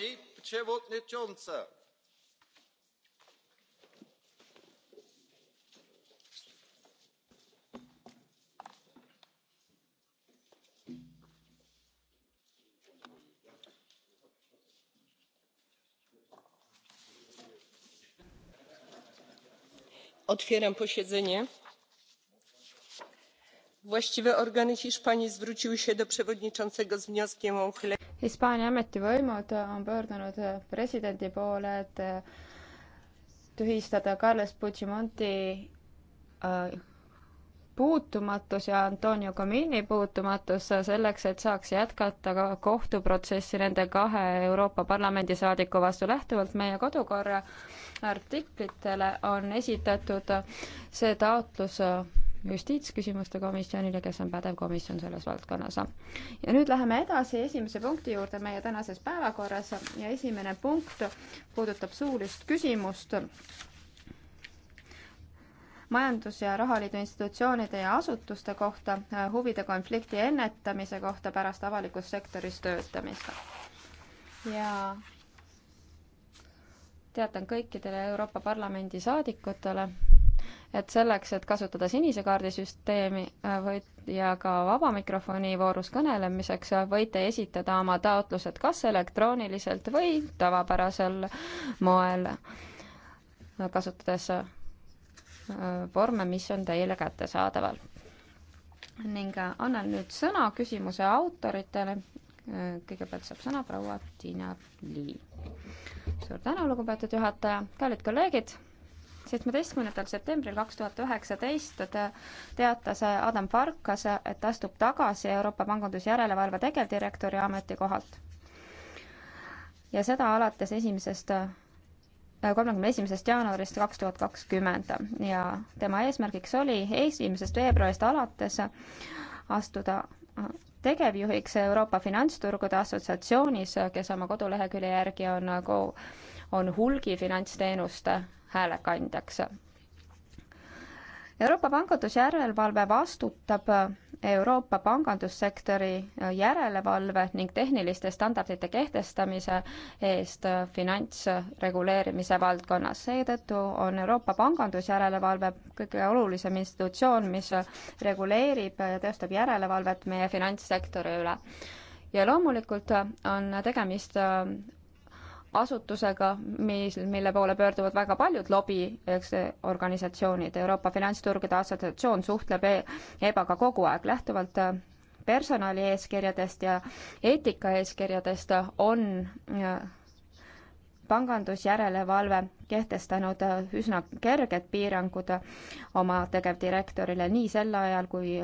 pani przewodnicząca! otwieram posiedzenie. właściwe organy hiszpanii zwróciły się do przewodniczącego z wnioskiem o uchylenie. Hispaania ametivõimud on pöördunud äh, presidendi poole, et äh, tühistada Carles Puigdemonti äh, puutumatus ja Antonio Comini puutumatus selleks, et saaks jätkata ka kohtuprotsessi nende kahe Euroopa Parlamendi saadiku vastu. lähtuvalt meie kodukorra artiklitele on esitatud see taotlus justiitsküsimuste komisjonile, kes on pädev komisjon selles valdkonnas. ja nüüd läheme edasi esimese punkti juurde meie tänases päevakorras ja esimene punkt puudutab suulist küsimust majandus- ja rahaliidu institutsioonide ja asutuste kohta huvide konflikti ennetamise kohta pärast avalikus sektoris töötamist. ja teatan kõikidele Euroopa Parlamendi saadikutele, et selleks, et kasutada sinise kaardi süsteemi äh, võit- ja ka vaba mikrofoni voorus kõnelemiseks, äh, võite esitada oma taotlused kas elektrooniliselt või tavapärasel moel, äh, kasutades vorme, mis on teile kättesaadaval. ning annan nüüd sõna küsimuse autoritele. kõigepealt saab sõna proua Tiina Lii. suur tänu, lugupeetud juhataja, kallid kolleegid seitsmeteistkümnendal septembril kaks tuhat üheksateist teatas Adam Farkas, et astub tagasi Euroopa Pangandusjärelevalve tegevdirektori ametikohalt. ja seda alates esimesest äh, kolmekümne esimesest jaanuarist kaks tuhat kakskümmend ja tema eesmärgiks oli esimesest veebruarist alates astuda äh, tegevjuhiks Euroopa Finantsturgude Assotsiatsioonis, kes oma kodulehekülje järgi on, äh, on hulgi finantsteenuste häälekandjaks. Euroopa pangandusjärelevalve vastutab Euroopa pangandussektori järelevalve ning tehniliste standardite kehtestamise eest finantsreguleerimise valdkonnas. seetõttu on Euroopa pangandusjärelevalve kõige olulisem institutsioon, mis reguleerib ja teostab järelevalvet meie finantssektori üle. ja loomulikult on tegemist asutusega, mis, mille poole pöörduvad väga paljud lobi, eks, organisatsioonid, Euroopa Finantsturgude Assotsiatsioon suhtleb e EBA-ga kogu aeg, lähtuvalt äh, personali eeskirjadest ja eetika eeskirjadest on äh, pangandusjärelevalve kehtestanud äh, üsna kerged piirangud oma tegevdirektorile nii sel ajal, kui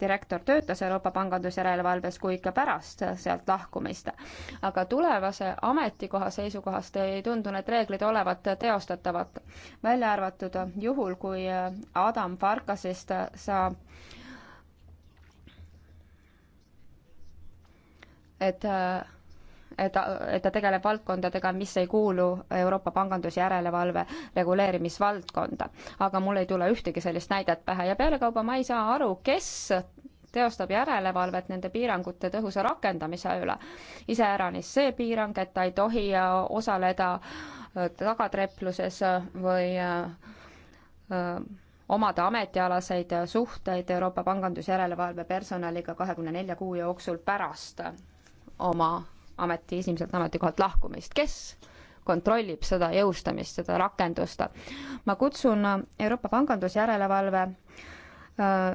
direktor töötas Euroopa pangandusjärelevalves kui ikka pärast sealt lahkumist. aga tulevase ametikoha seisukohast ei tundu need reeglid olevat teostatavad, välja arvatud juhul, kui Adam Farkasest saab et äh, et, et ta tegeleb valdkondadega, mis ei kuulu Euroopa pangandusjärelevalve reguleerimisvaldkonda. aga mul ei tule ühtegi sellist näidet pähe ja pealekauba ma ei saa aru, kes teostab järelevalvet nende piirangute tõhusa rakendamise üle. iseäranis see piirang, et ta ei tohi osaleda tagatrepluses või äh, omada ametialaseid suhteid Euroopa pangandusjärelevalve personaliga kahekümne nelja kuu jooksul pärast oma ameti, esimeselt ametikohalt lahkumist, kes kontrollib seda jõustamist, seda rakendust. ma kutsun Euroopa Pangandusjärelevalve äh,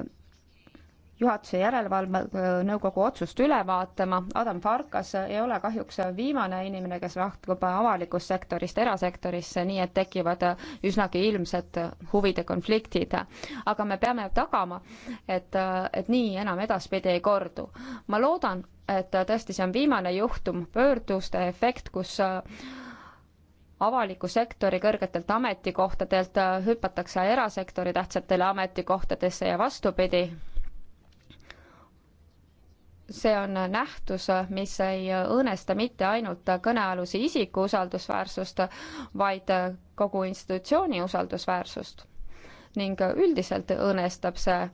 juhatuse järelevalvenõukogu äh, otsust üle vaatama. Adam Farkas ei ole kahjuks viimane inimene, kes lahkub avalikust sektorist erasektorisse, nii et tekivad äh, üsnagi ilmsed huvide konfliktid. aga me peame tagama, et, äh, et nii enam edaspidi ei kordu. ma loodan, et tõesti see on viimane juhtum, pöörduste efekt, kus avaliku sektori kõrgetelt ametikohtadelt hüpatakse erasektori tähtsatele ametikohtadesse ja vastupidi see on nähtus, mis ei õõnesta mitte ainult kõnealuse isiku usaldusväärsust, vaid kogu institutsiooni usaldusväärsust. ning üldiselt õõnestab see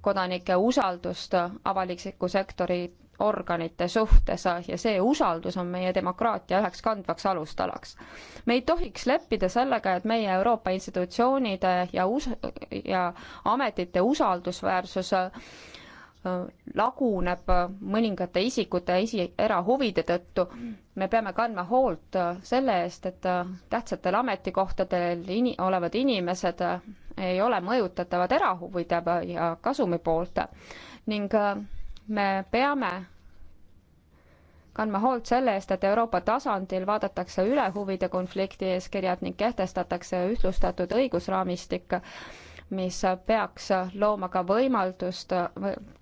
kodanike usaldust avaliku sektori organite suhtes ja see usaldus on meie demokraatia üheks kandvaks alustalaks. me ei tohiks leppida sellega, et meie Euroopa institutsioonide ja us- ja ametite usaldusväärsus laguneb mõningate isikute isi, erahuvide tõttu. me peame kandma hoolt selle eest, et tähtsatel ametikohtadel in-, olevad inimesed ei ole mõjutatavad erahuvide ja kasumi poolt ning äh, me peame kandma hoolt selle eest, et Euroopa tasandil vaadatakse üle huvide konflikti eeskirjad ning kehtestatakse ühtlustatud õigusraamistik mis peaks looma ka võimaldust,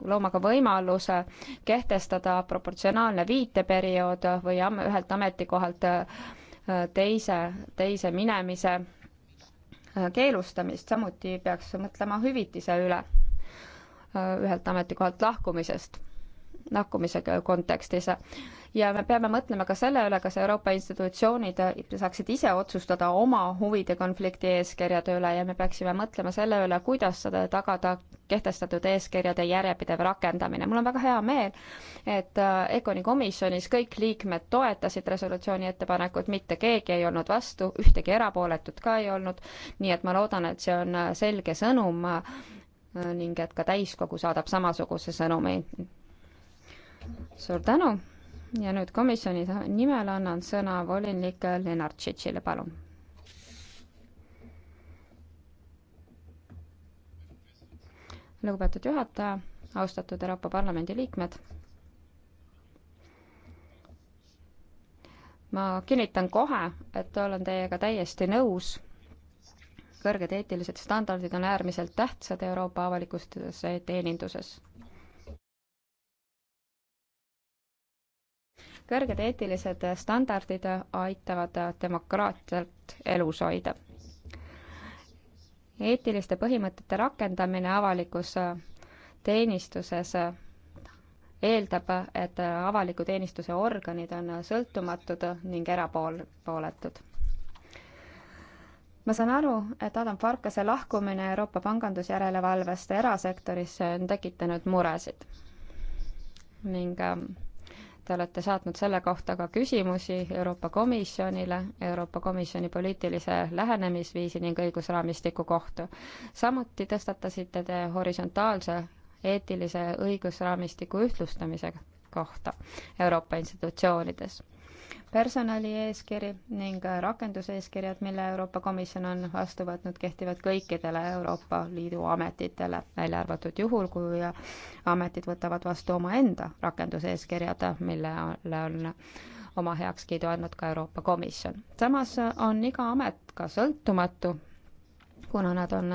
looma ka võimaluse kehtestada proportsionaalne viiteperiood või ühelt ametikohalt äh, teise, teise minemise äh, keelustamist, samuti peaks mõtlema hüvitise üle äh, ühelt ametikohalt lahkumisest, lahkumise kontekstis ja me peame mõtlema ka selle üle, kas Euroopa institutsioonid saaksid ise otsustada oma huvide konflikti eeskirjade üle ja me peaksime mõtlema selle üle, kuidas seda tagada kehtestatud eeskirjade järjepidev rakendamine. mul on väga hea meel, et äh, EKONi komisjonis kõik liikmed toetasid resolutsiooni ettepanekut, mitte keegi ei olnud vastu, ühtegi erapooletut ka ei olnud, nii et ma loodan, et see on äh, selge sõnum äh, ning et ka täiskogu saadab samasuguse sõnumi. suur tänu! ja nüüd komisjoni nimel annan sõna volinik Lennart Tšetšile, palun. lugupeetud juhataja, austatud Euroopa Parlamendi liikmed. ma kinnitan kohe, et olen teiega täiesti nõus kõrged eetilised standardid on äärmiselt tähtsad Euroopa avalikus teeninduses. kõrged eetilised standardid aitavad demokraatiat elus hoida. eetiliste põhimõtete rakendamine avalikus teenistuses eeldab, et avaliku teenistuse organid on sõltumatud ning erapooletud. ma saan aru, et Adam Farkase lahkumine Euroopa pangandusjärelevalvest erasektorisse on tekitanud muresid ning ähm, Te olete saatnud selle kohta ka küsimusi Euroopa Komisjonile, Euroopa Komisjoni poliitilise lähenemisviisi ning õigusraamistiku kohta. samuti tõstatasite te horisontaalse eetilise õigusraamistiku ühtlustamise kohta Euroopa institutsioonides personalieeskiri ning rakenduseeskirjad, mille Euroopa Komisjon on vastu võtnud, kehtivad kõikidele Euroopa Liidu ametitele, välja arvatud juhul, kui ametid võtavad vastu omaenda rakenduseeskirjad, millele on oma heakskiidu andnud ka Euroopa Komisjon. samas on iga amet ka sõltumatu, kuna nad on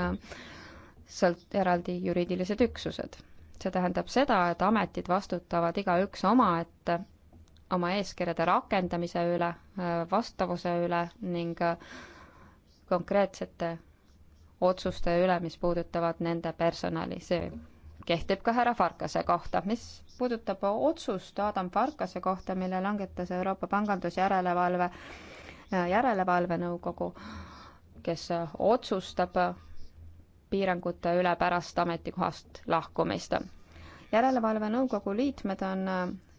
sõlt-, eraldi juriidilised üksused. see tähendab seda, et ametid vastutavad igaüks omaette oma eeskirjade rakendamise üle, vastavuse üle ning äh, konkreetsete otsuste üle, mis puudutavad nende personali, see kehtib ka härra Farkase kohta. mis puudutab otsust Adam Farkase kohta, mille langetas Euroopa Pangandusjärelevalve, äh, järelevalvenõukogu, kes äh, otsustab piirangute üle pärast ametikohast lahkumist. järelevalvenõukogu liikmed on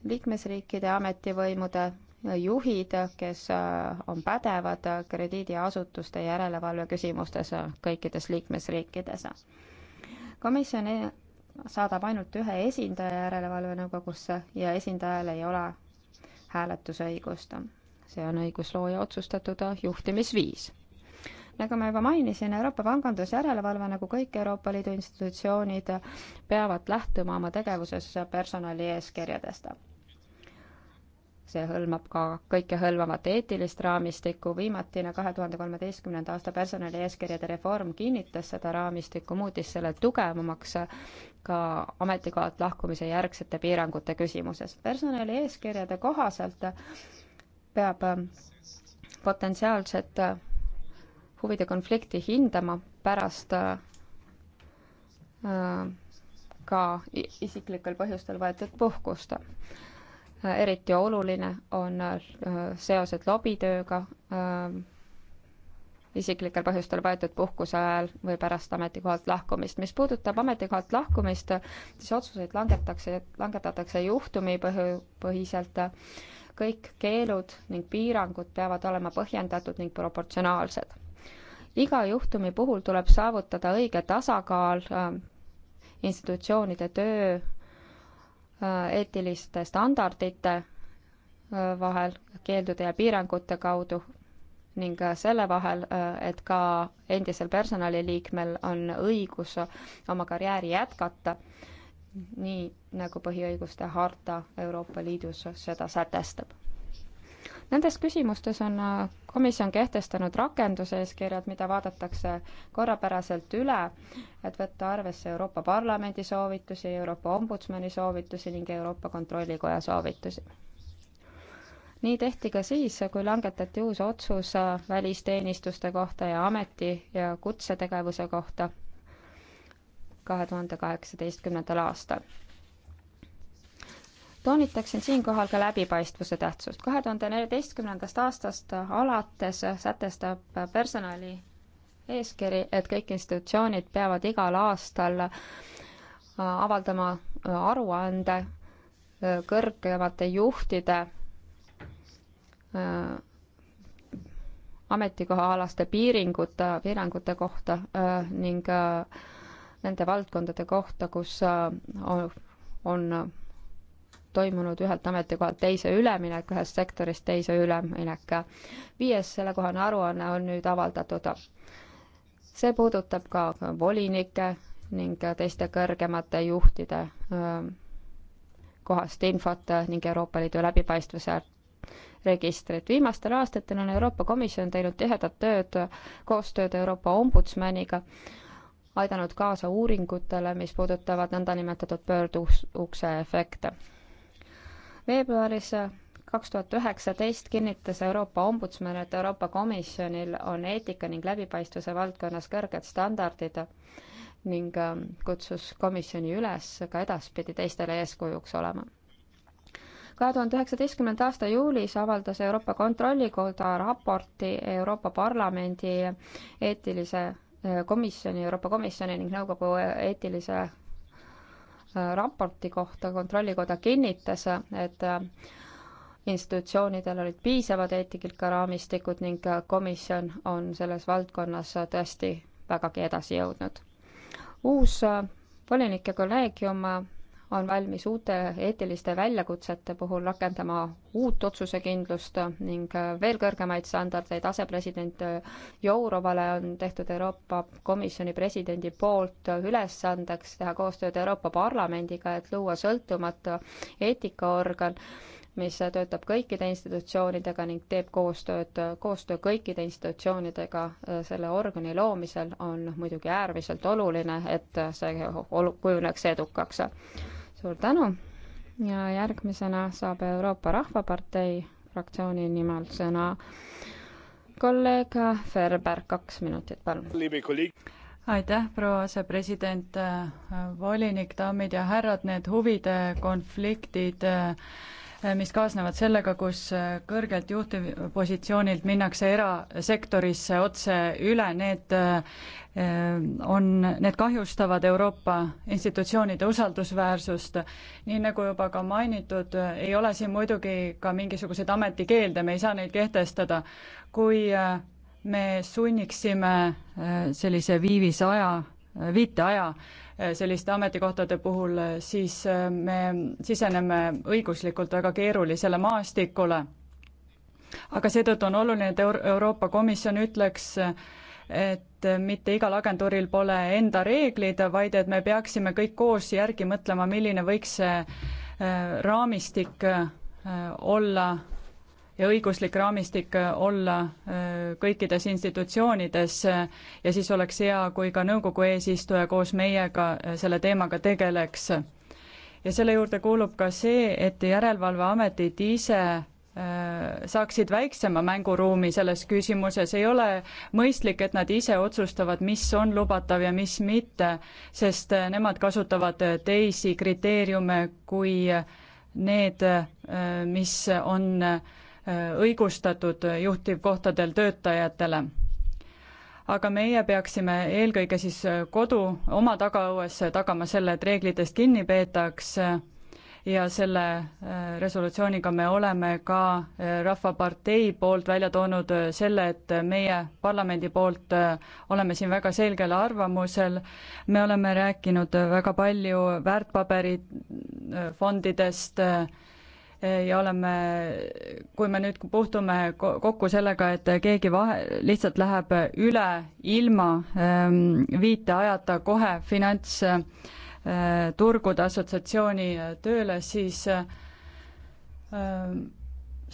liikmesriikide ametivõimude juhid, kes äh, on pädevad krediidiasutuste järelevalve küsimustes kõikides liikmesriikides. komisjon saadab ainult ühe esindaja järelevalvenõukogusse ja esindajal ei ole hääletusõigust. see on õiguslooja otsustatud juhtimisviis nagu ma juba mainisin, Euroopa pangandusjärelevalve, nagu kõik Euroopa Liidu institutsioonid, peavad lähtuma oma tegevuses personali eeskirjadest see hõlmab ka kõikehõlmavat eetilist raamistikku, viimatine kahe tuhande kolmeteistkümnenda aasta personalieeskirjade reform kinnitas seda raamistikku, muutis selle tugevamaks ka ametikohalt lahkumise järgsete piirangute küsimuses. personalieeskirjade kohaselt peab potentsiaalset huvide konflikti hindama pärast äh, ka isiklikel põhjustel võetud puhkust Äh, eriti oluline on äh, seosed lobitööga, ähm, isiklikel põhjustel võetud puhkuse ajal või pärast ametikohalt lahkumist. mis puudutab ametikohalt lahkumist, siis otsuseid langetakse, langetatakse juhtumipõhiselt. kõik keelud ning piirangud peavad olema põhjendatud ning proportsionaalsed. iga juhtumi puhul tuleb saavutada õige tasakaal ähm, institutsioonide töö Äh, eetiliste standardite äh, vahel, keeldude ja piirangute kaudu ning äh, selle vahel, et ka endisel personaliliikmel on õigus oma karjääri jätkata, nii nagu põhiõiguste harta Euroopa Liidus seda sätestab Nendes küsimustes on äh, komisjon kehtestanud rakenduseeskirjad, mida vaadatakse korrapäraselt üle, et võtta arvesse Euroopa Parlamendi soovitusi, Euroopa Ombudsmani soovitusi ning Euroopa Kontrollikoja soovitusi. nii tehti ka siis, kui langetati uus otsus äh, välisteenistuste kohta ja ameti- ja kutsetegevuse kohta kahe tuhande kaheksateistkümnendal aastal toonitaksin siinkohal ka läbipaistvuse tähtsust. kahe tuhande neljateistkümnendast aastast alates sätestab personali eeskiri, et kõik institutsioonid peavad igal aastal äh, avaldama äh, aruande äh, kõrgemate juhtide ametikohaalaste piiringute, piirangute kohta ning nende valdkondade kohta, kus on, on toimunud ühelt ametikohalt teise üleminek, ühest sektorist teise üleminek. viies sellekohane aruanne on nüüd avaldatud. see puudutab ka volinike ning teiste kõrgemate juhtide kohast infot ning Euroopa Liidu läbipaistvuse registrit. viimastel aastatel on Euroopa Komisjon teinud tihedat tööd, koostööd Euroopa Ombudsmaniga, aidanud kaasa uuringutele, mis puudutavad nõndanimetatud pöördukse efekte veebruaris kaks tuhat üheksateist kinnitas Euroopa Ombudsman, et Euroopa Komisjonil on eetika ning läbipaistvuse valdkonnas kõrged standardid ning ähm, kutsus komisjoni üles ka edaspidi teistele eeskujuks olema. kahe tuhande üheksateistkümnenda aasta juulis avaldas Euroopa Kontrollikoda raporti Euroopa Parlamendi eetilise äh, komisjoni, Euroopa Komisjoni ning nõukogu äh, eetilise raporti kohta Kontrollikoda kinnitas, et äh, institutsioonidel olid piisavad eetikaraamistikud ning komisjon on selles valdkonnas tõesti vägagi edasi jõudnud. uus äh, volinike kolleegium on valmis uute eetiliste väljakutsete puhul rakendama uut otsusekindlust ning äh, veel kõrgemaid standardeid. asepresident äh, Jourovale on tehtud Euroopa Komisjoni presidendi poolt äh, ülesandeks teha koostööd Euroopa Parlamendiga, et luua sõltumatu eetikaorgan, mis töötab kõikide institutsioonidega ning teeb koostööd, koostöö kõikide institutsioonidega selle organi loomisel on muidugi äärmiselt oluline, et see olu-, kujuneks edukaks suur tänu ja järgmisena saab Euroopa Rahvapartei fraktsiooni nimel sõna kolleeg Ferber, kaks minutit, palun. aitäh, proua asepresident, volinik, daamid ja härrad, need huvide konfliktid Äh, mis kaasnevad sellega, kus äh, kõrgelt juhtivpositsioonilt minnakse erasektorisse otse üle, need äh, on, need kahjustavad Euroopa institutsioonide usaldusväärsust. nii nagu juba ka mainitud, ei ole siin muidugi ka mingisuguseid ametikeelde, me ei saa neid kehtestada. kui me sunniksime sellise viivisaja, viiteaja Äh, selliste ametikohtade puhul, äh, siis äh, me siseneme õiguslikult väga keerulisele maastikule. aga seetõttu on oluline, et Euro Euroopa Komisjon ütleks, et mitte igal agentuuril pole enda reeglid, vaid et me peaksime kõik koos järgi mõtlema, milline võiks see raamistik olla ja õiguslik raamistik äh, olla äh, kõikides institutsioonides äh, ja siis oleks hea, kui ka nõukogu eesistuja koos meiega selle teemaga tegeleks. ja selle juurde kuulub ka see, et Järelevalveametid ise saaksid väiksema mänguruumi selles küsimuses, ei ole mõistlik, et nad ise otsustavad, mis on lubatav ja mis mitte, sest nemad kasutavad teisi kriteeriume kui need, mis on äh, õigustatud juhtivkohtadel töötajatele. aga meie peaksime eelkõige siis kodu, oma tagaõues tagama selle, et reeglitest kinni peetaks ja selle äh, resolutsiooniga me oleme ka äh, Rahvapartei poolt välja toonud äh, selle, et meie parlamendi poolt oleme siin väga selgel arvamusel, me oleme rääkinud väga palju väärtpaberifondidest, fondidest ja oleme, kui me nüüd puutume kokku sellega, et keegi vahe, lihtsalt läheb üle ilma ehm, viiteajata kohe finantsturgude eh, assotsiatsiooni eh, tööle, siis ehm,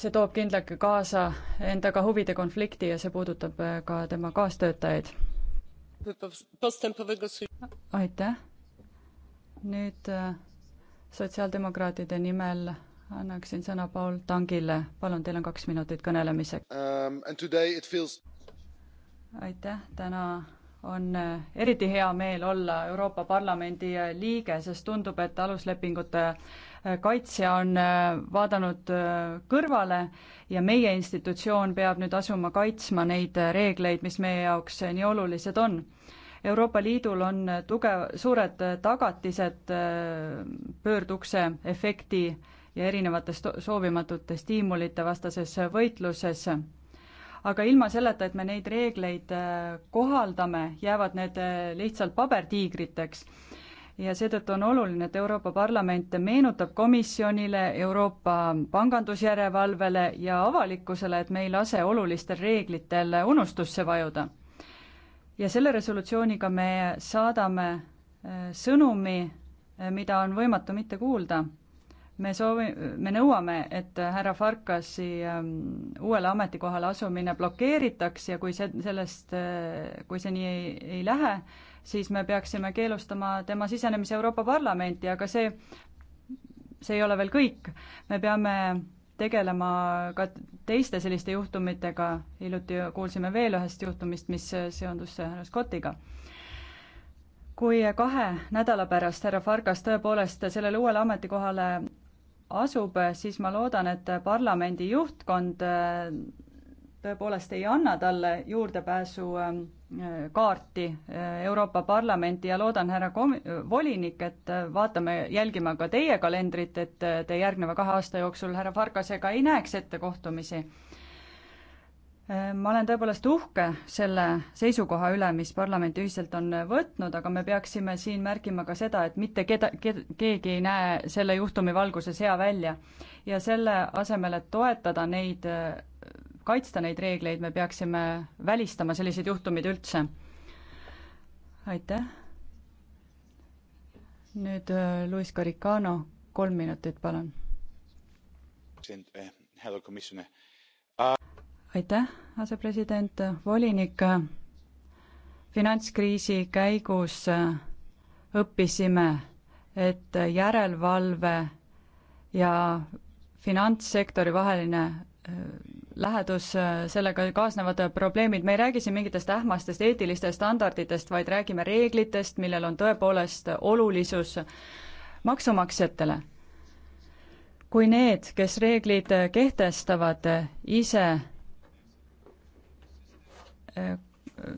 see toob kindlasti kaasa endaga huvide konflikti ja see puudutab eh, ka tema kaastöötajaid. aitäh. nüüd sotsiaaldemokraatide nimel annaksin sõna Paul Tangile, palun, teil on kaks minutit kõnelemiseks um,. Feels... aitäh, täna on äh, eriti hea meel olla Euroopa Parlamendi äh, liige, sest tundub, et aluslepingute äh, kaitsja on vaadanud kõrvale ja meie institutsioon peab nüüd asuma kaitsma neid reegleid, mis meie jaoks nii olulised on. Euroopa Liidul on tugev, suured tagatised pöördukse efekti ja erinevates soovimatute stiimulite vastases võitluses. aga ilma selleta, et me neid reegleid äh, kohaldame, jäävad need äh, lihtsalt pabertiigriteks ja seetõttu on oluline, et Euroopa Parlament meenutab komisjonile, Euroopa pangandusjärelevalvele ja avalikkusele, et me ei lase olulistel reeglitel unustusse vajuda. ja selle resolutsiooniga me saadame äh, sõnumi, mida on võimatu mitte kuulda me soovi-, me nõuame, et härra Farkasi ähm, uuele ametikohale asumine blokeeritaks ja kui see, sellest, äh, kui see nii ei, ei lähe, siis me peaksime keelustama tema sisenemise Euroopa Parlamenti, aga see, see ei ole veel kõik. me peame tegelema ka teiste selliste juhtumitega, hiljuti kuulsime veel ühest juhtumist, mis seondus härra Scottiga kui kahe nädala pärast härra Farkas tõepoolest sellele uuele ametikohale asub, siis ma loodan, et parlamendi juhtkond äh, tõepoolest ei anna talle juurdepääsu ähm, äh, kaarti äh, Euroopa Parlamenti ja loodan, härra kom-, volinik, et vaatame, jälgime ka teie kalendrit, et te järgneva kahe aasta jooksul härra Farkasega ei näeks ette kohtumisi ma olen tõepoolest uhke selle seisukoha üle, mis parlament ühiselt on võtnud, aga me peaksime siin märkima ka seda, et mitte keda, keegi ei näe selle juhtumi valguses hea välja. ja selle asemel, et toetada neid, kaitsta neid reegleid, me peaksime välistama selliseid juhtumeid üldse. aitäh. nüüd äh, Luis Caricano, kolm minutit, palun. president, härra komisjon uh aitäh, asepresident, volinik. Äh, finantskriisi käigus äh, õppisime, et järelevalve ja finantssektori vaheline äh, lähedus, sellega kaasnevad probleemid, me ei räägi siin mingitest ähmastest eetilistest standarditest, vaid räägime reeglitest, millel on tõepoolest olulisus maksumaksjatele. kui need, kes reeglid kehtestavad, ise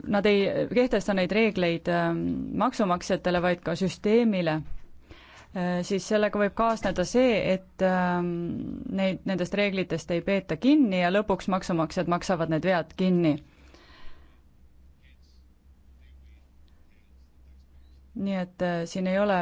nad ei kehtesta neid reegleid ähm, maksumaksjatele, vaid ka süsteemile, äh, siis sellega võib kaasneda see, et ähm, neid, nendest reeglitest ei peeta kinni ja lõpuks maksumaksjad maksavad need vead kinni. nii et äh, siin ei ole,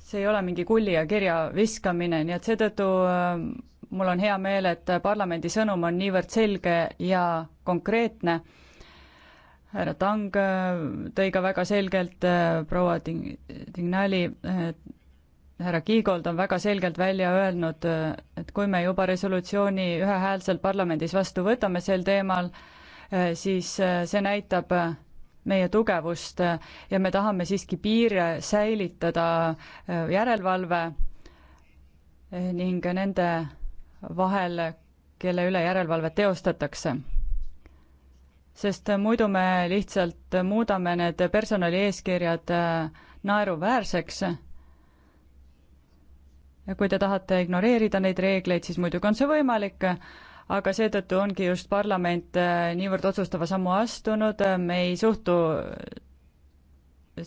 see ei ole mingi kulli ja kirja viskamine, nii et seetõttu ähm, mul on hea meel, et parlamendi sõnum on niivõrd selge ja konkreetne. härra Tang äh, tõi ka väga selgelt äh, proua Ding-, Dignali härra Kiigold on väga selgelt välja öelnud, äh, et kui me juba resolutsiooni ühehäälselt parlamendis vastu võtame sel teemal, siis see näitab meie tugevust ja me tahame siiski piire säilitada järelevalve ning nende vahel, kelle üle järelevalvet teostatakse. sest muidu me lihtsalt muudame need personalieeskirjad äh, naeruväärseks. ja kui te tahate ignoreerida neid reegleid, siis muidugi on see võimalik, aga seetõttu ongi just parlament äh, niivõrd otsustava sammu astunud, äh, me ei suhtu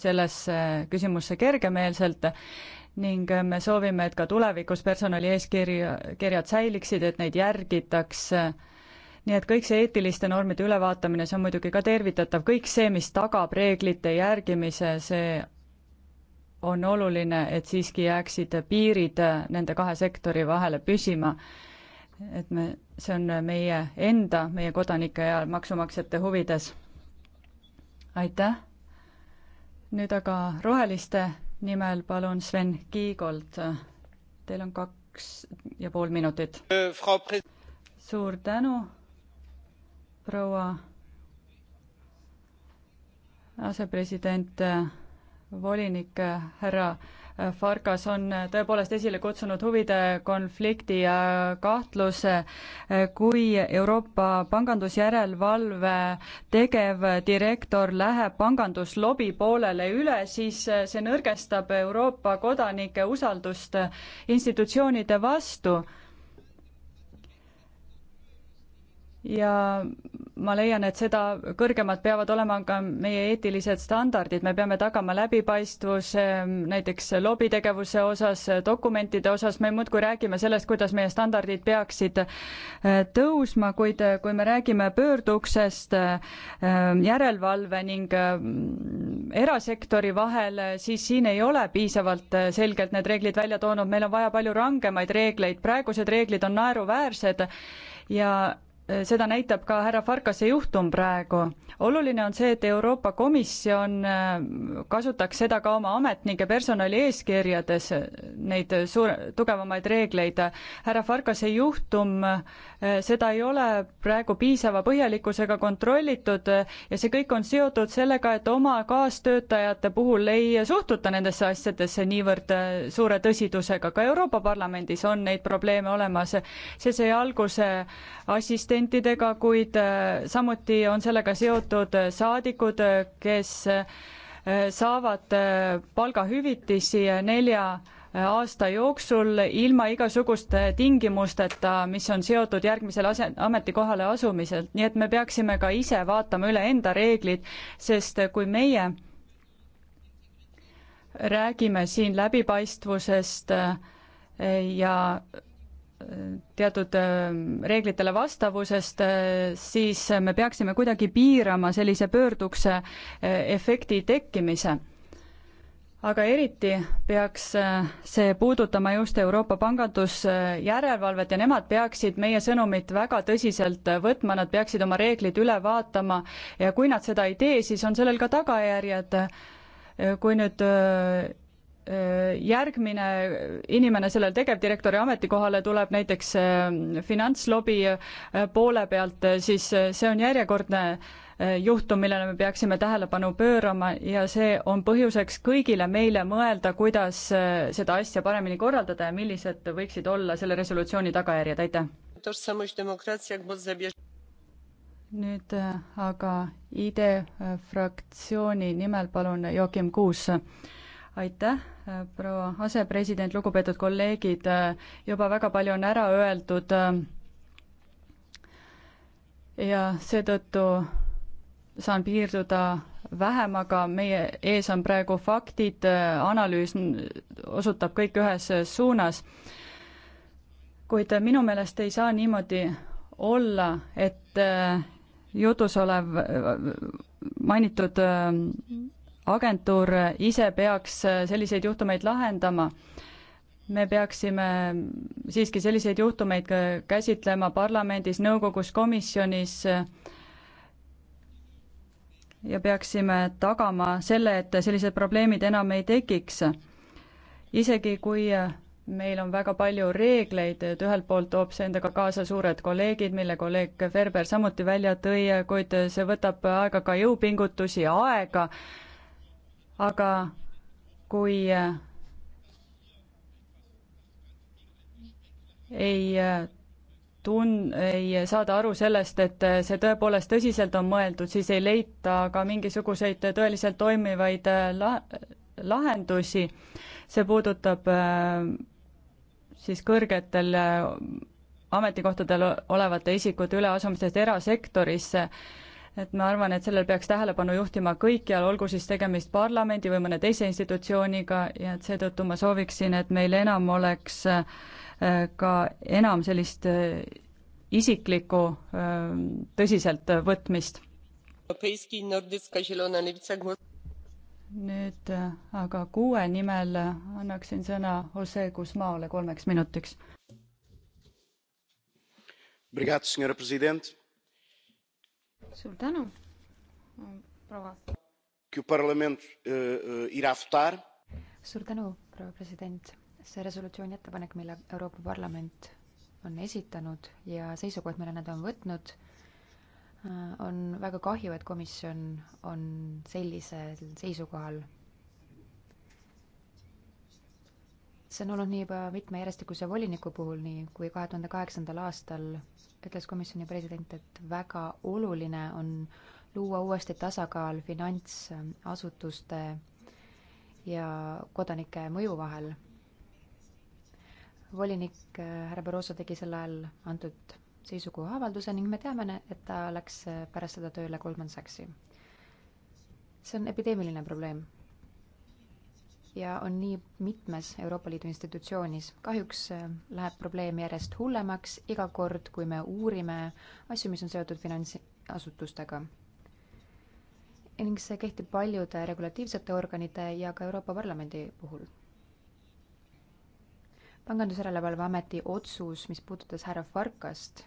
sellesse küsimusse kergemeelselt ning äh, me soovime, et ka tulevikus personali eeskirja, kirjad säiliksid, et neid järgitaks. nii et kõik see eetiliste normide ülevaatamine, see on muidugi ka tervitatav, kõik see, mis tagab reeglite järgimise, see on oluline, et siiski jääksid piirid äh, nende kahe sektori vahele püsima. et me, see on meie enda, meie kodanike ja maksumaksjate huvides. aitäh! nüüd aga roheliste nimel palun Sven Kiigolt. Teil on kaks ja pool minutit. suur tänu, proua asepresident, volinik härra Farkas on tõepoolest esile kutsunud huvide konflikti ja kahtluse, kui Euroopa pangandusjärelevalve tegevdirektor läheb panganduslobi poolele üle, siis see nõrgestab Euroopa kodanike usaldust institutsioonide vastu ja ma leian, et seda kõrgemad peavad olema ka meie eetilised standardid, me peame tagama läbipaistvuse ehm, näiteks lobitegevuse osas, dokumentide osas, me muudkui räägime sellest, kuidas meie standardid peaksid eh, tõusma, kuid eh, kui me räägime pöörduksest ehm, järelevalve ning ehm, erasektori vahel, siis siin ei ole piisavalt eh, selgelt need reeglid välja toonud, meil on vaja palju rangemaid reegleid, praegused reeglid on naeruväärsed ja seda näitab ka härra Farkase juhtum praegu. oluline on see, et Euroopa Komisjon äh, kasutaks seda ka oma ametnike personali eeskirjades, neid suur, tugevamaid reegleid. härra Farkase juhtum, äh, seda ei ole praegu piisava põhjalikkusega kontrollitud äh, ja see kõik on seotud sellega, et oma kaastöötajate puhul ei suhtuta nendesse asjadesse niivõrd suure tõsidusega. ka Euroopa Parlamendis on neid probleeme olemas. see sai alguse assistendi residentidega, kuid äh, samuti on sellega seotud äh, saadikud, äh, kes saavad palgahüvitisi nelja aasta jooksul ilma igasuguste tingimusteta, mis on seotud järgmisele ase-, ametikohale asumiselt, nii et me peaksime ka ise vaatama üle enda reeglid, sest kui meie räägime siin läbipaistvusest ja teatud äh, reeglitele vastavusest, äh, siis me peaksime kuidagi piirama sellise pöördukse äh, efekti tekkimise. aga eriti peaks see puudutama just Euroopa pangandusjärelevalvet ja nemad peaksid meie sõnumit väga tõsiselt võtma, nad peaksid oma reeglid üle vaatama ja kui nad seda ei tee, siis on sellel ka tagajärjed, kui nüüd järgmine inimene sellele tegevdirektori ametikohale tuleb näiteks finantslobi poole pealt, siis see on järjekordne juhtum, millele me peaksime tähelepanu pöörama ja see on põhjuseks kõigile meile mõelda, kuidas seda asja paremini korraldada ja millised võiksid olla selle resolutsiooni tagajärjed, aitäh! nüüd aga ID e, fraktsiooni nimel palun Joakim Kuus aitäh, äh, proua asepresident, lugupeetud kolleegid, äh, juba väga palju on ära öeldud äh, ja seetõttu saan piirduda vähemaga, meie ees on praegu faktid, analüüs osutab kõik ühes suunas, kuid minu meelest ei saa niimoodi olla, et jutus olev mainitud agentuur ise peaks äh, selliseid juhtumeid lahendama. me peaksime siiski selliseid juhtumeid käsitlema parlamendis, nõukogus, komisjonis äh, ja peaksime tagama selle, et sellised probleemid enam ei tekiks. isegi kui äh, meil on väga palju reegleid, et ühelt poolt toob see endaga kaasa suured kolleegid, mille kolleeg Ferber samuti välja tõi, kuid see võtab aega ka jõupingutusi, aega aga kui äh, ei äh, tun-, ei saada aru sellest, et äh, see tõepoolest tõsiselt on mõeldud, siis ei leita ka mingisuguseid tõeliselt toimivaid la-, lahendusi. see puudutab siis kõrgetel ametikohtadel olevate isikute üleasumistest erasektorisse et ma arvan, et sellel peaks tähelepanu juhtima kõikjal, olgu siis tegemist parlamendi või mõne teise institutsiooniga ja et seetõttu ma sooviksin, et meil enam oleks äh, ka enam sellist äh, isiklikku äh, tõsiselt võtmist. nüüd aga kuue nimel annaksin sõna Jose Guzmaole kolmeks minutiks. Obrigado, senhora presidente suur tänu, proua. Eh, eh, suur tänu, proua president. see resolutsiooni ettepanek, mille Euroopa Parlament on esitanud ja seisukohad, mille nad on võtnud, äh, on väga kahju, et komisjon on sellisel seisukohal see on olnud nii juba mitme järjestikuse voliniku puhul, nii kui kahe tuhande kaheksandal aastal ütles komisjoni president, et väga oluline on luua uuesti tasakaal finantsasutuste ja kodanike mõju vahel. volinik äh, härra Barroso tegi sel ajal antud seisukoha avalduse ning me teame, et ta läks äh, pärast seda tööle Goldman Sachsi. see on epideemiline probleem ja on nii mitmes Euroopa Liidu institutsioonis. kahjuks äh, läheb probleem järjest hullemaks iga kord, kui me uurime asju, mis on seotud finantsasutustega. ning see kehtib paljude regulatiivsete organite ja ka Euroopa Parlamendi puhul. pangandusjärelevalve ameti otsus, mis puudutas härra Farkast,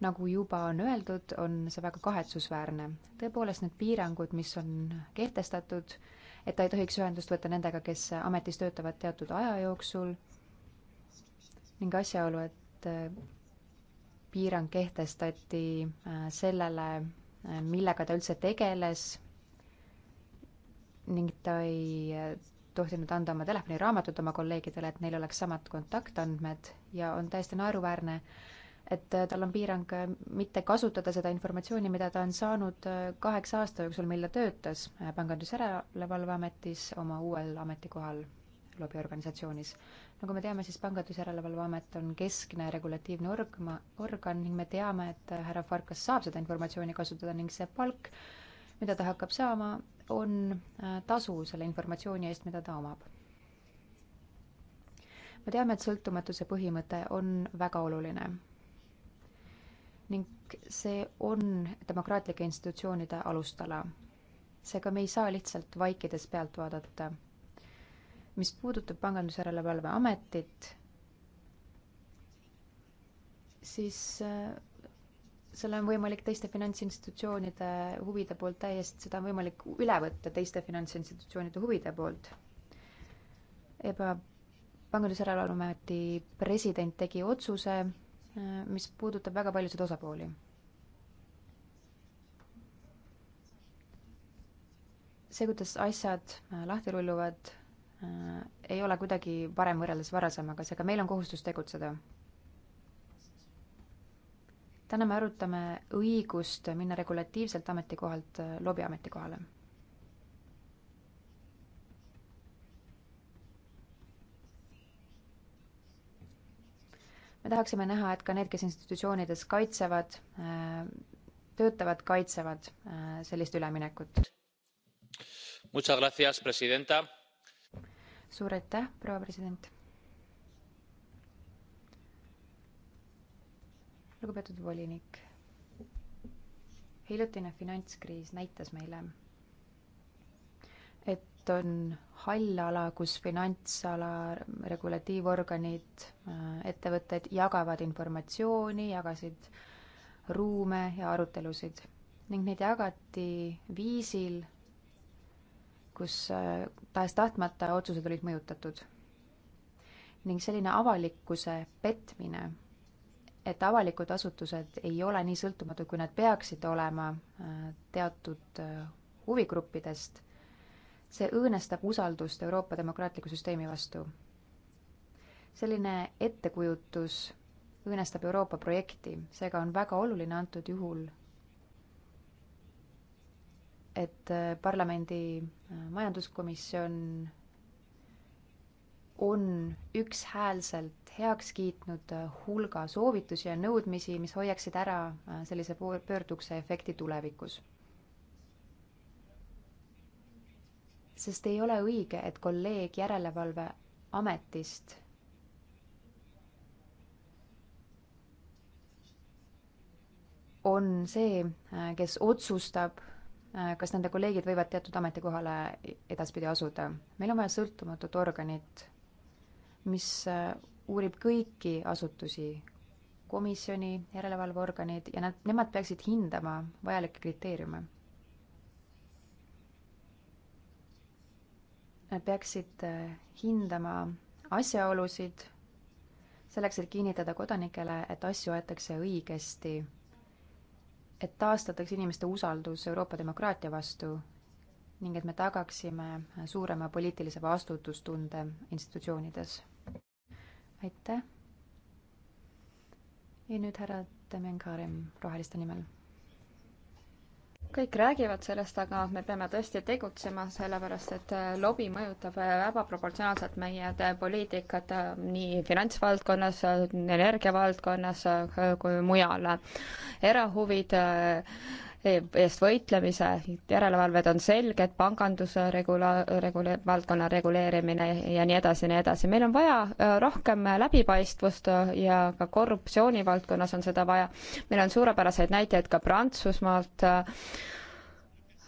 nagu juba on öeldud, on see väga kahetsusväärne. tõepoolest, need piirangud, mis on kehtestatud, et ta ei tohiks ühendust võtta nendega, kes ametis töötavad teatud aja jooksul ning asjaolu, et äh, piirang kehtestati äh, sellele, äh, millega ta üldse tegeles ning ta ei tohtinud anda oma telefoniraamatut oma kolleegidele, et neil oleks samad kontaktandmed ja on täiesti naeruväärne äh, et äh, tal on piirang äh, mitte kasutada seda informatsiooni, mida ta on saanud äh, kaheksa aasta jooksul, mil ta töötas Pangandusjärelevalveametis oma uuel ametikohal lobiorganisatsioonis. nagu me teame, siis Pangandusjärelevalveamet on keskne regulatiivne org-, organ ning me teame, et härra Farkas saab seda informatsiooni kasutada ning see palk, mida ta hakkab saama, on tasu selle informatsiooni eest, mida ta omab. me teame, et sõltumatuse põhimõte on väga oluline ning see on demokraatlike institutsioonide alustala. seega me ei saa lihtsalt vaikides pealt vaadata. mis puudutab Pangandusjärelevalve Ametit, siis äh, selle on võimalik teiste finantsinstitutsioonide huvide poolt täiesti, seda on võimalik üle võtta teiste finantsinstitutsioonide huvide poolt. eba, pangandusjärelevalveameti president tegi otsuse Äh, mis puudutab väga paljusid osapooli. see, kuidas asjad äh, lahti rulluvad, äh, ei ole kuidagi parem võrreldes varasemaga, seega meil on kohustus tegutseda. täna me arutame õigust minna regulatiivselt ametikohalt lobiametikohale me tahaksime näha, et ka need, kes institutsioonides kaitsevad, äh, töötavad, kaitsevad äh, sellist üleminekut. suur aitäh, proua president. lugupeetud volinik hiljutine finantskriis näitas meile, et on hall ala, kus finantsala regulatiivorganid, ettevõtted jagavad informatsiooni, jagasid ruume ja arutelusid ning neid jagati viisil, kus äh, tahes-tahtmata otsused olid mõjutatud. ning selline avalikkuse petmine, et avalikud asutused ei ole nii sõltumatud, kui nad peaksid olema äh, teatud äh, huvigruppidest see õõnestab usaldust Euroopa demokraatliku süsteemi vastu. selline ettekujutus õõnestab Euroopa projekti, seega on väga oluline antud juhul, et äh, parlamendi äh, majanduskomisjon on ükshäälselt heaks kiitnud äh, hulga soovitusi ja nõudmisi, mis hoiaksid ära sellise pöördukse efekti tulevikus sest ei ole õige, et kolleeg Järelevalveametist on see, kes otsustab, kas nende kolleegid võivad teatud ametikohale edaspidi asuda. meil on vaja sõltumatut organit, mis äh, uurib kõiki asutusi, komisjoni, järelevalveorganid ja nad, nemad peaksid hindama vajalikke kriteeriume peaksid äh, hindama asjaolusid selleks, et kinnitada kodanikele, et asju aetakse õigesti, et taastatakse inimeste usaldus Euroopa demokraatia vastu ning et me tagaksime äh, suurema poliitilise vastutustunde institutsioonides. aitäh! ja nüüd härra Demenkarem Roheliste nimel kõik räägivad sellest, aga me peame tõesti tegutsema, sellepärast et äh, lobi mõjutab äh, ebaproportsionaalselt meie äh, poliitikat nii finantsvaldkonnas, energiavaldkonnas kui mujal. erahuvid eest võitlemise järelevalved on selged, panganduse regula-, regule-, valdkonna reguleerimine ja nii edasi ja nii edasi. meil on vaja äh, rohkem läbipaistvust ja ka korruptsiooni valdkonnas on seda vaja. meil on suurepäraseid näiteid ka Prantsusmaalt, äh,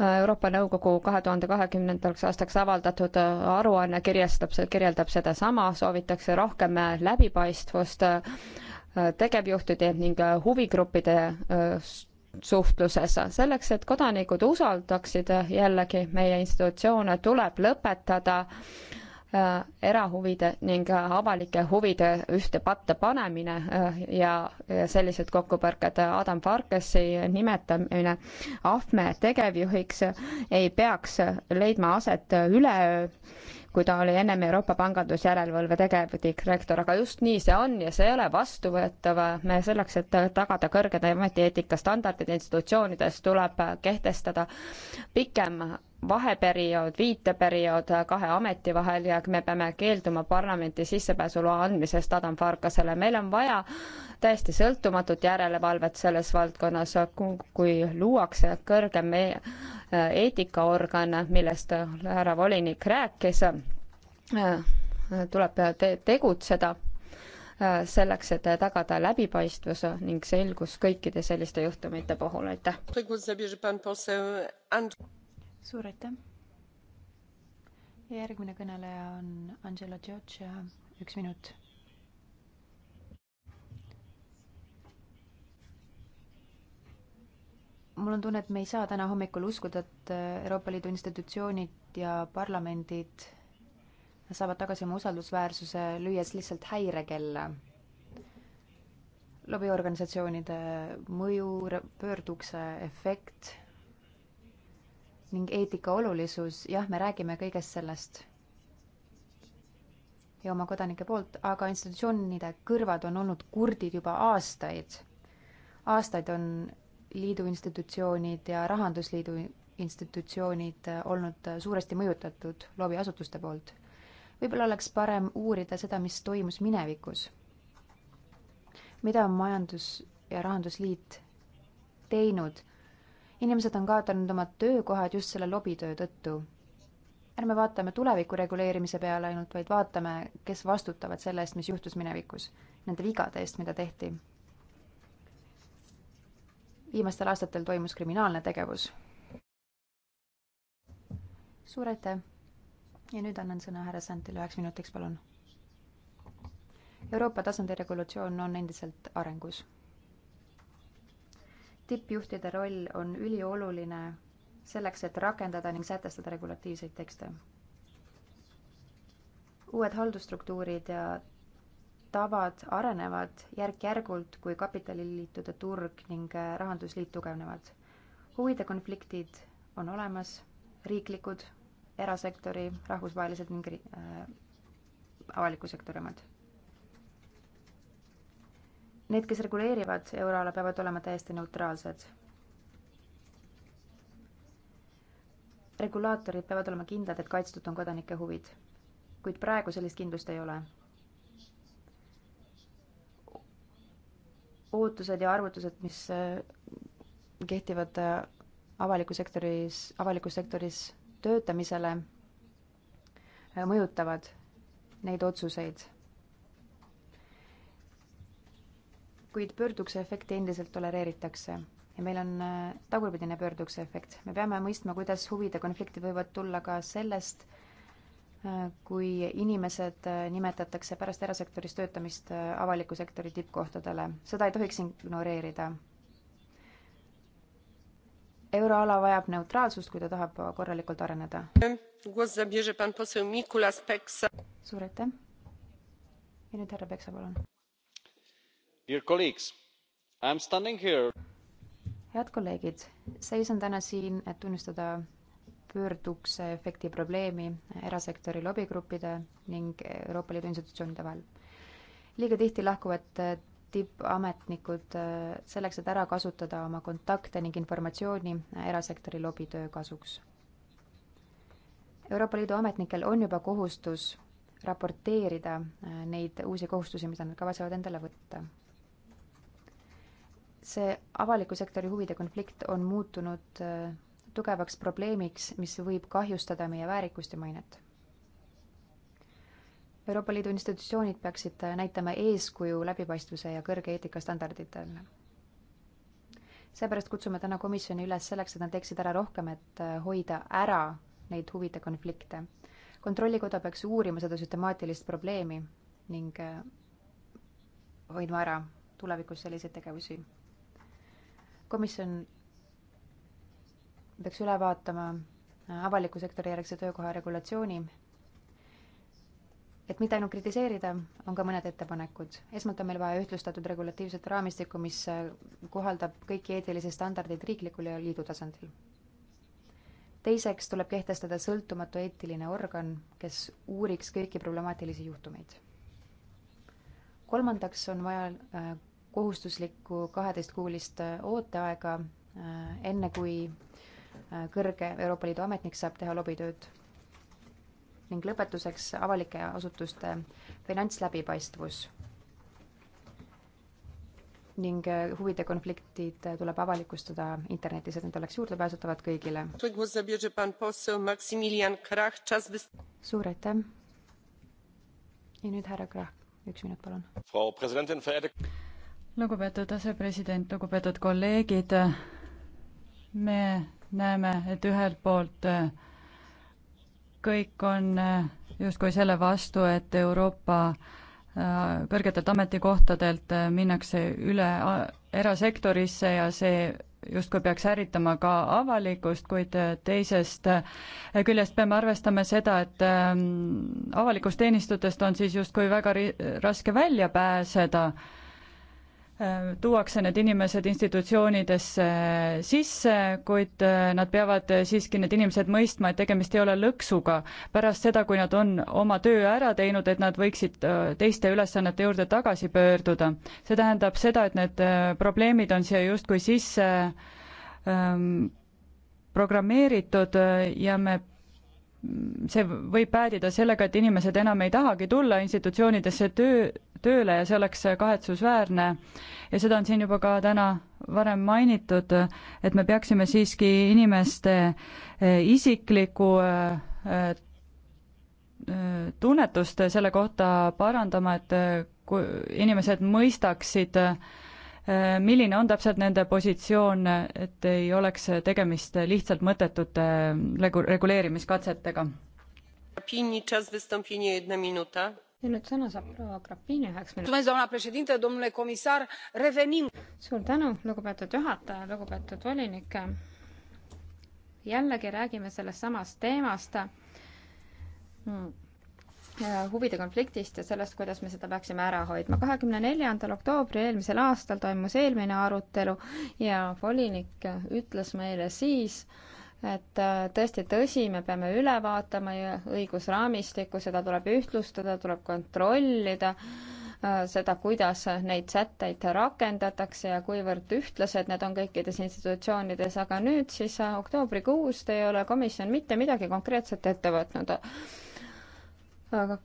Euroopa Nõukogu kahe tuhande kahekümnendaks aastaks avaldatud äh, aruanne kirjastab, kirjeldab sedasama, soovitakse rohkem läbipaistvust tegevjuhtide ning huvigruppide suhtluses. selleks, et kodanikud usaldaksid jällegi meie institutsioone, tuleb lõpetada äh, erahuvide ning avalike huvide ühte patta panemine äh, ja sellised kokkupõrked. Adam Farkasi nimetamine ahme tegevjuhiks ei peaks leidma aset üleöö kui ta oli ennem Euroopa pangandusjärelevalve tegevdirektor, aga just nii see on ja see ei ole vastuvõetav. me selleks, et tagada kõrged ametieetika standardid institutsioonides, tuleb kehtestada pikem vaheperiood, viiteperiood kahe ameti vahel ja me peame keelduma parlamenti sissepääsuloa andmisest Adam Farkasele. meil on vaja täiesti sõltumatut järelevalvet selles valdkonnas, kui luuakse kõrgem e-, eetikaorgan, millest härra volinik rääkis, tuleb te tegutseda selleks, et tagada läbipaistvus ning selgus kõikide selliste juhtumite puhul, aitäh suur aitäh. järgmine kõneleja on Angela George, üks minut. mul on tunne, et me ei saa täna hommikul uskuda, et Euroopa Liidu institutsioonid ja parlamendid saavad tagasi oma usaldusväärsuse, lüües lihtsalt häirekella lobiorganisatsioonide mõju, pöördukse efekt ning eetika olulisus, jah, me räägime kõigest sellest ja oma kodanike poolt, aga institutsioonide kõrvad on olnud kurdid juba aastaid. aastaid on liidu institutsioonid ja Rahandusliidu institutsioonid olnud suuresti mõjutatud loobiasutuste poolt. võib-olla oleks parem uurida seda, mis toimus minevikus. mida on Majandus- ja Rahandusliit teinud inimesed on kaotanud oma töökohad just selle lobitöö tõttu. ärme vaatame tuleviku reguleerimise peale ainult, vaid vaatame, kes vastutavad selle eest, mis juhtus minevikus, nende vigade eest, mida tehti. viimastel aastatel toimus kriminaalne tegevus. suur aitäh! ja nüüd annan sõna härra Santile üheks minutiks, palun. Euroopa tasandi regulatsioon on endiselt arengus tippjuhtide roll on ülioluline selleks, et rakendada ning sätestada regulatiivseid tekste. uued haldusstruktuurid ja tavad arenevad järk-järgult, kui kapitaliliitude turg ning äh, rahandusliit tugevnevad. huvide konfliktid on olemas, riiklikud, erasektori, rahvusvahelised ning äh, avaliku sektori omad Need, kes reguleerivad euroala, peavad olema täiesti neutraalsed. regulaatorid peavad olema kindlad, et kaitstud on kodanike huvid, kuid praegu sellist kindlust ei ole. ootused ja arvutused, mis äh, kehtivad äh, avalikus sektoris, avalikus sektoris töötamisele, äh, mõjutavad neid otsuseid kuid pöördukse efekti endiselt tolereeritakse ja meil on äh, tagurpidine pöördukse efekt. me peame mõistma, kuidas huvide konfliktid võivad tulla ka sellest, äh, kui inimesed äh, nimetatakse pärast erasektoris töötamist avaliku sektori tippkohtadele. seda ei tohiks ignoreerida. euroala vajab neutraalsust, kui ta tahab korralikult areneda. suur aitäh! ja nüüd härra Peksa, palun head kolleegid, seisan täna siin, et tunnistada pöördukse efekti probleemi erasektori lobigruppide ning Euroopa Liidu institutsioonide vahel. liiga tihti lahkuvad tippametnikud selleks, et ära kasutada oma kontakte ning informatsiooni erasektori lobitöö kasuks. Euroopa Liidu ametnikel on juba kohustus raporteerida neid uusi kohustusi, mida nad kavatsevad endale võtta see avaliku sektori huvide konflikt on muutunud äh, tugevaks probleemiks, mis võib kahjustada meie väärikust ja mainet. Euroopa Liidu institutsioonid peaksid äh, näitama eeskuju läbipaistvuse ja kõrge eetikastandarditel. seepärast kutsume täna komisjoni üles selleks, et nad teeksid ära rohkem, et äh, hoida ära neid huvide konflikte. kontrollikoda peaks uurima seda süstemaatilist probleemi ning hoidma ära tulevikus selliseid tegevusi komisjon peaks üle vaatama avaliku sektori järgse töökoha regulatsiooni. et mitte ainult kritiseerida, on ka mõned ettepanekud. esmalt on meil vaja ühtlustatud regulatiivset raamistikku, mis kohaldab kõiki eetilisi standardeid riiklikul ja liidu tasandil. teiseks tuleb kehtestada sõltumatu eetiline organ, kes uuriks kõiki problemaatilisi juhtumeid. kolmandaks on vaja äh, kohustuslikku kaheteistkuulist äh, ooteaega, äh, enne kui äh, kõrge Euroopa Liidu ametnik saab teha lobitööd. ning lõpetuseks avalike asutuste finantsläbipaistvus. ning huvide konfliktid tuleb avalikustada internetis, et need oleks juurdepääsetavad kõigile. suur aitäh. ja nüüd härra Krahh, üks minut, palun lugupeetud asepresident, lugupeetud kolleegid, me näeme, et ühelt poolt äh, kõik on äh, justkui selle vastu, et Euroopa äh, kõrgetelt ametikohtadelt minnakse üle erasektorisse ja see justkui peaks ärritama ka avalikkust, kuid teisest küljest peame arvestama seda, et ähm, avalikust teenistutest on siis justkui väga raske välja pääseda Äh, tuuakse need inimesed institutsioonidesse äh, sisse, kuid äh, nad peavad siiski, need inimesed mõistma, et tegemist ei ole lõksuga. pärast seda, kui nad on oma töö ära teinud, et nad võiksid teiste ülesannete juurde tagasi pöörduda. see tähendab seda, et need probleemid on siia justkui sisse ähm, programmeeritud ja me see võib päädida sellega, et inimesed enam ei tahagi tulla institutsioonidesse töö, tööle ja see oleks kahetsusväärne. ja seda on siin juba ka täna varem mainitud, et me peaksime siiski inimeste e, isiklikku e, e, tunnetust selle kohta parandama, et kui inimesed mõistaksid äh, milline on täpselt nende positsioon, et ei oleks tegemist lihtsalt mõttetute regu-, reguleerimiskatsetega? ja nüüd sõna saab proua Grapini üheks minutiks. suur tänu, lugupeetud juhataja, lugupeetud volinik. jällegi räägime sellest samast teemast mm huvide konfliktist ja sellest, kuidas me seda peaksime ära hoidma. kahekümne neljandal oktoobril eelmisel aastal toimus eelmine arutelu ja volinik ütles meile siis, et äh, tõesti tõsi, me peame üle vaatama õigusraamistikku, seda tuleb ühtlustada, tuleb kontrollida, äh, seda, kuidas neid sätteid rakendatakse ja kuivõrd ühtlased need on kõikides institutsioonides, aga nüüd siis äh, oktoobrikuust ei ole komisjon mitte midagi konkreetset ette võtnud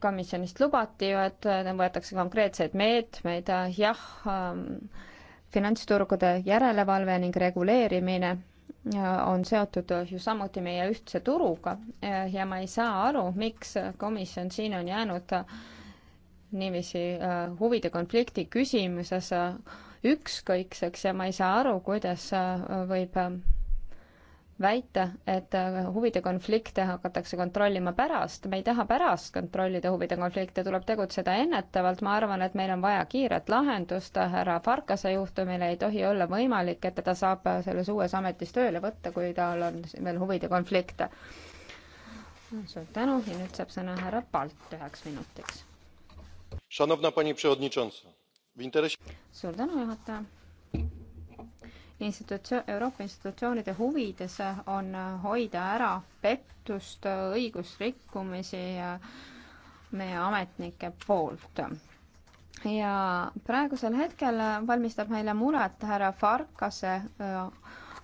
komisjonist lubati ju, et võetakse konkreetseid meetmeid, äh, jah, ähm, finantsturgude järelevalve ning reguleerimine äh, on seotud äh, ju samuti meie ühtse turuga ja ma ei saa aru, miks komisjon siin on jäänud niiviisi huvide konflikti küsimuses ükskõikseks ja ma ei saa aru, kuidas võib väita, et äh, huvide konflikte hakatakse kontrollima pärast, me ei taha pärast kontrollida huvide konflikte, tuleb tegutseda ennetavalt, ma arvan, et meil on vaja kiiret lahendust, härra Farkase juhtumil ei tohi olla võimalik, et teda saab selles uues ametis tööle võtta, kui tal on veel huvide konflikte. suur tänu ja nüüd saab sõna härra Palt üheks minutiks. suur tänu, juhataja institutsio-, Euroopa institutsioonide huvides on hoida ära pettust, õigusrikkumisi meie ametnike poolt. ja praegusel hetkel valmistab meile muret härra Farkase äh,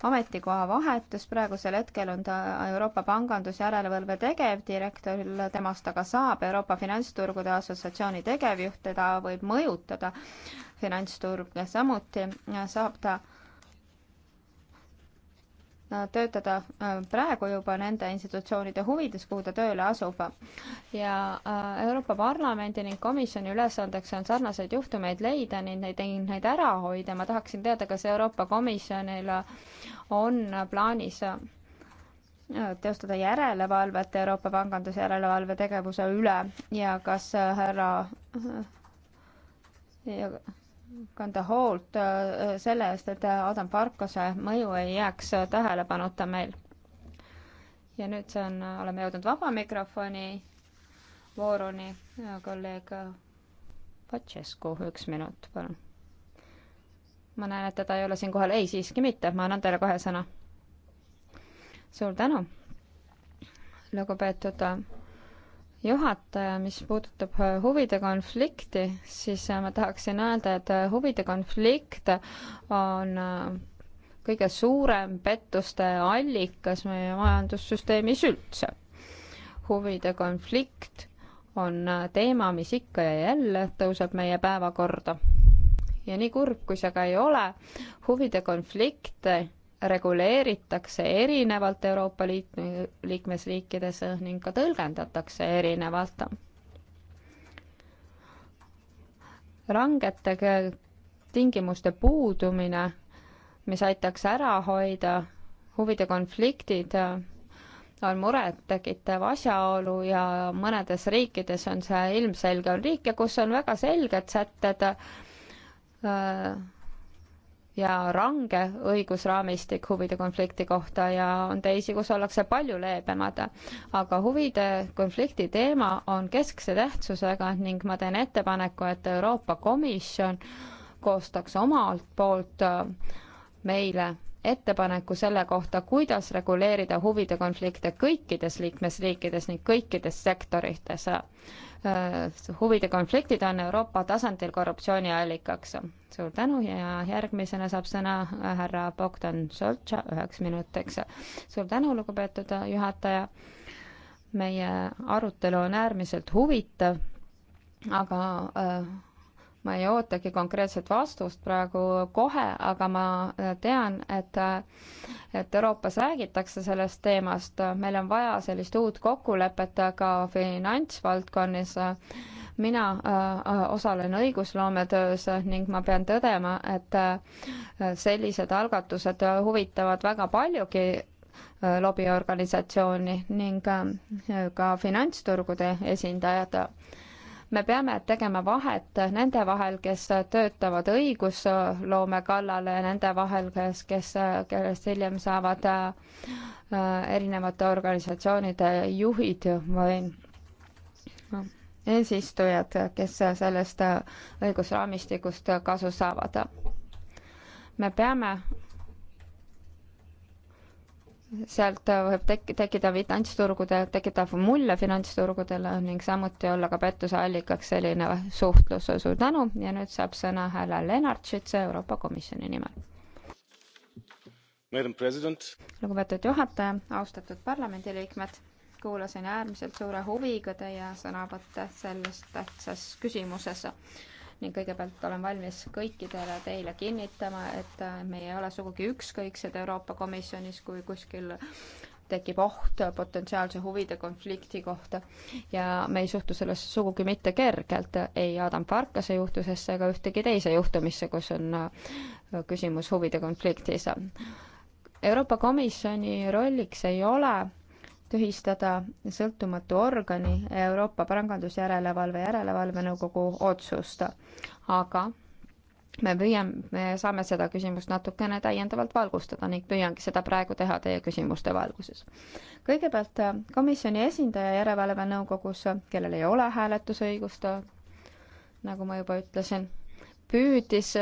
ametikoha vahetus, praegusel hetkel on ta Euroopa Pangandusjärelevalve tegevdirektor, temast aga saab Euroopa Finantsturgude Assotsiatsiooni tegevjuht, teda võib mõjutada finantsturg ja samuti saab ta äh, Äh, töötada äh, praegu juba nende institutsioonide huvides, kuhu ta tööle asub. ja äh, Euroopa Parlamendi ning komisjoni ülesandeks on sarnaseid juhtumeid leida ning neid, neid ära hoida. ma tahaksin teada, kas Euroopa Komisjonil on plaanis teostada järelevalvet Euroopa pangandusjärelevalve tegevuse üle ja kas härra ja kanda hoolt äh, selle eest, et Adam Farkase mõju ei jääks äh, tähelepanuta meil. ja nüüd see on, äh, oleme jõudnud vaba mikrofoni vooruni. kolleeg Patsesku, üks minut, palun. ma näen, et teda ei ole siin kohal. ei, siiski mitte, ma annan teile kohe sõna. suur tänu, lugupeetud juhataja, mis puudutab äh, huvide konflikti, siis äh, ma tahaksin öelda, et äh, huvide konflikt on kõige suurem pettuste allikas meie majandussüsteemis üldse. huvide konflikt on teema, mis ikka ja jälle tõuseb meie päevakorda. ja nii kurb, kui see ka ei ole, huvide konflikte reguleeritakse erinevalt Euroopa Liit-, liikmesriikides eh, ning ka tõlgendatakse erinevalt. rangete tingimuste puudumine, mis aitaks ära hoida huvide konfliktid, on murettekitav asjaolu ja mõnedes riikides on see ilmselge, on riike, kus on väga selged sätted äh, ja range õigusraamistik huvide konflikti kohta ja on teisi, kus ollakse palju leebemad. aga huvide konflikti teema on keskse tähtsusega ning ma teen ettepaneku, et Euroopa Komisjon koostaks omalt poolt äh, meile ettepaneku selle kohta, kuidas reguleerida huvide konflikte kõikides liikmesriikides ning kõikides sektorites. Äh, huvide konfliktid on Euroopa tasandil korruptsiooni allikaks. suur tänu ja järgmisena saab sõna äh, härra Bogdan Soltša üheks minutiks. suur tänu, lugupeetud juhataja. meie arutelu on äärmiselt huvitav, aga äh, ma ei ootagi konkreetset vastust praegu kohe, aga ma äh, tean, et äh, et Euroopas räägitakse sellest teemast, meil on vaja sellist uut kokkulepet ka finantsvaldkonnas. mina äh, osalen õigusloometöös ning ma pean tõdema, et äh, sellised algatused huvitavad väga paljugi äh, lobiorganisatsiooni ning ka finantsturgude esindajad me peame tegema vahet nende vahel, kes töötavad õigusloome kallale ja nende vahel, kes, kes, kellest hiljem saavad äh, erinevate organisatsioonide juhid või eesistujad, kes sellest õigusraamistikust kasu saavad. me peame sealt äh, võib tek-, tekkida finantsturgudel, tekitav mulje finantsturgudele ning samuti olla ka pettuse allikaks selline suhtlus. suur tänu ja nüüd saab sõna härra Lennart Schütze Euroopa Komisjoni nimel. lugupeetud juhataja, austatud parlamendiliikmed, kuulasin äärmiselt suure huviga teie sõnavõtte selles tähtsas küsimuses ning kõigepealt olen valmis kõikidele teile kinnitama, et äh, me ei ole sugugi ükskõiksed Euroopa Komisjonis, kui kuskil tekib oht potentsiaalse huvide konflikti kohta ja me ei suhtu sellesse sugugi mitte kergelt, ei Adam Farkase juhtusesse ega ühtegi teise juhtumisse, kus on äh, küsimus huvide konfliktis. Euroopa Komisjoni rolliks ei ole tühistada sõltumatu organi Euroopa Pangandusjärelevalve Järelevalvenõukogu otsust. aga me püüame, me saame seda küsimust natukene täiendavalt valgustada ning püüangi seda praegu teha teie küsimuste valguses. kõigepealt äh, komisjoni esindaja järelevalvenõukogus, kellel ei ole hääletusõigust, äh, nagu ma juba ütlesin, püüdis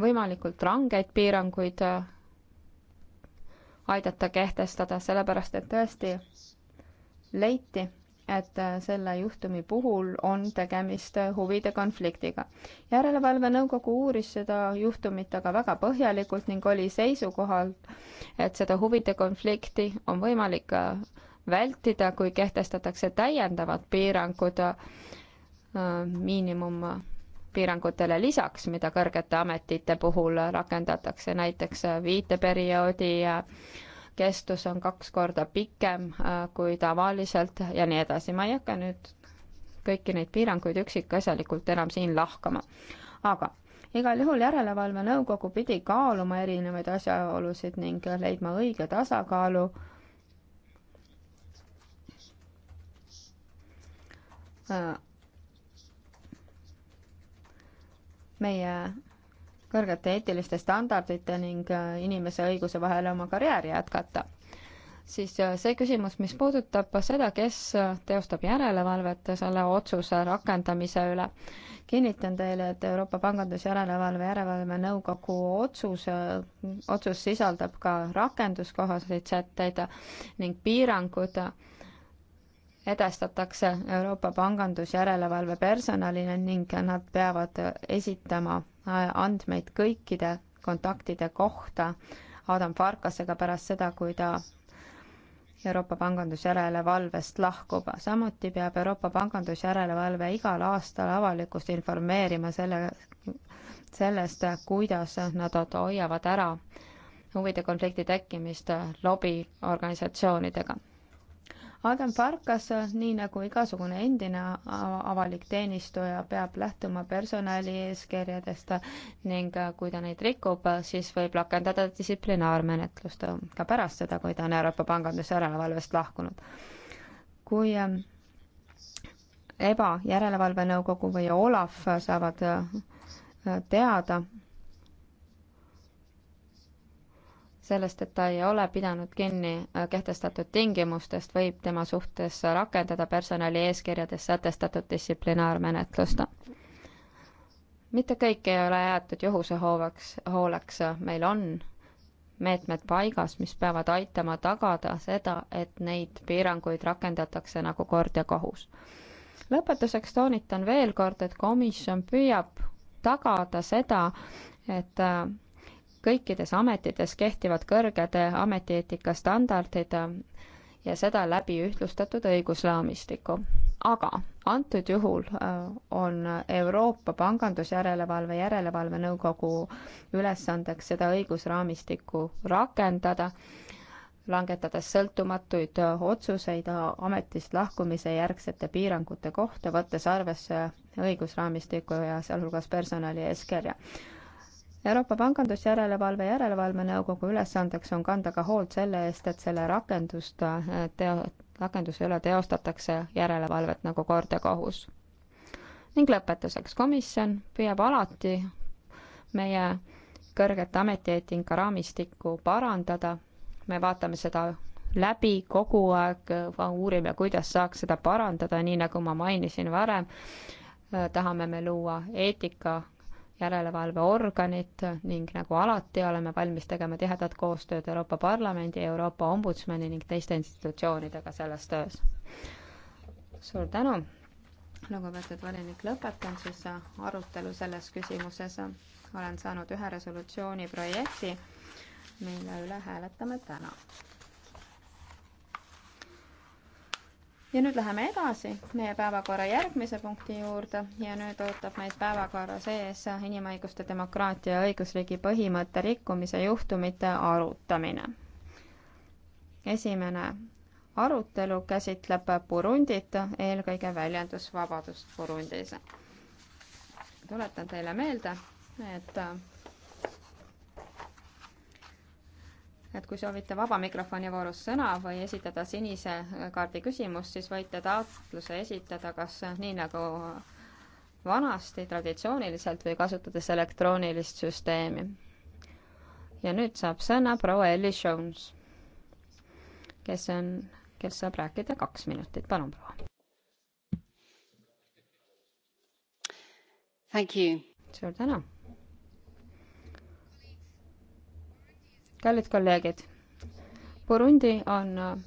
võimalikult rangeid piiranguid äh, aidata kehtestada, sellepärast et tõesti leiti, et selle juhtumi puhul on tegemist huvide konfliktiga. järelevalvenõukogu uuris seda juhtumit aga väga põhjalikult ning oli seisukohal, et seda huvide konflikti on võimalik vältida, kui kehtestatakse täiendavad piirangud äh, miinimum piirangutele lisaks, mida kõrgete ametite puhul rakendatakse, näiteks äh, viiteperioodi äh, kestus on kaks korda pikem äh, kui tavaliselt ja nii edasi, ma ei hakka nüüd kõiki neid piiranguid üksikasjalikult enam siin lahkama. aga igal juhul Järelevalve Nõukogu pidi kaaluma erinevaid asjaolusid ning leidma õige tasakaalu meie kõrgete eetiliste standardite ning äh, inimese õiguse vahele oma karjääri jätkata. siis äh, see küsimus, mis puudutab seda, kes äh, teostab järelevalvet selle otsuse rakendamise üle. kinnitan teile, et Euroopa Pangandusjärelevalve Järelevalve Nõukogu otsus, otsus sisaldab ka rakenduskohaseid sätteid ning piirangud edastatakse Euroopa pangandusjärelevalve personalile ning nad peavad esitama äh, andmeid kõikide kontaktide kohta Adam Farkasega pärast seda, kui ta Euroopa pangandusjärelevalvest lahkub. samuti peab Euroopa pangandusjärelevalve igal aastal avalikkust informeerima selle, sellest, kuidas nad hoiavad ära huvide konflikti tekkimist lobiorganisatsioonidega. Adam Farkas, nii nagu igasugune endine avalik teenistuja, peab lähtuma personali eeskirjadest ning kui ta neid rikub, siis võib rakendada distsiplinaarmenetlust ka pärast seda, kui ta on Euroopa pangandusjärelevalvest lahkunud. kui ähm, EBA, Järelevalvenõukogu või Olav saavad äh, teada sellest, et ta ei ole pidanud kinni äh, kehtestatud tingimustest, võib tema suhtes rakendada personali eeskirjades sätestatud distsiplinaarmenetlust. mitte kõik ei ole jäetud juhuse hoovaks, hooleks, meil on meetmed paigas, mis peavad aitama tagada seda, et neid piiranguid rakendatakse nagu kord ja kohus. lõpetuseks toonitan veel kord, et komisjon püüab tagada seda, et äh, kõikides ametites kehtivad kõrged ametieetika standardid ja seda läbi ühtlustatud õigusraamistiku. aga antud juhul äh, on Euroopa Pangandusjärelevalve Järelevalve Nõukogu ülesandeks seda õigusraamistikku rakendada, langetades sõltumatuid otsuseid ametist lahkumise järgsete piirangute kohta, võttes arvesse õigusraamistikku ja sealhulgas personali eeskirja Euroopa Pangandusjärelevalve Järelevalvenõukogu ülesandeks on kanda ka hoolt selle eest, et selle rakendust äh, teo-, rakenduse üle teostatakse järelevalvet nagu kord ja kohus. ning lõpetuseks, komisjon püüab alati meie kõrget ametieetika raamistikku parandada, me vaatame seda läbi kogu aeg, uurime, kuidas saaks seda parandada, nii nagu ma mainisin varem, äh, tahame me luua eetika järelevalveorganit ning nagu alati oleme valmis tegema tihedat koostööd Euroopa Parlamendi, Euroopa Ombudsmani ning teiste institutsioonidega selles töös. suur tänu, lugupeetud volinik, lõpetan siis arutelu selles küsimuses. olen saanud ühe resolutsiooni projekti, mille üle hääletame täna. ja nüüd läheme edasi meie päevakorra järgmise punkti juurde ja nüüd ootab meid päevakorra sees inimõiguste, demokraatia ja õigusriigi põhimõtte rikkumise juhtumite arutamine. esimene arutelu käsitleb Burundit, eelkõige väljendusvabadust Burundis. tuletan teile meelde, et et kui soovite vaba mikrofoni voorus sõna või esitada sinise kaardi küsimust, siis võite taotluse esitada kas nii, nagu vanasti traditsiooniliselt või kasutades elektroonilist süsteemi. ja nüüd saab sõna proua Elli Jones, kes on, kes saab rääkida kaks minutit, palun proua. suur tänu kallid kolleegid, Burundi on äh,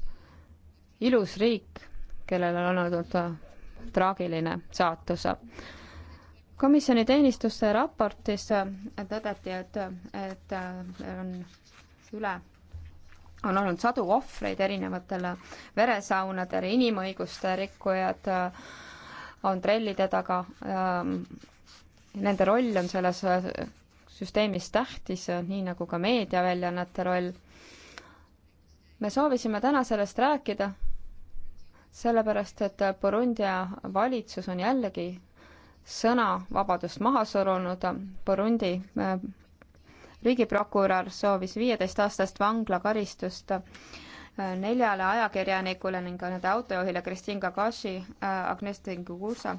ilus riik, kellel on olnud äh, traagiline saatus. komisjoni teenistuste raportis tõdeti, et, et äh, on üle, on olnud sadu ohvreid erinevatele veresaunadele, inimõiguste rikkujad on trellide taga. Ähm, nende roll on selles süsteemis tähtis, nii nagu ka meediaväljaannete roll. me soovisime täna sellest rääkida, sellepärast et Burundia valitsus on jällegi sõnavabadust maha surunud, Burundi äh, riigiprokurör soovis viieteist-aastast vanglakaristust äh, neljale ajakirjanikule ning nende autojuhile Kristin Kagashi, äh, Agnes Tingugusa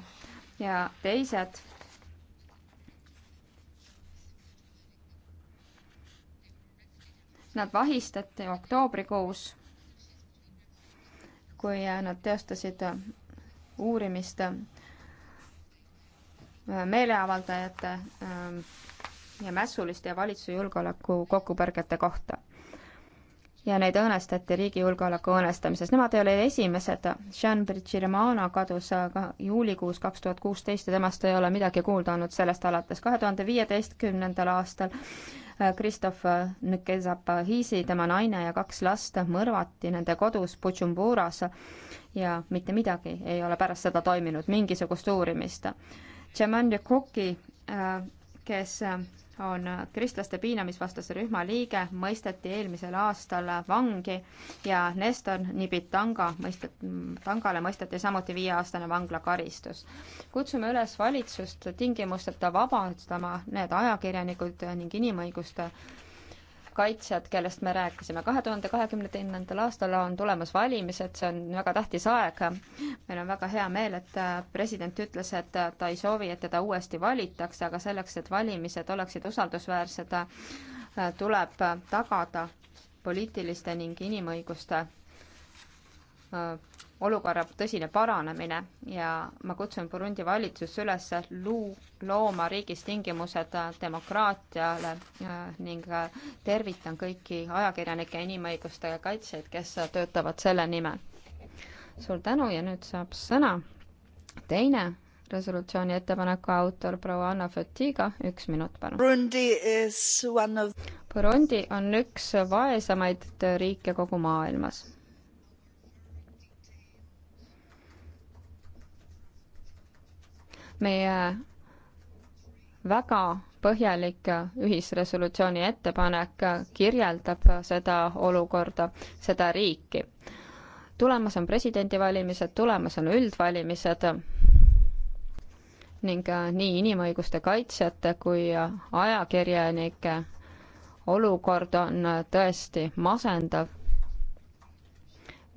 ja teised Nad vahistati oktoobrikuus, kui nad teostasid uurimist äh, meeleavaldajate äh, ja mässuliste ja valitsuse julgeoleku kokkupõrgete kohta. ja neid õõnestati riigi julgeoleku õõnestamises. Nemad ei ole esimesed. kadus äh, ka juulikuus kaks tuhat kuusteist ja temast ei ole midagi kuulda olnud sellest alates. kahe tuhande viieteistkümnendal aastal Kristof Nkezapahiisi, tema naine ja kaks last mõrvati nende kodus Butšumburas ja mitte midagi ei ole pärast seda toiminud, mingisugust uurimist. Jaman Jakuki, äh, kes äh, on kristlaste piinamisvastase rühma liige, mõisteti eelmisel aastal vangi ja Nestor Nibitanga mõistet-, Tangale mõisteti samuti viieaastane vanglakaristus. kutsume üles valitsust tingimusteta vabastama need ajakirjanikud ning inimõiguste kaitsjad, kellest me rääkisime. kahe tuhande kahekümnendal aastal on tulemas valimised, see on väga tähtis aeg. meil on väga hea meel, et äh, president ütles, et äh, ta ei soovi, et teda uuesti valitakse, aga selleks, et valimised oleksid usaldusväärsed, äh, tuleb tagada poliitiliste ning inimõiguste olukorra tõsine paranemine ja ma kutsun Burundi valitsust üles luu-, looma riigis tingimused demokraatiale äh, ning äh, tervitan kõiki ajakirjanikke ja inimõiguste kaitsjaid, kes töötavad selle nimel. suur tänu ja nüüd saab sõna teine resolutsiooni ettepaneku autor proua Anna Fatiga, üks minut palun. Burundi on üks vaesemaid riike kogu maailmas meie väga põhjalik ühisresolutsiooni ettepanek kirjeldab seda olukorda, seda riiki. tulemas on presidendivalimised, tulemas on üldvalimised ning nii inimõiguste kaitsjate kui ajakirjanike olukord on tõesti masendav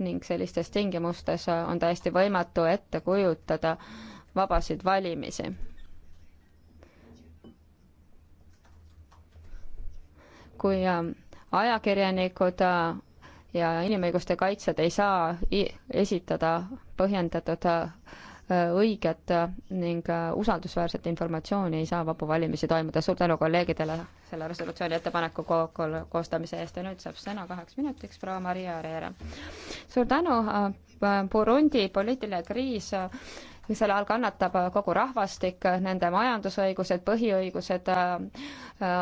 ning sellistes tingimustes on täiesti võimatu ette kujutada, vabasid valimisi. kui äh, ajakirjanikud äh, ja inimõiguste kaitsjad ei saa esitada põhjendatud äh, õiget ning usaldusväärset informatsiooni ei saa vabu valimisi toimuda. suur tänu kolleegidele selle resolutsiooni ettepaneku ko ko koostamise eest ja nüüd saab sõna kaheks minutiks proua Maria Reere. suur tänu, Burundi poliitiline kriis selle all kannatab kogu rahvastik, nende majandusõigused, põhiõigused äh,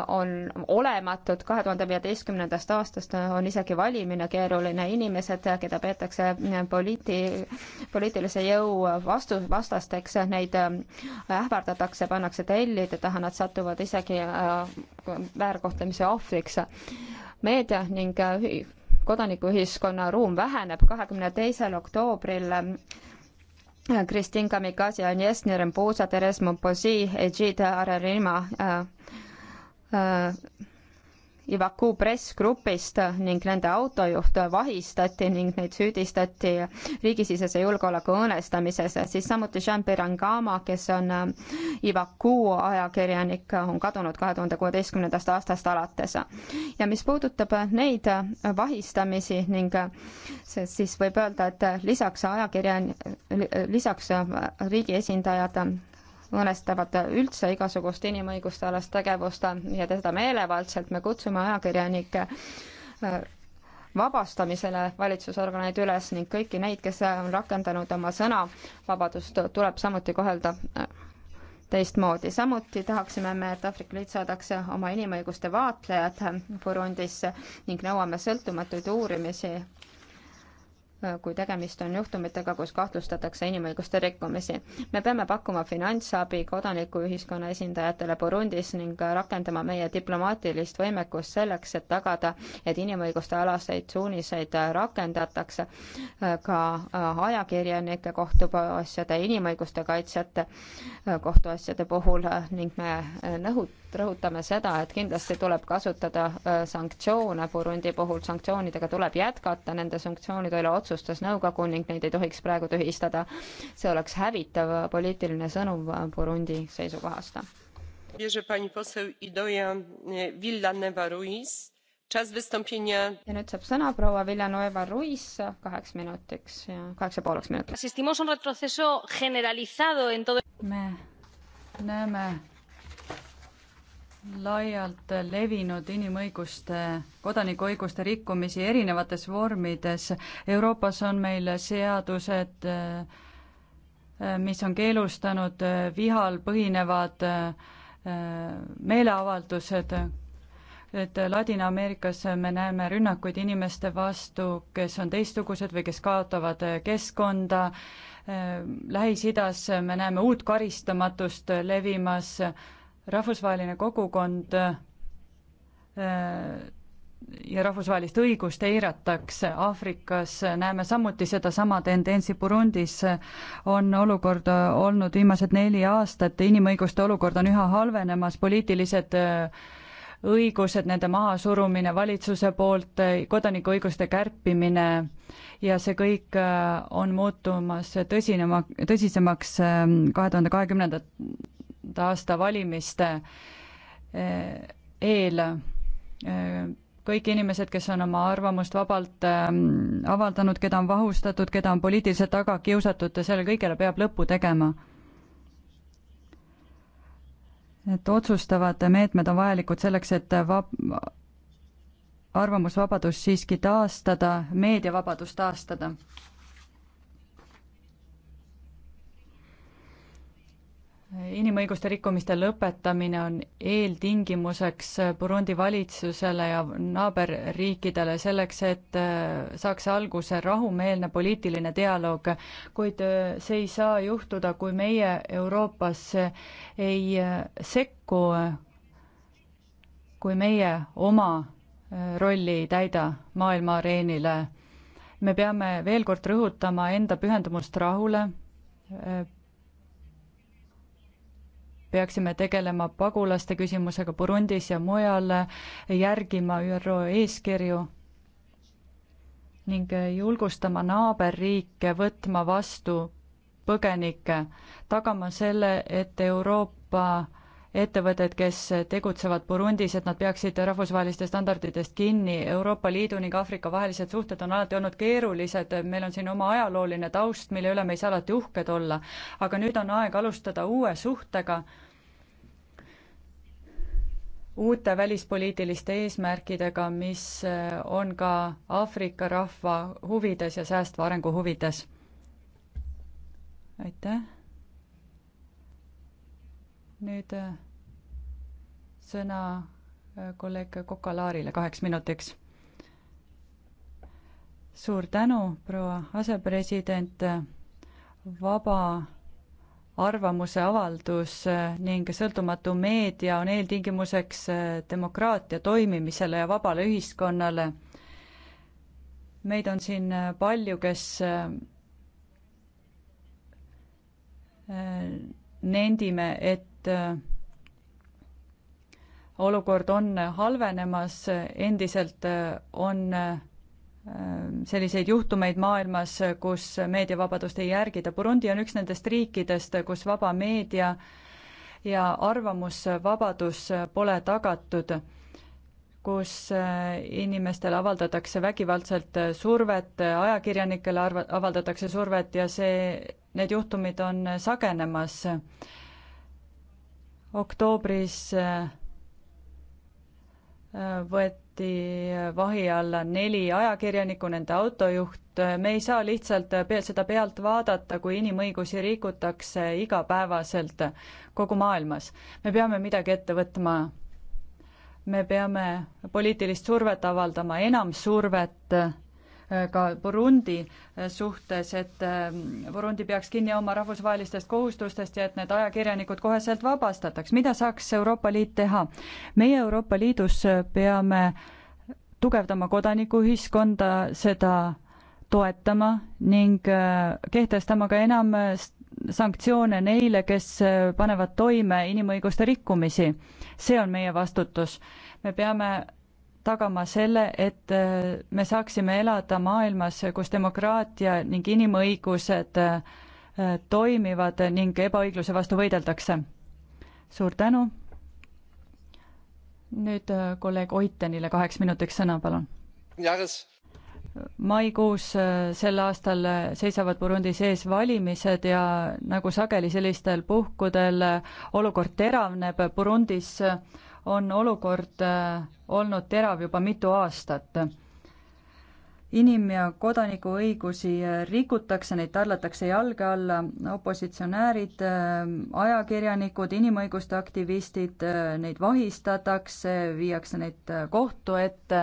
on olematud, kahe tuhande viieteistkümnendast aastast on isegi valimine keeruline, inimesed, keda peetakse äh, poliiti-, poliitilise jõu vastu, vastasteks, neid äh, ähvardatakse, pannakse tellide taha, nad satuvad isegi väärkohtlemise ohvriks. meedia ning kodanikuühiskonna ruum väheneb, kahekümne teisel oktoobril Kristin Kamikaze, Agnes Nerempusa, Teres Moposi, Egid Ararima äh,. Äh, Ivaku pressgrupist ning nende autojuht vahistati ning neid süüdistati riigisisese julgeoleku õõnestamises, siis samuti Jean Pirangama, kes on äh, Ivaku ajakirjanik, on kadunud kahe tuhande kuueteistkümnendast aastast alates. ja mis puudutab neid vahistamisi ning siis võib öelda, et lisaks ajakirjan-, lisaks äh, riigi esindajad õõnestavad üldse igasugust inimõiguste alast tegevust ja seda meelevaldselt me kutsume ajakirjanikke äh, vabastamisele valitsusorganeid üles ning kõiki neid, kes on rakendanud oma sõnavabadust, tuleb samuti kohelda äh, teistmoodi. samuti tahaksime me, et Aafrika Liit saadaks oma inimõiguste vaatlejad Burundisse ning nõuame sõltumatuid uurimisi Äh, kui tegemist on juhtumitega, kus kahtlustatakse inimõiguste rikkumisi. me peame pakkuma finantsabi kodanikuühiskonna esindajatele Burundis ning rakendama meie diplomaatilist võimekust selleks, et tagada, et inimõiguste alaseid suuniseid rakendatakse äh, ka äh, ajakirjanike kohtuasjade, inimõiguste kaitsjate kohtuasjade puhul ning me nõu-, rõhutame seda, et kindlasti tuleb kasutada äh, sanktsioone Burundi puhul, sanktsioonidega tuleb jätkata, nende sanktsioonide üle otsustas nõukogu ning neid ei tohiks praegu tühistada. see oleks hävitav poliitiline sõnum Burundi seisukohast. E, ja nüüd saab sõna proua Villanueva Ruiz kaheks minutiks ja kaheksa pooleks minutiks. me näeme laialt levinud inimõiguste, kodanikuõiguste rikkumisi erinevates vormides. Euroopas on meil seadused, äh, mis on keelustanud äh, vihal põhinevad äh, meeleavaldused, et Ladina-Ameerikas me näeme rünnakuid inimeste vastu, kes on teistsugused või kes kaotavad keskkonda, Lähis-Idas me näeme uut karistamatust levimas rahvusvaheline kogukond äh, ja rahvusvahelist õigust eiratakse. Aafrikas näeme samuti sedasama tendentsi, Burundis on olukord olnud viimased neli aastat, inimõiguste olukord on üha halvenemas, poliitilised äh, õigused, nende mahasurumine valitsuse poolt, kodanikuõiguste kärpimine ja see kõik äh, on muutumas tõsinema, tõsisemaks kahe tuhande kahekümnendat aasta valimiste eh, eel eh, kõik inimesed, kes on oma arvamust vabalt ehm, avaldanud, keda on vahustatud, keda on poliitiliselt taga kiusatud, sellele kõigele peab lõpu tegema. et otsustavad meetmed on vajalikud selleks, et vab-, arvamusvabadus siiski taastada, meediavabadus taastada. inimõiguste rikkumiste lõpetamine on eeltingimuseks Burundi valitsusele ja naaberriikidele selleks, et äh, saaks alguse rahumeelne poliitiline dialoog, kuid äh, see ei saa juhtuda, kui meie Euroopas ei äh, sekku, kui meie oma rolli ei täida maailma areenile. me peame veel kord rõhutama enda pühendumust rahule, peaksime tegelema pagulaste küsimusega Burundis ja mujal, järgima ÜRO eeskirju ning julgustama naaberriike võtma vastu põgenikke, tagama selle, et Euroopa ettevõtted, kes tegutsevad Burundis, et nad peaksid rahvusvahelistest standarditest kinni, Euroopa Liidu ning Aafrika vahelised suhted on alati olnud keerulised, meil on siin oma ajalooline taust, mille üle me ei saa alati uhked olla, aga nüüd on aeg alustada uue suhtega uute välispoliitiliste eesmärkidega, mis äh, on ka Aafrika rahva huvides ja säästva arengu huvides. aitäh. nüüd äh, sõna äh, kolleeg Kokalaarile kaheks minutiks. suur tänu, proua asepresident, vaba arvamuse avaldus eh, ning sõltumatu meedia on eeltingimuseks eh, demokraatia toimimisele ja vabale ühiskonnale. meid on siin eh, palju, kes nendime, et olukord on halvenemas, endiselt on Ehm, selliseid juhtumeid maailmas, kus meediavabadust ei järgida. Burundi on üks nendest riikidest, kus vaba meedia ja arvamusvabadus pole tagatud, kus eh, inimestele avaldatakse vägivaldselt survet, ajakirjanikele arva-, avaldatakse survet ja see, need juhtumid on sagenemas. oktoobris eh, eh, võet-, pandi vahi alla neli ajakirjanikku, nende autojuht, me ei saa lihtsalt seda pealt vaadata, kui inimõigusi rikutakse igapäevaselt kogu maailmas. me peame midagi ette võtma. me peame poliitilist survet avaldama, enam survet Äh, ka Burundi äh, suhtes, et ähm, Burundi peaks kinni oma rahvusvahelistest kohustustest ja et need ajakirjanikud koheselt vabastataks. mida saaks Euroopa Liit teha? meie Euroopa Liidus äh, peame tugevdama kodanikuühiskonda, seda toetama ning kehtestama ka enam sanktsioone neile, kes panevad toime inimõiguste rikkumisi. see on meie vastutus. me peame tagama selle, et äh, me saaksime elada maailmas, kus demokraatia ning inimõigused äh, toimivad ning ebaõigluse vastu võideldakse. suur tänu. nüüd äh, kolleeg Oitenile kaheks minutiks sõna, palun. maikuus sel aastal seisavad Burundis ees valimised ja nagu sageli sellistel puhkudel olukord teravneb, Burundis on olukord äh, olnud terav juba mitu aastat. inim- ja kodanikuõigusi äh, rikutakse, neid tallatakse jalge alla, opositsionäärid, äh, ajakirjanikud, inimõiguste aktivistid, neid vahistatakse, viiakse neid kohtu ette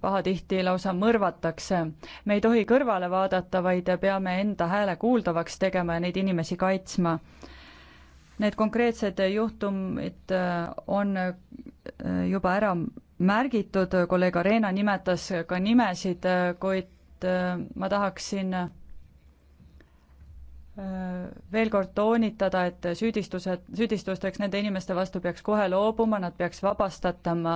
pahatihti lausa mõrvatakse. me ei tohi kõrvale vaadata, vaid peame enda hääle kuuldavaks tegema ja neid inimesi kaitsma. Need konkreetsed juhtumid äh, on äh, juba ära märgitud, kolleeg Arena nimetas ka nimesid, äh, kuid ma tahaksin veel kord toonitada, et süüdistused, süüdistusteks nende inimeste vastu peaks kohe loobuma, nad peaks vabastatama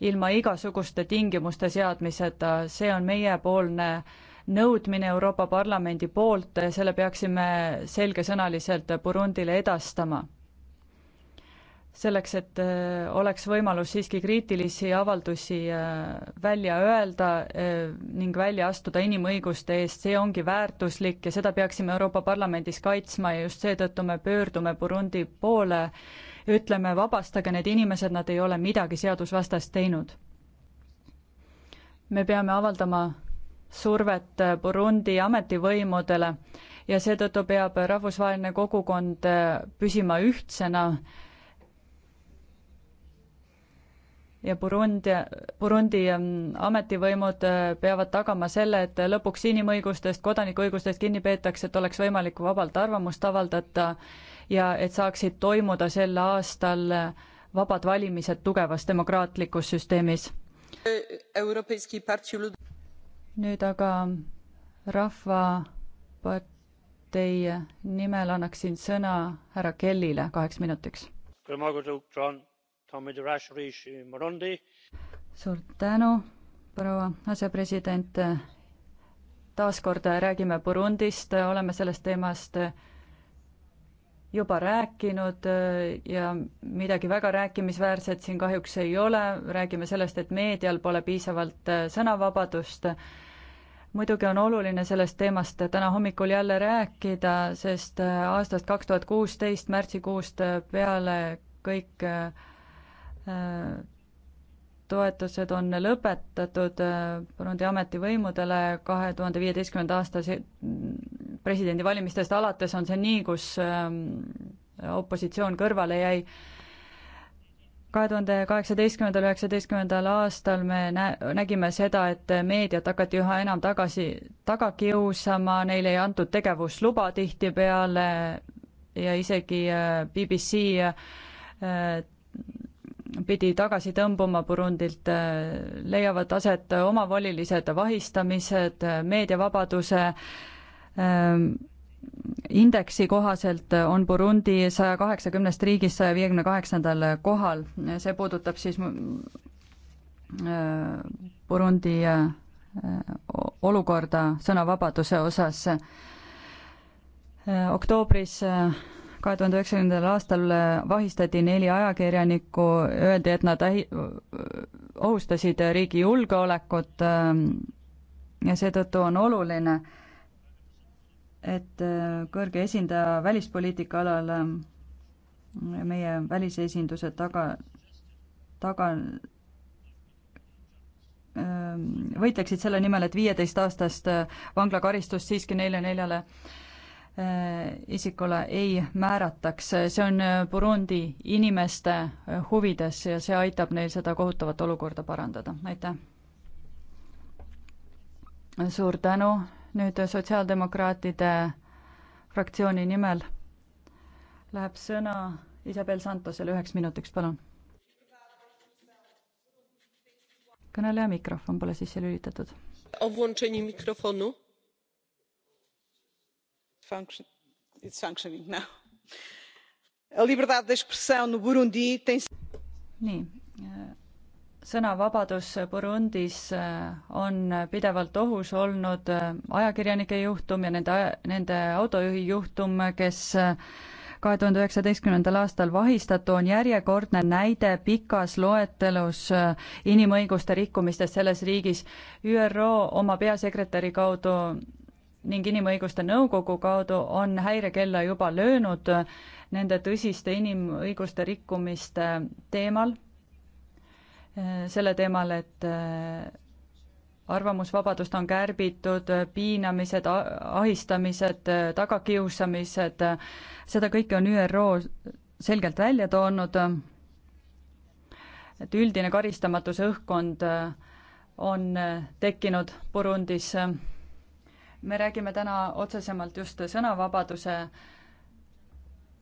ilma igasuguste tingimuste seadmiseta, see on meiepoolne äh, nõudmine Euroopa Parlamendi poolt, selle peaksime selgesõnaliselt Burundile edastama. selleks, et äh, oleks võimalus siiski kriitilisi avaldusi äh, välja öelda äh, ning välja astuda inimõiguste eest, see ongi väärtuslik ja seda peaksime Euroopa Parlamendis kaitsma ja just seetõttu me pöördume Burundi poole ja ütleme, vabastage need inimesed, nad ei ole midagi seadusvastast teinud. me peame avaldama survet Burundi ametivõimudele ja seetõttu peab rahvusvaheline kogukond püsima ühtsena ja Burundi, Burundi ähm, ametivõimud äh, peavad tagama selle, et lõpuks inimõigustest, kodanikuõigustest kinni peetakse, et oleks võimalik vabalt arvamust avaldada ja et saaksid toimuda sel aastal äh, vabad valimised tugevas demokraatlikus süsteemis. Äh, nüüd aga Rahvapartei nimel annaksin sõna härra Kellile kaheks minutiks. suur tänu, proua asepresident. taas kord räägime Burundist, oleme sellest teemast juba rääkinud äh, ja midagi väga rääkimisväärset siin kahjuks ei ole, räägime sellest, et meedial pole piisavalt äh, sõnavabadust. muidugi on oluline sellest teemast täna hommikul jälle rääkida, sest äh, aastast kaks tuhat kuusteist märtsikuust peale kõik toetused on lõpetatud Burundi ametivõimudele kahe tuhande viieteistkümnenda aasta presidendivalimistest alates on see nii, kus ähm, opositsioon kõrvale jäi. kahe tuhande kaheksateistkümnendal, üheksateistkümnendal aastal me nä-, nägime seda, et meediat hakati üha enam tagasi, taga kiusama, neile ei antud tegevusluba tihtipeale ja isegi äh, BBC äh, pidi tagasi tõmbuma Burundilt, äh, leiavad aset omavolilised vahistamised, meediavabaduse äh, Ehm, indeksi kohaselt on Burundi saja kaheksakümnest riigist saja viiekümne kaheksandal kohal, see puudutab siis mm, äh, Burundi äh, olukorda sõnavabaduse osas. Äh, oktoobris kahe tuhande üheksakümnendal aastal vahistati neli ajakirjanikku, öeldi, et nad ohustasid riigi julgeolekut ja seetõttu on oluline äh, et äh, kõrge esindaja välispoliitika alal äh, meie välisesinduse taga, taga ähm, võitleksid selle nimel, et viieteist-aastast äh, vanglakaristust siiski neile neljale isikule ei määrataks, see on Burundi inimeste huvides ja see aitab neil seda kohutavat olukorda parandada, aitäh! suur tänu nüüd sotsiaaldemokraatide fraktsiooni nimel läheb sõna Isabel Santosele üheks minutiks, palun. kõneleja mikrofon pole sisse lülitatud. Function. It's functioning now. A liberdade de expressão no Burundi tem. Nii, sõnavabadus Burundis äh, on pidevalt ohus olnud, äh, ajakirjanike juhtum ja nende, nende autojuhi juhtum, kes äh, kahe tuhande üheksateistkümnendal aastal vahistatu on järjekordne näide pikas loetelus inimõiguste rikkumistest selles riigis. ÜRO oma peasekretäri kaudu ning Inimõiguste Nõukogu kaudu on häirekella juba löönud nende tõsiste inimõiguste rikkumiste teemal selle teemal, et äh, arvamusvabadust on kärbitud, piinamised, ahistamised, tagakiusamised, seda kõike on ÜRO selgelt välja toonud, et üldine karistamatuse õhkkond äh, on äh, tekkinud Burundis. me räägime täna otsesemalt just sõnavabaduse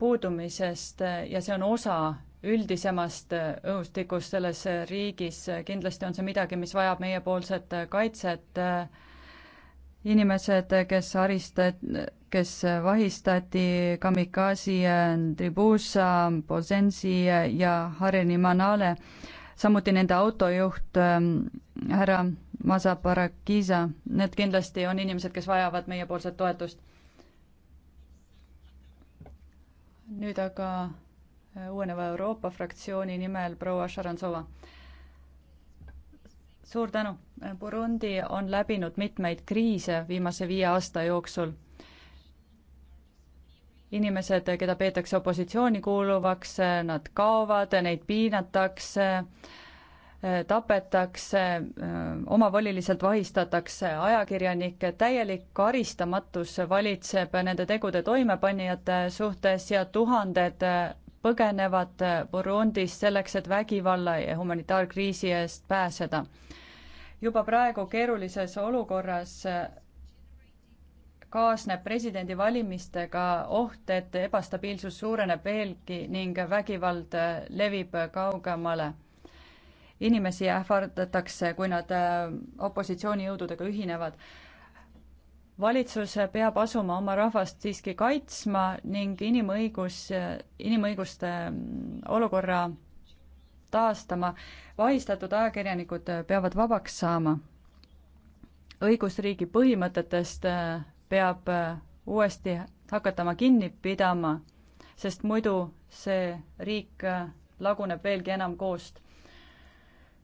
puudumisest ja see on osa üldisemast äh, õhustikust selles äh, riigis, äh, kindlasti on see midagi, mis vajab meiepoolset kaitset, inimesed, kes aristat-, kes vahistati, Kamikazi, Tribusa, Bozensi ja Harini Manale, samuti nende autojuht ähm, härra Masaparakiza, need kindlasti on inimesed, kes vajavad meiepoolset toetust. nüüd aga uueneva Euroopa fraktsiooni nimel proua Šarantsova. suur tänu. Burundi on läbinud mitmeid kriise viimase viie aasta jooksul. inimesed, keda peetakse opositsiooni kuuluvaks, nad kaovad, neid piinatakse, tapetakse, omavoliliselt vahistatakse ajakirjanikke, täielik karistamatus valitseb nende tegude toimepanijate suhtes ja tuhanded põgenevad eh, Burundist selleks, et vägivalla ja humanitaarkriisi eest pääseda. juba praegu keerulises olukorras eh, kaasneb presidendivalimistega oht, et ebastabiilsus suureneb veelgi ning vägivald eh, levib kaugemale. inimesi ähvardatakse, kui nad opositsioonijõududega ühinevad valitsus peab asuma oma rahvast siiski kaitsma ning inimõigus, inimõiguste mm, olukorra taastama. vahistatud ajakirjanikud peavad vabaks saama. õigusriigi põhimõtetest äh, peab äh, uuesti hakatama kinni pidama, sest muidu see riik äh, laguneb veelgi enam koost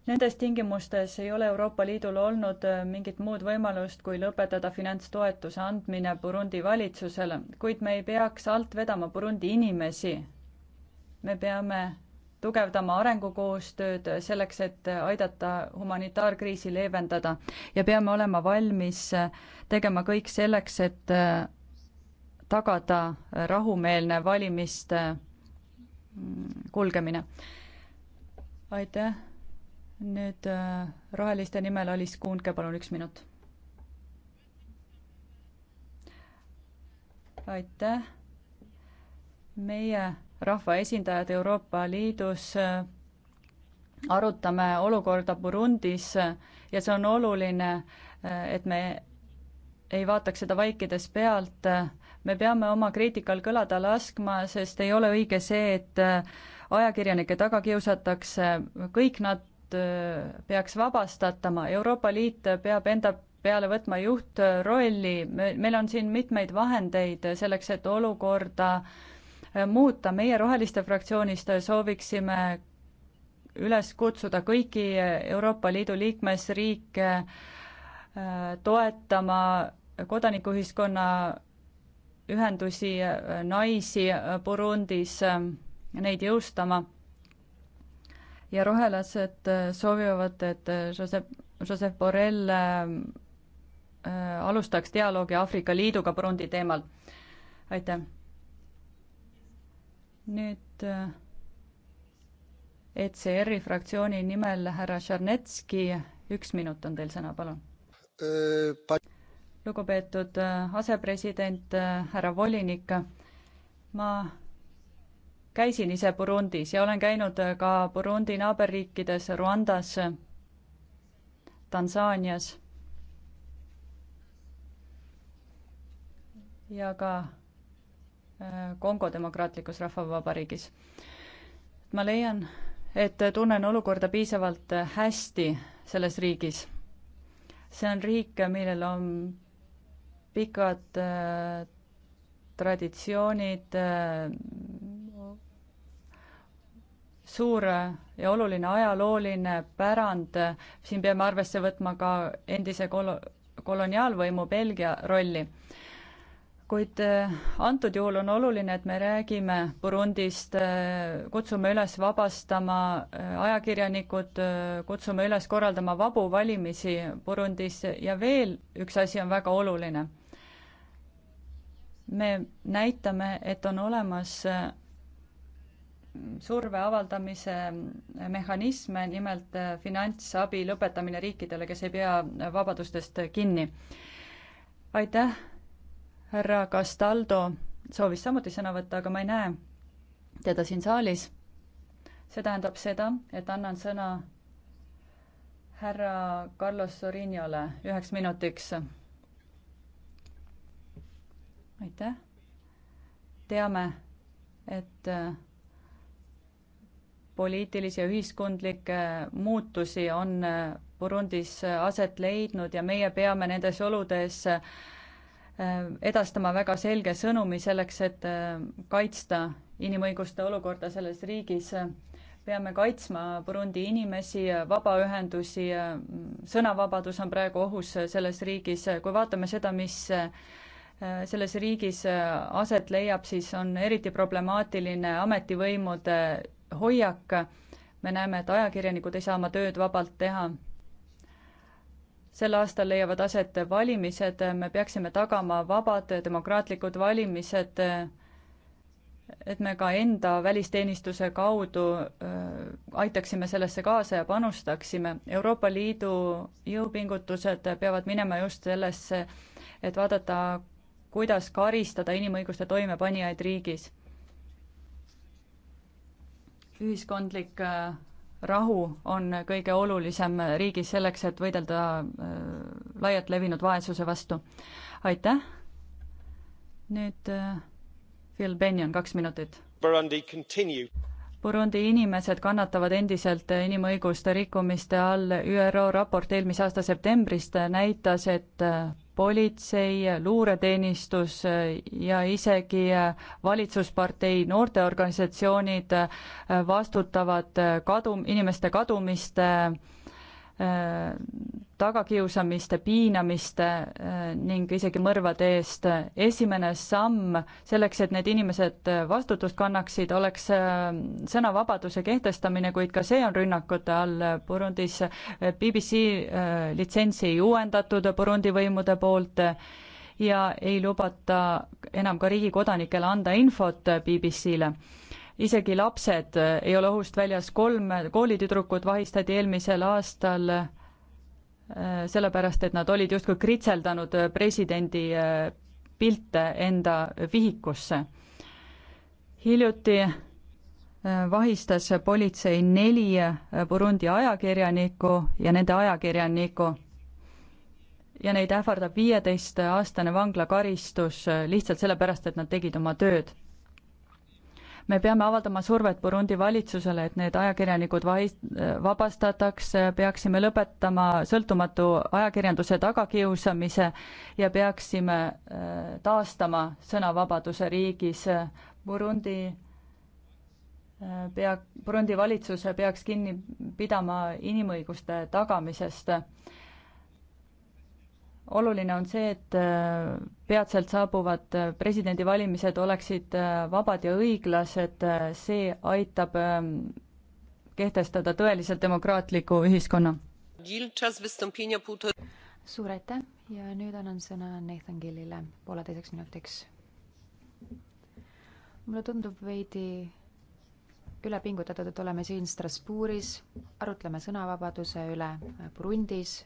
Nendes tingimustes ei ole Euroopa Liidul olnud äh, mingit muud võimalust, kui lõpetada finantstoetuse andmine Burundi valitsusele, kuid me ei peaks alt vedama Burundi inimesi. me peame tugevdama arengukoostööd selleks, et aidata humanitaarkriisi leevendada ja peame olema valmis äh, tegema kõik selleks, et äh, tagada rahumeelne valimiste mm, kulgemine. aitäh nüüd äh, Roheliste nimel Alice Kuunke, palun üks minut. aitäh. meie rahvaesindajad Euroopa Liidus äh, arutame olukorda Burundis äh, ja see on oluline, et me ei vaataks seda vaikides pealt. me peame oma kriitikal kõlada laskma, sest ei ole õige see, et ajakirjanikke taga kiusatakse, kõik nad Äh, peaks vabastatama, Euroopa Liit peab enda peale võtma juhtrolli, meil on siin mitmeid vahendeid selleks, et olukorda äh, muuta, meie Roheliste fraktsioonist sooviksime üles kutsuda kõiki Euroopa Liidu liikmesriike äh, toetama kodanikuühiskonna ühendusi, naisi Burundis, neid jõustama ja rohelased äh, soovivad, et äh, Josep, Josep Borrell äh, alustaks dialoogi Aafrika Liiduga Burundi teemal. aitäh. nüüd ECR-i fraktsiooni nimel härra Tšernetski, üks minut on teil sõna, palun. lugupeetud asepresident, härra volinik, ma käisin ise Burundis ja olen käinud äh, ka Burundi naaberriikides Rwandas, Tansaanias ja ka äh, Kongo Demokraatlikus Rahvavabariigis. ma leian, et tunnen olukorda piisavalt äh, hästi selles riigis. see on riik, millel on pikad traditsioonid suur ja oluline ajalooline pärand, siin peame arvesse võtma ka endise kol-, koloniaalvõimu Belgia rolli. kuid eh, antud juhul on oluline, et me räägime Burundist, eh, kutsume üles vabastama eh, ajakirjanikud, kutsume üles korraldama vabu valimisi Burundis ja veel üks asi on väga oluline. me näitame, et on olemas surve avaldamise mehhanisme, nimelt äh, finantsabi lõpetamine riikidele, kes ei pea vabadustest kinni. aitäh, härra Castaldo soovis samuti sõna võtta, aga ma ei näe teda siin saalis. see tähendab seda, et annan sõna härra Carlos Sorinole üheks minutiks. aitäh. teame, et äh, poliitilisi ja ühiskondlikke muutusi on Burundis aset leidnud ja meie peame nendes oludes äh, edastama väga selge sõnumi selleks, et äh, kaitsta inimõiguste olukorda selles riigis. peame kaitsma Burundi inimesi, vabaühendusi, äh, sõnavabadus on praegu ohus selles riigis, kui vaatame seda, mis selles riigis aset leiab, siis on eriti problemaatiline ametivõimude hoiak. me näeme, et ajakirjanikud ei saa oma tööd vabalt teha. sel aastal leiavad aset valimised, me peaksime tagama vabad demokraatlikud valimised, et me ka enda välisteenistuse kaudu äh, aitaksime sellesse kaasa ja panustaksime. Euroopa Liidu jõupingutused peavad minema just sellesse, et vaadata, kuidas karistada inimõiguste toimepanijaid riigis ühiskondlik äh, rahu on kõige olulisem riigis selleks, et võidelda äh, laialt levinud vaesuse vastu. aitäh, nüüd äh, Phil Benjon, kaks minutit. Burundi inimesed kannatavad endiselt inimõiguste rikkumiste all, ÜRO raport eelmise aasta septembrist näitas, et politsei, luureteenistus ja isegi valitsuspartei noorteorganisatsioonid vastutavad kadu, inimeste kadumiste Äh, tagakiusamiste, piinamiste äh, ning isegi mõrvade eest. esimene samm selleks, et need inimesed äh, vastutust kannaksid, oleks sõnavabaduse kehtestamine, kuid ka see on rünnakute all Burundis. BBC litsentsi ei uuendatud Burundi võimude poolt ja ei lubata enam ka riigi kodanikele anda infot BBC-le isegi lapsed eh, ei ole ohust väljas, kolm koolitüdrukut vahistati eelmisel aastal eh, sellepärast, et nad olid justkui kritseldanud eh, presidendi pilte enda vihikusse. hiljuti vahistas politsei neli Burundi ajakirjanikku ja nende ajakirjanikku ja neid ähvardab viieteist aastane vanglakaristus lihtsalt sellepärast, et nad tegid oma tööd me peame avaldama survet Burundi valitsusele, et need ajakirjanikud vais-, vabastataks, peaksime lõpetama sõltumatu ajakirjanduse tagakiusamise ja peaksime äh, taastama sõnavabaduse riigis. Burundi äh, pea, Burundi valitsus peaks kinni pidama inimõiguste tagamisest oluline on see, et äh, peatselt saabuvad äh, presidendivalimised oleksid äh, vabad ja õiglased, see aitab ähm, kehtestada tõeliselt demokraatliku ühiskonna. suur aitäh ja nüüd annan sõna Nathan Gillile pooleteiseks minutiks. mulle tundub veidi üle pingutatud, et oleme siin Strasbourgis, arutleme sõnavabaduse üle Burundis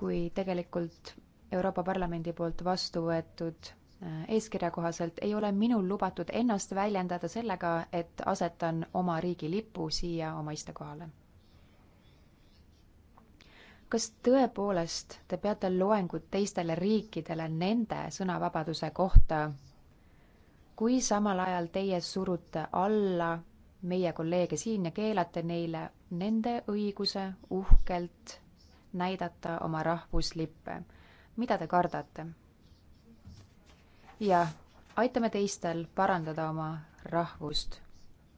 kui tegelikult Euroopa Parlamendi poolt vastu võetud äh, eeskirja kohaselt ei ole minul lubatud ennast väljendada sellega, et asetan oma riigi lipu siia oma istekohale. kas tõepoolest te peate loengut teistele riikidele nende sõnavabaduse kohta, kui samal ajal teie surute alla meie kolleege siin ja keelate neile nende õiguse uhkelt näidata oma rahvuslippe. mida te kardate? jah, aitame teistel parandada oma rahvust.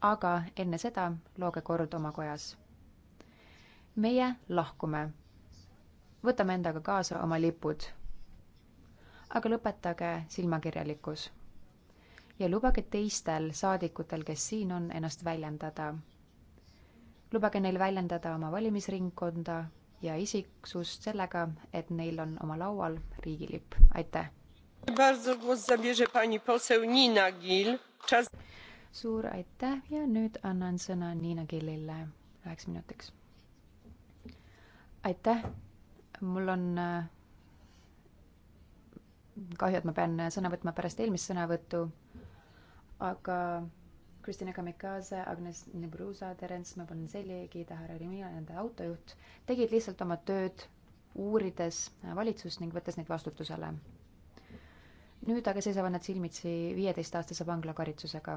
aga enne seda looge kord oma kojas. meie lahkume. võtame endaga kaasa oma lipud. aga lõpetage silmakirjalikkus ja lubage teistel saadikutel, kes siin on, ennast väljendada. lubage neil väljendada oma valimisringkonda, ja isiksust sellega, et neil on oma laual riigilipp. aitäh! suur aitäh ja nüüd annan sõna Niina Killile üheks minutiks. aitäh, mul on äh, kahju, et ma pean sõna võtma pärast eelmist sõnavõttu, aga Kristina Kamikaze, Agnes Nebruza, Terence Mabonzeli, Tahara Rimina, nende autojuht, tegid lihtsalt oma tööd, uurides äh, valitsust ning võttes neid vastutusele. nüüd aga seisavad nad silmitsi viieteistaastase vanglakaritsusega.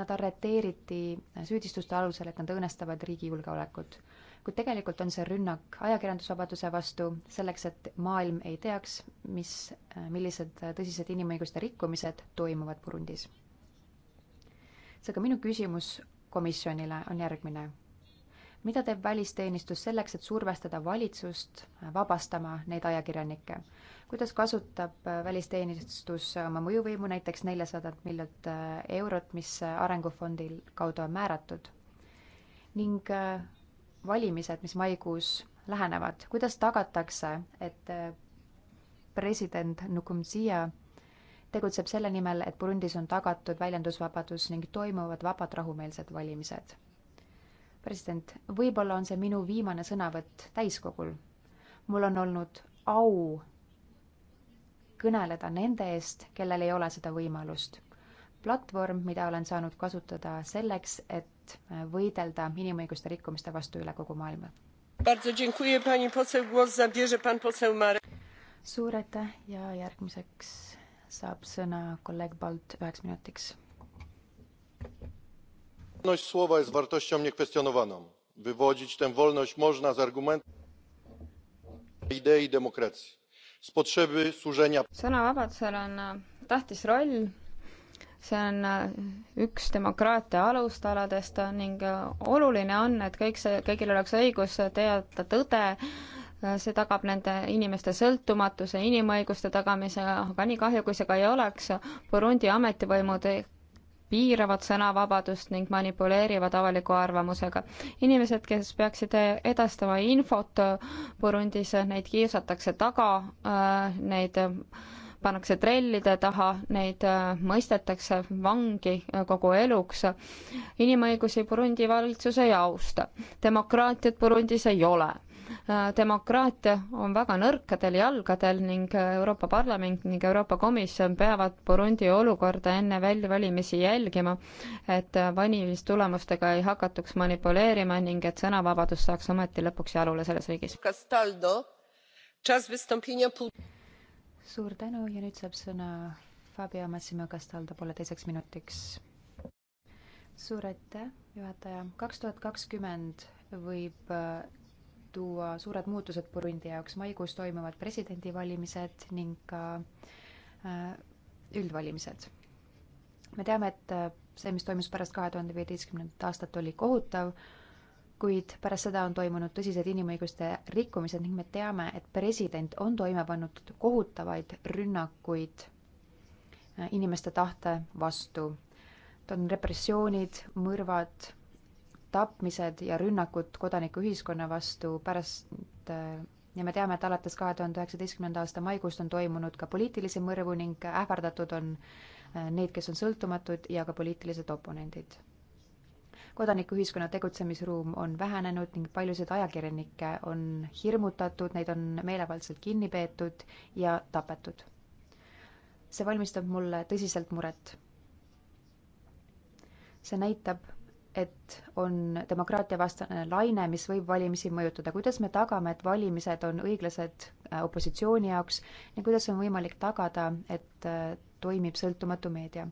Nad arreteeriti äh, süüdistuste alusel, et nad õõnestavad riigi julgeolekut. kuid tegelikult on see rünnak ajakirjandusvabaduse vastu, selleks et maailm ei teaks, mis, äh, millised tõsised inimõiguste rikkumised toimuvad Burundis seega minu küsimus komisjonile on järgmine. mida teeb välisteenistus selleks, et survestada valitsust vabastama neid ajakirjanikke? kuidas kasutab välisteenistus oma mõjuvõimu, näiteks neljasadat miljonit äh, eurot, mis Arengufondil kaudu on määratud? ning äh, valimised, mis maikuus lähenevad, kuidas tagatakse, et äh, president Nkurunziza tegutseb selle nimel, et Burundis on tagatud väljendusvabadus ning toimuvad vabad rahumeelsed valimised. president, võib-olla on see minu viimane sõnavõtt täiskogul. mul on olnud au kõneleda nende eest, kellel ei ole seda võimalust. platvorm, mida olen saanud kasutada selleks, et võidelda inimõiguste rikkumiste vastu üle kogu maailma. suur aitäh ja järgmiseks saab sõna kolleeg Palt üheks minutiks. Wolność słowa jest wartością niekwestionowaną. Wywodzić tę wolność można z argumentu idei demokracji, z potrzeby służenia. Sõnavabadusel on äh, tähtis roll see on äh, üks demokraatia alustaladest ning äh, oluline on, et kõik see, kõigil oleks õigus teada tõde see tagab nende inimeste sõltumatuse, inimõiguste tagamise, aga nii kahju, kui see ka ei oleks, Burundi ametivõimud piiravad sõnavabadust ning manipuleerivad avaliku arvamusega. inimesed, kes peaksid edastama infot Burundis, neid kiusatakse taga, äh, neid pannakse trellide taha, neid äh, mõistetakse vangi äh, kogu eluks. inimõigusi Burundi valitsus ei austa, demokraatiat Burundis ei ole Äh, demokraatia on väga nõrkadel jalgadel ning äh, Euroopa Parlament ning Euroopa Komisjon peavad Burundi olukorda enne väljavalimisi jälgima, et äh, valimistulemustega ei hakataks manipuleerima ning et sõnavabadus saaks ometi lõpuks jalule selles riigis. suur tänu ja nüüd saab sõna Fabio Massimo Castaldo pooleteiseks minutiks. suur aitäh, juhataja. kaks tuhat kakskümmend võib tuua suured muutused Burundi jaoks. maikuus toimuvad presidendivalimised ning ka äh, üldvalimised. me teame, et äh, see, mis toimus pärast kahe tuhande viieteistkümnendat aastat, oli kohutav, kuid pärast seda on toimunud tõsised inimõiguste rikkumised ning me teame, et president on toime pannud kohutavaid rünnakuid äh, inimeste tahte vastu. ta on repressioonid, mõrvad, tapmised ja rünnakud kodanikuühiskonna vastu pärast äh, ja me teame, et alates kahe tuhande üheksateistkümnenda aasta maikuust on toimunud ka poliitilisi mõrvu ning ähvardatud on äh, need, kes on sõltumatud ja ka poliitilised oponendid. kodanikuühiskonna tegutsemisruum on vähenenud ning paljusid ajakirjanikke on hirmutatud, neid on meelevaldselt kinni peetud ja tapetud. see valmistab mulle tõsiselt muret. see näitab, et on demokraatiavastane laine, mis võib valimisi mõjutada. kuidas me tagame, et valimised on õiglased äh, opositsiooni jaoks ning kuidas on võimalik tagada, et äh, toimib sõltumatu meedia?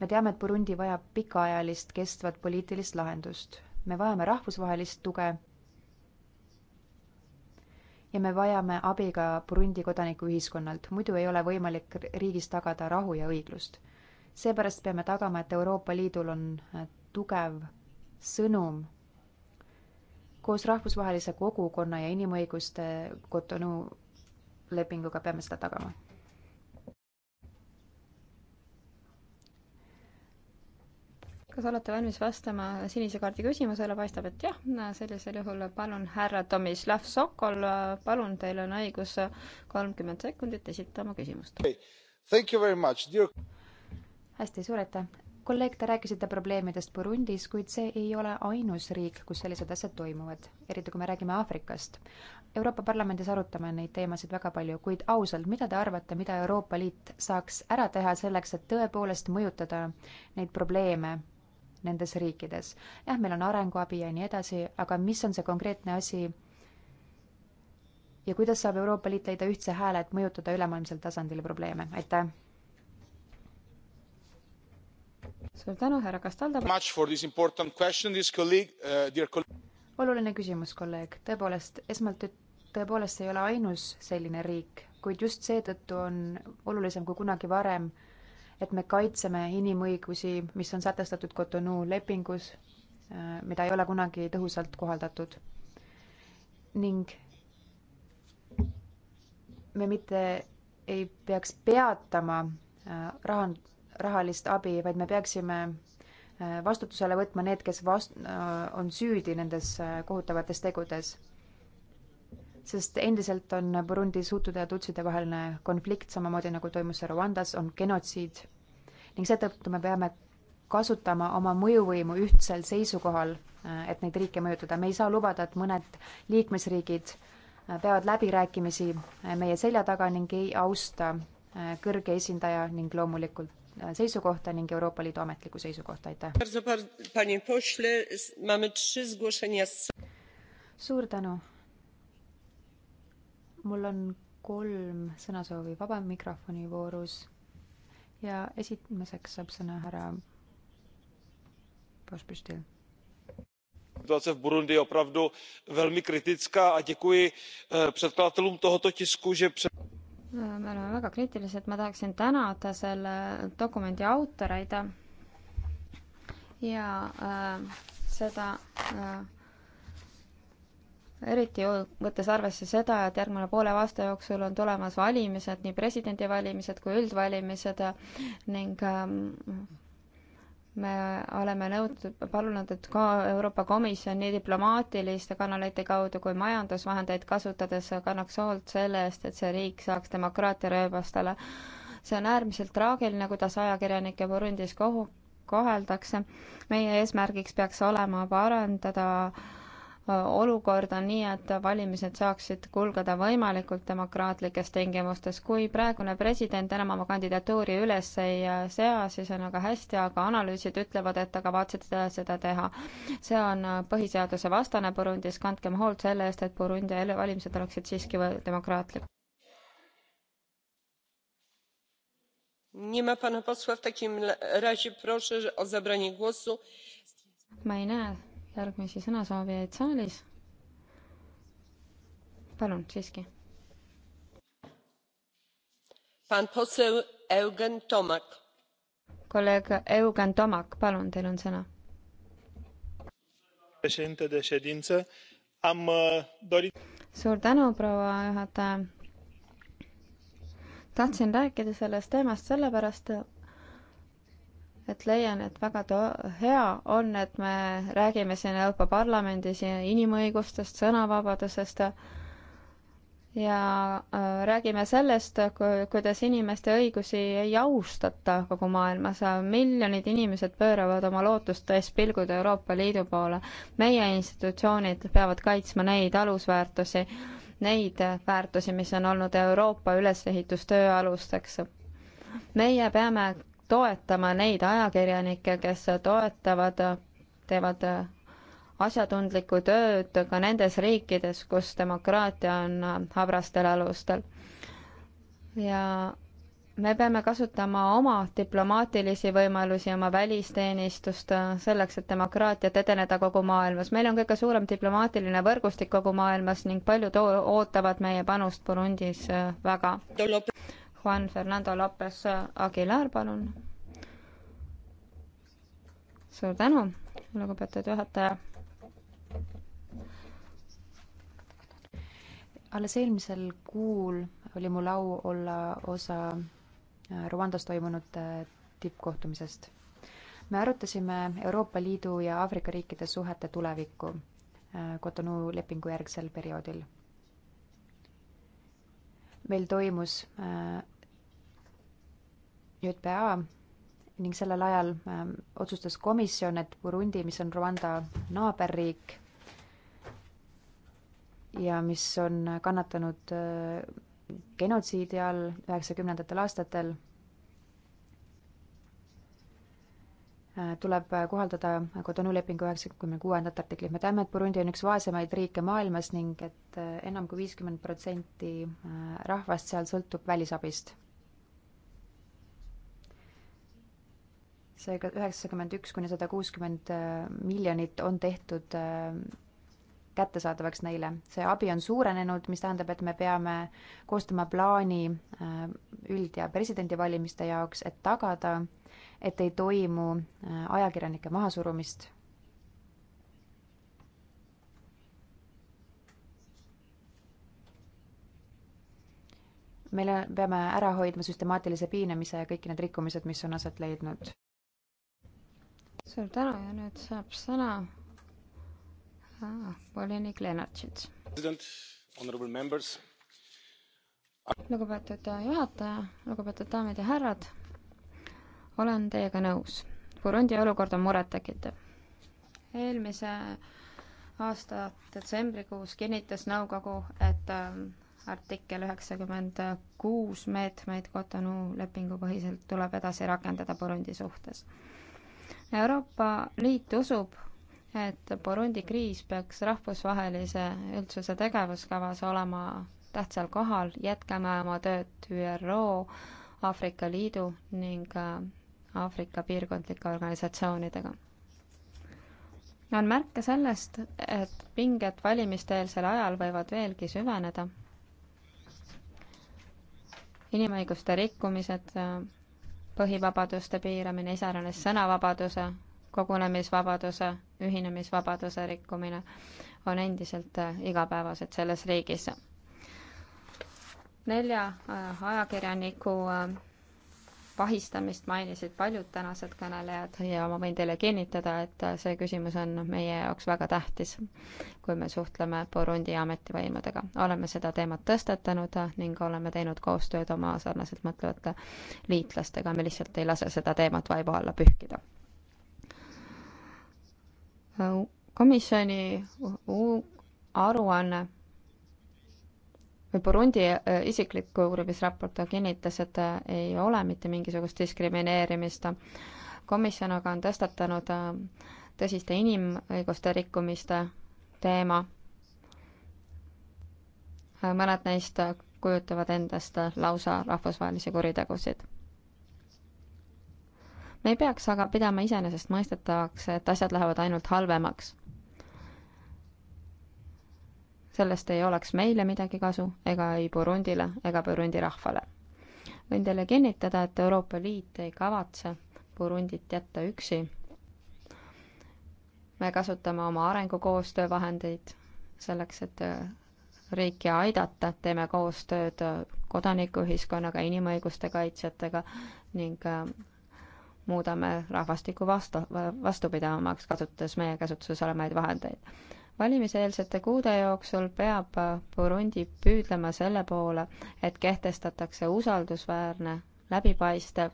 me teame, et Burundi vajab pikaajalist kestvat poliitilist lahendust. me vajame rahvusvahelist tuge ja me vajame abi ka Burundi kodanikuühiskonnalt, muidu ei ole võimalik riigis tagada rahu ja õiglust. seepärast peame tagama, et Euroopa Liidul on äh, tugev sõnum koos rahvusvahelise kogukonna ja inimõiguste Cotonou lepinguga peame seda tagama. kas olete valmis vastama sinise kaardi küsimusele, paistab, et jah, sellisel juhul palun, härra Tomislav Sokol, palun, teil on õigus kolmkümmend sekundit esitada oma küsimust. hästi, suur aitäh, kolleeg, te rääkisite probleemidest Burundis, kuid see ei ole ainus riik, kus sellised asjad toimuvad, eriti kui me räägime Aafrikast. Euroopa Parlamendis arutame neid teemasid väga palju, kuid ausalt, mida te arvate, mida Euroopa Liit saaks ära teha selleks, et tõepoolest mõjutada neid probleeme nendes riikides? jah, meil on arenguabi ja nii edasi, aga mis on see konkreetne asi, ja kuidas saab Euroopa Liit leida ühtse hääle, et mõjutada ülemaailmsel tasandil probleeme, aitäh! suur tänu, härra Kastalda. Uh, oluline küsimus, kolleeg. tõepoolest, esmalt, et tõepoolest see ei ole ainus selline riik, kuid just seetõttu on olulisem kui kunagi varem, et me kaitseme inimõigusi, mis on sätestatud Cotonou lepingus, äh, mida ei ole kunagi tõhusalt kohaldatud. ning me mitte ei peaks peatama äh, rahan-, rahalist abi, vaid me peaksime äh, vastutusele võtma need, kes vast-, äh, on süüdi nendes äh, kohutavates tegudes. sest endiselt on Burundis hutude ja tutside vaheline konflikt, samamoodi nagu toimus Rwandas, on genotsiid ning seetõttu me peame kasutama oma mõjuvõimu ühtsel seisukohal, et neid riike mõjutada. me ei saa lubada, et mõned liikmesriigid peavad läbirääkimisi meie selja taga ning ei austa kõrge esindaja ning loomulikult seisukohta ning Euroopa Liidu ametlikku seisukohta, aitäh! suur tänu! mul on kolm sõnasoovi vaba mikrofoni voorus ja esimeseks saab sõna härra Pospíšil situace v burundi je opravdu velmi kritická a děkuji eh, předkladatelům tohoto tisku že me oleme väga kriitilised, ma tahaksin tänada selle dokumendi autoreid ja äh, seda äh, eriti võttes arvesse seda, et järgmine poole aasta jooksul on tulemas valimised, nii presidendivalimised kui üldvalimised ning ähm, me oleme nõudnud, palunud, et ka Euroopa Komisjon nii diplomaatiliste kanalite kaudu kui majandusvahendeid kasutades kannaks hoolt selle eest, et see riik saaks demokraatia rööbastele. see on äärmiselt traagiline, kuidas ajakirjanikke Burundis kohu-, koheldakse. meie eesmärgiks peaks olema parandada äh, Äh, olukorda nii, et valimised saaksid kulgeda võimalikult demokraatlikes tingimustes. kui praegune president enam oma kandidatuuri üles ei äh, sea, siis on väga hästi, aga analüüsid ütlevad, et ta kavatseb seda, seda teha. see on äh, põhiseaduse vastane Burundis, kandkem hoolt selle eest, et Burundi valimised oleksid siiski demokraatlikud. nie ma pana posła w takim razie proszę o zabranie głosu ma ei näe järgmisi sõnasoovijaid saalis? palun, siiski. kolleeg Eugen Tomak, palun, teil on sõna. Uh, suur tänu, proua juhataja. tahtsin rääkida sellest teemast sellepärast, et leian, et väga hea on, et me räägime siin Euroopa Parlamendis inimõigustest, sõnavabadusest ja äh, räägime sellest, kuidas inimeste õigusi ei austata kogu maailmas. miljonid inimesed pööravad oma lootustes pilgud Euroopa Liidu poole. meie institutsioonid peavad kaitsma neid alusväärtusi, neid väärtusi, mis on olnud Euroopa ülesehitustöö alusteks meie peame toetama neid ajakirjanikke, kes toetavad, teevad asjatundlikku tööd ka nendes riikides, kus demokraatia on habrastel alustel. ja me peame kasutama oma diplomaatilisi võimalusi, oma välisteenistust selleks, et demokraatiat edeneda kogu maailmas. meil on kõige suurem diplomaatiline võrgustik kogu maailmas ning paljud ootavad meie panust Burundis väga. Juan Fernando Lopez Aguilar, palun. suur tänu, lugupeetud juhataja. alles eelmisel kuul oli mul au olla osa äh, Rwandas toimunud äh, tippkohtumisest. me arutasime Euroopa Liidu ja Aafrika riikide suhete tulevikku äh, Cotonou lepingu järgsel perioodil meil toimus äh, JPA ning sellel ajal ähm, otsustas komisjon, et Burundi, mis on Rwanda naaberriik ja mis on kannatanud äh, genotsiidi all üheksakümnendatel aastatel Äh, tuleb äh, kohaldada äh, Cotonou lepingu üheksakümne kuuendat artiklit. me teame, et Burundi on üks vaesemaid riike maailmas ning et enam kui viiskümmend protsenti rahvast seal sõltub välisabist. seega üheksakümmend üks kuni sada kuuskümmend miljonit on tehtud kättesaadavaks neile. see abi on suurenenud, mis tähendab, et me peame koostama plaani üld- ja presidendivalimiste jaoks, et tagada et ei toimu äh, ajakirjanike mahasurumist. meil peame ära hoidma süstemaatilise piinamise ja kõik need rikkumised, mis on aset leidnud. suur tänu ja nüüd saab sõna äh, volinik Lennartšits. lugupeetud äh, juhataja, lugupeetud daamid ja härrad olen teiega nõus. Burundi olukord on murettekitav. eelmise aasta detsembrikuus kinnitas nõukogu, et ähm, artikkel üheksakümmend kuus meetmeid Cotonou lepingupõhiselt tuleb edasi rakendada Burundi suhtes. Euroopa Liit usub, et Burundi kriis peaks rahvusvahelise üldsuse tegevuskavas olema tähtsal kohal, jätkame oma tööd ÜRO, Aafrika Liidu ning ähm, Aafrika piirkondlike organisatsioonidega. on märke sellest, et pinged valimiste-eelsel ajal võivad veelgi süveneda. inimõiguste rikkumised, põhivabaduste piiramine, iseäranis sõnavabaduse, kogunemisvabaduse, ühinemisvabaduse rikkumine on endiselt äh, igapäevased selles riigis. nelja äh, ajakirjaniku äh, vahistamist mainisid paljud tänased kõnelejad ja ma võin teile kinnitada, et see küsimus on meie jaoks väga tähtis, kui me suhtleme Burundi ametivõimudega. oleme seda teemat tõstatanud ning oleme teinud koostööd oma sarnaselt mõtlevate liitlastega, me lihtsalt ei lase seda teemat vaiba alla pühkida. komisjoni aruanne Burundi äh, isiklik uurimisraport kinnitas, et äh, ei ole mitte mingisugust diskrimineerimist. komisjon aga on tõstatanud äh, tõsiste inimõiguste rikkumiste teema. mõned neist kujutavad endast lausa rahvusvahelisi kuritegusid. me ei peaks aga pidama iseenesestmõistetavaks, et asjad lähevad ainult halvemaks sellest ei oleks meile midagi kasu ega ei Burundile ega Burundi rahvale. võin teile kinnitada, et Euroopa Liit ei kavatse Burundit jätta üksi. me kasutame oma arengukoostöö vahendeid selleks, et riiki aidata, teeme koostööd kodanikuühiskonnaga, inimõiguste kaitsjatega ning äh, muudame rahvastiku vastu, vastupidavamaks, kasutades meie käsutuses olevaid vahendeid valimiseelsete kuude jooksul peab Burundi püüdlema selle poole, et kehtestatakse usaldusväärne, läbipaistev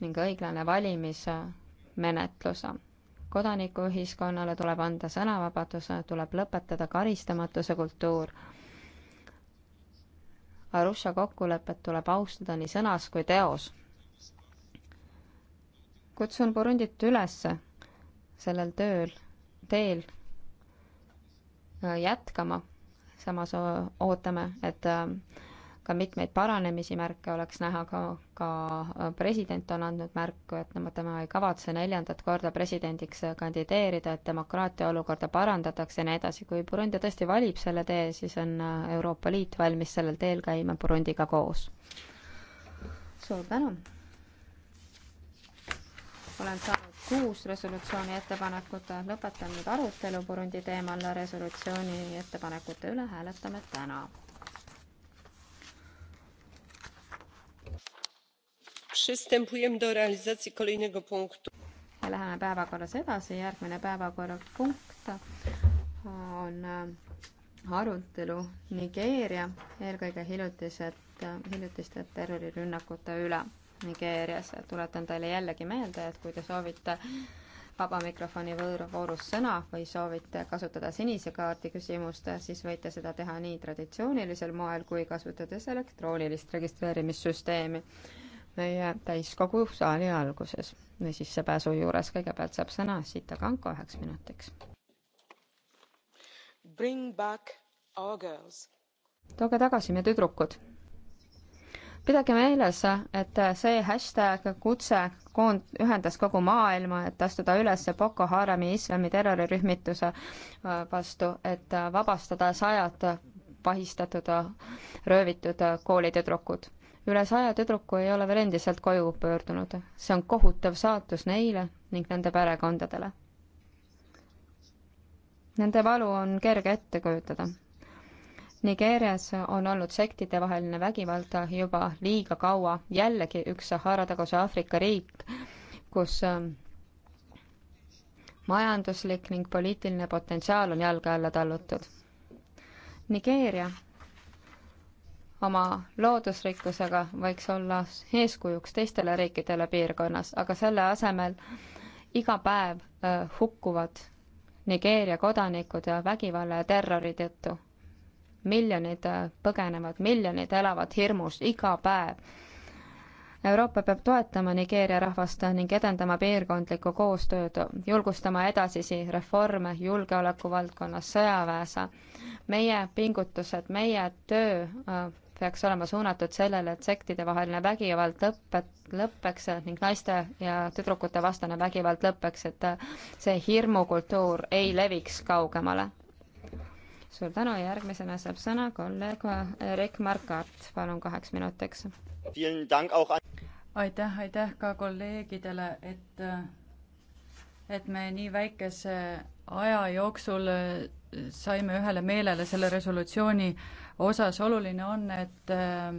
ning õiglane valimismenetlus. kodanikuühiskonnale tuleb anda sõnavabadus, tuleb lõpetada karistamatuse kultuur. Arusha kokkulepet tuleb austada nii sõnas kui teos. kutsun Burundit üles sellel tööl, teel Äh, jätkama. samas ootame, et äh, ka mitmeid paranemisi märke oleks näha, ka, ka äh, president on andnud märku, et no tema ei kavatse neljandat korda presidendiks kandideerida, et demokraatia olukorda parandatakse ja nii edasi. kui Burundi tõesti valib selle tee, siis on Euroopa Liit valmis sellel teel käima Burundiga koos. suur tänu! olen saanud kuus resolutsiooni ettepanekut, lõpetan nüüd arutelu Burundi teemal, resolutsiooni ettepanekute üle hääletame täna. ja läheme päevakorras edasi, järgmine päevakorrapunkt on äh, arutelu Nigeeria, eelkõige hiljutised, äh, hiljutiste terrorirünnakute üle Nigeerias. tuletan teile jällegi meelde, et kui te soovite vaba mikrofoni voorus sõna või soovite kasutada sinise kaardi küsimust, siis võite seda teha nii traditsioonilisel moel kui kasutades elektroonilist registreerimissüsteemi meie täiskogu saali alguses või sissepääsu juures. kõigepealt saab sõna Sita Kanko üheks minutiks. Bring back our girls. tooge tagasi meie tüdrukud pidage meeles, et see hashtag kutse koond-, ühendas kogu maailma, et astuda üles Boko Harami islami terrorirühmituse äh, vastu, et äh, vabastada sajad vahistatud, äh, röövitud koolitüdrukud. üle saja tüdruku ei ole veel endiselt koju pöördunud. see on kohutav saatus neile ning nende perekondadele. Nende valu on kerge ette kujutada Nigeerias on olnud sektide vaheline vägivald juba liiga kaua, jällegi üks Sahara taguse Aafrika riik, kus ähm, majanduslik ning poliitiline potentsiaal on jalge alla tallutud. Nigeeria oma loodusrikkusega võiks olla eeskujuks teistele riikidele piirkonnas, aga selle asemel iga päev äh, hukkuvad Nigeeria kodanikud ja vägivalla ja terrori tõttu miljonid äh, põgenevad, miljonid elavad hirmus iga päev. Euroopa peab toetama Nigeeria rahvast ning edendama piirkondlikku koostööd, julgustama edasisi reforme julgeoleku valdkonnas, sõjaväes. meie pingutused, meie töö äh, peaks olema suunatud sellele, et sektidevaheline vägivald lõpet, lõpeks ning naiste ja tüdrukute vastane vägivald lõpeks, et äh, see hirmukultuur ei leviks kaugemale suur tänu, järgmisena saab sõna kolleeg Erik Markart, palun kaheks minutiks. aitäh, aitäh ka kolleegidele, et, et me nii väikese aja jooksul saime ühele meelele selle resolutsiooni osas, oluline on, et äh,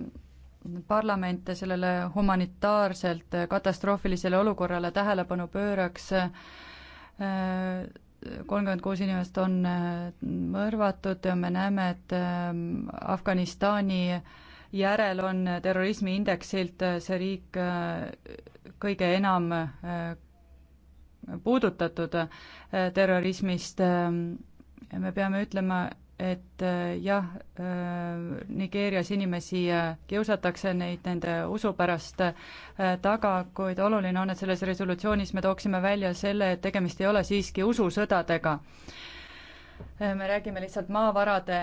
parlament sellele humanitaarselt katastroofilisele olukorrale tähelepanu pööraks äh, kolmkümmend kuus inimest on äh, mõrvatud, me näeme, et äh, Afganistani järel on terrorismi indeksilt äh, see riik kõige enam puudutatud terrorismist. me peame ütlema, et äh, jah, äh, Nigeerias inimesi äh, kiusatakse neid nende usu pärast taga, kuid oluline on, et selles resolutsioonis me tooksime välja selle, et tegemist ei ole siiski ususõdadega. me räägime lihtsalt maavarade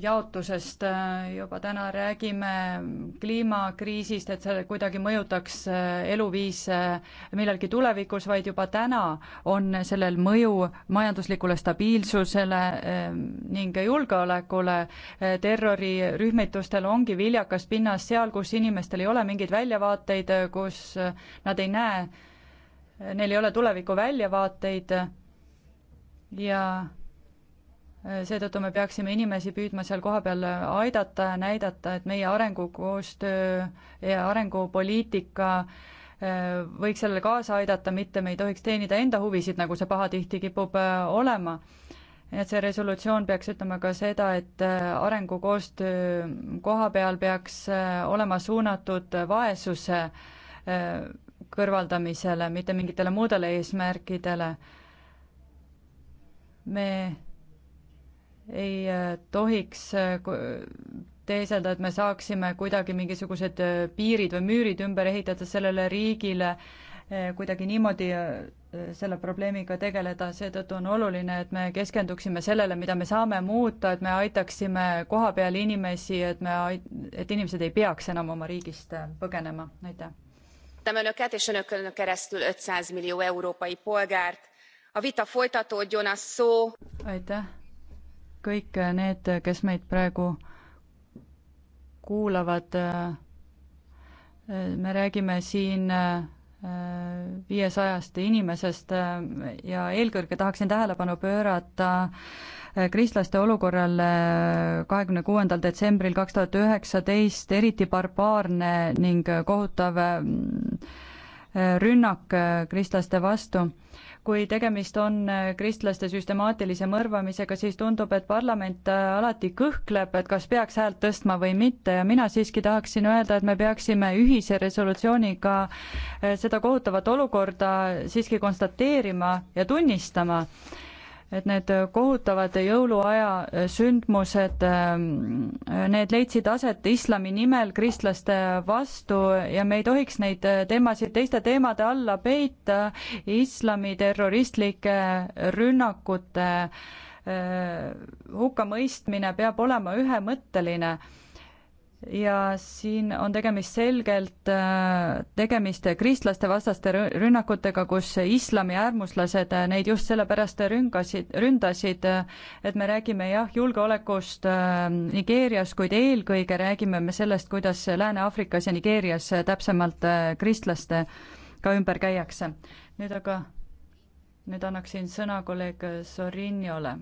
jaotusest juba täna räägime kliimakriisist, et see kuidagi mõjutaks eluviise millalgi tulevikus, vaid juba täna on sellel mõju majanduslikule stabiilsusele ehm, ning julgeolekule. terrorirühmitustel ongi viljakas pinnas seal, kus inimestel ei ole mingeid väljavaateid, kus nad ei näe, neil ei ole tuleviku väljavaateid ja seetõttu me peaksime inimesi püüdma seal kohapeal aidata ja näidata, et meie arengukoostöö ja arengupoliitika äh, võiks sellele kaasa aidata, mitte me ei tohiks teenida enda huvisid, nagu see pahatihti kipub äh, olema. et see resolutsioon peaks ütlema ka seda, et äh, arengukoostöö koha peal peaks olema suunatud vaesuse kõrvaldamisele, mitte mingitele muudele eesmärkidele. me ei äh, tohiks äh, teeselda, et me saaksime kuidagi mingisugused äh, piirid või müürid ümber ehitada sellele riigile, kuidagi niimoodi selle probleemiga tegeleda, seetõttu on oluline, et me keskenduksime sellele, mida me saame muuta, et me aitaksime kohapeal inimesi, et me, et inimesed ei peaks enam oma riigist põgenema, aitäh. Önöket és önökön keresztül 500 millió európai polgárt. A vita folytatódjon, a szó... Aitäh kõik need, kes meid praegu kuulavad, me räägime siin äh, viiesajast inimesest äh, ja eelkõige tahaksin tähelepanu pöörata äh, kristlaste olukorrale kahekümne kuuendal detsembril kaks tuhat üheksateist, eriti barbaarne ning kohutav rünnak kristlaste vastu kui tegemist on äh, kristlaste süstemaatilise mõrvamisega, siis tundub, et parlament äh, alati kõhkleb, et kas peaks häält tõstma või mitte ja mina siiski tahaksin öelda, et me peaksime ühise resolutsiooniga äh, seda kohutavat olukorda siiski konstateerima ja tunnistama et need kohutavad jõuluaja sündmused, ähm, need leidsid aset islami nimel kristlaste vastu ja me ei tohiks neid teemasid teiste teemade alla peita islami terroristlike rünnakute äh, hukkamõistmine peab olema ühemõtteline ja siin on tegemist selgelt äh, tegemist kristlaste vastaste rünnakutega, kus islami äärmuslased äh, neid just sellepärast rüngasid, ründasid, äh, et me räägime jah, julgeolekust Nigeerias, kuid eelkõige räägime me sellest, kuidas Lääne-Aafrikas ja Nigeerias täpsemalt kristlastega ümber käiakse. nüüd aga, nüüd annaksin sõna kolleeg Sorinjole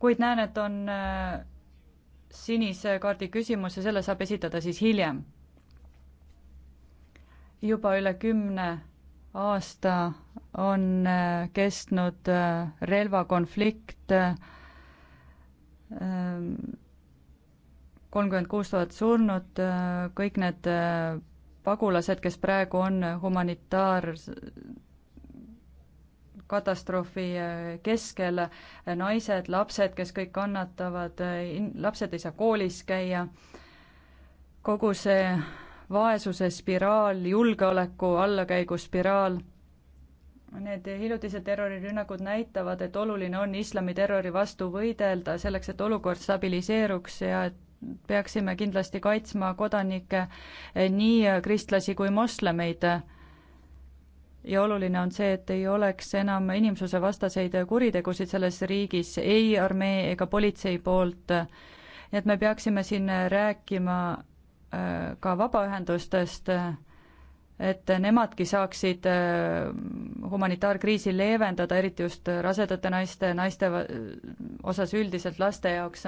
kuid näen, et on äh, sinise kaardi küsimus ja selle saab esitada siis hiljem. juba üle kümne aasta on äh, kestnud äh, relvakonflikt, kolmkümmend kuus tuhat surnut, kõik need pagulased, kes praegu on humanitaar katastroofi äh, keskel, äh, naised, lapsed, kes kõik kannatavad, äh, lapsed ei saa koolis käia, kogu see vaesuse spiraal, julgeoleku allakäigu spiraal, need hiljutised terrorirünnakud näitavad, et oluline on islamiterrori vastu võidelda selleks, et olukord stabiliseeruks ja et peaksime kindlasti kaitsma kodanikke, nii kristlasi kui moslemeid ja oluline on see, et ei oleks enam inimsusevastaseid kuritegusid selles riigis ei armee ega politsei poolt. nii et me peaksime siin rääkima äh, ka vabaühendustest, et nemadki saaksid äh, humanitaarkriisi leevendada, eriti just rasedate naiste, naiste osas üldiselt laste jaoks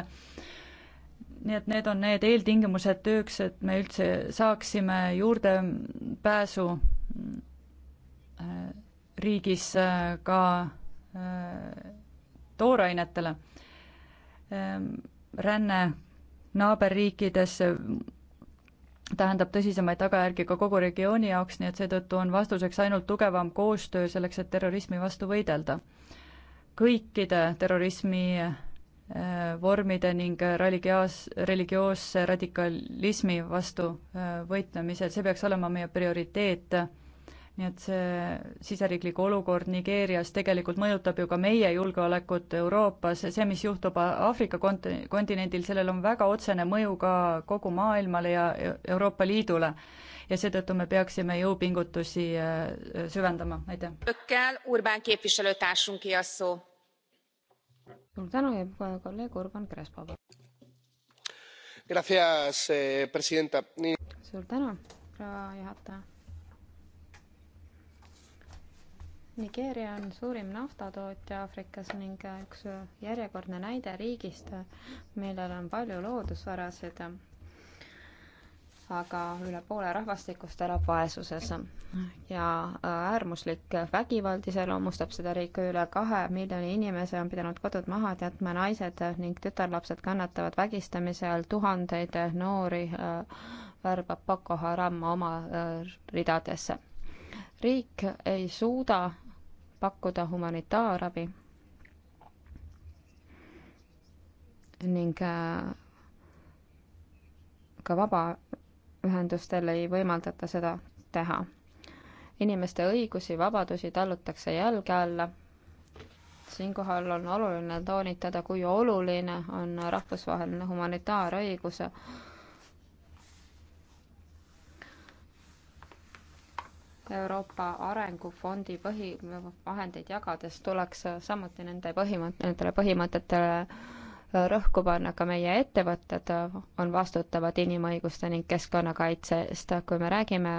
nii et need on need eeltingimused tööks, et me üldse saaksime juurdepääsu riigis äh, ka äh, toorainetele. Ähm, ränne naaberriikidesse tähendab tõsisemaid tagajärgi ka kogu regiooni jaoks, nii et seetõttu on vastuseks ainult tugevam koostöö selleks, et terrorismi vastu võidelda. kõikide terrorismi äh, vormide ning religioos, religioosse radikalismi vastu võitlemisel, see peaks olema meie prioriteet nii et see siseriiklik olukord Nigeerias tegelikult mõjutab ju ka meie julgeolekut Euroopas, see, mis juhtub Aafrika kont-, kontinendil, sellel on väga otsene mõju ka kogu maailmale ja e-, Euroopa Liidule. ja seetõttu me peaksime jõupingutusi äh, süvendama, aitäh. suur tänu ja kolleeg Urban Crespo. Eh, suur tänu, proua juhataja Nigeeria on suurim naftatootja Aafrikas ning üks järjekordne näide riigist, millel on palju loodusvarasid, aga üle poole rahvastikust elab vaesuses. ja äärmuslik vägivald iseloomustab seda riiki, üle kahe miljoni inimese on pidanud kodud maha jätma, naised ning tütarlapsed kannatavad vägistamise all, tuhandeid noori äh, värbab Boko Haram oma äh, ridadesse riik ei suuda pakkuda humanitaarabi ning äh, ka vabaühendustel ei võimaldata seda teha. inimeste õigusi, vabadusi tallutakse jalge alla. siinkohal on oluline toonitada, kui oluline on rahvusvaheline humanitaarõigus Euroopa Arengufondi põhivahendeid jagades tuleks samuti nende põhimõt-, nendele põhimõtetele rõhku panna, ka meie ettevõtted on vastutavad inimõiguste ning keskkonnakaitse eest, kui me räägime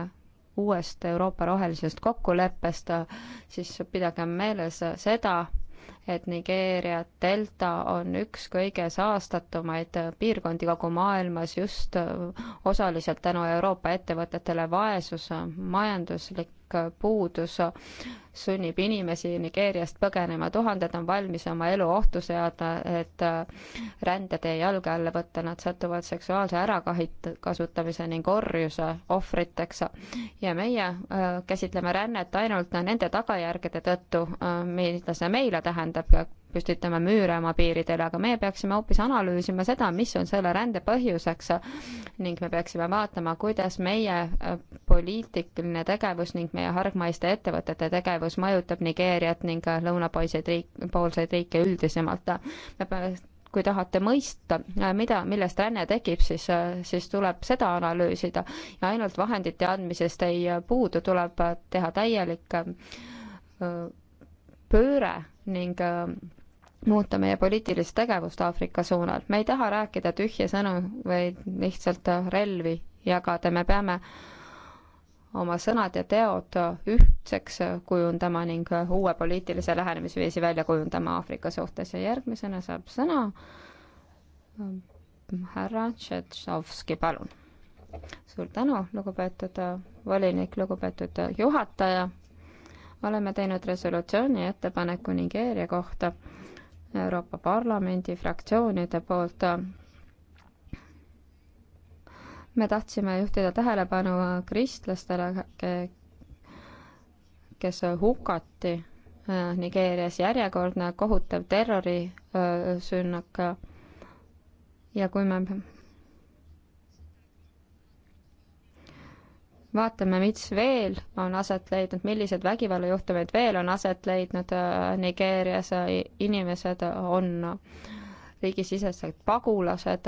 uuest Euroopa rohelisest kokkuleppest, siis pidagem meeles seda, et Nigeeria delta on üks kõige saastatumaid piirkondi kogu maailmas just äh, osaliselt tänu Euroopa ettevõtetele vaesus, majanduslik äh, puudus sunnib inimesi Nigeeriast põgenema, tuhanded on valmis oma elu ohtu seada, et äh, rändetee jalge alla võtta, nad satuvad seksuaalse ärakasutamise ning orjuse ohvriteks. ja meie äh, käsitleme rännet ainult nende tagajärgede tõttu, äh, mida see meile tähendab, püstitame müüre oma piiridele, aga meie peaksime hoopis analüüsima seda, mis on selle rände põhjuseks ning me peaksime vaatama, kuidas meie poliitiline tegevus ning meie hargmaiste ettevõtete tegevus tegevus mõjutab Nigeeriat ning lõunapoolseid riik, poolseid riike üldisemalt. Äh, kui tahate mõista, äh, mida, millest ränne tekib, siis, äh, siis tuleb seda analüüsida ja ainult vahendite andmisest ei puudu, tuleb teha täielik pööre ning muuta meie poliitilist tegevust Aafrika suunal. me ei taha rääkida tühje sõnu või lihtsalt relvi jagada, me peame äh, oma sõnad ja teod ühtseks kujundama ning uue poliitilise lähenemisviisi välja kujundama Aafrika suhtes ja järgmisena saab sõna ähm, härra Tšetšovski, palun. suur tänu, lugupeetud äh, volinik, lugupeetud äh, juhataja. oleme teinud resolutsiooni ettepaneku Nigeeria kohta Euroopa Parlamendi fraktsioonide poolt äh, me tahtsime juhtida tähelepanu kristlastele, kes hukati äh, Nigeerias, järjekordne kohutav terrorisünnak. ja kui me vaatame, mis veel on aset leidnud, millised vägivallajuhtumeid veel on aset leidnud äh, Nigeerias, äh, inimesed on riigisiseselt pagulased,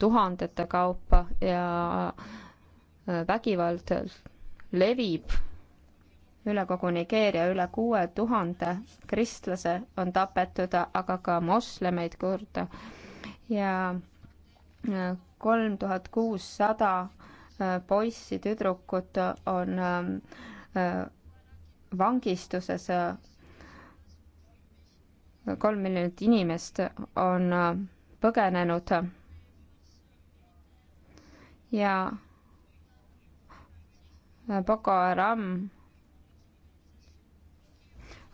tuhandete kaupa ja äh, vägivald levib üle kogu Nigeeria, üle kuue tuhande kristlase on tapetud, aga ka moslemeid kurde. ja äh, kolm tuhat kuussada äh, poissi, tüdrukut on vangistuses. kolm miljonit inimest on põgenenud ja Boko Haram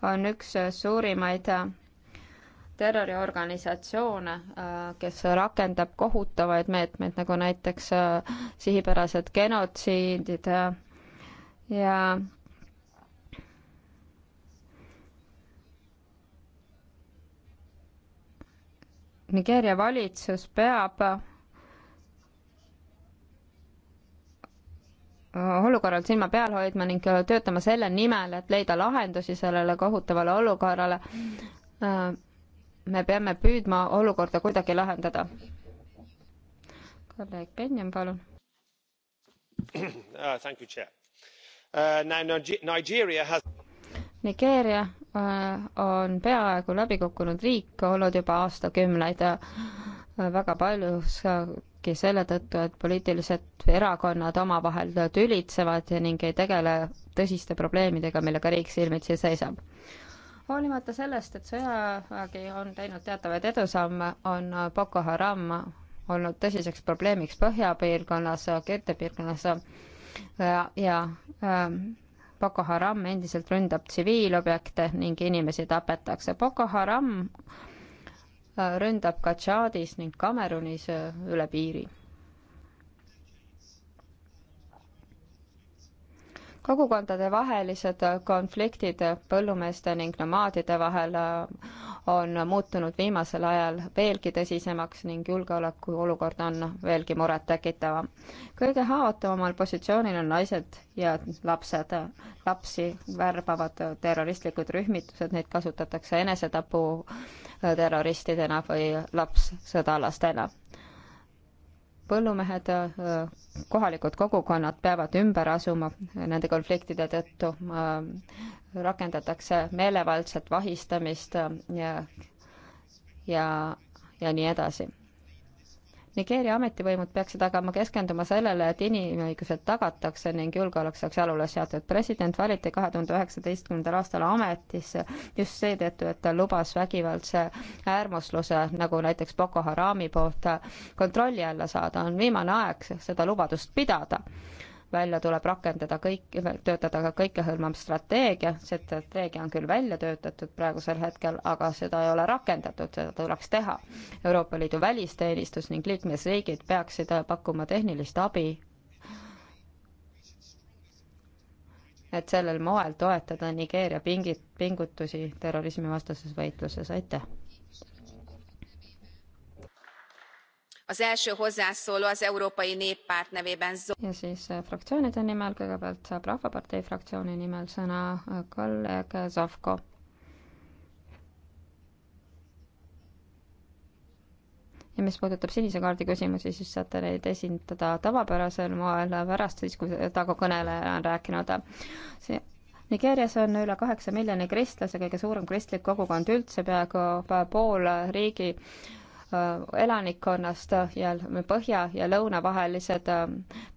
on üks suurimaid terroriorganisatsioone, kes rakendab kohutavaid meetmeid, nagu näiteks äh, sihipärased genotsiidid äh, ja Nigeeria valitsus peab olukorral silma peal hoidma ning töötama selle nimel, et leida lahendusi sellele kohutavale olukorrale. me peame püüdma olukorda kuidagi lahendada. kolleeg Benjamin, palun. Ah, uh, Nigeeria uh, on peaaegu läbi kukkunud riik olnud juba aastakümneid väga paljuski selle tõttu, et poliitilised erakonnad omavahel tülitsevad ning ei tegele tõsiste probleemidega, millega riik silmitsi seisab. hoolimata sellest, et sõjavägi on teinud teatavaid edusamme, on Boko Haram olnud tõsiseks probleemiks põhjapiirkonnas, Kirde piirkonnas ja, ja ähm, Boko Haram endiselt ründab tsiviilobjekte ning inimesi tapetakse. Boko Haram Äh, ründab ka Tšaadis ning Kamerunis äh, üle piiri. kogukondade vahelised konfliktid põllumeeste ning nomaadide vahel äh, on muutunud viimasel ajal veelgi tõsisemaks ning julgeolekuolukord on veelgi murettekitavam. kõige haavatavamal positsioonil on naised ja lapsed. lapsi värbavad terroristlikud rühmitused, neid kasutatakse enesetapu terroristidena või lapssõdalastena põllumehed, äh, kohalikud kogukonnad peavad ümber asuma nende konfliktide tõttu, äh, rakendatakse meelevaldset vahistamist ja, äh, ja, ja nii edasi. Nigeeria ametivõimud peaksid aga keskenduma sellele, et inimõigused tagatakse ning julgeolek saaks jalule seatud. president valiti kahe tuhande üheksateistkümnendal aastal ametisse just seetõttu, et ta lubas vägivaldse äärmusluse, nagu näiteks Boko Harami poolt, kontrolli alla saada. on viimane aeg seda lubadust pidada välja tuleb rakendada kõik, töötada ka kõikehõlmav strateegia, see strateegia on küll välja töötatud praegusel hetkel, aga seda ei ole rakendatud, seda tuleks teha. Euroopa Liidu välisteenistus ning liikmesriigid peaksid pakkuma tehnilist abi, et sellel moel toetada Nigeeria pingi, pingutusi terrorismivastases võitluses, aitäh! az első hozzászóló az Európai Néppárt nevében. ja siis eh, fraktsioonide nimel kõigepealt saab Rahvapartei fraktsiooni nimel sõna eh, kolleeg Zavko. ja mis puudutab sinise kaardi küsimusi, siis saate neid esitada tavapärasel moel pärast siis, kui tagakõneleja on rääkinud. see Nigeerias on üle kaheksa miljoni kristlase, kõige suurem kristlik kogukond üldse, peaaegu pool riigi äh, Äh, elanikkonnast ja põhja ja lõuna vahelised äh,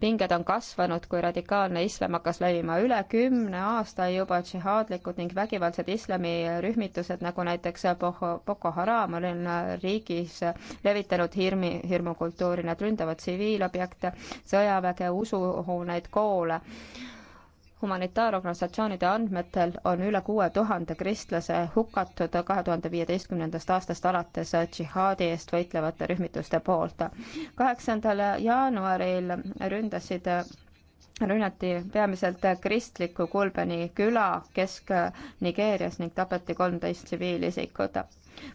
pinged on kasvanud, kui radikaalne islam hakkas levima. üle kümne aasta juba džihaadlikud ning vägivaldsed islamirühmitused, nagu näiteks Boko Haram, on äh, riigis levitanud hirmi, hirmukultuuri, nad ründavad tsiviilobjekte, sõjaväge, usuhooneid, koole humanitaarorganisatsioonide andmetel on üle kuue tuhande kristlase hukatud kahe tuhande viieteistkümnendast aastast alates džihaadi eest võitlevate rühmituste poolt. kaheksandal jaanuaril ründasid rünnati peamiselt kristliku Kulbeni küla Kesk-Nigeerias ning tapeti kolmteist tsiviilisikut.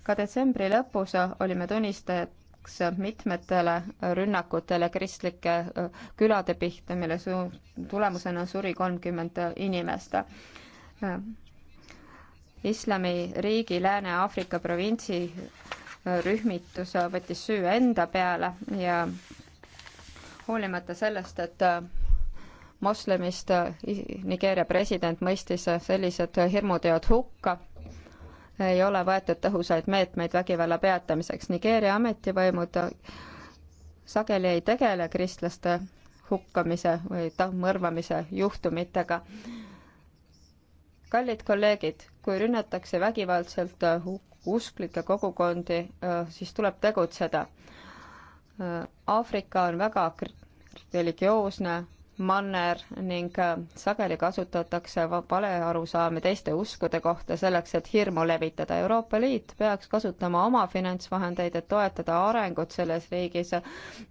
ka detsembri lõpus olime tunnistajad lisaks mitmetele rünnakutele kristlike äh, külade pihta, mille su-, tulemusena suri kolmkümmend inimest. Äh, islamiriigi Lääne-Aafrika provintsi äh, rühmitus võttis süü enda peale ja hoolimata sellest, et moslemist Nigeeria president mõistis sellised hirmuteod hukka ei ole võetud tõhusaid meetmeid vägivalla peatamiseks. Nigeeria ametivõimud sageli ei tegele kristlaste hukkamise või mõrvamise juhtumitega. kallid kolleegid, kui rünnatakse vägivaldselt usklikke kogukondi, siis tuleb tegutseda. Aafrika on väga religioosne manner ning äh, sageli kasutatakse valearusaami teiste uskude kohta selleks, et hirmu levitada. Euroopa Liit peaks kasutama oma finantsvahendeid, et toetada arengut selles riigis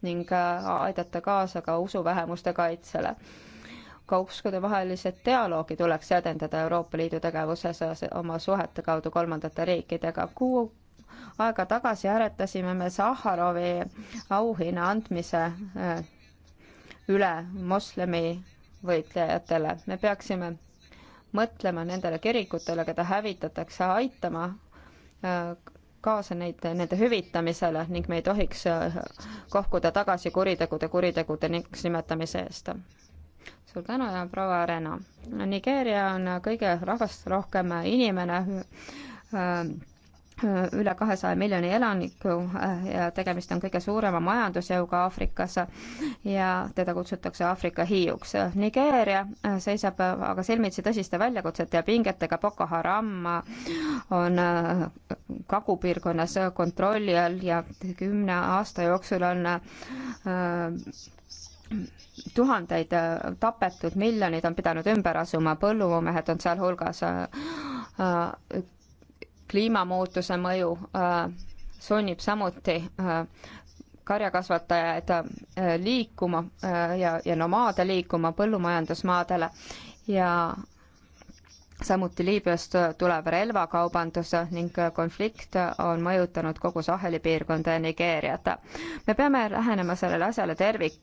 ning äh, aidata kaasa ka usuvähemuste kaitsele ka uskudevahelised dialoogi tuleks edendada Euroopa Liidu tegevuses äh, oma suhete kaudu kolmandate riikidega. Kuu aega tagasi hääletasime me Sahharovi auhinna andmise üle moslemi võitlejatele. me peaksime mõtlema nendele kirikutele, keda hävitatakse, aitama äh, kaasa neid, nende hüvitamisele ning me ei tohiks äh, kohkuda tagasi kuritegude kuritegude nimetamise eest. suur tänu ja proua Arena. Nigeeria on kõige rahvast rohkem inimene äh, Äh, üle kahesaja miljoni elaniku äh, ja tegemist on kõige suurema majandusjõuga Aafrikas äh, ja teda kutsutakse Aafrika hiiuks. Nigeeria seisab aga silmitsi tõsiste väljakutsete ja pingetega, Boko Haram on kagupiirkonnas kontrolli all ja kümne aasta jooksul on tuhandeid tapetud, miljonid on pidanud ümber asuma, põllumehed on sealhulgas kliimamuutuse mõju äh, sunnib samuti äh, karjakasvatajaid äh, liikuma ja, ja nomaade liikuma põllumajandusmaadele ja samuti Liibüast tulev relvakaubandus ning konflikt on mõjutanud kogu Saheli piirkonda ja Nigeeriat. me peame lähenema sellele asjale tervik,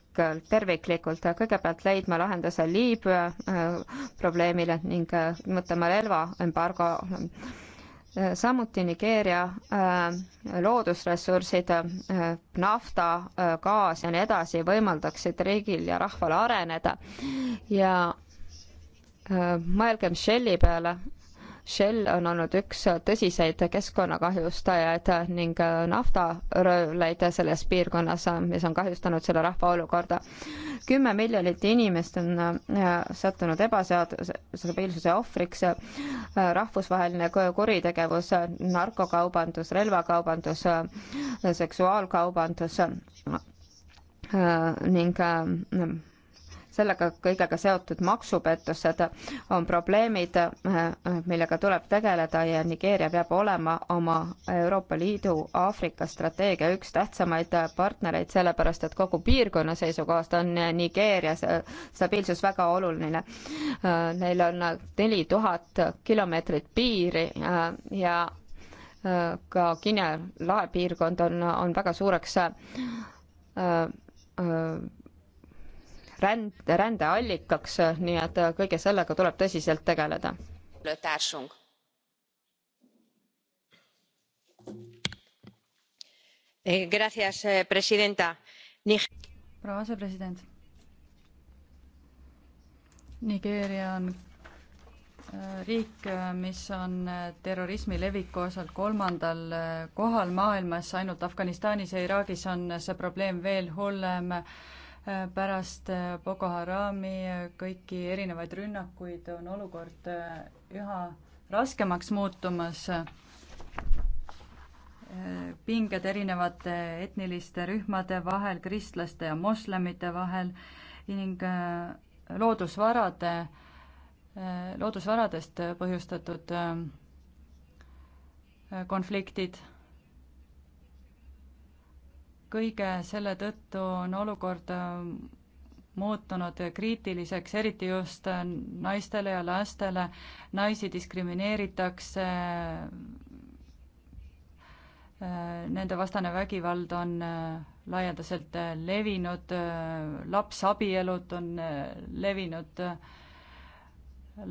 terviklikult, kõigepealt leidma lahenduse Liibüa äh, probleemile ning äh, mõtlema relvaembargo äh, samuti Nigeeria äh, loodusressursid, äh, nafta, äh, gaas ja nii edasi võimaldaksid riigil ja rahval areneda ja mõelgem Shelli peale Shell on olnud üks tõsiseid keskkonnakahjustajaid ning naftaröövleid selles piirkonnas, mis on kahjustanud selle rahva olukorda. kümme miljonit inimest on äh, sattunud ebaseaduslikkuse ohvriks, rahvusvaheline kuritegevus, narkokaubandus, relvakaubandus, seksuaalkaubandus äh, ning äh, sellega kõigega seotud maksupettused on probleemid, millega tuleb tegeleda ja Nigeeria peab olema oma Euroopa Liidu Aafrika strateegia üks tähtsamaid partnereid, sellepärast et kogu piirkonna seisukohast on Nigeerias stabiilsus väga oluline. Neil on neli tuhat kilomeetrit piiri ja ka Guinea laepiirkond on, on väga suureks ränd, rändeallikaks, nii et kõige sellega tuleb tõsiselt tegeleda. Eh, eh, proua asepresident. Nigeeria on eh, riik, mis on terrorismi leviku osalt kolmandal kohal maailmas, ainult Afganistanis ja Iraagis on see probleem veel hullem pärast äh, Boko Harami äh, kõiki erinevaid rünnakuid on olukord äh, üha raskemaks muutumas. pinged erinevate etniliste rühmade vahel, kristlaste ja moslemite vahel ning loodusvarade, loodusvaradest põhjustatud konfliktid kõige selle tõttu on olukord äh, muutunud kriitiliseks, eriti just äh, naistele ja lastele. naisi diskrimineeritakse, äh, nende vastane vägivald on laialdaselt levinud, lapsabielud on levinud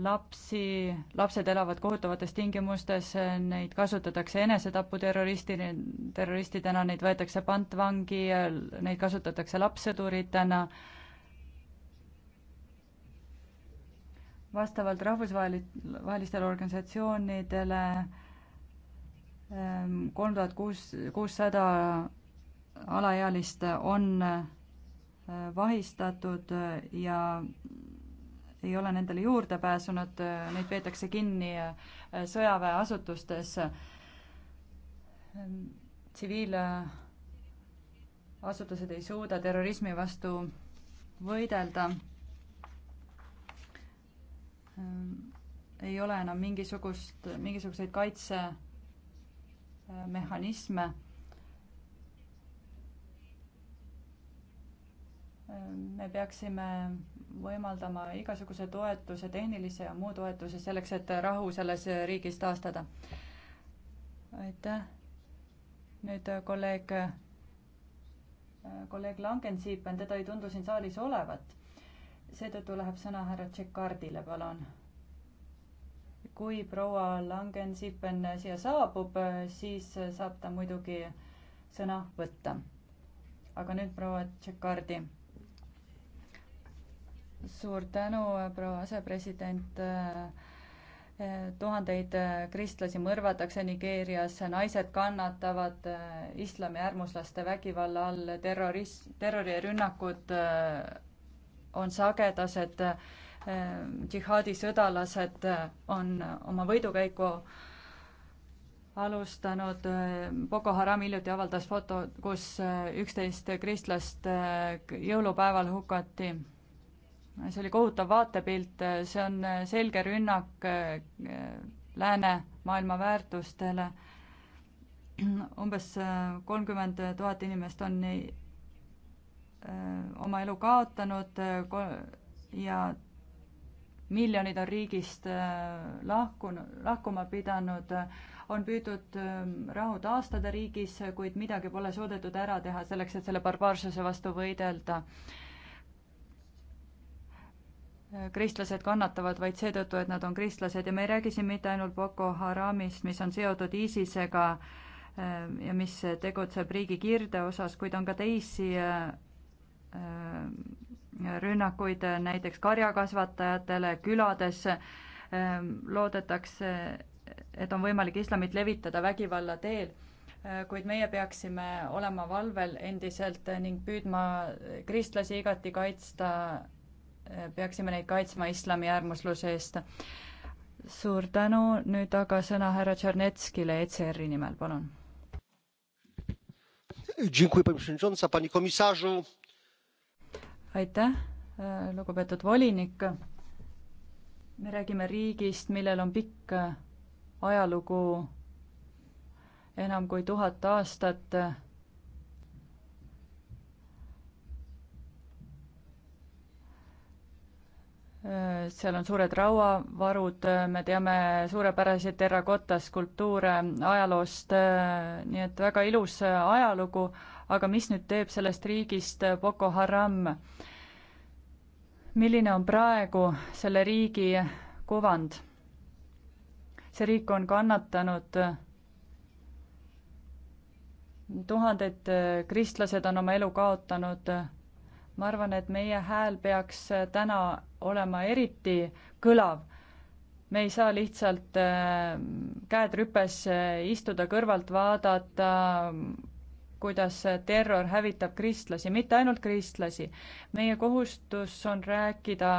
lapsi, lapsed elavad kohutavates tingimustes, neid kasutatakse enesetaputerroristini, terroristidena, neid võetakse pantvangi, neid kasutatakse lapssõduritena. vastavalt rahvusvaheli-, vahelistele organisatsioonidele ehm, kolm tuhat kuus, kuussada alaealist on eh, vahistatud ja ei ole nendele juurde pääsenud, neid peetakse kinni äh, sõjaväeasutustes, tsiviilasutused ei suuda terrorismi vastu võidelda, ei ole enam mingisugust, mingisuguseid kaitsemehhanisme me peaksime võimaldama igasuguse toetuse, tehnilise ja muu toetuse selleks, et rahu selles riigis taastada. aitäh. nüüd äh, kolleeg, äh, kolleeg Langensiipen, teda ei tundu siin saalis olevat. seetõttu läheb sõna härra Tšekardile, palun. kui proua Langensiipen siia saabub, siis äh, saab ta muidugi sõna võtta. aga nüüd proua Tšekardi suur tänu, äh, proua asepresident. Äh, äh, tuhandeid kristlasi mõrvatakse Nigeerias, naised kannatavad islami äärmuslaste vägivalla all, terrorism, terrorirünnakud on sagedased, džihaadisõdalased on oma võidukäiku alustanud, Boko Haram hiljuti avaldas foto, kus üksteist kristlast jõulupäeval hukati see oli kohutav vaatepilt, see on selge rünnak äh, läänemaailma väärtustele. umbes äh, kolmkümmend tuhat inimest on nii, äh, oma elu kaotanud ja miljonid on riigist lahkunud, lahkuma pidanud, on püüdnud ähm, rahu taastada riigis, kuid midagi pole suudetud ära teha selleks, et selle barbaarsuse vastu võidelda kristlased kannatavad vaid seetõttu, et nad on kristlased ja me ei räägi siin mitte ainult Boko Haramist, mis on seotud ISISega äh, ja mis tegutseb riigi kirdeosas, kuid on ka teisi äh, äh, rünnakuid näiteks karjakasvatajatele külades. loodetakse, et on võimalik islamit levitada vägivalla teel kuid meie peaksime olema valvel endiselt ning püüdma kristlasi igati kaitsta peaksime neid kaitsma islami äärmusluse eest. suur tänu, nüüd aga sõna härra Tšernetskile ECR-i nimel, palun. aitäh, lugupeetud volinik. me räägime riigist, millel on pikk ajalugu, enam kui tuhat aastat seal on suured rauavarud, me teame suurepäraseid terrakotta skulptuure ajaloost, nii et väga ilus ajalugu, aga mis nüüd teeb sellest riigist Boko Haram? milline on praegu selle riigi kuvand? see riik on kannatanud tuhanded kristlased on oma elu kaotanud ma arvan, et meie hääl peaks äh, täna olema eriti kõlav. me ei saa lihtsalt äh, käed rüpes äh, istuda, kõrvalt vaadata, kuidas terror hävitab kristlasi, mitte ainult kristlasi. meie kohustus on rääkida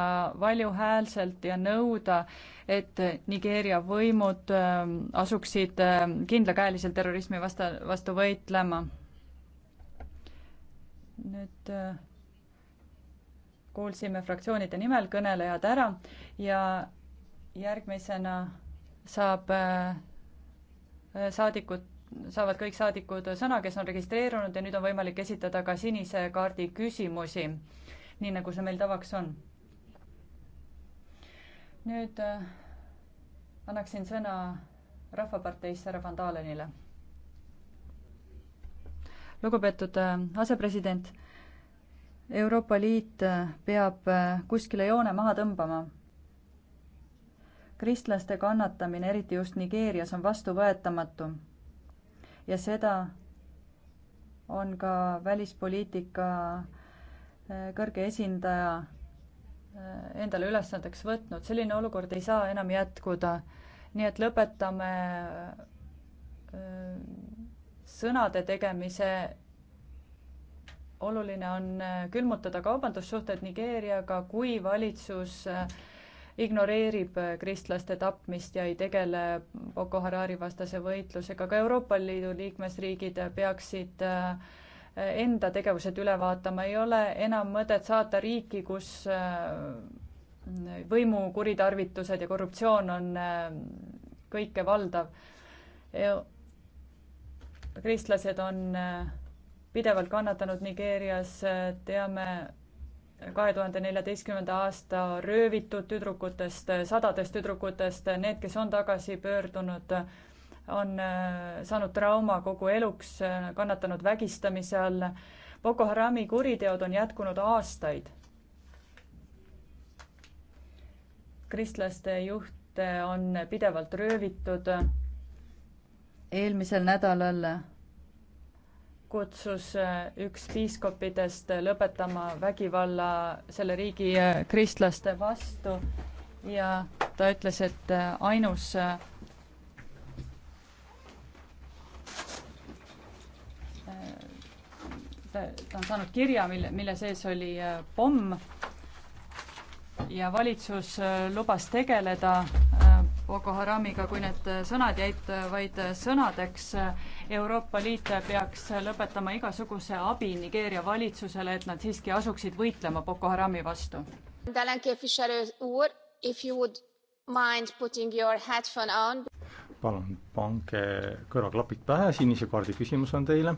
valjuhäälselt ja nõuda, et Nigeeria võimud ähm, asuksid ähm, kindlakäeliselt terrorismi vasta, vastu võitlema. nüüd kuulsime fraktsioonide nimel kõnelejad ära ja järgmisena saab äh, saadikud, saavad kõik saadikud sõna, kes on registreerunud ja nüüd on võimalik esitada ka sinise kaardi küsimusi, nii nagu see meil tavaks on. nüüd äh, annaksin sõna Rahvaparteist härra Van Dalenile. lugupeetud äh, asepresident Euroopa Liit äh, peab äh, kuskile joone maha tõmbama. kristlaste kannatamine, eriti just Nigeerias, on vastuvõetamatu. ja seda on ka välispoliitika äh, kõrge esindaja endale ülesandeks võtnud. selline olukord ei saa enam jätkuda. nii et lõpetame sõnade tegemise oluline on äh, külmutada kaubandussuhted Nigeeriaga, kui valitsus äh, ignoreerib äh, kristlaste tapmist ja ei tegele Boko Harari vastase võitlusega. ka Euroopa Liidu liikmesriigid peaksid enda tegevused üle vaatama, ei ole enam mõtet saata riiki, kus võimu kuritarvitused ja korruptsioon on kõike valdav. E-, kristlased on pidevalt kannatanud Nigeerias, teame kahe tuhande neljateistkümnenda aasta röövitud tüdrukutest, sadadest tüdrukutest, need, kes on tagasi pöördunud, on äh, saanud trauma kogu eluks, äh, kannatanud vägistamise all. Boko Harami kuriteod on jätkunud aastaid. kristlaste juhte on pidevalt röövitud. eelmisel nädalal kutsus äh, üks piiskopidest lõpetama vägivalla selle riigi äh, kristlaste vastu ja ta ütles, et äh, ainus ta on saanud kirja, mille, mille sees oli pomm ja valitsus lubas tegeleda Boko Haramiga, kui need sõnad jäid vaid sõnadeks Euroopa Liit peaks lõpetama igasuguse abi Nigeeria valitsusele, et nad siiski asuksid võitlema Boko Harami vastu. palun pange kõrvaklapid pähe, sinise kaardi küsimus on teile.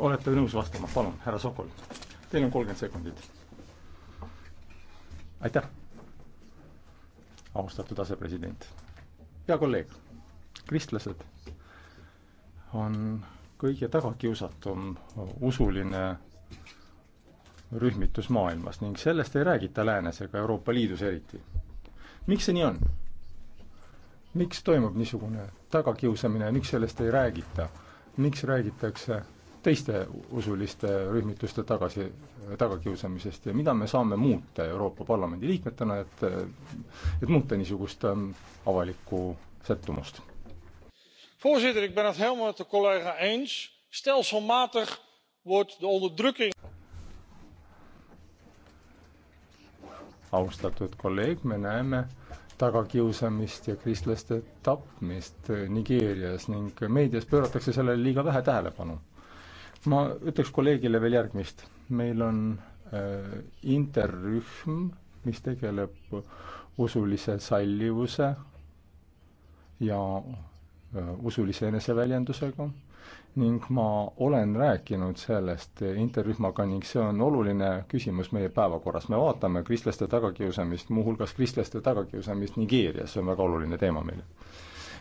olete nõus vastama, palun, härra Sokol, teil on kolmkümmend sekundit aitäh, austatud asepresident. hea kolleeg, kristlased on kõige tagakiusatum usuline rühmitus maailmas ning sellest ei räägita läänes ega Euroopa Liidus eriti. miks see nii on? miks toimub niisugune tagakiusamine ja miks sellest ei räägita? miks räägitakse teiste usuliste rühmituste tagasi, tagakiusamisest ja mida me saame muuta Euroopa Parlamendi liikmetena, et et muuta niisugust ähm, avalikku sättumust? Voorzitter, ik ben het helemaal met de collega eens. Stelselmatig wordt de onderdrukking. austatud kolleeg, me näeme tagakiusamist ja kristlaste tapmist Nigeerias ning meedias pööratakse sellele liiga vähe tähelepanu ma ütleks kolleegile veel järgmist. meil on äh, interrühm, mis tegeleb usulise sallivuse ja äh, usulise eneseväljendusega ning ma olen rääkinud sellest interrühmaga ning see on oluline küsimus meie päevakorras. me vaatame kristlaste tagakiusamist, muuhulgas kristlaste tagakiusamist Nigeerias, see on väga oluline teema meile.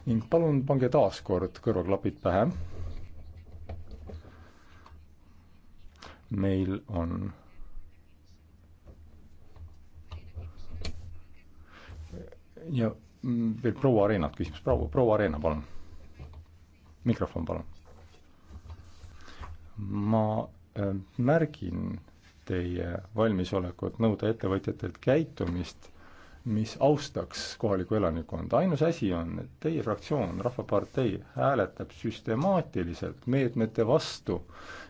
ning palun pange taas kord kõrvaklapid pähe meil on ja veel proua Areenalt küsimus, proua, proua Areena, palun. mikrofon, palun. ma äh, märgin teie valmisolekut nõuda ettevõtjatelt käitumist mis austaks kohalikku elanikkonda. ainus asi on, et teie fraktsioon, Rahvapartei, hääletab süstemaatiliselt meetmete vastu,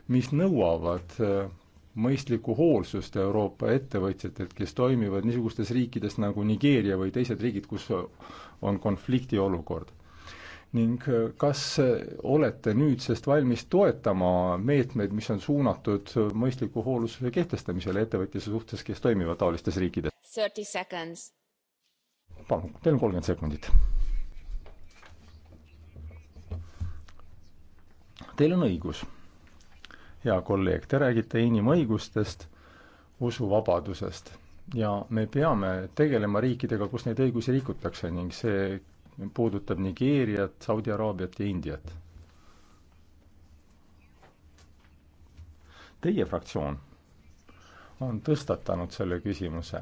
mis nõuavad äh, mõistlikku hoolsust Euroopa ettevõtjatelt, kes toimivad niisugustes riikides nagu Nigeeria või teised riigid, kus on konfliktiolukord. ning äh, kas äh, olete nüüdsest valmis toetama meetmeid, mis on suunatud mõistliku hoolsuse kehtestamisele ettevõtjate suhtes, kes toimivad taolistes riikides? palun, teil on kolmkümmend sekundit. Teil on õigus, hea kolleeg, te räägite inimõigustest, usuvabadusest ja me peame tegelema riikidega, kus neid õigusi rikutakse ning see puudutab Nigeeriat, Saudi Araabiat ja Indiat. Teie fraktsioon on tõstatanud selle küsimuse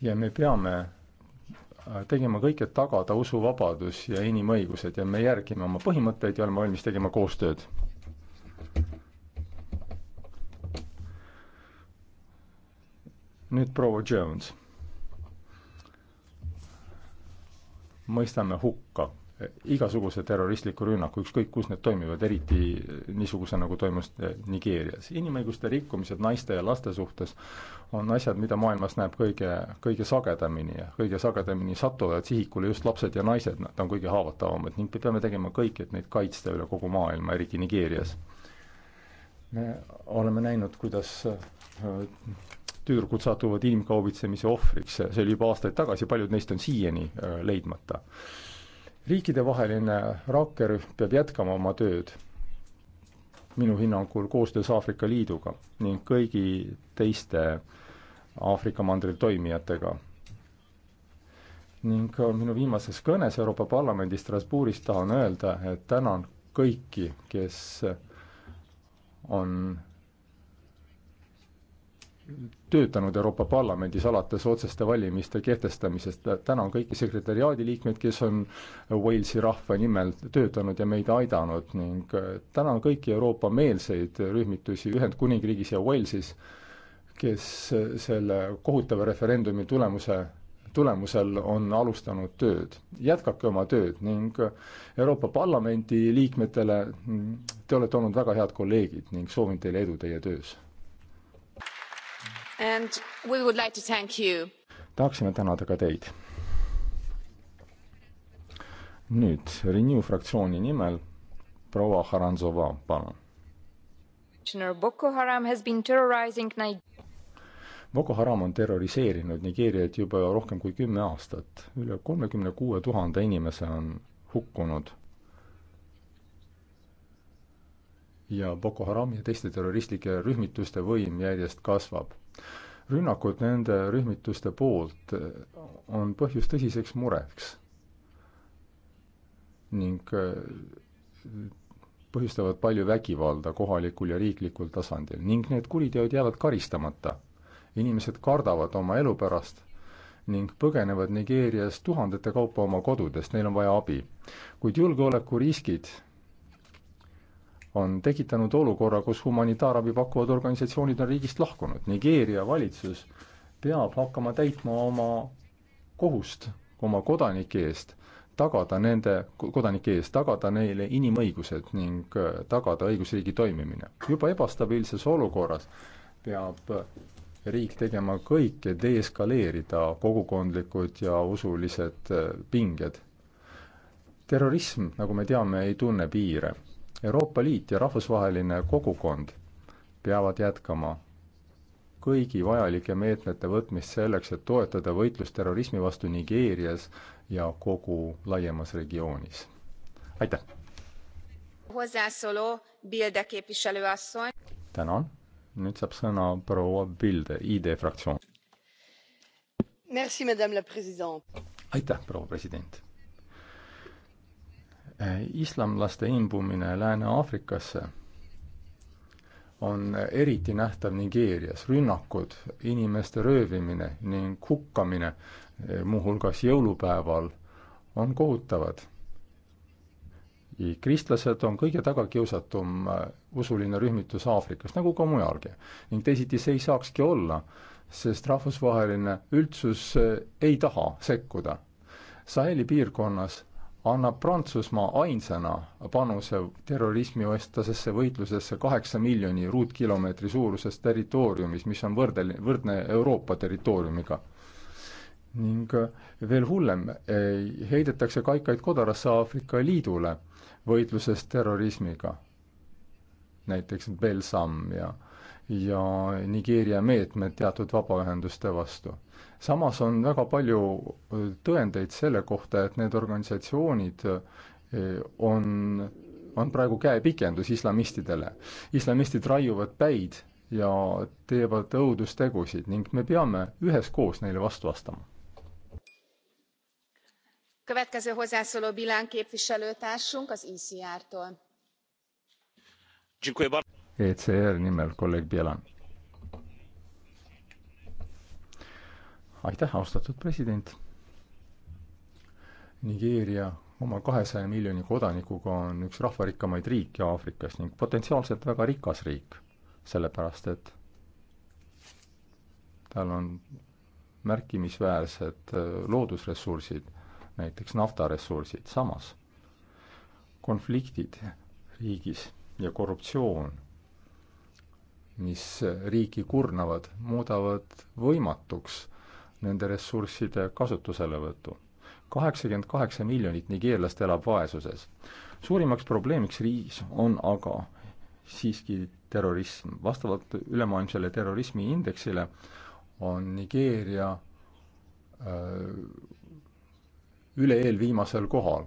ja me peame äh, tegema kõik, et tagada usuvabadus ja inimõigused ja me järgime oma põhimõtteid ja oleme valmis tegema koostööd. nüüd proua Jones. mõistame hukka igasuguse terroristliku rünnaku, ükskõik kus need toimivad, eriti niisuguse, nagu toimus eh, Nigeerias. inimõiguste rikkumised naiste ja laste suhtes on asjad, mida maailmas näeb kõige, kõige sagedamini ja kõige sagedamini satuvad sihikule just lapsed ja naised, nad on kõige haavatavamad ning me peame tegema kõik, et neid kaitsta üle kogu maailma, eriti Nigeerias. me oleme näinud, kuidas eh, tüdrukud satuvad inimkaubitsemise ohvriks, see oli juba aastaid tagasi, paljud neist on siiani eh, leidmata riikidevaheline rakkerühm peab jätkama oma tööd, minu hinnangul koostöös Aafrika Liiduga ning kõigi teiste Aafrika mandril toimijatega. ning minu viimases kõnes Euroopa Parlamendi Strasbourgis tahan öelda, et tänan kõiki, kes on töötanud Euroopa Parlamendis alates otseste valimiste kehtestamisest, tänan kõiki sekretäriaadi liikmeid, kes on Walesi rahva nimel töötanud ja meid aidanud ning äh, tänan kõiki Euroopa-meelseid rühmitusi Ühendkuningriigis ja Walesis, kes äh, selle kohutava referendumi tulemuse tulemusel on alustanud tööd. jätkake oma tööd ning äh, Euroopa Parlamendi liikmetele, mm, te olete olnud väga head kolleegid ning soovin teile edu teie töös Like tahaksime tänada ka teid. nüüd Renew fraktsiooni nimel proua Haranzova, palun. Boko Haram has been terrorizing Nigeria. Boko Haram on terroriseerinud Nigeeriat juba rohkem kui kümme aastat. üle kolmekümne kuue tuhande inimese on hukkunud. ja Boko Haram ja teiste terroristlike rühmituste võim järjest kasvab rünnakud nende rühmituste poolt on põhjus tõsiseks mureks ning äh, põhjustavad palju vägivalda kohalikul ja riiklikul tasandil ning need kuriteod jäävad karistamata. inimesed kardavad oma elu pärast ning põgenevad Nigeerias tuhandete kaupa oma kodudest, neil on vaja abi. kuid julgeolekuriskid on tekitanud olukorra, kus humanitaarabi pakkuvad organisatsioonid on riigist lahkunud. Nigeeria valitsus peab hakkama täitma oma kohust oma kodanike eest, tagada nende, kodanike ees, tagada neile inimõigused ning äh, tagada õigusriigi toimimine. juba ebastabiilses olukorras peab riik tegema kõik, et deeskaleerida kogukondlikud ja usulised äh, pinged. terrorism, nagu me teame, ei tunne piire Euroopa Liit ja rahvusvaheline kogukond peavad jätkama kõigi vajalike meetmete võtmist selleks, et toetada võitlust terrorismi vastu Nigeerias ja kogu laiemas regioonis. aitäh! tänan, nüüd saab sõna proua Bilde, ID fraktsioon. aitäh, proua president! islamlaste imbumine Lääne-Aafrikasse on eriti nähtav Nigeerias, rünnakud, inimeste röövimine ning hukkamine, muuhulgas jõulupäeval, on kohutavad. kristlased on kõige tagakiusatum äh, usuline rühmitus Aafrikas, nagu ka mujalgi. ning teisiti see ei saakski olla, sest rahvusvaheline üldsus äh, ei taha sekkuda. Saheli piirkonnas annab Prantsusmaa ainsana panuse terrorismivastasesse võitlusesse kaheksa miljoni ruutkilomeetri suuruses territooriumis, mis on võrdel-, võrdne Euroopa territooriumiga. ning veel hullem, heidetakse kaikaid kodarasse Aafrika Liidule võitluses terrorismiga, näiteks Belsam ja äh, ja Nigeeria meetmed teatud vabaühenduste vastu. samas on väga palju äh, tõendeid selle kohta, et need organisatsioonid äh, on, on praegu käepikendus islamistidele. islamistid raiuvad päid ja teevad õudustegusid ning me peame üheskoos neile vastu astuma. Következő hozzászóló Bilán képviselőtársunk az ICR-tól. E ECR nimel kolleeg Bielan. aitäh, austatud president. Nigeeria oma kahesaja miljoni kodanikuga on üks rahvarikkamaid riike Aafrikas ning potentsiaalselt väga rikas riik, sellepärast et tal on märkimisväärsed äh, loodusressursid, näiteks naftaressursid, samas konfliktid riigis ja korruptsioon mis riiki kurnavad, muudavad võimatuks nende ressursside kasutuselevõtu. kaheksakümmend kaheksa miljonit nigeerlast elab vaesuses. suurimaks probleemiks riigis on aga siiski terrorism. vastavalt ülemaailmsele terrorismiindeksile on Nigeeria äh, üle eelviimasel kohal.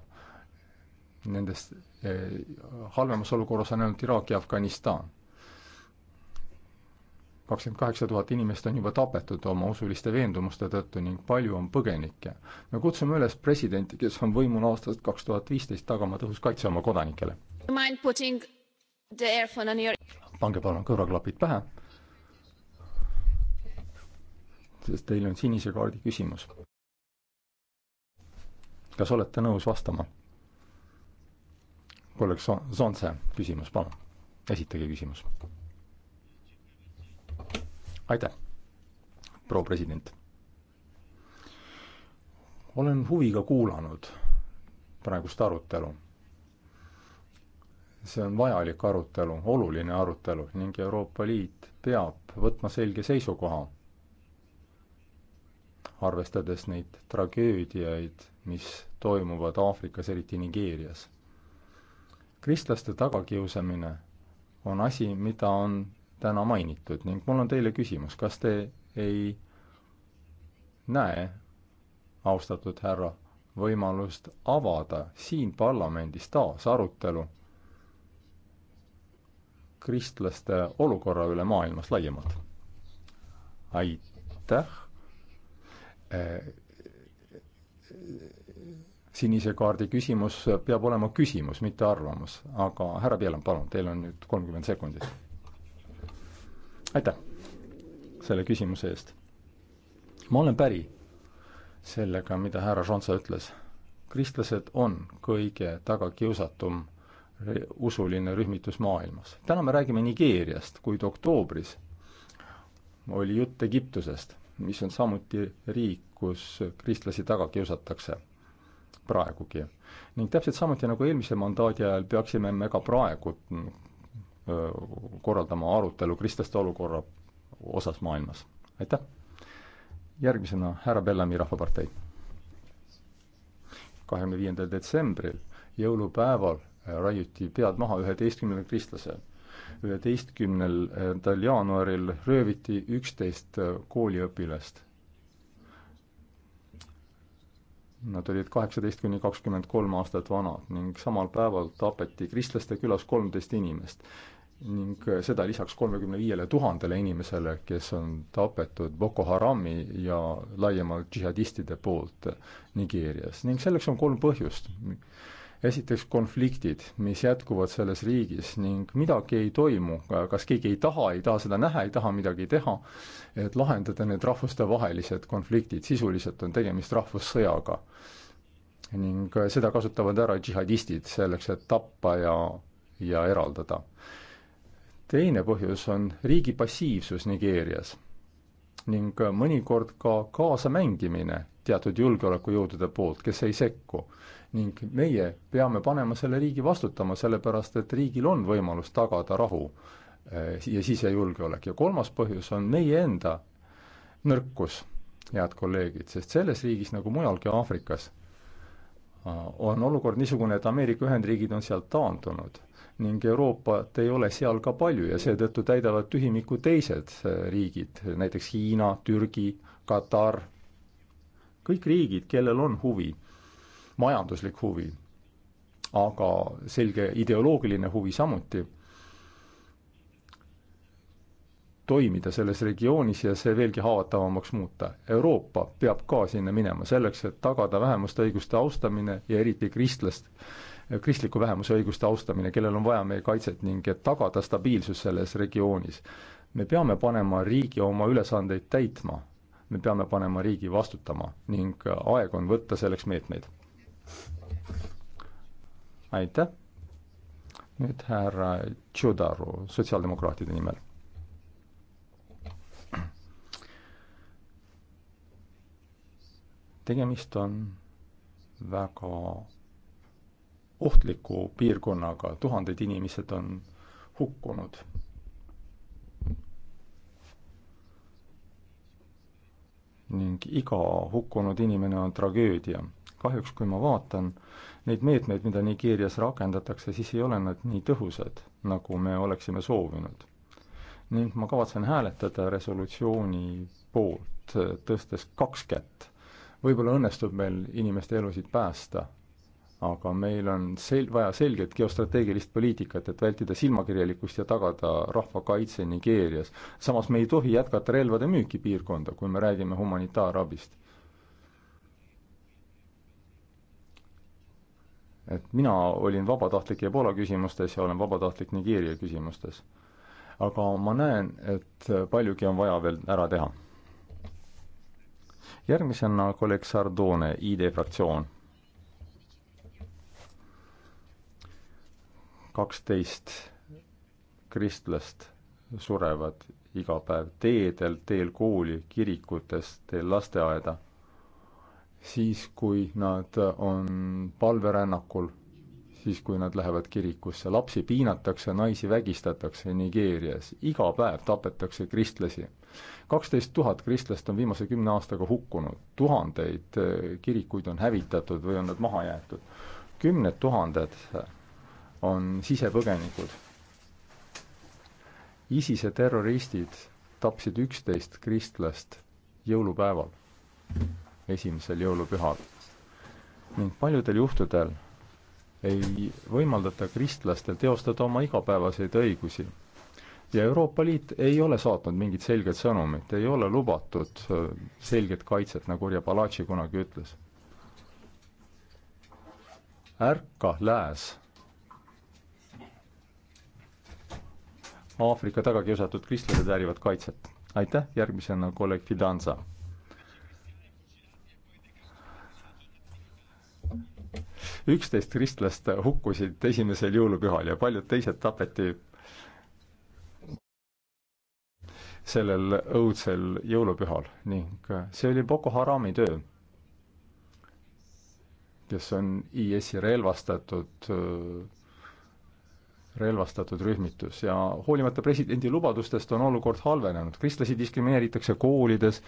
Nendest äh, halvemas olukorras on ainult Iraak ja Afganistan kakskümmend kaheksa tuhat inimest on juba tapetud oma usuliste veendumuste tõttu ning palju on põgenikke. me kutsume üles presidenti, kes on võimul aastast kaks tuhat viisteist, tagama tõhus kaitse oma kodanikele. pange palun kõrvaklapid pähe, sest teil on sinise kaardi küsimus. kas olete nõus vastama? kolleeg Son-, Sonse, küsimus, palun, esitage küsimus aitäh, proua president. olen huviga kuulanud praegust arutelu. see on vajalik arutelu, oluline arutelu ning Euroopa Liit peab võtma selge seisukoha, arvestades neid tragöödiaid, mis toimuvad Aafrikas, eriti Nigeerias. kristlaste tagakiusamine on asi, mida on täna mainitud ning mul on teile küsimus, kas te ei näe, austatud härra, võimalust avada siin parlamendis taas arutelu kristlaste olukorra üle maailmas laiemalt? aitäh! Eh, sinise kaardi küsimus peab olema küsimus, mitte arvamus, aga härra Pielan, palun, teil on nüüd kolmkümmend sekundit aitäh selle küsimuse eest. ma olen päri sellega, mida härra Žonsa ütles. kristlased on kõige tagakiusatum usuline rühmitus maailmas. täna me räägime Nigeeriast, kuid oktoobris oli jutt Egiptusest, mis on samuti riik, kus kristlasi taga kiusatakse praegugi. ning täpselt samuti nagu eelmise mandaadi ajal peaksime me ka praegu korraldama arutelu kristlaste olukorra osas maailmas. aitäh! järgmisena härra Bellami Rahvapartei. kahekümne viiendal detsembril, jõulupäeval, raiuti pead maha üheteistkümnel kristlasel. üheteistkümnendal jaanuaril rööviti üksteist kooliõpilast. Nad olid kaheksateist kuni kakskümmend kolm aastat vanad ning samal päeval tapeti kristlaste külas kolmteist inimest ning äh, seda lisaks kolmekümne viiele tuhandele inimesele, kes on tapetud Boko Harami ja laiemalt džihadistide poolt Nigeerias ning selleks on kolm põhjust. esiteks konfliktid, mis jätkuvad selles riigis ning midagi ei toimu, kas keegi ei taha, ei taha seda näha, ei taha midagi teha, et lahendada need rahvustevahelised konfliktid, sisuliselt on tegemist rahvussõjaga. ning äh, seda kasutavad ära džihadistid selleks, et tappa ja, ja eraldada teine põhjus on riigi passiivsus Nigeerias ning mõnikord ka kaasamängimine teatud julgeolekujõudude poolt, kes ei sekku. ning meie peame panema selle riigi vastutama, sellepärast et riigil on võimalus tagada rahu eh, ja sisejulgeolek ja kolmas põhjus on meie enda nõrkus, head kolleegid, sest selles riigis nagu mujalgi Aafrikas ah, on olukord niisugune, et Ameerika Ühendriigid on sealt taandunud ning Euroopat ei ole seal ka palju ja seetõttu täidavad tühimikku teised äh, riigid, näiteks Hiina, Türgi, Katar, kõik riigid, kellel on huvi, majanduslik huvi, aga selge ideoloogiline huvi samuti, toimida selles regioonis ja see veelgi haavatavamaks muuta. Euroopa peab ka sinna minema selleks, et tagada vähemuste õiguste austamine ja eriti kristlast, kristliku vähemuse õiguste austamine, kellel on vaja meie kaitset ning et tagada stabiilsus selles regioonis. me peame panema riigi oma ülesandeid täitma, me peame panema riigi vastutama ning aeg on võtta selleks meetmeid. aitäh! nüüd härra Tšudaru sotsiaaldemokraatide nimel. tegemist on väga ohtliku piirkonnaga, tuhanded inimesed on hukkunud. ning iga hukkunud inimene on tragöödia. kahjuks, kui ma vaatan neid meetmeid, mida Nigeerias rakendatakse, siis ei ole nad nii tõhusad, nagu me oleksime soovinud. ning ma kavatsen hääletada resolutsiooni poolt, tõstes kaks kätt. võib-olla õnnestub meil inimeste elusid päästa aga meil on sel-, vaja selget geostrateegilist poliitikat, et vältida silmakirjalikkust ja tagada rahvakaitse Nigeerias. samas me ei tohi jätkata relvade müüki piirkonda, kui me räägime humanitaarabist. et mina olin vabatahtlik Ebola küsimustes ja olen vabatahtlik Nigeeria küsimustes. aga ma näen, et paljugi on vaja veel ära teha. järgmisena kolleeg Sardone, ID fraktsioon kaksteist kristlast surevad iga päev teedel, teel kooli, kirikutes, teel lasteaeda. siis, kui nad on palverännakul, siis, kui nad lähevad kirikusse, lapsi piinatakse, naisi vägistatakse Nigeerias, iga päev tapetakse kristlasi. kaksteist tuhat kristlast on viimase kümne aastaga hukkunud, tuhandeid eh, kirikuid on hävitatud või on nad maha jäetud. kümned tuhanded on sisepõgenikud. ISISe terroristid tapsid üksteist kristlast jõulupäeval, esimesel jõulupühal. ning paljudel juhtudel ei võimaldata kristlastel teostada oma igapäevaseid õigusi. ja Euroopa Liit ei ole saatnud mingit selget sõnumit, ei ole lubatud äh, selget kaitset, nagu Urja Palatši kunagi ütles. ärka, lääs Aafrika tagakiusatud kristlased väärivad kaitset. aitäh, järgmisena kolleeg Fidanza. üksteist kristlast hukkusid esimesel jõulupühal ja paljud teised tapeti sellel õudsel jõulupühal ning see oli Boko Harami töö, kes on IS-i relvastatud relvastatud rühmitus ja hoolimata presidendi lubadustest on olukord halvenenud, kristlasi diskrimineeritakse koolides,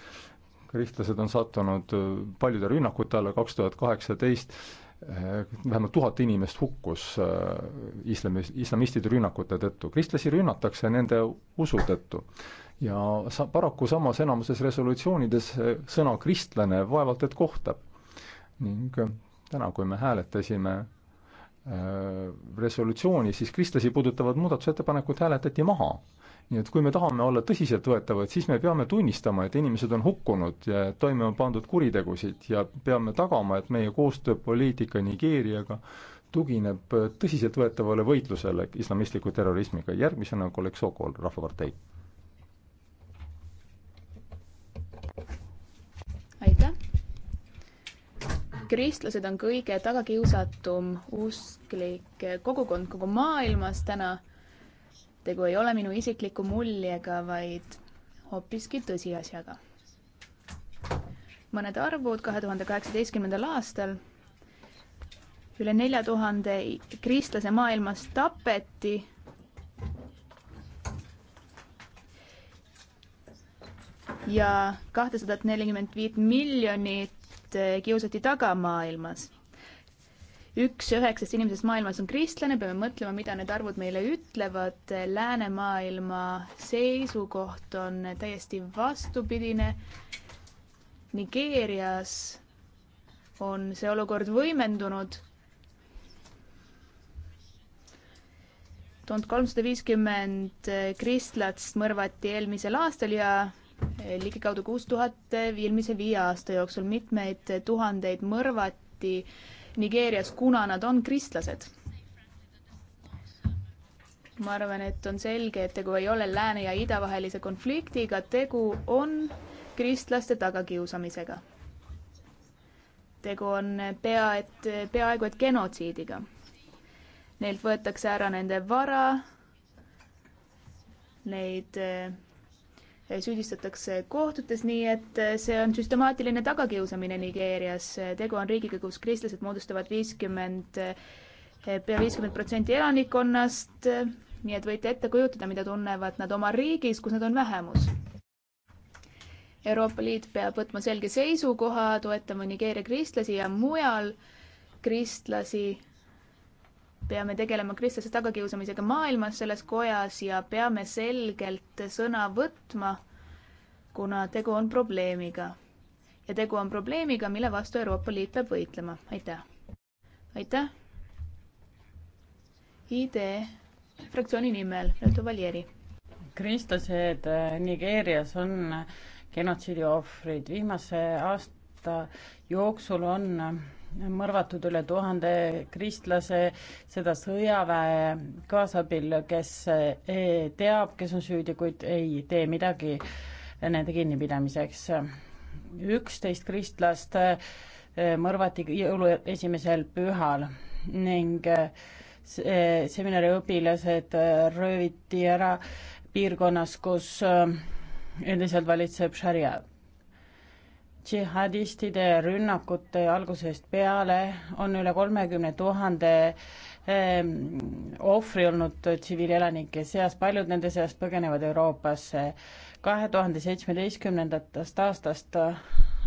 kristlased on sattunud äh, paljude rünnakute alla, kaks tuhat kaheksateist äh, vähemalt tuhat inimest hukkus äh, islami, islamistide rünnakute tõttu. kristlasi rünnatakse nende usu tõttu. ja sa-, paraku samas enamuses resolutsioonides sõna kristlane vaevalt et kohtab. ning täna, kui me hääletasime Äh, resolutsiooni, siis kristlasi puudutavad muudatusettepanekud hääletati maha. nii et kui me tahame olla tõsiseltvõetavad, siis me peame tunnistama, et inimesed on hukkunud ja toime on pandud kuritegusid ja peame tagama, et meie koostööpoliitika Nigeeriaga tugineb tõsiseltvõetavale võitlusele islamistliku terrorismiga. järgmisena kolleeg Sokol, Rahvapartei kristlased on kõige tagakiusatum usklik kogukond kogu maailmas täna. tegu ei ole minu isikliku muljega, vaid hoopiski tõsiasjaga. mõned arvud kahe tuhande kaheksateistkümnendal aastal. üle nelja tuhande kristlase maailmas tapeti ja kahtesadat nelikümmend viit miljonit inimest eh, kiusati taga maailmas. üks üheksast inimesest maailmas on kristlane, peame mõtlema, mida need arvud meile ütlevad. läänemaailma seisukoht on täiesti vastupidine. Nigeerias on see olukord võimendunud tuhat kolmsada viiskümmend eh, kristlast mõrvati eelmisel aastal ja ligikaudu kuus tuhat eelmise viie aasta jooksul, mitmeid tuhandeid mõrvati Nigeerias, kuna nad on kristlased. ma arvan, et on selge, et tegu ei ole lääne ja ida vahelise konfliktiga, tegu on kristlaste tagakiusamisega. tegu on pea, et peaaegu et genotsiidiga. Neilt võetakse ära nende vara, neid süüdistatakse kohtutes, nii et eh, see on süstemaatiline tagakiusamine Nigeerias. tegu on riigiga, kus kristlased moodustavad viiskümmend, eh, pea viiskümmend protsenti elanikkonnast, nii et võite ette kujutada, mida tunnevad nad oma riigis, kus nad on vähemus. Euroopa Liit peab võtma selge seisukoha, toetama Nigeeria kristlasi ja mujal kristlasi peame tegelema kristlaste tagakiusamisega maailmas selles kojas ja peame selgelt sõna võtma, kuna tegu on probleemiga. ja tegu on probleemiga, mille vastu Euroopa Liit peab võitlema. aitäh. aitäh. idee fraktsiooni nimel, Reto Valjeri. kristlased äh, Nigeerias on äh, genotsiidi ohvrid. viimase aasta jooksul on äh, mõrvatud üle tuhande kristlase, seda sõjaväe kaasabil, kes eh, teab, kes on süüdi, kuid ei tee midagi nende kinnipidamiseks. üksteist kristlast eh, mõrvati jõulu esimesel pühal ning eh, seminari õpilased rööviti ära piirkonnas, kus endiselt valitseb šariaat džihadistide rünnakute algusest peale on üle kolmekümne tuhande ehm, ohvri olnud tsiviilelanike seas, paljud nende seast põgenevad Euroopasse. kahe tuhande seitsmeteistkümnendatest aastast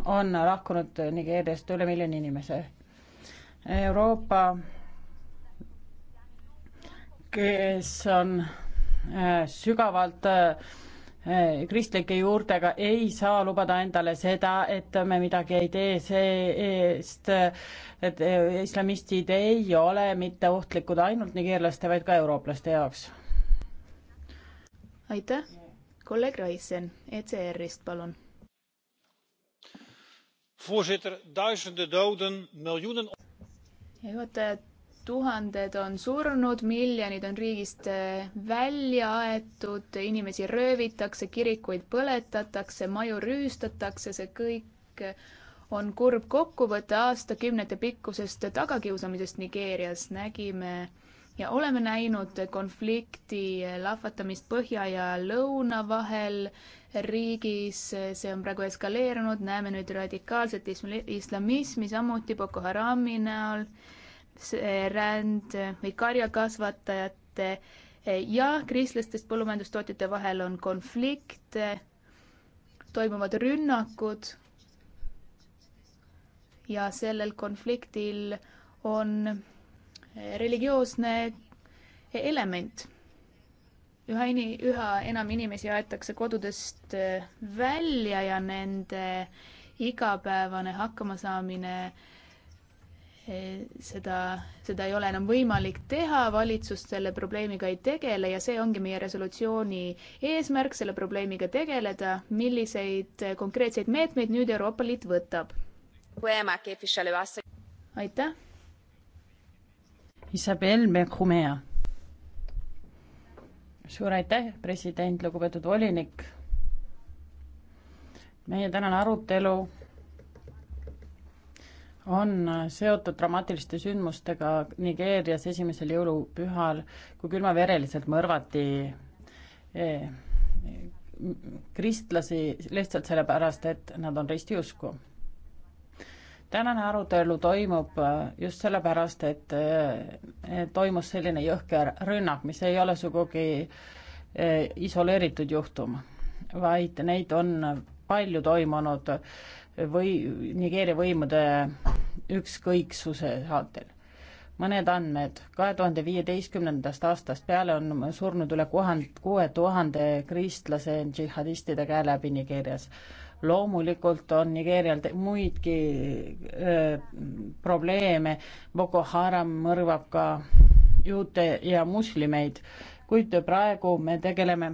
on lahkunud Nigeeriast üle miljoni inimese. Euroopa, kes on ehm, sügavalt Eh, kristlike juurtega ei saa lubada endale seda, et me midagi ei tee see-eest, et eh, islamistid ei ole mitte ohtlikud ainult nigeerlaste, vaid ka eurooplaste jaoks. aitäh, kolleeg Raisen ECR-ist, palun. voorzitter, tuhanded doden, miljonen. juhataja tuhanded on surnud, miljonid on riigist eh, välja aetud, inimesi röövitakse, kirikuid põletatakse, maju rüüstatakse, see kõik eh, on kurb kokkuvõte aastakümnete pikkusest tagakiusamisest Nigeerias. nägime ja oleme näinud konflikti eh, lahvatamist põhja ja lõuna vahel riigis, see on praegu eskaleerunud, näeme nüüd radikaalset islamismi, samuti Boko Harami näol see ränd või karjakasvatajate ja kristlastest põllumajandustootjate vahel on konflikte, toimuvad rünnakud ja sellel konfliktil on religioosne element. üha ini-, üha enam inimesi aetakse kodudest välja ja nende igapäevane hakkamasaamine äh, Eh, seda, seda ei ole enam võimalik teha, valitsus selle probleemiga ei tegele ja see ongi meie resolutsiooni eesmärk, selle probleemiga tegeleda, milliseid eh, konkreetseid meetmeid nüüd Euroopa Liit võtab. aitäh. Isabel Mecumea. suur aitäh, president, lugupeetud volinik. meie tänane arutelu on seotud dramaatiliste sündmustega Nigeerias esimesel jõulupühal, kui külmavereliselt mõrvati e, kristlasi lihtsalt sellepärast, et nad on ristiusku. tänane arutelu toimub just sellepärast, et e, toimus selline jõhker rünnak, mis ei ole sugugi e, isoleeritud juhtum, vaid neid on palju toimunud või Nigeeria võimude ükskõiksuse saatel. mõned andmed, kahe tuhande viieteistkümnendast aastast peale on surnud üle kuhand-, kuue tuhande kristlase džihadistide käe läbi Nigeerias. loomulikult on Nigeerial muidki öö, probleeme, Boko Haram mõrvab ka juute ja moslemeid, kuid praegu me tegeleme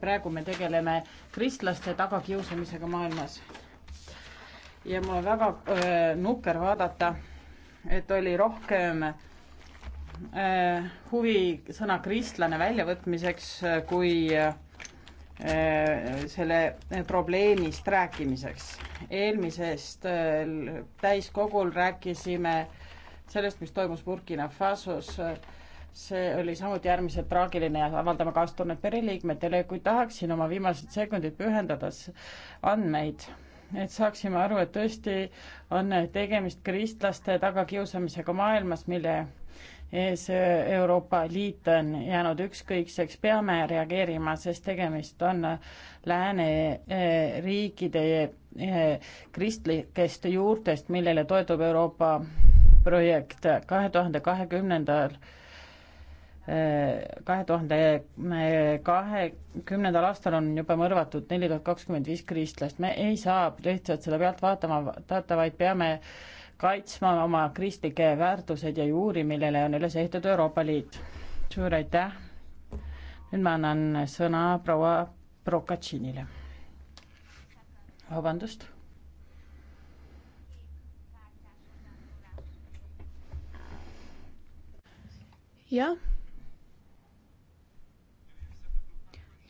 praegu me tegeleme kristlaste tagakiusamisega maailmas. ja mul on väga öö, äh, nukker vaadata, et oli rohkem öö, äh, huvi sõna kristlane väljavõtmiseks äh, kui öö, selle probleemist rääkimiseks. eelmisest öö, täiskogul rääkisime sellest, mis toimus Burkina Fasos öö, see oli samuti äärmiselt traagiline ja avaldame kaastunnet pereliikmetele, kuid tahaksin oma viimased sekundid pühendada andmeid, et saaksime aru, et tõesti on tegemist kristlaste tagakiusamisega maailmas, mille ees Euroopa Liit on jäänud ükskõikseks, peame reageerima, sest tegemist on lääneriikide eh, eh, kristlikest juurtest, millele toetub Euroopa projekt kahe tuhande kahekümnendal kahe tuhande kahekümnendal aastal on juba mõrvatud neli tuhat kakskümmend viis kristlast, me ei saa lihtsalt selle pealt vaatama, vaata, vaid peame kaitsma oma kristlikke väärtuseid ja juuri, millele on üles ehitatud Euroopa Liit. suur aitäh, nüüd ma annan sõna proua Prokatšinile. vabandust jah,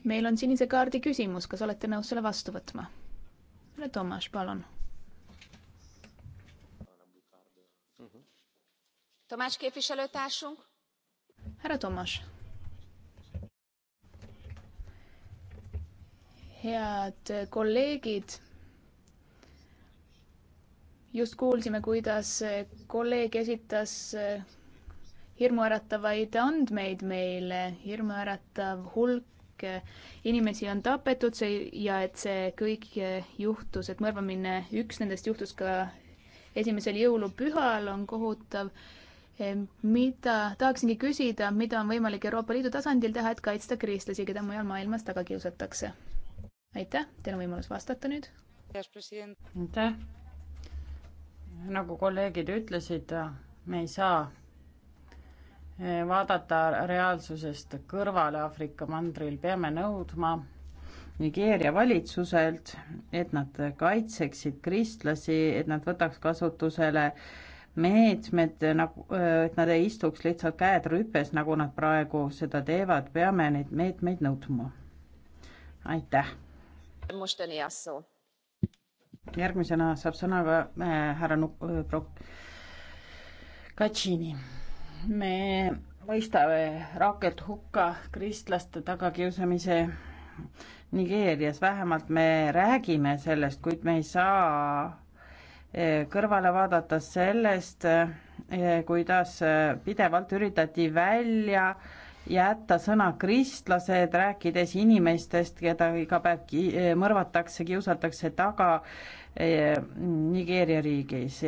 meil on sinise kaardi küsimus, kas olete nõus selle vastu võtma? härra Tomas, palun. Tomas, härra Tomas. head kolleegid just kuulsime, kuidas kolleeg esitas hirmuäratavaid andmeid meile, hirmuäratav hulk hulk inimesi on tapetud, see ja et see kõik juhtus, et mõrvamine, üks nendest juhtus ka esimesel jõulupühal, on kohutav mida, tahaksingi küsida, mida on võimalik Euroopa Liidu tasandil teha, et kaitsta kristlasi, keda mujal maailmas taga kiusatakse? aitäh, teil on võimalus vastata nüüd. aitäh. nagu kolleegid ütlesid, me ei saa vaadata reaalsusest kõrvale Aafrika mandril, peame nõudma Nigeeria valitsuselt, et nad kaitseksid kristlasi, et nad võtaks kasutusele meetmed, nagu, et nad ei istuks lihtsalt käed rüpes, nagu nad praegu seda teevad, peame neid meetmeid nõudma. aitäh. järgmisena saab sõna ka äh, härra Nuk-, äh, Prok-, Katsini me mõistame äh, Raket hukka kristlaste tagakiusamise Nigeerias, vähemalt me räägime sellest, kuid me ei saa äh, kõrvale vaadata sellest, äh, kuidas pidevalt üritati välja jätta sõna kristlased, rääkides inimestest, keda iga päev ki-, mõrvatakse, kiusatakse taga Nigeeria riigis.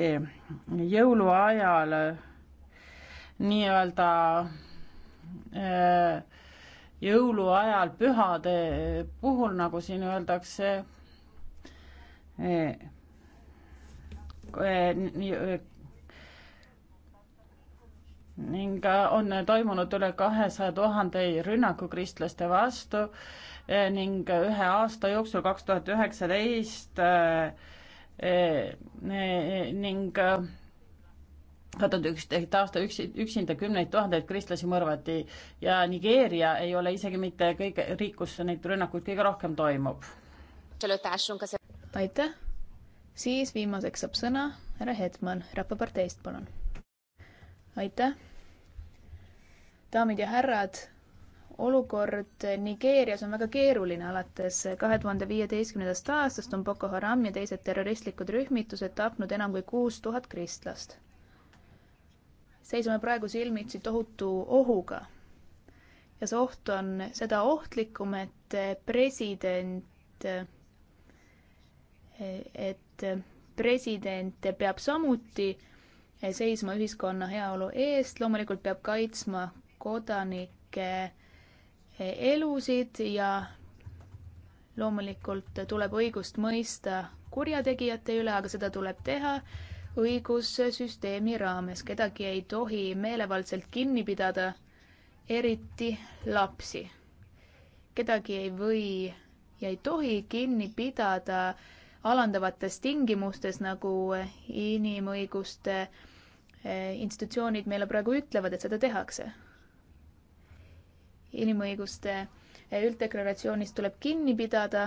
jõuluajal nii-öelda äh, jõuluajal pühade puhul, nagu siin öeldakse, äh, äh, ning on toimunud üle kahesaja tuhande rünnaku kristlaste vastu ning ühe aasta jooksul, kaks tuhat üheksateist ning kahe tuhande üksteist aasta üksi, üksinda kümneid tuhandeid kristlasi mõrvati ja Nigeeria ei ole isegi mitte kõige, riik, kus neid rünnakuid kõige rohkem toimub. aitäh, siis viimaseks saab sõna härra Hetman Rahvaparteist, palun. aitäh. daamid ja härrad, olukord Nigeerias on väga keeruline, alates kahe tuhande viieteistkümnendast aastast on Boko Haram ja teised terroristlikud rühmitused tapnud enam kui kuus tuhat kristlast seisame praegu silmitsi tohutu ohuga. ja see oht on seda ohtlikum, et president, et president peab samuti seisma ühiskonna heaolu eest, loomulikult peab kaitsma kodanike elusid ja loomulikult tuleb õigust mõista kurjategijate üle, aga seda tuleb teha õigussüsteemi raames. kedagi ei tohi meelevaldselt kinni pidada, eriti lapsi. kedagi ei või ja ei tohi kinni pidada alandavates tingimustes, nagu inimõiguste eh, institutsioonid meile praegu ütlevad, et seda tehakse. inimõiguste eh, ülddeklaratsioonist tuleb kinni pidada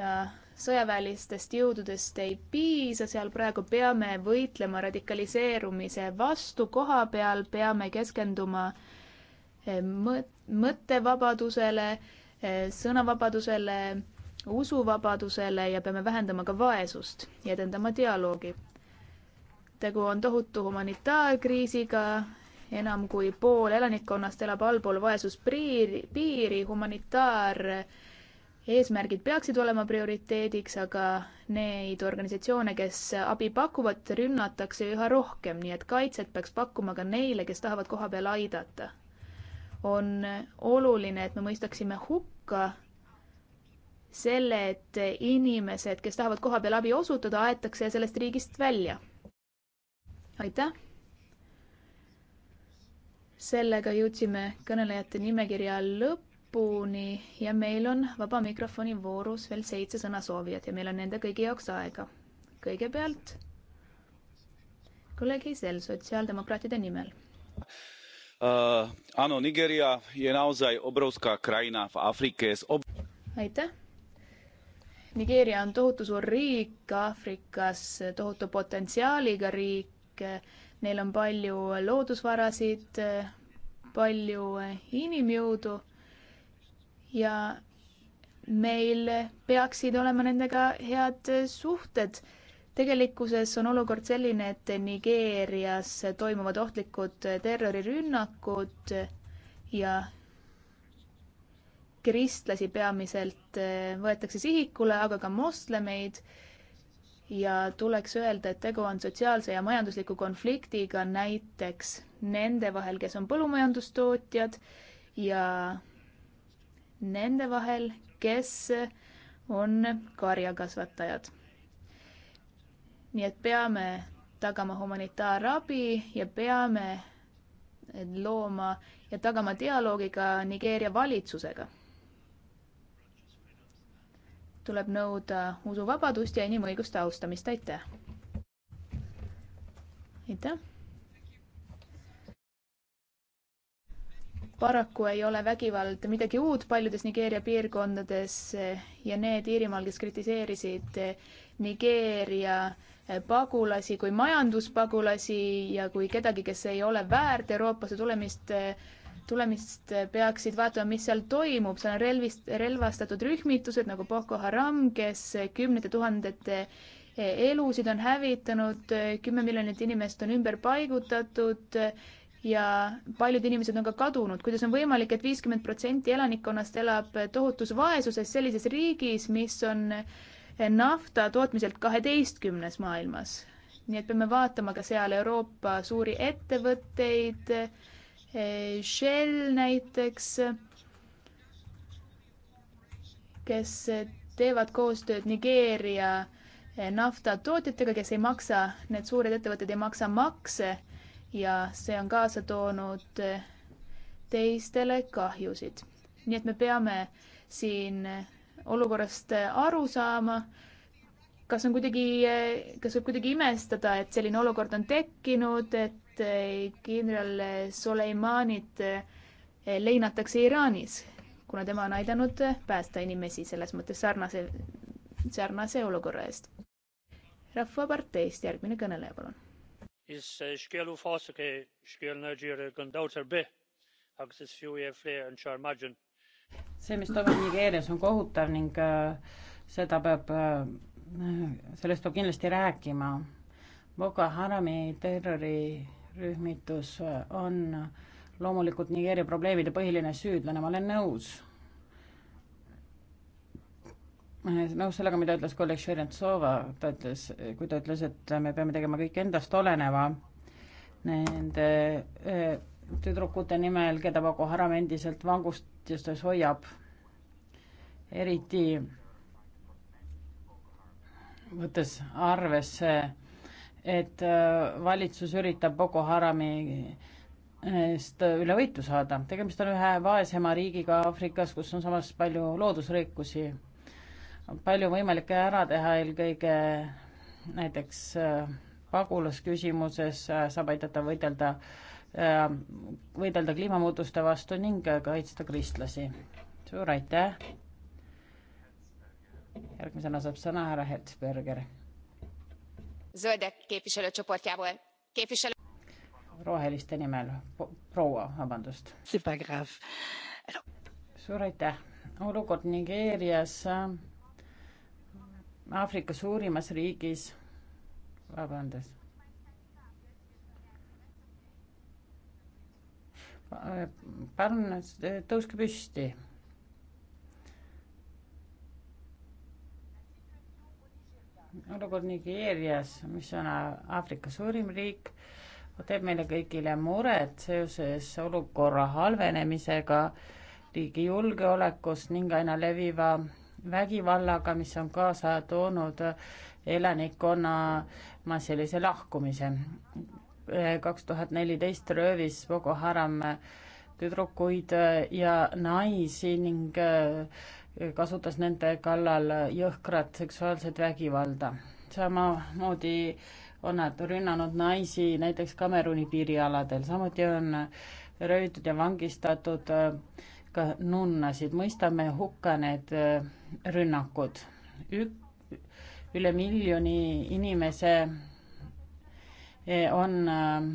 ja sõjaväelistest jõududest ei piisa, seal praegu peame võitlema radikaliseerumise vastu, koha peal peame keskenduma eh, mõttevabadusele, eh, sõnavabadusele, usuvabadusele ja peame vähendama ka vaesust ja edendama dialoogi. tegu on tohutu humanitaarkriisiga, enam kui pool elanikkonnast elab allpool vaesuspiiri, piiri, humanitaar- eesmärgid peaksid olema prioriteediks, aga neid organisatsioone, kes abi pakuvad, rünnatakse üha rohkem, nii et kaitset peaks pakkuma ka neile, kes tahavad kohapeal aidata. on oluline, et me mõistaksime hukka selle, et inimesed, kes tahavad kohapeal abi osutada, aetakse sellest riigist välja. aitäh! sellega jõudsime kõnelejate nimekirja lõppu lõpuni ja meil on vaba mikrofoni voorus veel seitse sõnasoovijat ja meil on nende kõigi jaoks aega. kõigepealt kolleeg Isel sotsiaaldemokraatide nimel. Äh, ano, Nigeria je naozaj obrovská krajina v Afrike. aitäh. Nigeeria on tohutu suur riik Aafrikas, tohutu potentsiaaliga riik. Neil on palju loodusvarasid, palju inimjõudu ja meil peaksid olema nendega head suhted. tegelikkuses on olukord selline, et Nigeerias toimuvad ohtlikud terrorirünnakud ja kristlasi peamiselt võetakse sihikule, aga ka moslemeid. ja tuleks öelda, et tegu on sotsiaalse ja majandusliku konfliktiga näiteks nende vahel, kes on põllumajandustootjad ja nende vahel, kes on karjakasvatajad. nii et peame tagama humanitaarabi ja peame looma ja tagama dialoogi ka Nigeeria valitsusega. tuleb nõuda usuvabadust ja inimõiguste austamist, aitäh! aitäh! paraku ei ole vägivald midagi uut paljudes Nigeeria piirkondades ja need Iirimaal, kes kritiseerisid Nigeeria pagulasi kui majanduspagulasi ja kui kedagi, kes ei ole väärt Euroopasse tulemist, tulemist, peaksid vaatama, mis seal toimub, seal on relvist, relvastatud rühmitused nagu Boko Haram, kes kümnete tuhandete elusid on hävitanud, kümme miljonit inimest on ümber paigutatud ja paljud inimesed on ka kadunud. kuidas on võimalik et, et viiskümmend protsenti elanikkonnast elab tohutus vaesuses sellises riigis, mis on nafta tootmiselt kaheteistkümnes maailmas? nii et peame vaatama ka seal Euroopa suuri ettevõtteid, Shell näiteks, kes teevad koostööd Nigeeria naftatootjatega, kes ei maksa, need suured ettevõtted ei maksa makse ja see on kaasa toonud teistele kahjusid. nii et me peame siin olukorrast aru saama. kas on kuidagi, kas võib kuidagi imestada, et selline olukord on tekkinud, et eh, kindral Soleimanit eh, leinatakse Iraanis, kuna tema on aidanud päästa inimesi selles mõttes sarnase, sarnase olukorra eest. rahvaparteist järgmine kõneleja, palun is scéalú fásacha scéal náisiúire go ndabhtar be agus is fiú é phlé an sear maidin. see, mis toimub Nigeerias, on kohutav uh, ning seda peab, sellest peab kindlasti rääkima. Boko Harami terrorirühmitus on loomulikult Nigeeria probleemide põhiline süüdlane, ma olen nõus Äh, nõus no, sellega, mida ütles kolleeg Šerentsova, ta ütles, kui ta ütles, et me peame tegema kõik endast oleneva nende äh, tüdrukute nimel, keda Boko Haram endiselt vangustustes hoiab, eriti võttes arvesse, et äh, valitsus üritab Boko Harami eest üle võitu saada. tegemist on ühe vaesema riigiga Aafrikas, kus on samas palju loodusrikkusi palju võimalik ära teha, eelkõige näiteks äh, pagulasküsimuses äh, saab aidata võidelda, äh, võidelda kliimamuutuste vastu ning kaitsta kristlasi. suur aitäh! järgmisena saab sõna härra Hertzberger. roheliste nimel po, proua, vabandust. suur aitäh! olukord Nigeerias Aafrika suurimas riigis, vabandust, palun tõuske püsti. olukord Nigeerias, mis on Aafrika suurim riik, teeb meile kõigile muret seoses olukorra halvenemisega, riigi julgeolekus ning aina leviva vägivallaga, mis on kaasa toonud elanikkonna massilise lahkumise. kaks tuhat neliteist röövis Boko Haram tüdrukuid ja naisi ning äh, kasutas nende kallal jõhkrat seksuaalset vägivalda. samamoodi on nad rünnanud naisi näiteks Kameruni piirialadel, samuti on röövitud ja vangistatud äh, ka nunnasid, mõistame hukka need äh, rünnakud. ük-, üle miljoni inimese äh, on äh,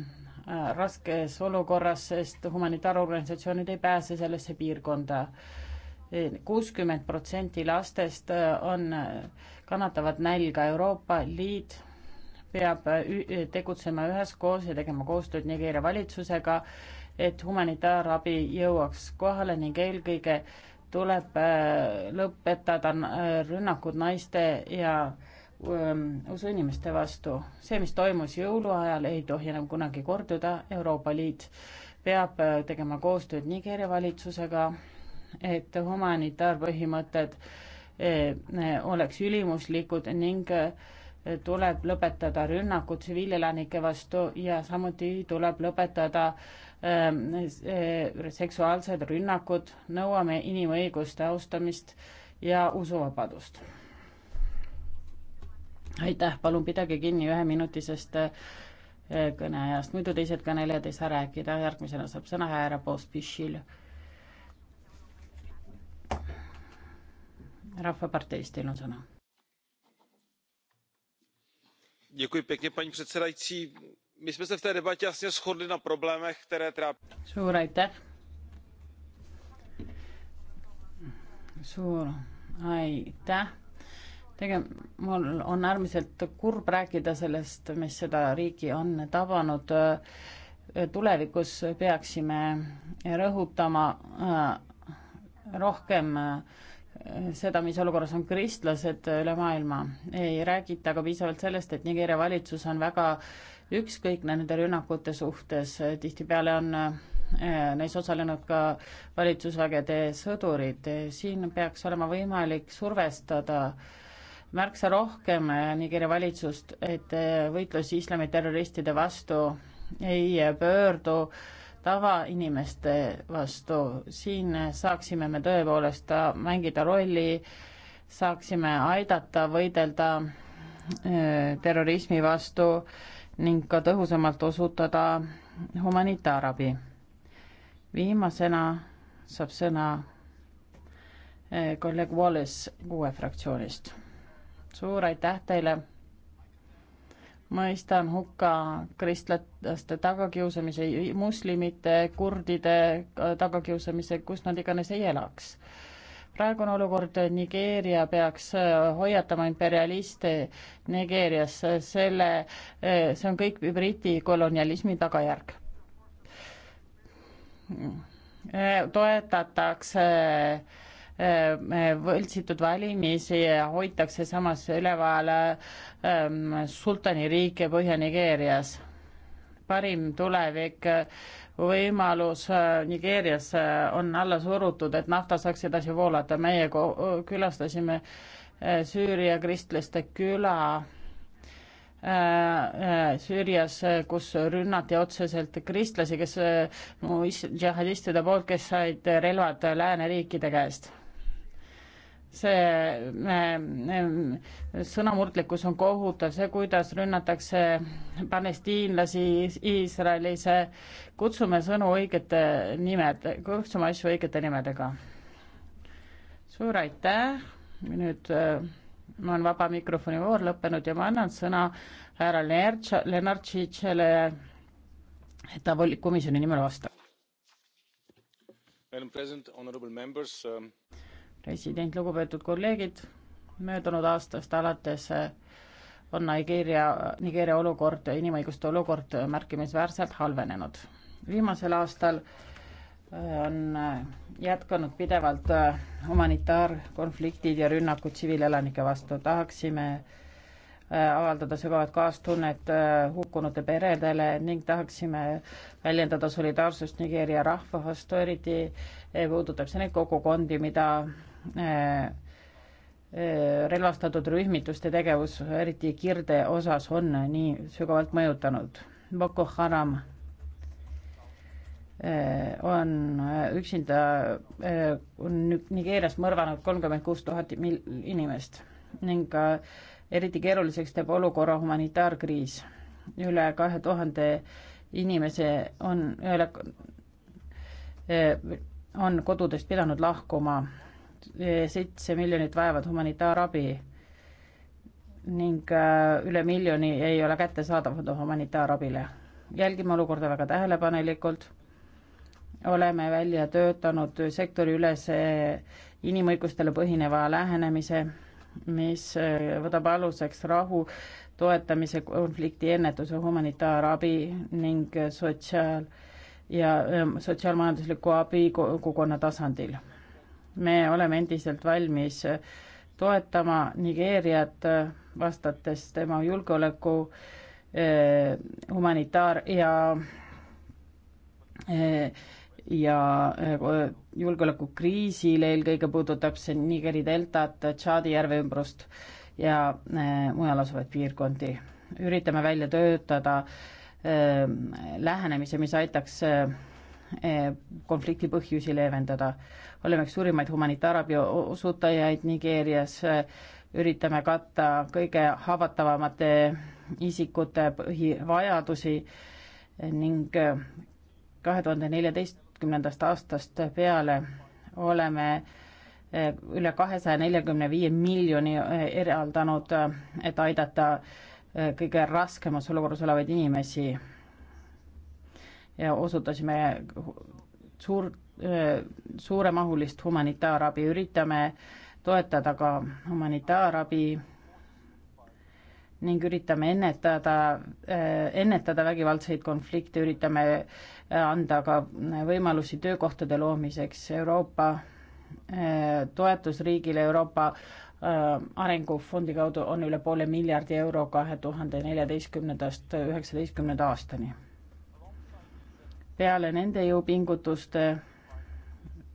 raskes olukorras, sest humanitaarorganisatsioonid ei pääse sellesse piirkonda. kuuskümmend protsenti lastest on, kannatavad nälga, Euroopa Liit peab tegutsema üheskoos ja tegema koostööd Nigeeria valitsusega et humanitaarabi jõuaks kohale ning eelkõige tuleb äh, lõpetada äh, rünnakud naiste ja ähm, usuinimeste vastu. see, mis toimus jõuluajal, ei tohi enam kunagi korduda, Euroopa Liit peab äh, tegema koostööd Nigeeria valitsusega, et humanitaarpõhimõtted oleks ülimuslikud ning äh, tuleb lõpetada rünnakud tsiviilelanike vastu ja samuti tuleb lõpetada ähm, äh, seksuaalsed rünnakud, nõuame inimõiguste austamist ja usuvabadust. aitäh, palun pidage kinni üheminutisest äh, kõneajast, muidu teised kõnelejad ei saa rääkida, järgmisena saab sõna härra Pospišil. rahvaparteist teil on sõna paní předsedající my jsme se v té debatě jasně shodli na problémech které trápí. suur aitäh suur aitäh tege- mul on äärmiselt kurb rääkida sellest mis seda riiki on tabanud tulevikus peaksime rõhutama äh, rohkem äh, seda, mis olukorras on kristlased üle maailma. ei räägita aga piisavalt sellest, et Nigeeria valitsus on väga ükskõikne nende rünnakute suhtes, tihtipeale on eh, neis osalenud ka valitsusvägede sõdurid, siin peaks olema võimalik survestada märksa rohkem eh, Nigeeria valitsust, et eh, võitlus islami terroristide vastu ei pöördu äh, tavainimeste vastu. siin saaksime me tõepoolest mängida rolli, saaksime aidata võidelda terrorismi vastu ning ka tõhusamalt osutada humanitaarabi. viimasena saab sõna kolleeg Wallace kuue fraktsioonist. suur aitäh teile mõistan hukka kristlaste tagakiusamise, moslemite, kurdide äh, tagakiusamise, kus nad iganes ei elaks. praegune olukord Nigeeria peaks äh, hoiatama imperialiste Nigeerias, selle, äh, see on kõik Briti kolonialismi tagajärg. Mm. toetatakse äh, Äh, äh, võltsitud valimisi hoitakse samas üleval ähm, sultaniriik Põhja-Nigeerias. parim tulevik äh, võimalus Nigeerias on alla surutud, et nafta saaks edasi voolata. meie külastasime Süüria kristlaste küla Süürias, kus rünnati otseselt kristlasi, kes no, džihadistide poolt, kes said relvad lääneriikide käest see sõnamurdlikkus on kohutav, see, kuidas rünnatakse palestiinlasi Iisraelis, kutsume sõnu õigete nimed, kutsume asju õigete nimedega. suur aitäh, nüüd on vaba mikrofoni voor lõppenud ja ma annan sõna härra Lennart Tšitšele, et ta voli-, komisjoni nimel vastab. Madam President, honorable members um president, lugupeetud kolleegid, möödunud aastast alates eh, on Nigeeria, Nigeeria olukord, inimõiguste olukord märkimisväärselt halvenenud. viimasel aastal eh, on eh, jätkunud pidevalt humanitaarkonfliktid ja rünnakud tsiviilelanike vastu, tahaksime avaldada sügavat kaastunnet hukkunute peredele ning tahaksime väljendada solidaarsust Nigeeria rahva vastu, eriti puudutab see neid kogukondi, mida Äh, äh, relvastatud rühmituste tegevus, eriti Kirde osas, on nii sügavalt mõjutanud. Boko Haram äh, on üksinda Nigeerias mõrvanud kolmkümmend kuus tuhat inimest ning eriti keeruliseks teeb olukorra humanitaarkriis. üle kahe tuhande inimese on, on kodudest pidanud lahkuma seitse miljonit vajavad humanitaarabi ning äh, üle miljoni ei ole kättesaadav humanitaarabile. jälgime olukorda väga tähelepanelikult, oleme välja töötanud sektoriülese inimõigustele põhineva lähenemise, mis äh, võtab aluseks rahu toetamise, konflikti ennetuse, humanitaarabi ning sotsiaal- ja ähm, sotsiaalmajandusliku abi kogukonna tasandil me oleme endiselt valmis toetama Nigeeriat, vastates tema julgeoleku, eh, humanitaar- ja eh, ja eh, julgeolekukriisile, eelkõige puudutab see Nigeri deltat, Tšaadi järve ümbrust ja mujal asuvaid piirkondi. üritame välja töötada lähenemise, mis aitaks konflikti põhjusi leevendada oleme üks suurimaid humanitaarabi osutajaid Nigeerias, üritame katta kõige haavatavamate isikute põhivajadusi ning kahe tuhande neljateistkümnendast aastast peale oleme e, üle kahesaja neljakümne viie miljoni e, eraldanud, et aidata e, kõige raskemas olukorras olevaid inimesi. ja osutasime suurt suuremahulist humanitaarabi, üritame toetada ka humanitaarabi ning üritame ennetada, ennetada vägivaldseid konflikte, üritame anda ka võimalusi töökohtade loomiseks Euroopa toetus riigile Euroopa Arengufondi kaudu on üle poole miljardi euro kahe tuhande neljateistkümnendast üheksateistkümnenda aastani. peale nende jõupingutuste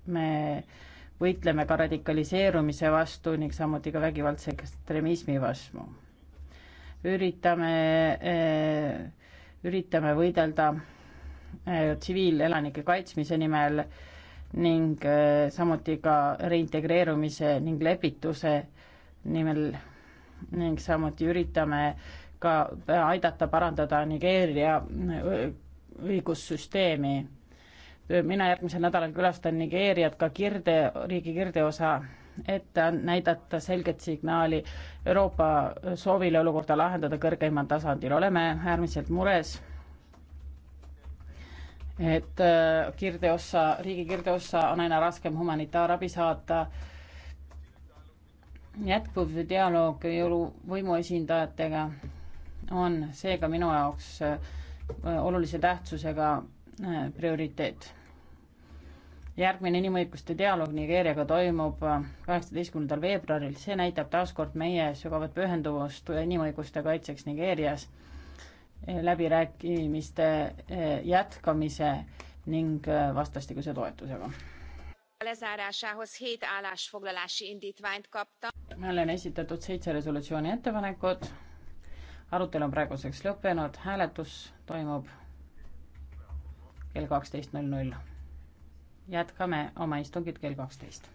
me võitleme ka radikaliseerumise vastu ning samuti ka vägivaldse ekstremismi vastu. üritame, eh, üritame võidelda eh, tsiviilelanike kaitsmise nimel ning eh, samuti ka reintegreerumise ning lepituse nimel ning samuti üritame ka aidata parandada Nigeeria õigussüsteemi mina järgmisel nädalal külastan Nigeeriat ka kirde, riigi kirdeosa, et näidata selget signaali Euroopa soovile olukorda lahendada kõrgeimal tasandil. oleme äärmiselt mures, et äh, kirdeossa, riigi kirdeossa on aina raskem humanitaarabi saata jätkuv dialoog jõulu võimu esindajatega on seega minu jaoks äh, olulise tähtsusega äh, prioriteet järgmine inimõiguste dialoog Nigeeriaga toimub äh, kaheksateistkümnendal veebruaril, see näitab taaskord meie sügavat pühenduvust inimõiguste kaitseks Nigeerias äh, läbirääkimiste äh, jätkamise ning vastastikuse toetusega. meile on esitatud seitse resolutsiooni ettepanekut, arutelu on praeguseks lõppenud, hääletus toimub kell kaksteist null null jätkame oma istungit kell kaksteist.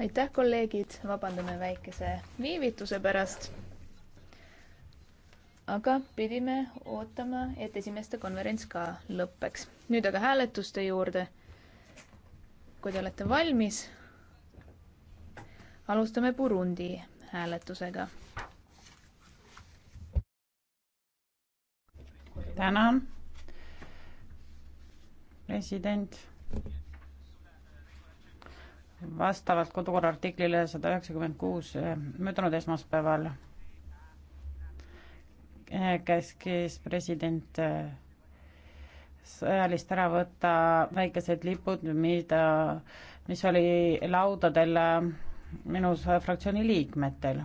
aitäh, kolleegid, vabandame väikese viivituse pärast. aga pidime ootama, et esimeste konverents ka lõpeks. nüüd aga hääletuste juurde. kui te olete valmis, alustame Burundi hääletusega. tänan president. vastavalt kodukorra artiklile sada üheksakümmend kuus eh, möödunud esmaspäeval eh, käskis president eh, sõjalist ära võtta väikesed lipud, mida, mis oli laudadel minu fraktsiooni liikmetel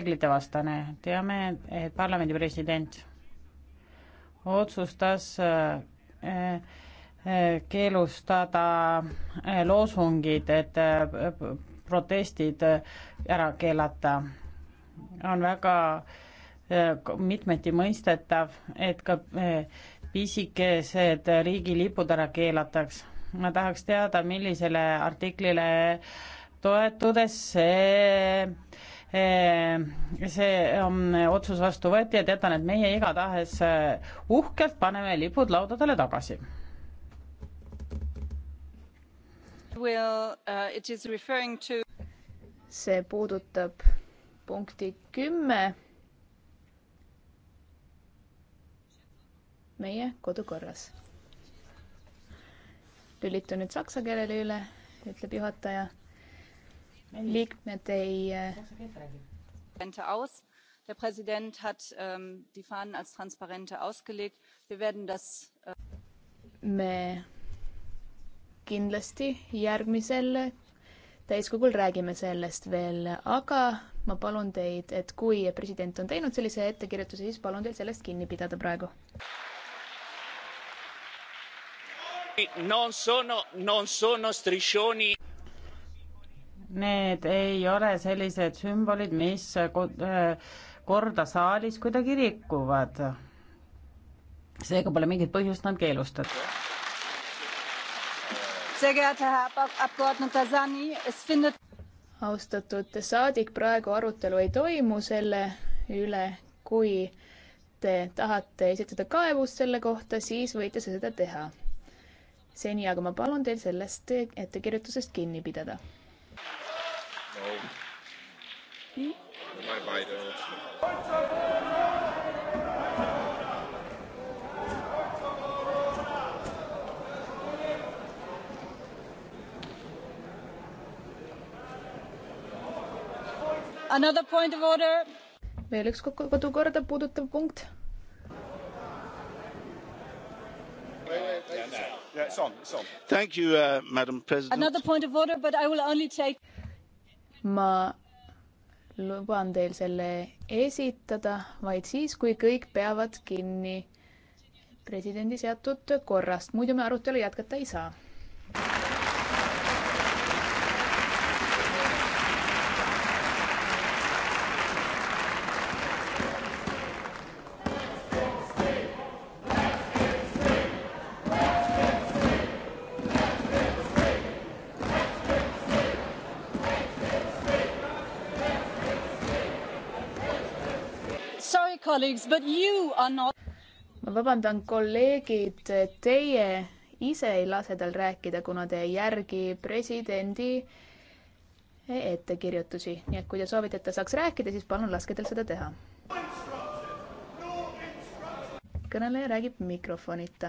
reeglite vastane. teame, et parlamendi president otsustas äh, äh, keelustada äh, loosungid, et protestid ära keelata. on väga mitmeti mõistetav, et ka pisikesed riigilipud ära keelataks. ma tahaks teada, millisele artiklile toetudes see Eh, see on otsus vastu võeti ja teatan, et meie igatahes eh, uhkelt paneme lipud laudadele tagasi. Eh, see puudutab punkti kümme meie kodukorras. lülitun nüüd saksa keelele üle, ütleb juhataja liikmed ei äh, der präsident hat ähm, die fahnen als transparente ausgelegt. wir werden das äh me kindlasti järgmisel täiskogul räägime sellest veel, aga ma palun teid, et kui president on teinud sellise ettekirjutuse, siis palun teil sellest kinni pidada praegu. Non sono, non sono striscioni need ei ole sellised sümbolid, mis äh, korda saalis kuidagi rikuvad. seega pole mingit põhjust nad keelustada. austatud saadik, praegu arutelu ei toimu selle üle, kui te tahate esitada kaebust selle kohta, siis võite seda teha seni aga ma palun teil sellest ettekirjutusest kinni pidada auch. Hm? Dabei beide. Another point of order. veel üks kodukorda puudutav punkt You, uh, madam president order, take ma luban teil selle esitada vaid siis, kui kõik peavad kinni presidendi seatud korrast, muidu me arutelu jätkata ei saa. ma vabandan, kolleegid, teie ise ei lase tal rääkida, kuna te ei järgi presidendi ettekirjutusi, nii et kui te soovite, et ta saaks rääkida, siis palun laske tal seda teha. kõneleja räägib mikrofonita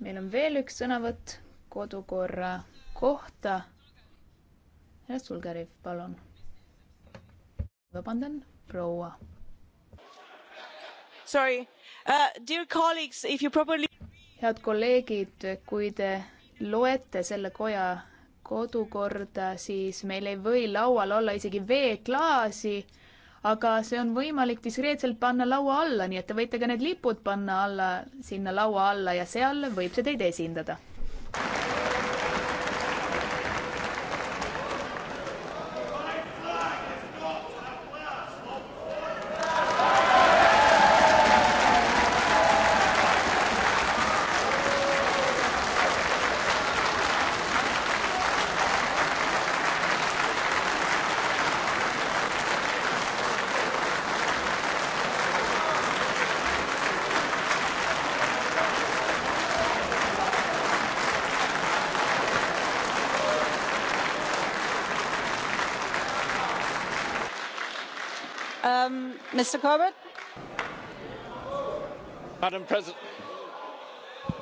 meil on veel üks sõnavõtt kodukorra kohta. härra Sulgeriv, palun. vabandan, proua. Sorry uh,, dear colleagues, if you properly. head kolleegid, kui te loete selle koja kodukorda, siis meil ei või laual olla isegi veeklaasi aga see on võimalik diskreetselt panna laua alla, nii et te võite ka need lipud panna alla, sinna laua alla ja seal võib see teid esindada.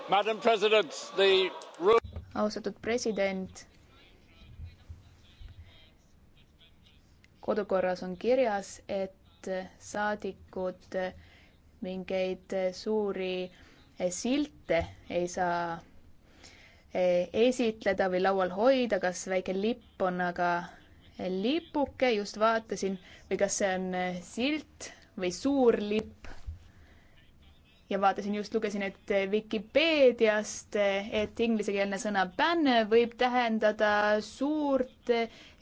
madam president the austatud president kodukorras on kirjas et saadikud mingeid suuri silte ei saa eh, esitleda või laual hoida kas väike lipp on aga lipuke, just vaatasin, või kas see on eh, silt või suur lipp. ja vaatasin, just lugesin, et eh, Vikipeediast, eh, et inglisekeelne sõna banner võib tähendada suurt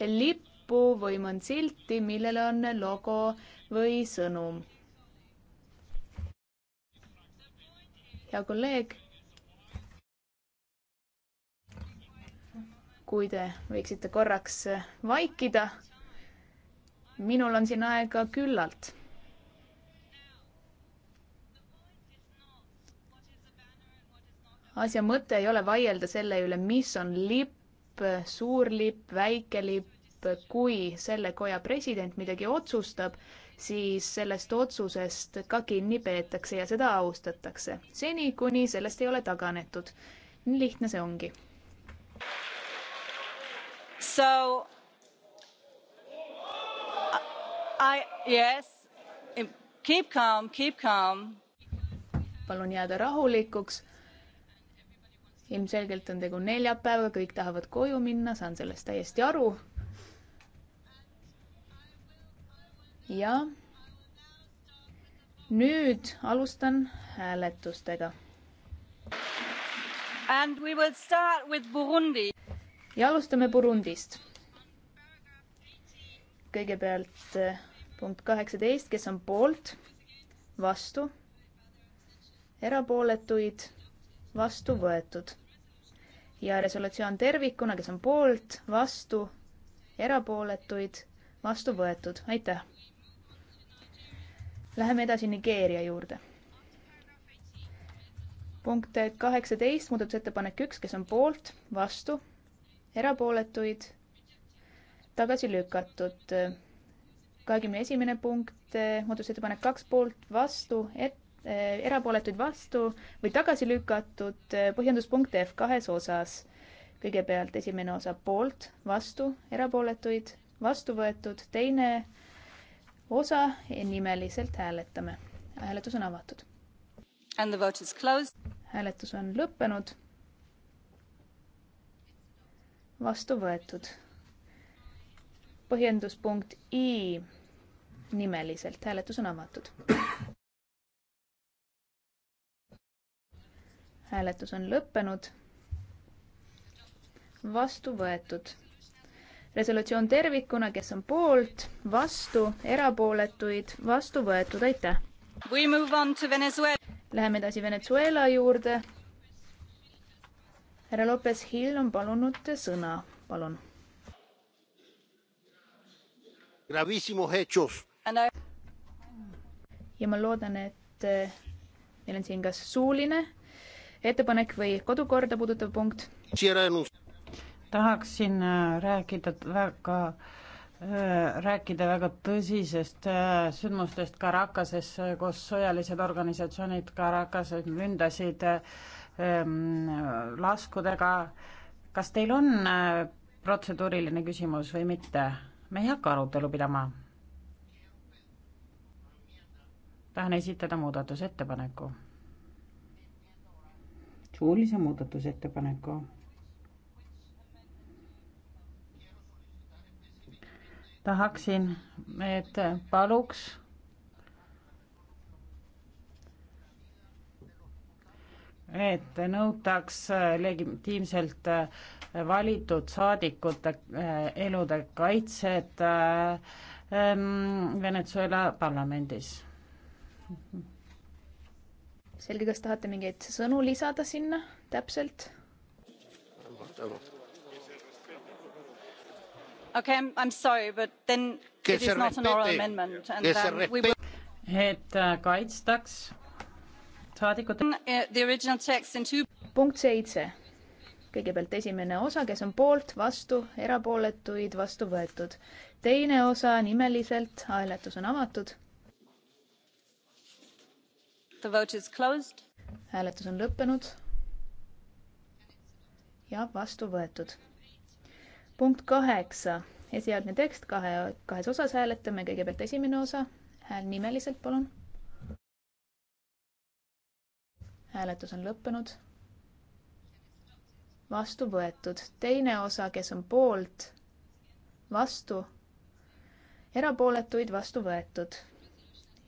lippu või mõnd silti, millel on logo või sõnum. hea kolleeg kui te võiksite korraks äh, vaikida. minul on siin aega küllalt. asja mõte ei ole vaielda selle üle, mis on lipp, suur lipp, väike lipp, kui selle koja president midagi otsustab, siis sellest otsusest ka kinni peetakse ja seda austatakse, seni kuni sellest ei ole taganetud. nii lihtne see ongi So, I, yes, keep calm, keep calm. palun jääda rahulikuks. ilmselgelt on tegu neljapäevaga, kõik tahavad koju minna, saan sellest täiesti aru. ja nüüd alustan hääletustega. And we will start with Burundi ja alustame Burundist. kõigepealt eh, punkt kaheksateist, kes on poolt, vastu, erapooletuid, vastu võetud. ja resolutsioon tervikuna, kes on poolt, vastu, erapooletuid, vastu võetud, aitäh. Läheme edasi Nigeeria juurde. punkt kaheksateist, muudatusettepanek üks, kes on poolt, vastu erapooletuid, tagasi lükatud. kahekümne esimene punkt, muudatusettepanek kaks poolt, vastu, et eh, erapooletuid vastu või tagasi lükatud, eh, põhjenduspunkt F kahes osas. kõigepealt esimene osa poolt, vastu, erapooletuid, vastu võetud, teine osa nimeliselt hääletame. hääletus on avatud. hääletus on lõppenud vastu võetud. põhjenduspunkt I nimeliselt hääletus on avatud. hääletus on lõppenud. vastu võetud. resolutsioon tervikuna, kes on poolt, vastu, erapooletuid, vastu võetud, aitäh. Läheme edasi Venezuela juurde härra Lopez Hill on palunud sõna, palun. ja ma loodan, et eh, meil on siin kas suuline ettepanek või kodukorda puudutav punkt. tahaksin eh, rääkida väga eh, rääkida väga tõsisest sündmustest Caracases, kus sõjalised organisatsioonid Caracases ründasid laskudega. kas teil on protseduuriline küsimus või mitte? me ei hakka arutelu pidama. tahan esitada muudatusettepaneku. suulise muudatusettepaneku. tahaksin, et paluks et nõutaks legitiimselt valitud saadikute eh, elude kaitset eh, Venezuela parlamendis. selge, kas tahate mingeid sõnu lisada sinna täpselt? Okay, I'm, I'm sorry, but then it is not an oral amendment and then um, we will. et eh, kaitstaks saadikute. Mm, eh, punkt seitse. kõigepealt esimene osa, kes on poolt, vastu, erapooletuid, vastu võetud. teine osa nimeliselt, hääletus on avatud. hääletus on lõppenud. ja vastu võetud. punkt kaheksa, esialgne tekst kahe, kahes osas hääletame, kõigepealt esimene osa, hääl nimeliselt, palun hääletus on lõppenud. vastu võetud. teine osa, kes on poolt, vastu, erapooletuid vastu võetud.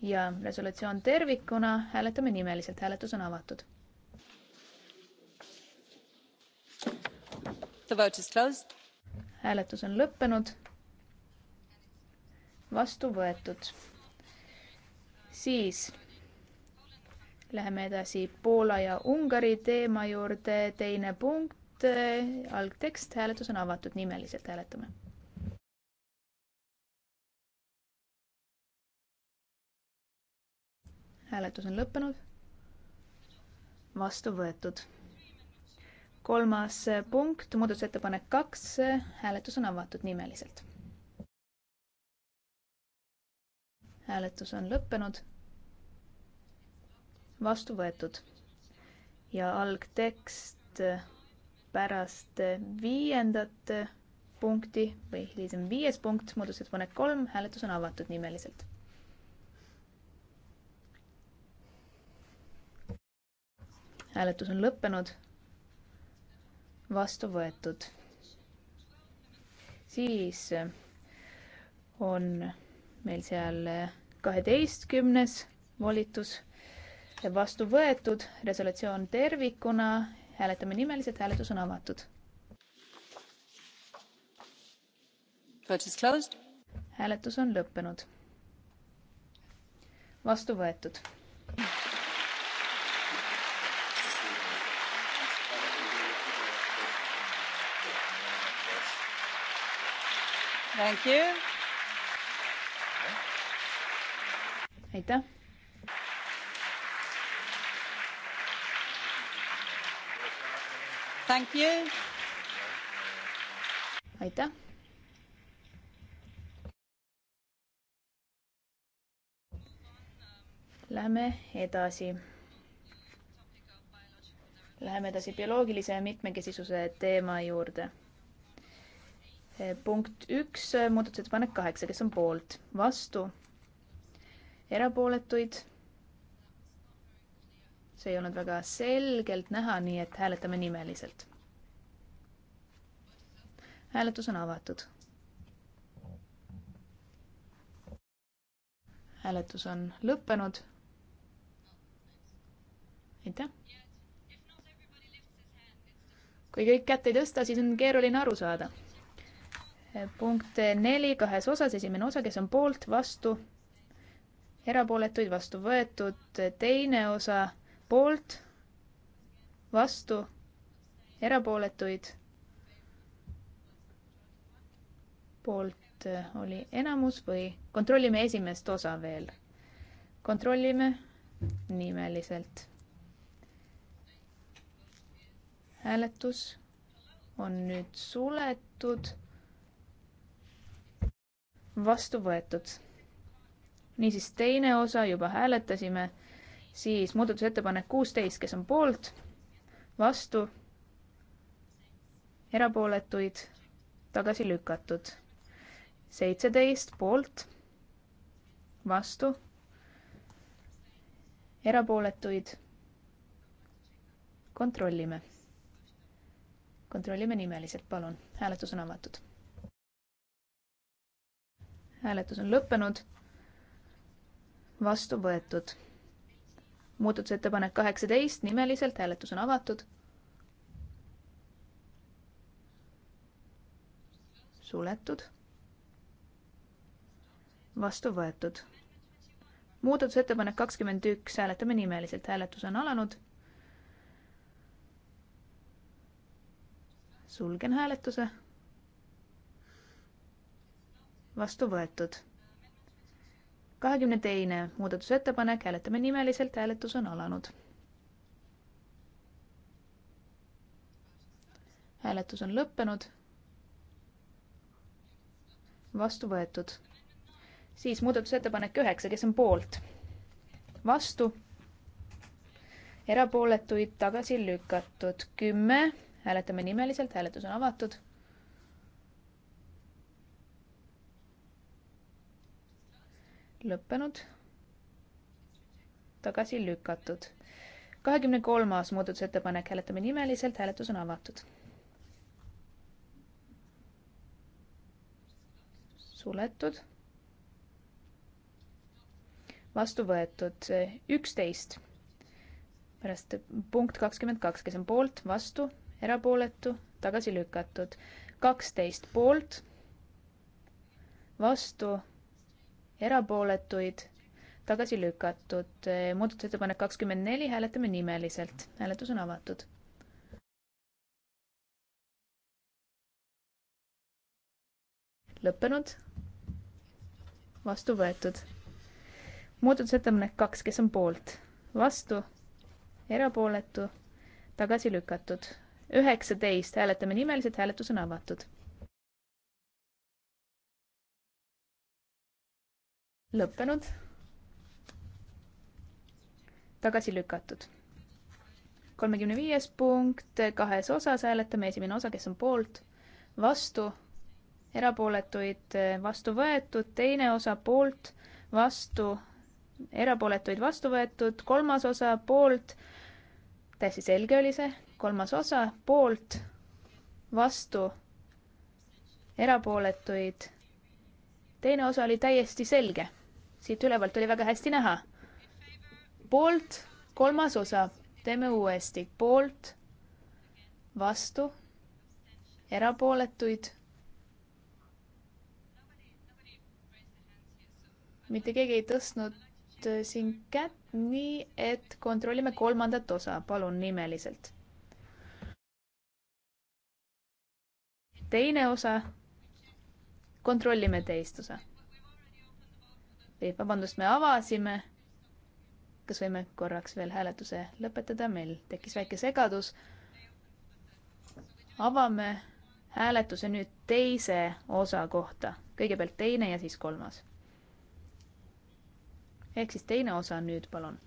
ja resolutsioon tervikuna hääletame nimeliselt, hääletus on avatud. hääletus on lõppenud. vastu võetud. siis Läheme edasi Poola ja Ungari teema juurde, teine punkt, eh, algtekst, hääletus on avatud, nimeliselt hääletame. hääletus on lõppenud. vastu võetud. kolmas punkt, muudatusettepanek kaks, hääletus on avatud nimeliselt. hääletus on lõppenud vastu võetud. ja algtekst pärast viiendat punkti või hilisem viies punkt, muudatusettepanek kolm, hääletus on avatud nimeliselt. hääletus on lõppenud. vastu võetud. siis on meil seal kaheteistkümnes volitus vastu võetud, resolutsioon tervikuna, hääletame nimeliselt, hääletus on avatud. hääletus on lõppenud. vastu võetud. aitäh. aitäh. Läheme edasi. Läheme edasi bioloogilise mitmekesisuse teema juurde. punkt üks, muudatusettepanek kaheksa, kes on poolt, vastu, erapooletuid see ei olnud väga selgelt näha, nii et hääletame nimeliselt. hääletus on avatud. hääletus on lõppenud. aitäh. kui kõik kätt ei tõsta, siis on keeruline aru saada. punkt neli kahes osas, esimene osa, kes on poolt, vastu, erapooletuid, vastu võetud, teine osa poolt, vastu, erapooletuid. poolt eh, oli enamus või kontrollime esimest osa veel. kontrollime nimeliselt. hääletus on nüüd suletud. vastu võetud. niisiis teine osa juba hääletasime siis muudatusettepanek kuusteist, kes on poolt, vastu, erapooletuid, tagasi lükatud. seitseteist poolt, vastu, erapooletuid. kontrollime. kontrollime nimeliselt, palun, hääletus on avatud. hääletus on lõppenud. vastu võetud muudatusettepanek kaheksateist, nimeliselt hääletus on avatud. suletud. vastu võetud. muudatusettepanek kakskümmend üks, hääletame nimeliselt, hääletus on alanud. sulgen hääletuse. vastu võetud kahekümne teine muudatusettepanek, hääletame nimeliselt, hääletus on alanud. hääletus on lõppenud. vastu võetud. siis muudatusettepanek üheksa, kes on poolt? vastu. erapooletuid tagasi lükatud kümme, hääletame nimeliselt, hääletus on avatud lõppenud, tagasi lükatud. kahekümne kolmas muudatusettepanek, hääletame nimeliselt, hääletus on avatud. suletud. vastu võetud üksteist. pärast punkt kakskümmend kaks, kes on poolt, vastu, erapooletu, tagasi lükatud. kaksteist poolt, vastu erapooletuid, tagasi lükatud. muudatusettepanek kakskümmend neli, hääletame nimeliselt. hääletus on avatud. lõppenud. vastu võetud. muudatusettepanek kaks, kes on poolt? vastu, erapooletu, tagasi lükatud. üheksateist, hääletame nimeliselt, hääletus on avatud lõppenud. tagasi lükatud. kolmekümne viies punkt, kahes osas hääletame, esimene osa, kes on poolt, vastu, erapooletuid vastu võetud, teine osa poolt, vastu, erapooletuid vastu võetud, kolmas osa poolt, täiesti selge oli see, kolmas osa poolt, vastu, erapooletuid. teine osa oli täiesti selge siit ülevalt oli väga hästi näha. poolt, kolmas osa, teeme uuesti, poolt, vastu, erapooletuid. mitte keegi ei tõstnud äh, siin kätt, nii et kontrollime kolmandat osa, palun nimeliselt. teine osa, kontrollime teist osa või vabandust, me avasime. kas võime korraks veel hääletuse lõpetada, meil tekkis väike segadus. avame hääletuse nüüd teise osa kohta, kõigepealt teine ja siis kolmas. ehk siis teine osa nüüd, palun.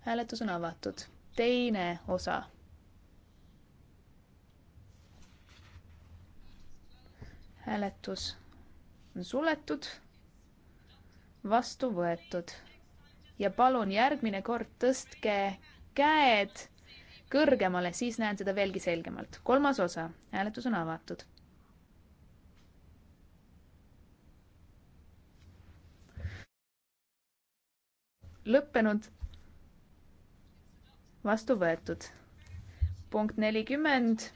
hääletus on avatud, teine osa. hääletus on suletud vastu võetud. ja palun järgmine kord tõstke käed kõrgemale, siis näen seda veelgi selgemalt. kolmas osa, hääletus on avatud. lõppenud. vastu võetud. punkt nelikümmend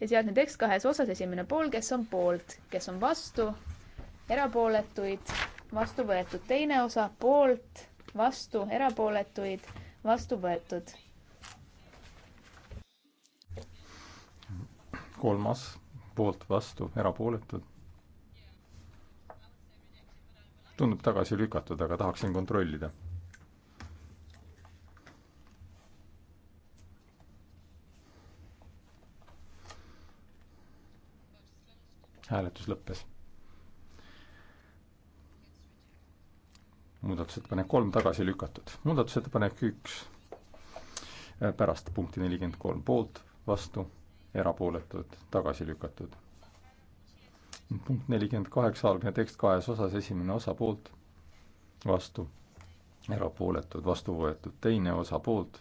ja seadme tekst kahes osas, esimene pool, kes on poolt, kes on vastu, erapooletuid vastu võetud, teine osa poolt, vastu, erapooletuid, vastu võetud. kolmas poolt, vastu, erapooletud. tundub tagasi lükatud, aga tahaksin kontrollida. hääletus lõppes muudatusettepanek kolm tagasi lükatud. muudatusettepanek üks äh, pärast punkti nelikümmend kolm poolt, vastu, erapooletud, tagasi lükatud. punkt nelikümmend kaheksa, algne tekst kahes osas, esimene osa poolt, vastu, erapooletud, vastu võetud, teine osa poolt,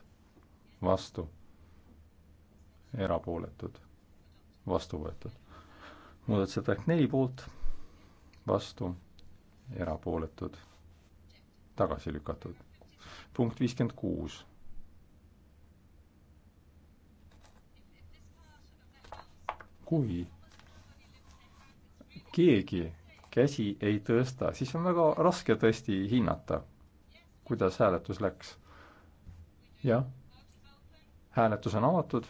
vastu, erapooletud, vastu võetud. muudatusettepanek neli poolt, vastu, erapooletud tagasi lükatud. punkt viiskümmend kuus. kui keegi käsi ei tõsta, siis on väga raske tõesti hinnata, kuidas hääletus läks. jah, hääletus on avatud.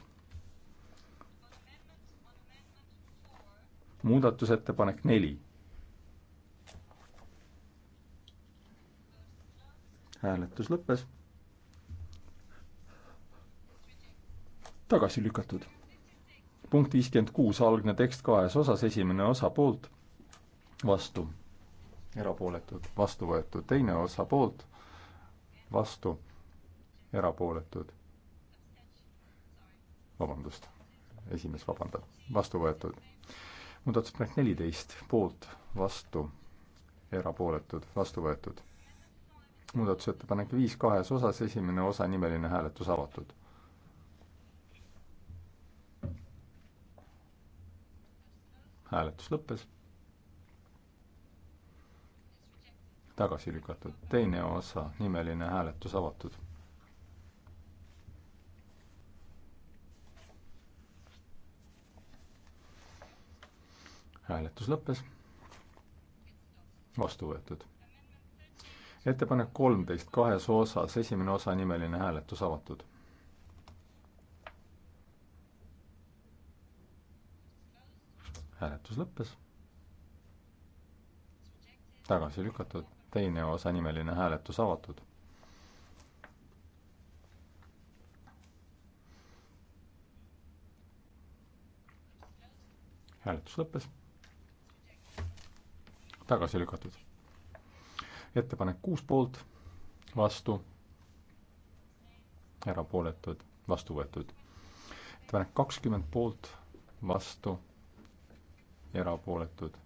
muudatusettepanek neli hääletus lõppes. tagasi lükatud. punkt viiskümmend kuus, algne tekst kahes osas, esimene osa poolt, vastu, erapooletud, vastu võetud, teine osa poolt, vastu, erapooletud. vabandust, esimees vabandab, vastu võetud. muudatusettepanek neliteist, poolt, vastu, erapooletud, vastu võetud muudatusettepanek viis kahes osas, esimene osa, nimeline hääletus avatud. hääletus lõppes. tagasi lükatud, teine osa, nimeline hääletus avatud. hääletus lõppes. vastu võetud ettepanek kolmteist kahes osas, esimene osa nimeline hääletus avatud. hääletus lõppes. tagasi lükatud, teine osa nimeline hääletus avatud. hääletus lõppes. tagasi lükatud ettepanek kuus poolt, vastu, erapooletud, vastu võetud. ettepanek kakskümmend poolt, vastu, erapooletud.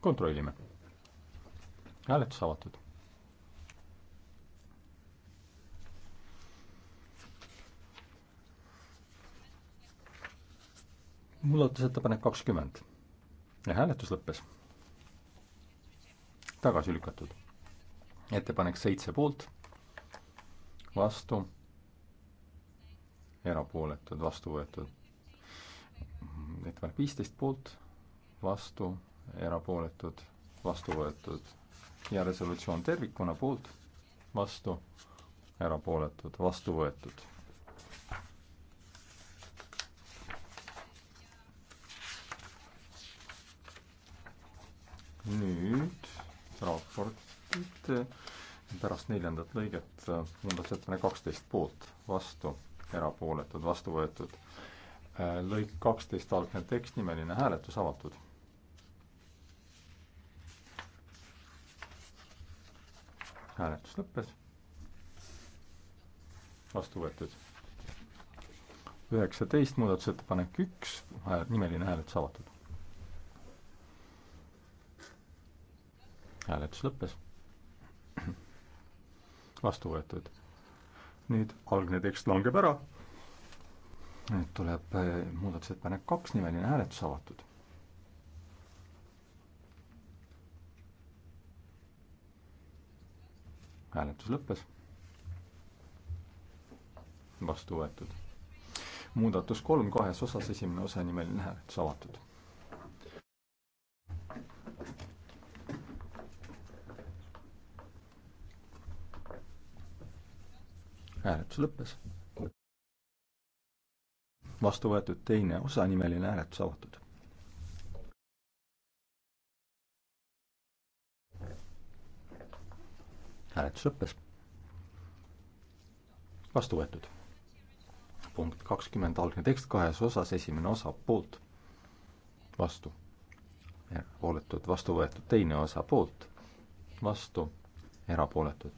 kontrollime. hääletus avatud. muudatusettepanek kakskümmend ja hääletus lõppes tagasi lükatud. ettepanek seitse poolt, vastu, erapooletud, vastu võetud. ettepanek viisteist poolt, vastu, erapooletud, vastu võetud. ja resolutsioon tervikuna poolt, vastu, erapooletud, vastu võetud nüüd raportit pärast neljandat lõiget muudatusettepanek kaksteist poolt, vastu, erapooletud, vastu võetud. lõik kaksteist algne tekst, nimeline hääletus avatud. hääletus lõppes. vastu võetud. üheksateist muudatusettepanek üks, nimeline hääletus avatud. hääletus lõppes. vastu võetud. nüüd algne tekst langeb ära. nüüd tuleb äh, muudatusettepanek kaks, nimeline hääletus avatud. hääletus lõppes. vastu võetud. muudatus kolm kahes osas, esimene osa nimeline hääletus avatud hääletus lõppes. vastu võetud teine osa, nimeline hääletus avatud. hääletus lõppes. vastu võetud. punkt kakskümmend, algne tekst kahes osas, esimene osa poolt, vastu, erapooletud, vastu võetud, teine osa poolt, vastu, erapooletud,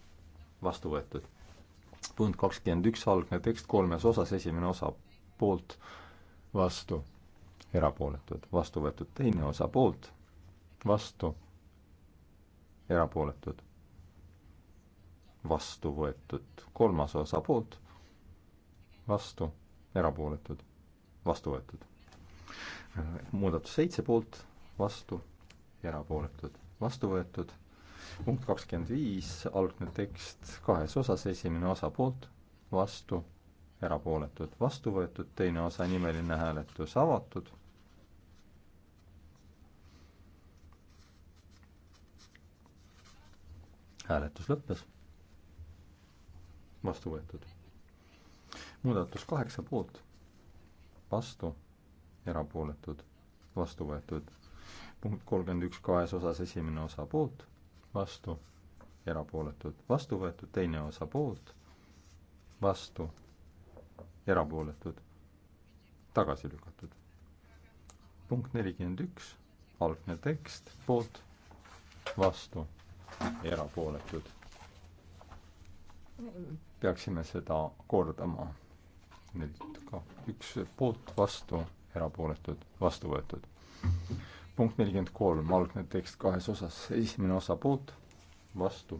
vastu võetud punkt kakskümmend üks, algne tekst kolmes osas, esimene osa poolt, vastu, erapooletud, vastu võetud, teine osa poolt, vastu, erapooletud, vastu võetud, kolmas osa poolt, vastu, erapooletud, vastu võetud. muudatus seitse poolt, vastu, erapooletud, vastu võetud punkt kakskümmend viis, algne tekst kahes osas, esimene osa poolt, vastu, erapooletud, vastu võetud, teine osa nimeline hääletus avatud. hääletus lõppes, vastu võetud. muudatus kaheksa poolt, vastu, erapooletud, vastu võetud punkt kolmkümmend üks kahes osas, esimene osa poolt, vastu, erapooletud, vastu võetud, teine osa poolt, vastu, erapooletud, tagasi lükatud. punkt nelikümmend üks, algne tekst, poolt, vastu, erapooletud. peaksime seda kordama. nüüd ka üks poolt, vastu, erapooletud, vastu võetud punkt nelikümmend kolm, algne tekst kahes osas, esimene osa poolt, vastu,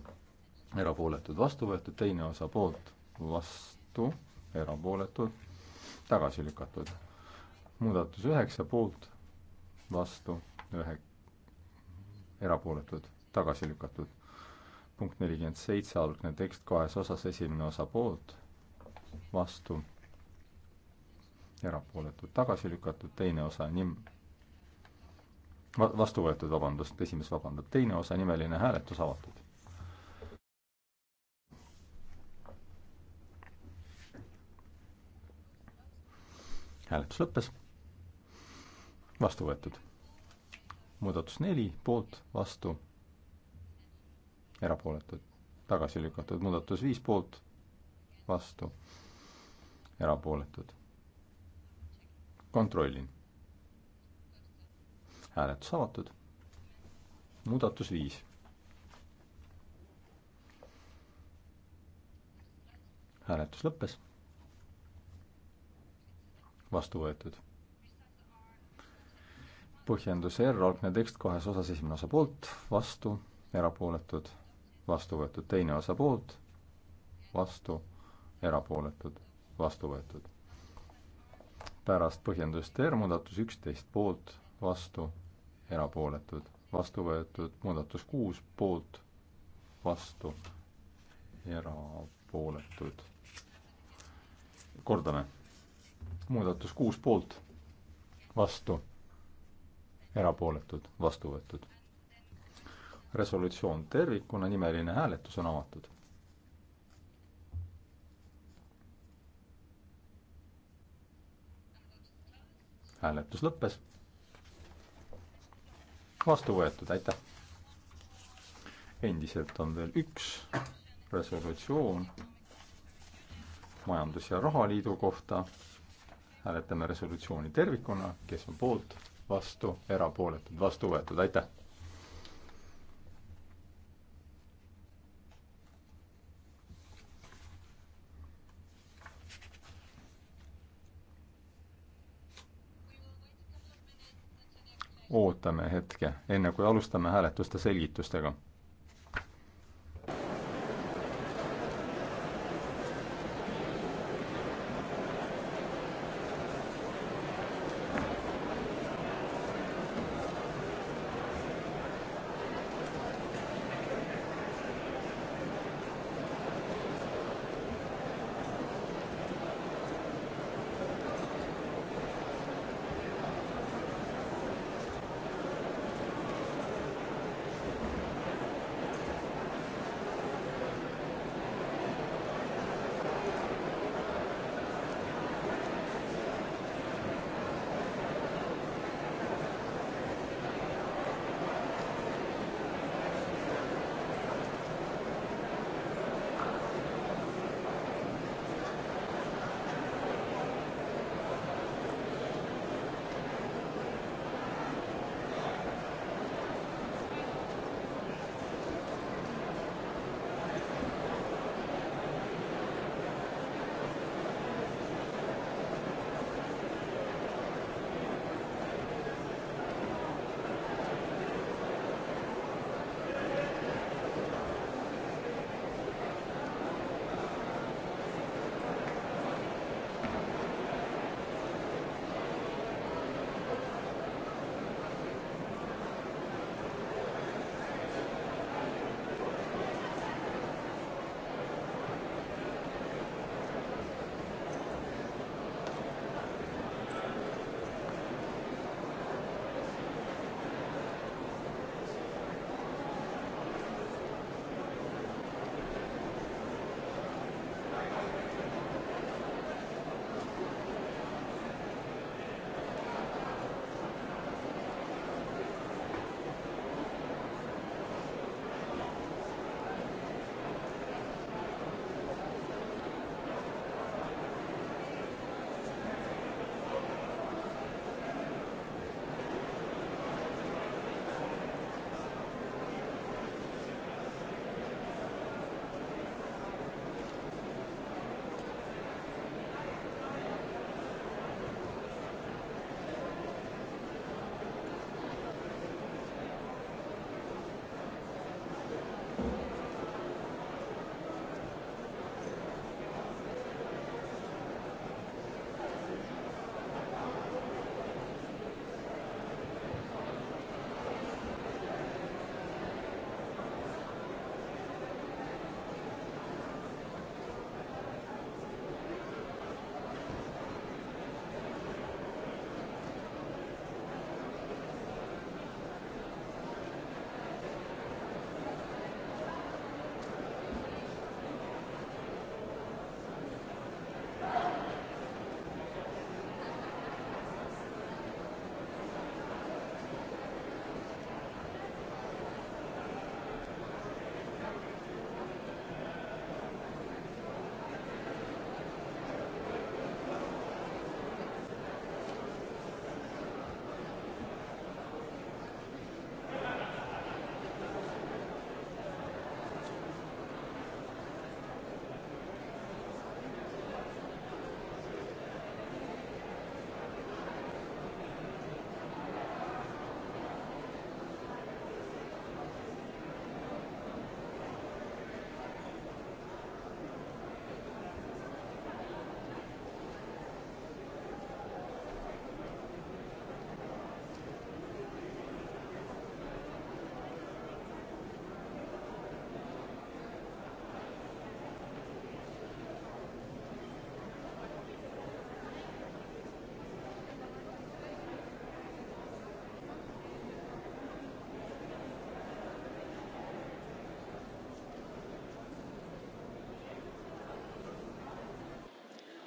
erapooletud, vastu võetud, teine osa poolt, vastu, erapooletud, tagasi lükatud. muudatus üheksa poolt, vastu, ühe, erapooletud, tagasi lükatud. punkt nelikümmend seitse, algne tekst kahes osas, esimene osa poolt, vastu, erapooletud, tagasi lükatud, teine osa nim-, va-, vastu võetud, vabandust, esimees vabandab, teine osa nimeline hääletus avatud. hääletus lõppes, vastu võetud. muudatus neli, poolt, vastu, erapooletud, tagasi lükatud, muudatus viis, poolt, vastu, erapooletud. kontrollin hääletus avatud. muudatus viis. hääletus lõppes. vastu võetud. põhjendus R, algne tekst kahes osas, esimene osa poolt, vastu, erapooletud, vastu võetud, teine osa poolt, vastu, erapooletud, vastu võetud. pärast põhjendust R muudatus üksteist poolt, vastu erapooletud, vastu võetud, muudatus kuus poolt, vastu, erapooletud. kordame, muudatus kuus poolt, vastu, erapooletud, vastu võetud. resolutsioon tervikuna, nimeline hääletus on avatud hääletus lõppes vastu võetud, aitäh. endiselt on veel üks resolutsioon majandus- ja rahaliidu kohta. hääletame resolutsiooni tervikuna, kes on poolt, vastu, erapooletud, vastu võetud, aitäh ootame hetke, enne kui alustame hääletuste selgitustega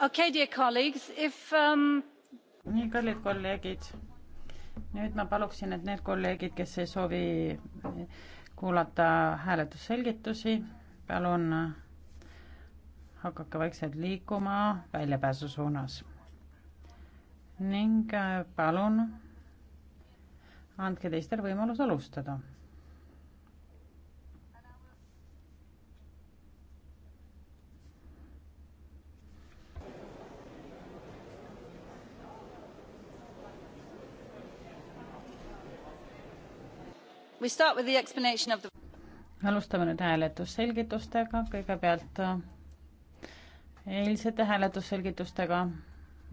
Okay, dear colleagues, if um... nii, kallid kolleegid, nüüd ma paluksin, et need kolleegid, kes ei soovi kuulata hääletusselgitusi, palun hakake vaikselt liikuma väljapääsu suunas. ning äh, palun andke teistel võimalus alustada alustame nüüd hääletusselgitustega, kõigepealt äh, eilsete hääletusselgitustega,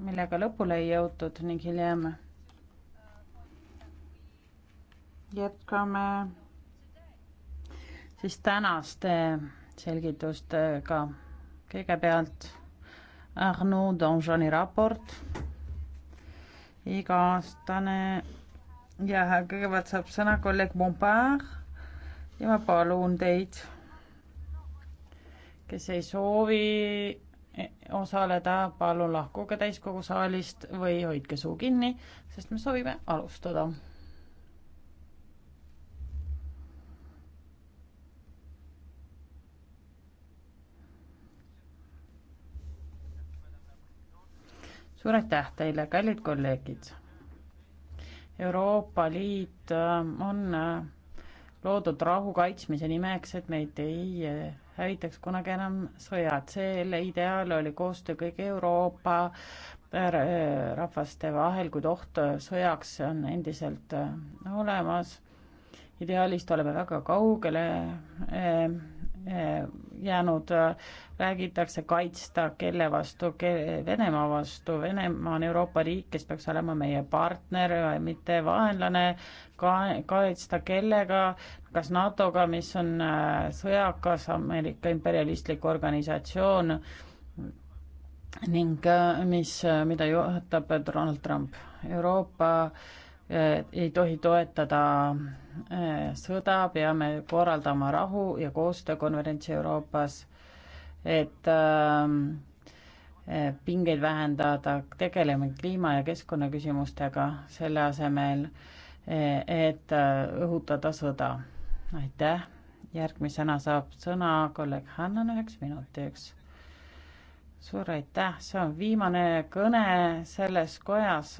millega lõpule ei jõutud ning hiljem jätkame siis tänaste selgitustega. kõigepealt Arnaud Donjoni raport, iga-aastane ja kõigepealt saab sõna kolleeg Bompard ja ma palun teid, kes ei soovi osaleda, palun lahkuge täiskogu saalist või hoidke suu kinni, sest me soovime alustada. suur aitäh teile, kallid kolleegid Euroopa Liit äh, on äh, loodud rahu kaitsmise nimeks, et meid ei äh, hävitaks kunagi enam sõjad. selle ideaal oli koostöö kõigi Euroopa rahvaste vahel, kuid oht sõjaks on endiselt olemas. ideaalist oleme väga kaugele Eh, jäänud, eh, räägitakse kaitsta kelle vastu, Venemaa vastu, Venemaa on Euroopa riik, kes peaks olema meie partner, mitte vaenlane, ka-, kaitsta kellega, kas NATO-ga, mis on eh, sõjakas Ameerika imperialistlik organisatsioon ning mis, mida juhatab Donald Trump. Euroopa äh, Äh, ei tohi toetada äh, sõda, peame korraldama rahu ja koostöökonverentsi Euroopas, et ähm, äh, pingeid vähendada, tegeleme kliima- ja keskkonnaküsimustega, selle asemel, et õhutada sõda. aitäh, järgmisena saab sõna kolleeg Hannan üheks minutiks. suur aitäh, see on viimane kõne selles kojas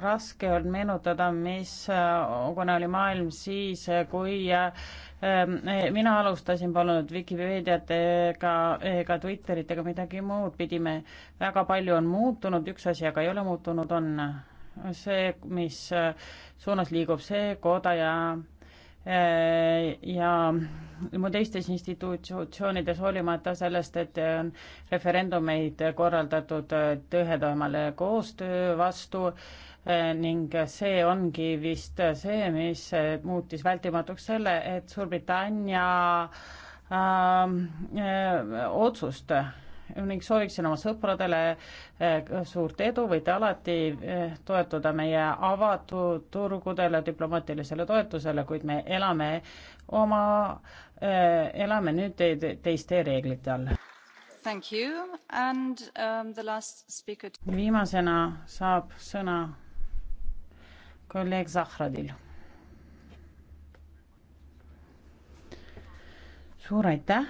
raske on meenutada, missugune oli maailm siis, kui ähm, mina alustasin polnud Vikipeediat ega, ega Twitterit ega midagi muud pidime. väga palju on muutunud, üks asi aga ei ole muutunud, on see, mis suunas liigub see koda ja Äh, ja mu teistes institutsioonides, hoolimata sellest, et on referendumeid korraldatud äh, tihedamale koostöö vastu äh, ning see ongi vist see, mis muutis vältimatuks selle, et Suurbritannia ähm, äh, öö, otsust ning sooviksin oma sõpradele eh, suurt edu, võite alati eh, toetuda meie avatud turgudele, diplomaatilisele toetusele, kuid me elame oma, eh, elame nüüd te te teiste reeglite all. Um, speaker... viimasena saab sõna kolleeg Zahradil. suur aitäh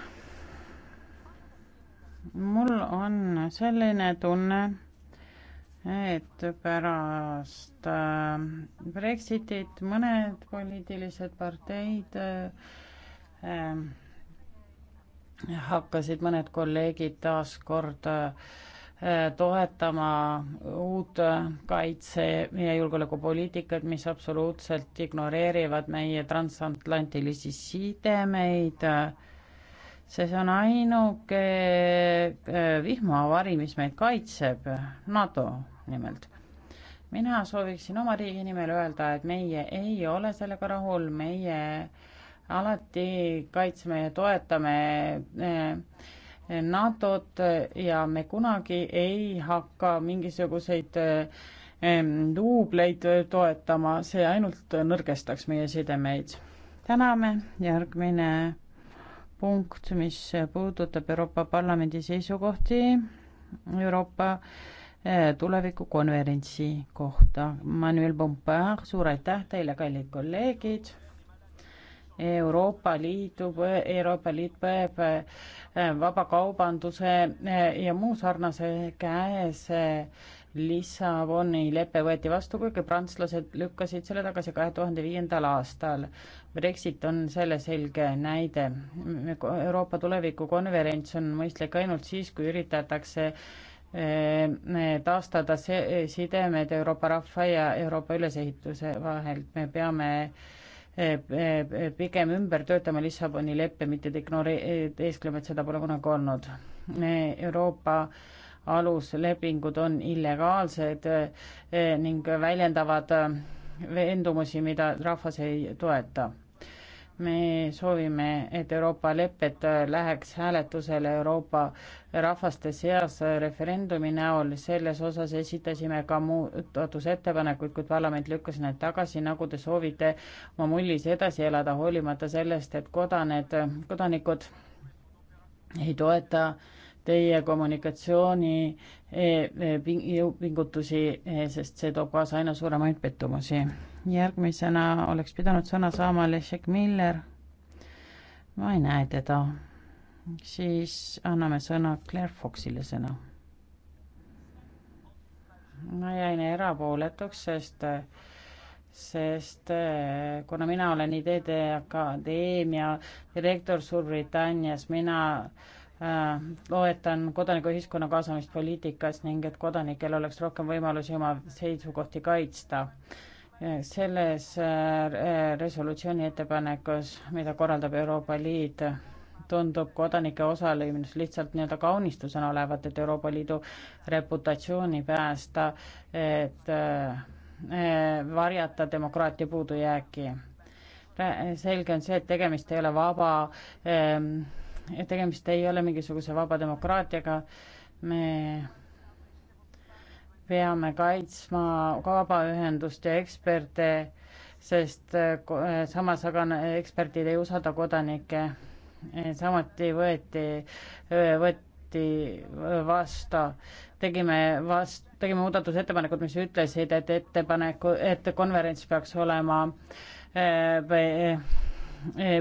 mul on selline tunne, et pärast äh, Brexitit mõned poliitilised parteid äh, äh, hakkasid mõned kolleegid taas kord äh, toetama uut kaitse- ja julgeolekupoliitikat, mis absoluutselt ignoreerivad meie transatlantilisi sidemeid äh, see on ainuke äh, vihmavari, mis meid kaitseb, NATO nimelt. mina sooviksin oma riigi nimel öelda, et meie ei ole sellega rahul, meie alati kaitsme ja toetame äh, NATO-t ja me kunagi ei hakka mingisuguseid äh, duubleid toetama, see ainult nõrgestaks meie sidemeid. täname, järgmine punkt, mis puudutab Euroopa Parlamendi seisukohti Euroopa eh, tulevikukonverentsi kohta. Manuel Bompard, suur aitäh teile, kallid kolleegid. Euroopa Liidu, Euroopa Liit põeb eh, vabakaubanduse eh, ja muu sarnase käes. Lissaboni lepe võeti vastu, kuigi prantslased lükkasid selle tagasi kahe tuhande viiendal aastal. Brexit on selle selge näide. Euroopa tulevikukonverents on mõistlik ainult siis, kui üritatakse eh, taastada see sidemed Euroopa rahva ja Euroopa ülesehituse vahel. me peame eh, eh, pigem ümber töötama Lissaboni leppe, mitte ignoreerima, et seda pole kunagi olnud. Euroopa aluslepingud on illegaalsed ning väljendavad veendumusi, mida rahvas ei toeta me soovime, et Euroopa lepet läheks hääletusele Euroopa rahvaste seas referendumi näol, selles osas esitasime ka muudatusettepanekuid, kuid parlament lükkas need tagasi, nagu te soovite oma mullis edasi elada, hoolimata sellest, et kodaned, kodanikud ei toeta teie kommunikatsiooni eh, eh, jõupingutusi, eh, sest see toob kaasa aina suuremaid pettumusi järgmisena oleks pidanud sõna saama Leszek Miller. ma ei näe teda. siis anname sõna Claire Foxile sõna. ma jäin erapooletuks, sest, sest kuna mina olen Ideede Akadeemia direktor Suurbritannias, mina äh, loetan kodanikuühiskonna kaasamist poliitikas ning et kodanikel oleks rohkem võimalusi oma seisukohti kaitsta selles äh, resolutsiooni ettepanekus, mida korraldab Euroopa Liit, tundub kodanike osalemine lihtsalt nii-öelda kaunistusena olevat, et Euroopa Liidu reputatsiooni päästa, et äh, varjata demokraatia puudujääki. selge on see, et tegemist ei ole vaba, ähm, tegemist ei ole mingisuguse vaba demokraatiaga, me peame kaitsma vabaühendust ja eksperte, sest eh, samas aga eksperdid ei usalda kodanikke. Eh, samuti võeti, eh, võeti vastu, tegime vast-, tegime muudatusettepanekud, mis ütlesid, et ettepaneku, et konverents peaks olema,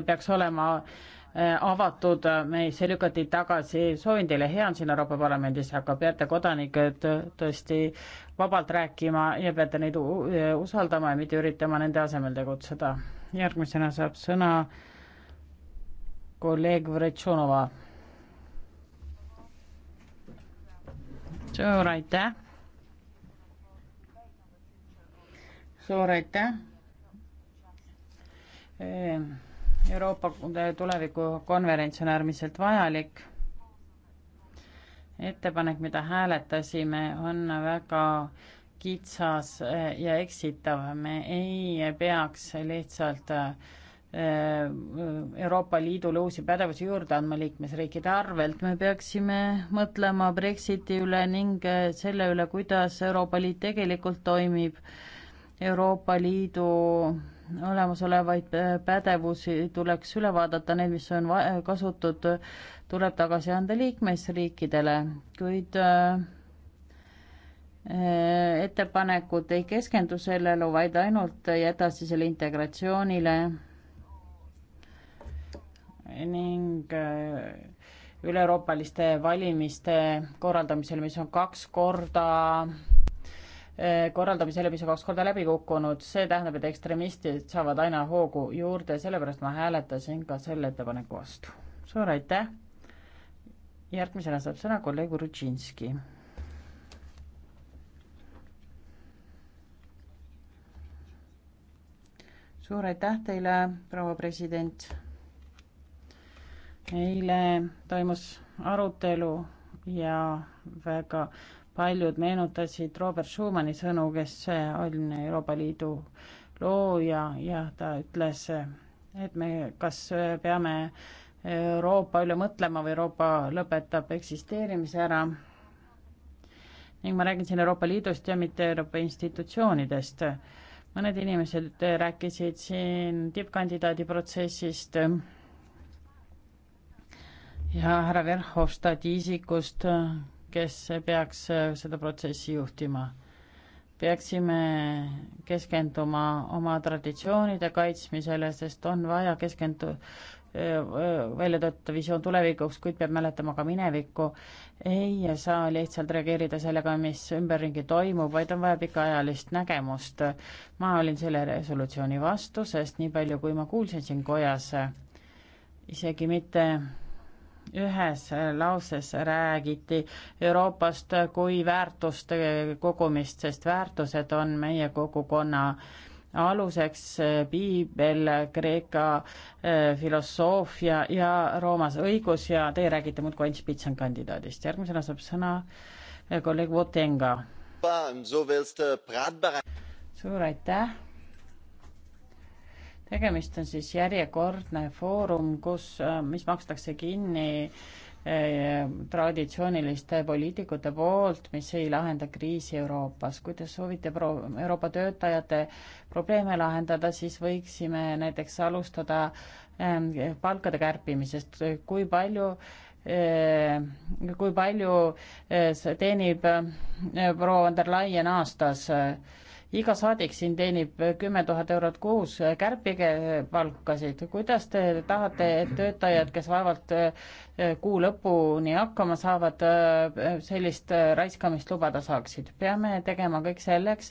peaks olema Äh, avatud, äh, me, see lükati tagasi, soovin teile hea on siin Euroopa Parlamendis, aga peate kodanikud äh, tõesti vabalt rääkima ja peate neid usaldama ja mitte üritama nende asemel tegutseda. järgmisena saab sõna kolleeg Vretšonova. suur aitäh. suur aitäh Euroopa tulevikukonverents on äärmiselt vajalik. ettepanek, mida hääletasime, on väga kitsas ja eksitav, me ei peaks lihtsalt äh, Euroopa Liidule uusi pädevusi juurde andma liikmesriikide arvelt, me peaksime mõtlema Brexiti üle ning äh, selle üle, kuidas Euroopa Liit tegelikult toimib. Euroopa Liidu olemasolevaid äh, pädevusi tuleks üle vaadata, need, mis on kasutud, tuleb tagasi anda liikmesriikidele, kuid äh, äh, ettepanekud ei keskendu sellele, vaid ainult edasisele integratsioonile ning üle-euroopaliste valimiste korraldamisel, mis on kaks korda korraldamisele, mis on kaks korda läbi kukkunud, see tähendab, et ekstremistid saavad aina hoogu juurde, sellepärast ma hääletasin ka selle ettepaneku vastu. suur aitäh! järgmisena saab sõna kolleeg Urutšinski. suur aitäh teile, proua president! eile toimus arutelu ja väga paljud meenutasid Robert Schumani sõnu, kes on Euroopa Liidu looja ja ta ütles, et me kas peame Euroopa üle mõtlema või Euroopa lõpetab eksisteerimise ära. ning ma räägin siin Euroopa Liidust ja mitte Euroopa institutsioonidest. mõned inimesed rääkisid siin tippkandidaadi protsessist ja härra Verhofstadti isikust, kes peaks äh, seda protsessi juhtima. peaksime keskenduma oma traditsioonide kaitsmisele, sest on vaja keskendu-, äh, äh, välja töötada visioon tulevikuks, kuid peab mäletama ka minevikku. ei saa lihtsalt reageerida sellega, mis ümberringi toimub, vaid on vaja pikaajalist nägemust. ma olin selle resolutsiooni vastu, sest nii palju, kui ma kuulsin siin kojas, isegi mitte ühes lauses räägiti Euroopast kui väärtuste kogumist, sest väärtused on meie kogukonna aluseks piibel, Kreeka eh, filosoofia ja Roomas õigus ja teie räägite muudkui Ants Pitsan kandidaadist. järgmisena saab sõna eh, kolleeg Votenga. suur aitäh tegemist on siis järjekordne foorum, kus, äh, mis makstakse kinni äh, traditsiooniliste poliitikute poolt, mis ei lahenda kriisi Euroopas. kui te soovite pro-, Euroopa töötajate probleeme lahendada, siis võiksime näiteks alustada ähm, palkade kärpimisest, kui palju äh, kui palju teenib proua von der Leyen aastas iga saadik siin teenib kümme tuhat eurot kuus, kärpige palkasid, kuidas te tahate, et töötajad, kes vaevalt eh, kuu lõpuni hakkama saavad, eh, sellist eh, raiskamist lubada saaksid? peame tegema kõik selleks,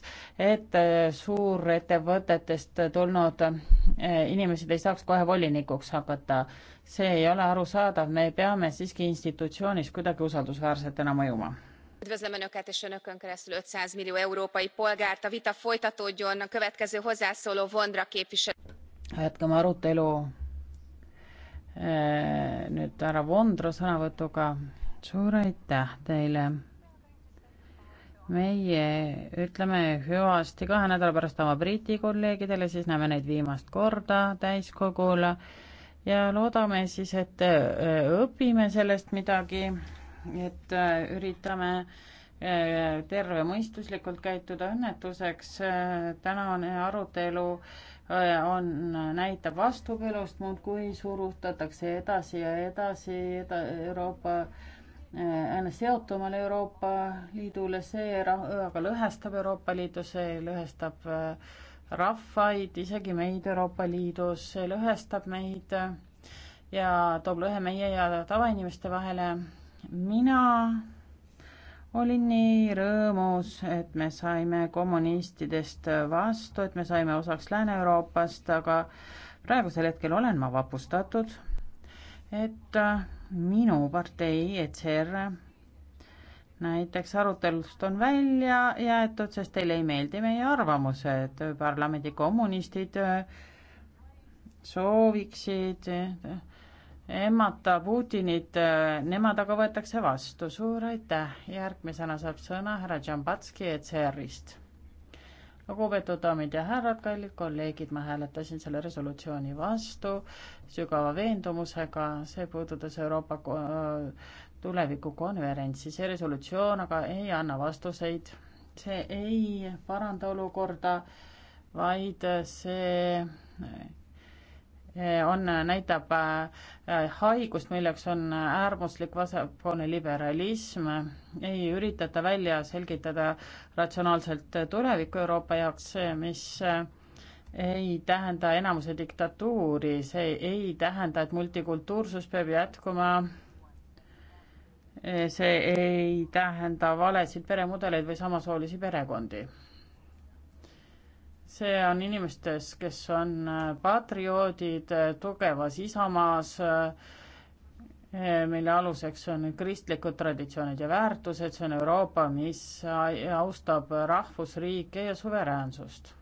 et suurettevõtetest tulnud inimesed ei saaks kohe volinikuks hakata. see ei ole arusaadav, me peame siiski institutsioonis kuidagi usaldusväärsetena mõjuma üdvözlöm önöket és önökön keresztül five hundred millió európai polgárt a vita folytatódjon. a következő hozzászóló vondra képviselő. jätkame arutelu nüüd härra Vondra sõnavõtuga. suur aitäh teile. meie ütleme hüvasti kahe nädala pärast oma Briti kolleegidele, siis näeme neid viimast korda täiskogul ja loodame siis, et õpime sellest midagi et äh, üritame äh, tervemõistuslikult käituda. õnnetuseks äh, tänane arutelu on, näitab vastupidust, muudkui surutatakse edasi ja edasi eda, Euroopa ennast seotumale Euroopa Liidule, see aga lõhestab Euroopa Liitu, see lõhestab rahvaid, isegi meid Euroopa Liidus, see lõhestab meid ja toob lõhe meie ja tavainimeste vahele mina olin nii rõõmus, et me saime kommunistidest vastu, et me saime osaks Lääne-Euroopast, aga praegusel hetkel olen ma vapustatud, et äh, minu partei, ECR, näiteks arutelust on välja jäetud, sest teile ei meeldi meie arvamused, parlamendi kommunistid äh, sooviksid äh, emmata Putinit, äh, nemad aga võetakse vastu, suur aitäh, järgmisena saab sõna härra Džambatski ECR-ist. lugupeetud daamid ja härrad, kallid kolleegid, ma hääletasin selle resolutsiooni vastu sügava veendumusega, see puudutas Euroopa äh, tulevikukonverentsi, see resolutsioon aga ei anna vastuseid, see ei paranda olukorda, vaid see on, näitab äh, haigust, milleks on äärmuslik vasakpoolne liberalism, ei üritata välja selgitada ratsionaalselt tulevikku Euroopa jaoks, mis äh, ei tähenda enamuse diktatuuri, see ei tähenda, et multikultuursus peab jätkuma, äh, see ei tähenda valesid peremudeleid või samasoolisi perekondi see on inimestes, kes on äh, patrioodid äh, tugevas isamaas, äh, mille aluseks on kristlikud traditsioonid ja väärtused, see on Euroopa, mis austab rahvusriike ja suveräänsust.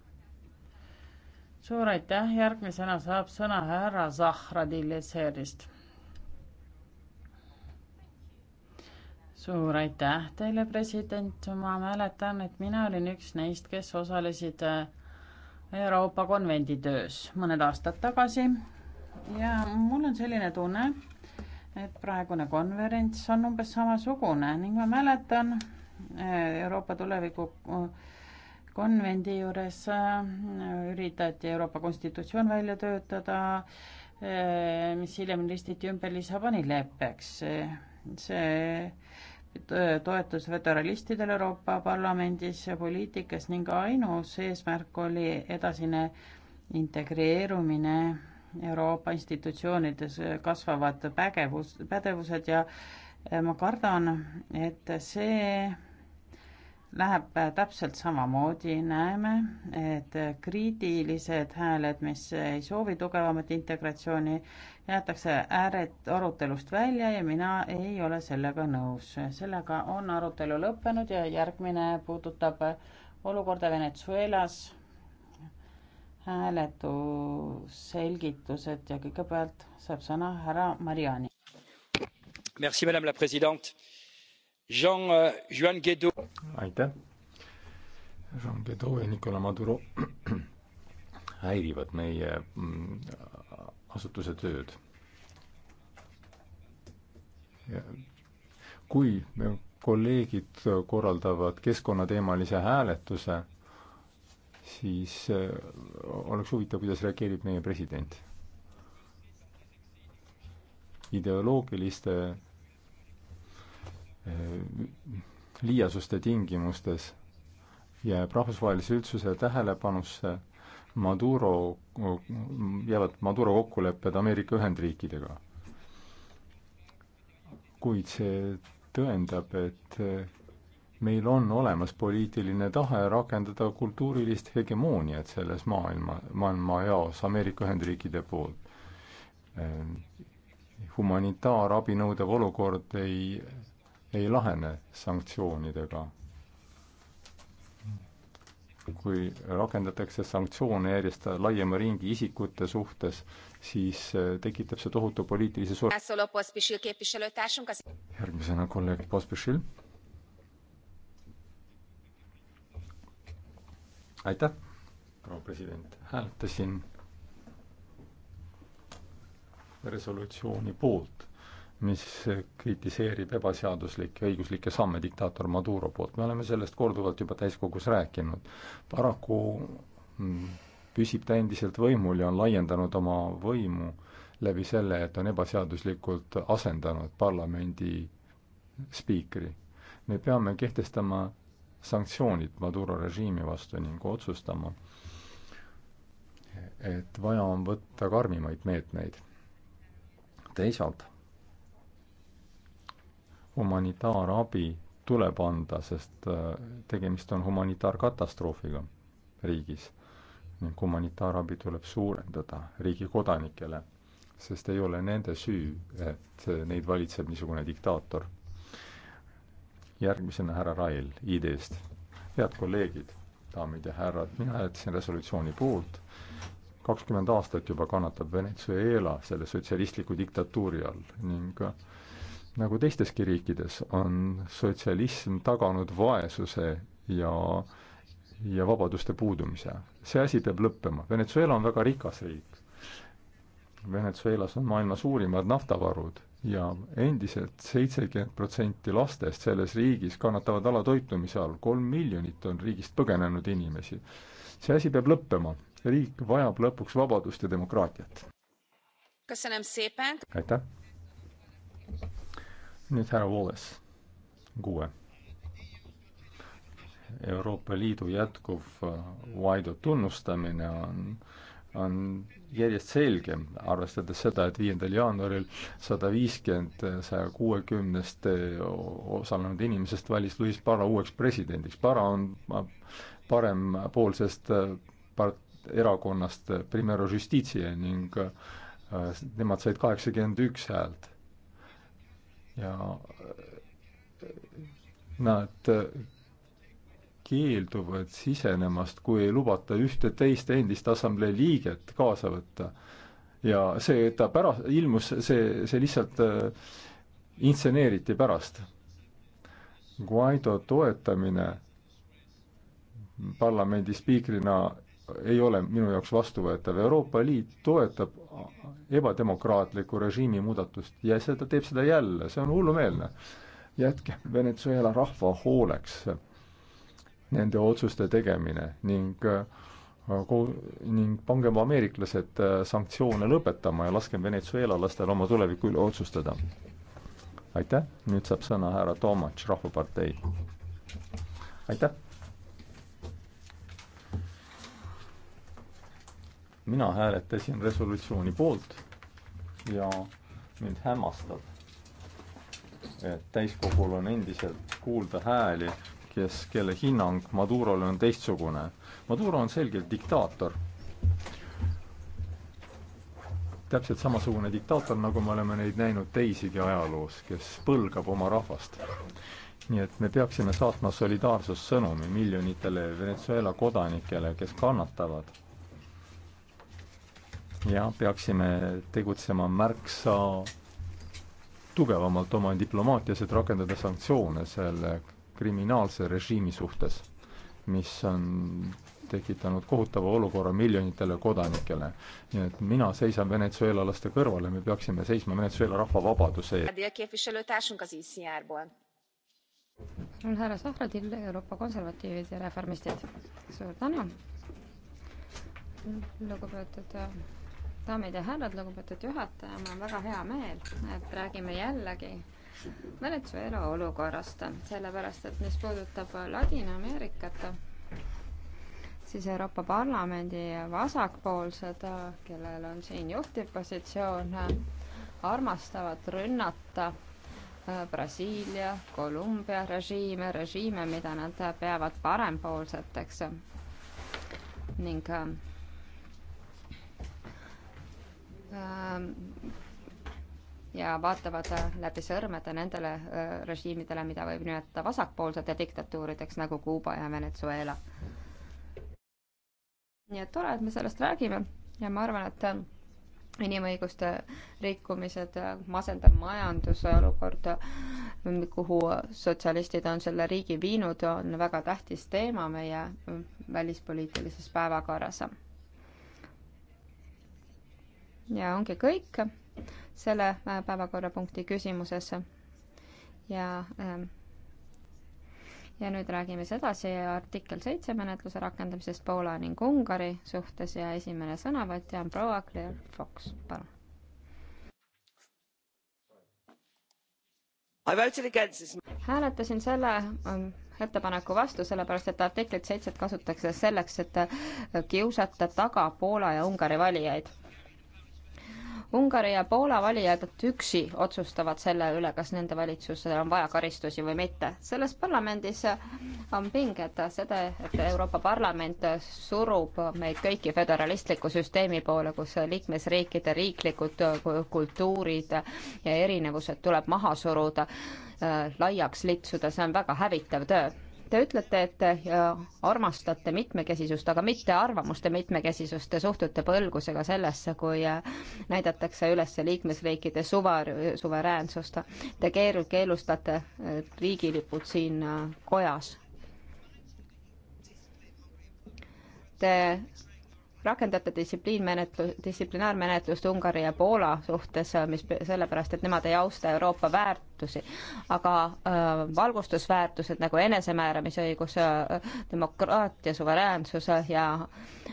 suur aitäh, järgmisena saab sõna härra Zahradil Eserist. suur aitäh teile, president, ma mäletan, et mina olin üks neist, kes osalesid Euroopa konvendi töös mõned aastad tagasi ja mul on selline tunne, et praegune konverents on umbes samasugune ning ma mäletan eh, Euroopa tuleviku eh, konvendi juures eh, üritati Euroopa konstitutsioon välja töötada, mis hiljem ristiti ümber Lissaboni leppeks. see toetus föderalistidel Euroopa Parlamendis ja poliitikas ning ainus eesmärk oli edasine integreerumine Euroopa institutsioonides kasvavad pägevus, pädevused ja eh, ma kardan, et see läheb äh, täpselt samamoodi, näeme, et äh, kriitilised hääled, mis ei soovi tugevamat integratsiooni, jäetakse ääret arutelust välja ja mina ei ole sellega nõus. sellega on arutelu lõppenud ja järgmine puudutab äh, olukorda Venezuelas, hääletusselgitused ja kõigepealt saab sõna härra Mariani. Merci, madame la president Jean, euh, Juan Guaido. aitäh. Jean Guaido ja Nicolas Maduro häirivad meie mm, asutuse tööd. kui kolleegid korraldavad keskkonnateemalise hääletuse, siis äh, oleks huvitav, kuidas reageerib meie president. ideoloogiliste Äh, liiasuste tingimustes jääb rahvusvahelise üldsuse tähelepanusse Maduro, jäävad Maduro kokkulepped Ameerika Ühendriikidega. kuid see tõendab, et meil on olemas poliitiline tahe rakendada kultuurilist hegemooniat selles maailma, maailmajaos Ameerika Ühendriikide poolt. Äh, humanitaarabi nõudev olukord ei ei lahene sanktsioonidega. kui rakendatakse sanktsioone järjest laiema ringi isikute suhtes, siis eh, tekitab see tohutu poliitilise sur-. järgmisena kolleeg Pospišil. aitäh, proua president, hääletasin resolutsiooni poolt mis kritiseerib ebaseaduslikke õiguslikke samme diktaator Maduro poolt. me oleme sellest korduvalt juba täiskogus rääkinud. paraku mm, püsib ta endiselt võimul ja on laiendanud oma võimu läbi selle, et on ebaseaduslikult asendanud parlamendi spiikri. me peame kehtestama sanktsioonid Maduro režiimi vastu ning otsustama, et vaja on võtta karmimaid meetmeid. teisalt humanitaarabi tuleb anda, sest äh, tegemist on humanitaarkatastroofiga riigis ning humanitaarabi tuleb suurendada riigi kodanikele, sest ei ole nende süü, et neid valitseb niisugune diktaator. järgmisena härra Rail ID-st. head kolleegid, daamid ja härrad, mina hääletasin resolutsiooni poolt, kakskümmend aastat juba kannatab Venezuela selle sotsialistliku diktatuuri all ning nagu teisteski riikides, on sotsialism taganud vaesuse ja, ja vabaduste puudumise. see asi peab lõppema. Venezuela on väga rikas riik. Venezuelas on maailma suurimad naftavarud ja endiselt seitsekümmend protsenti lastest selles riigis kannatavad alatoitumise all. kolm miljonit on riigist põgenenud inimesi. see asi peab lõppema. riik vajab lõpuks vabadust ja demokraatiat. aitäh! nüüd härra Wallace, kuue. Euroopa Liidu jätkuv äh, Waido tunnustamine on, on järjest selgem, arvestades seda, et viiendal jaanuaril sada viiskümmend äh, saja kuuekümnest äh, osalenud inimesest valis Luis Para uueks presidendiks. Para on parempoolsest part-, erakonnast Primero Justicia ning nemad said kaheksakümmend üks häält ja äh, nad äh, keelduvad sisenemast, kui ei lubata ühte teist endist assamblee liiget kaasa võtta. ja see, ta pärast, ilmus, see, see lihtsalt äh, intseneeriti pärast. Guaido toetamine parlamendi spiikrina ei ole minu jaoks vastuvõetav, Euroopa Liit toetab ebademokraatliku režiimi muudatust ja seda teeb seda jälle, see on hullumeelne. jätke Venezuela rahva hooleks nende otsuste tegemine ning äh, ning pangem ameeriklased äh, sanktsioone lõpetama ja laskem venezuelalastel oma tuleviku üle otsustada. aitäh, nüüd saab sõna härra Tomatš, Rahvapartei. aitäh! mina hääletasin resolutsiooni poolt ja mind hämmastab, et täiskogul on endiselt kuulda hääli, kes, kelle hinnang Madurole on teistsugune. Maduro on selgelt diktaator. täpselt samasugune diktaator, nagu me oleme neid näinud teisigi ajaloos, kes põlgab oma rahvast. nii et me peaksime saatma solidaarsussõnumi miljonitele Venezuela kodanikele, kes kannatavad ja peaksime tegutsema märksa tugevamalt oma diplomaatias, et rakendada sanktsioone selle kriminaalse režiimi suhtes, mis on tekitanud kohutava olukorra miljonitele kodanikele. nii et mina seisan venezuelalaste kõrval ja me peaksime seisma Venezuela rahva vabaduse eest. on härra Sahradil, Euroopa konservatiivid ja reformistid. suur tänu, lugupeetud daamid ja härrad, lugupeetud juhataja, mul on väga hea meel, et räägime jällegi Venezuela olukorrast, sellepärast et mis puudutab Ladina-Ameerikat, siis Euroopa Parlamendi vasakpoolsed, kellel on siin juhtiv positsioon, armastavad rünnata äh, Brasiilia, Kolumbia režiime, režiime, mida nad peavad parempoolseteks ning äh, Ähm, ja vaatavad äh, läbi sõrmede nendele äh, režiimidele, mida võib nimetada vasakpoolsete diktatuurideks nagu Kuuba ja Venezuela. nii et tore, et me sellest räägime ja ma arvan, et äh, inimõiguste rikkumised, masendav majandusolukord, kuhu sotsialistid on selle riigi viinud, on väga tähtis teema meie välispoliitilises päevakorras ja ongi kõik selle äh, päevakorrapunkti küsimuses. ja ähm, ja nüüd räägime siis edasi artikkel seitse menetluse rakendamisest Poola ning Ungari suhtes ja esimene sõnavõtja on proua Claire Fox, palun. hääletasin selle ähm, ettepaneku vastu, sellepärast et artiklit seitset kasutatakse selleks, et äh, kiusata taga Poola ja Ungari valijaid. Ungari ja Poola valijad üksi otsustavad selle üle, kas nende valitsusel on vaja karistusi või mitte. selles parlamendis on pinged seda, et Euroopa Parlament surub meid kõiki föderalistliku süsteemi poole, kus liikmesriikide riiklikud kultuurid ja erinevused tuleb maha suruda, äh, laiaks litsuda, see on väga hävitav töö Te ütlete, et te äh, armastate mitmekesisust, aga mitte arvamuste mitmekesisust, te suhtute põlgusega sellesse, kui äh, näidatakse üles liikmesriikide suva, suveräänsust. Te keeru-, keelustate äh, riigilipud siin kojas. Te rakendate distsipliinmenetlu-, distsiplinaarmenetlust Ungari ja Poola suhtes, äh, mis sellepärast, et nemad ei austa Euroopa väärtusi, aga äh, valgustusväärtused nagu enesemääramisõigus äh,, demokraatia, suveräänsus ja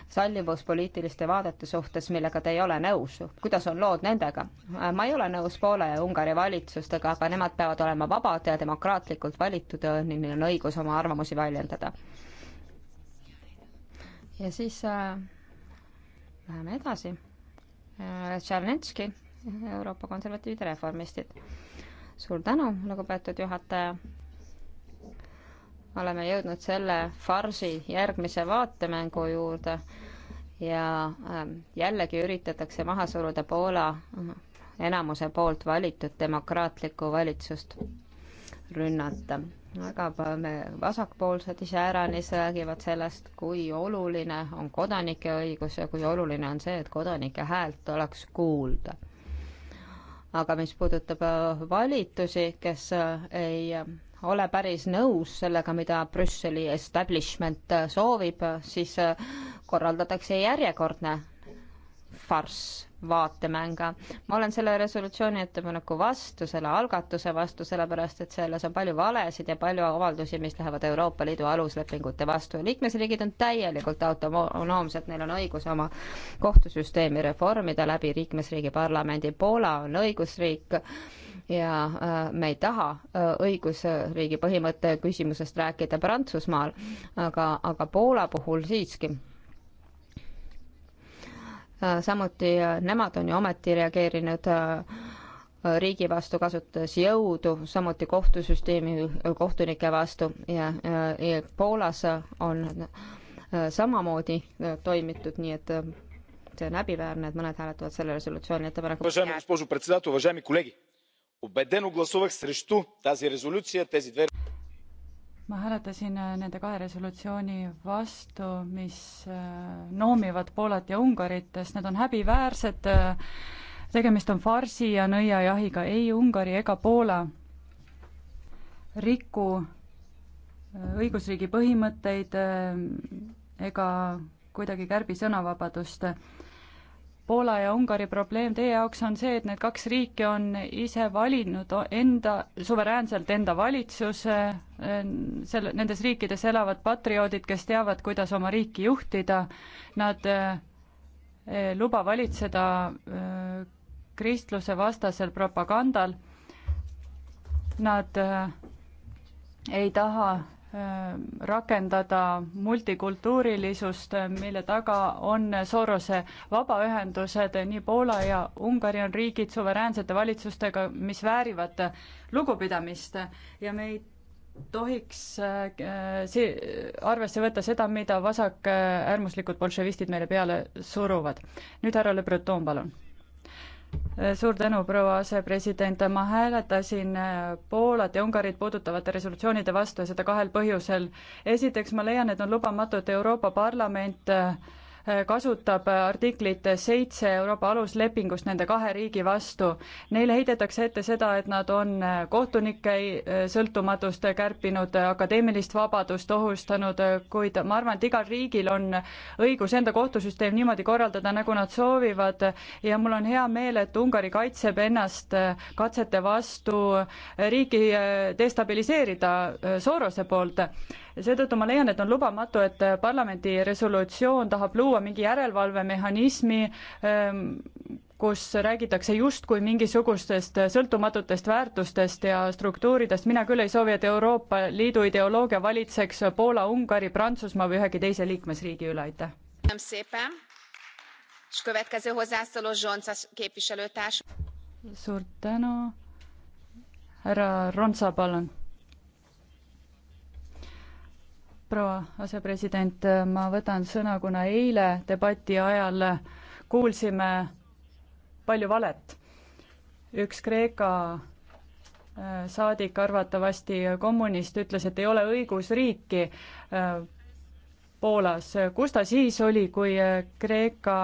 sallivus poliitiliste vaadete suhtes, millega te ei ole nõus, kuidas on lood nendega äh,? ma ei ole nõus Poola ja Ungari valitsustega, aga nemad peavad olema vabad ja demokraatlikult valitud äh, ning neil on õigus oma arvamusi väljendada. ja siis äh, Läheme edasi. Tšernetski, Euroopa Konservatiivide Reformistid. suur tänu, lugupeetud juhataja. oleme jõudnud selle farsi järgmise vaatemängu juurde ja ähm, jällegi üritatakse maha suruda Poola äh, enamuse poolt valitud demokraatlikku valitsust rünnata väga vasakpoolsed iseäranis räägivad sellest, kui oluline on kodanike õigus ja kui oluline on see, et kodanike häält oleks kuulda. aga mis puudutab äh, valitusi, kes äh, ei äh, ole päris nõus sellega, mida Brüsseli establishment soovib, siis korraldatakse järjekordne farss vaatemänga. ma olen selle resolutsiooni ettepaneku vastu, selle algatuse vastu, sellepärast et selles on palju valesid ja palju avaldusi, mis lähevad Euroopa Liidu aluslepingute vastu ja liikmesriigid on täielikult autonoomsed, neil on õigus oma kohtusüsteemi reformida läbi liikmesriigi parlamendi. Poola on õigusriik ja äh, me ei taha äh, õigusriigi põhimõtte küsimusest rääkida Prantsusmaal, aga, aga Poola puhul siiski Äh, samuti äh, nemad on ju ometi reageerinud äh, riigi vastu kasutades jõudu, samuti kohtusüsteemi, kohtunike vastu ja, ja, ja Poolas on samamoodi toimitud, nii et see on häbiväärne, et mõned hääletavad selle resolutsiooni ettepaneku ma hääletasin äh, nende kahe resolutsiooni vastu, mis äh, noomivad Poolat ja Ungarit, sest need on häbiväärsed, äh, tegemist on farsi ja nõiajahiga, ei Ungari ega Poola riku õigusriigi põhimõtteid ega kuidagi kärbi sõnavabadust. Poola ja Ungari probleem teie jaoks on see, et need kaks riiki on ise valinud enda, suveräänselt enda valitsuse, selle, nendes riikides elavad patrioodid, kes teavad, kuidas oma riiki juhtida, nad ei eh, eh, luba valitseda eh, kristluse vastasel propagandal, nad ei taha Äh, rakendada multikultuurilisust, mille taga on Sorose vabaühendused, nii Poola ja Ungari on riigid suveräänsete valitsustega, mis väärivad lugupidamist ja me ei tohiks äh, see, arvesse võtta seda, mida vasakäärmuslikud äh, bolševistid meile peale suruvad. nüüd härra Le Breton, palun Äh, suur tänu, proua asepresident, ma hääletasin äh, Poolat ja Ungarit puudutavate resolutsioonide vastu ja seda kahel põhjusel. esiteks ma leian, et on lubamatu, et Euroopa Parlament äh, Äh, kasutab artiklit seitse Euroopa aluslepingust nende kahe riigi vastu. Neile heidetakse ette seda, et nad on äh, kohtunike äh, sõltumatust kärpinud, akadeemilist vabadust ohustanud, kuid ma arvan, et igal riigil on õigus enda kohtusüsteem niimoodi korraldada, nagu nad soovivad ja mul on hea meel, et Ungari kaitseb ennast katsete vastu riiki destabiliseerida Soorose poolt seetõttu ma leian, et on lubamatu, et parlamendi resolutsioon tahab luua mingi järelevalvemehhanismi, ähm, kus räägitakse justkui mingisugustest sõltumatutest väärtustest ja struktuuridest, mina küll ei soovi, et Euroopa Liidu ideoloogia valitseks Poola, Ungari, Prantsusmaa või ühegi teise liikmesriigi üle, aitäh. suur tänu, härra Ronsa, palun proua asepresident, ma võtan sõna, kuna eile debati ajal kuulsime palju valet. üks Kreeka äh, saadik, arvatavasti kommunist, ütles, et ei ole õigusriiki äh, Poolas. kus ta siis oli, kui äh, Kreeka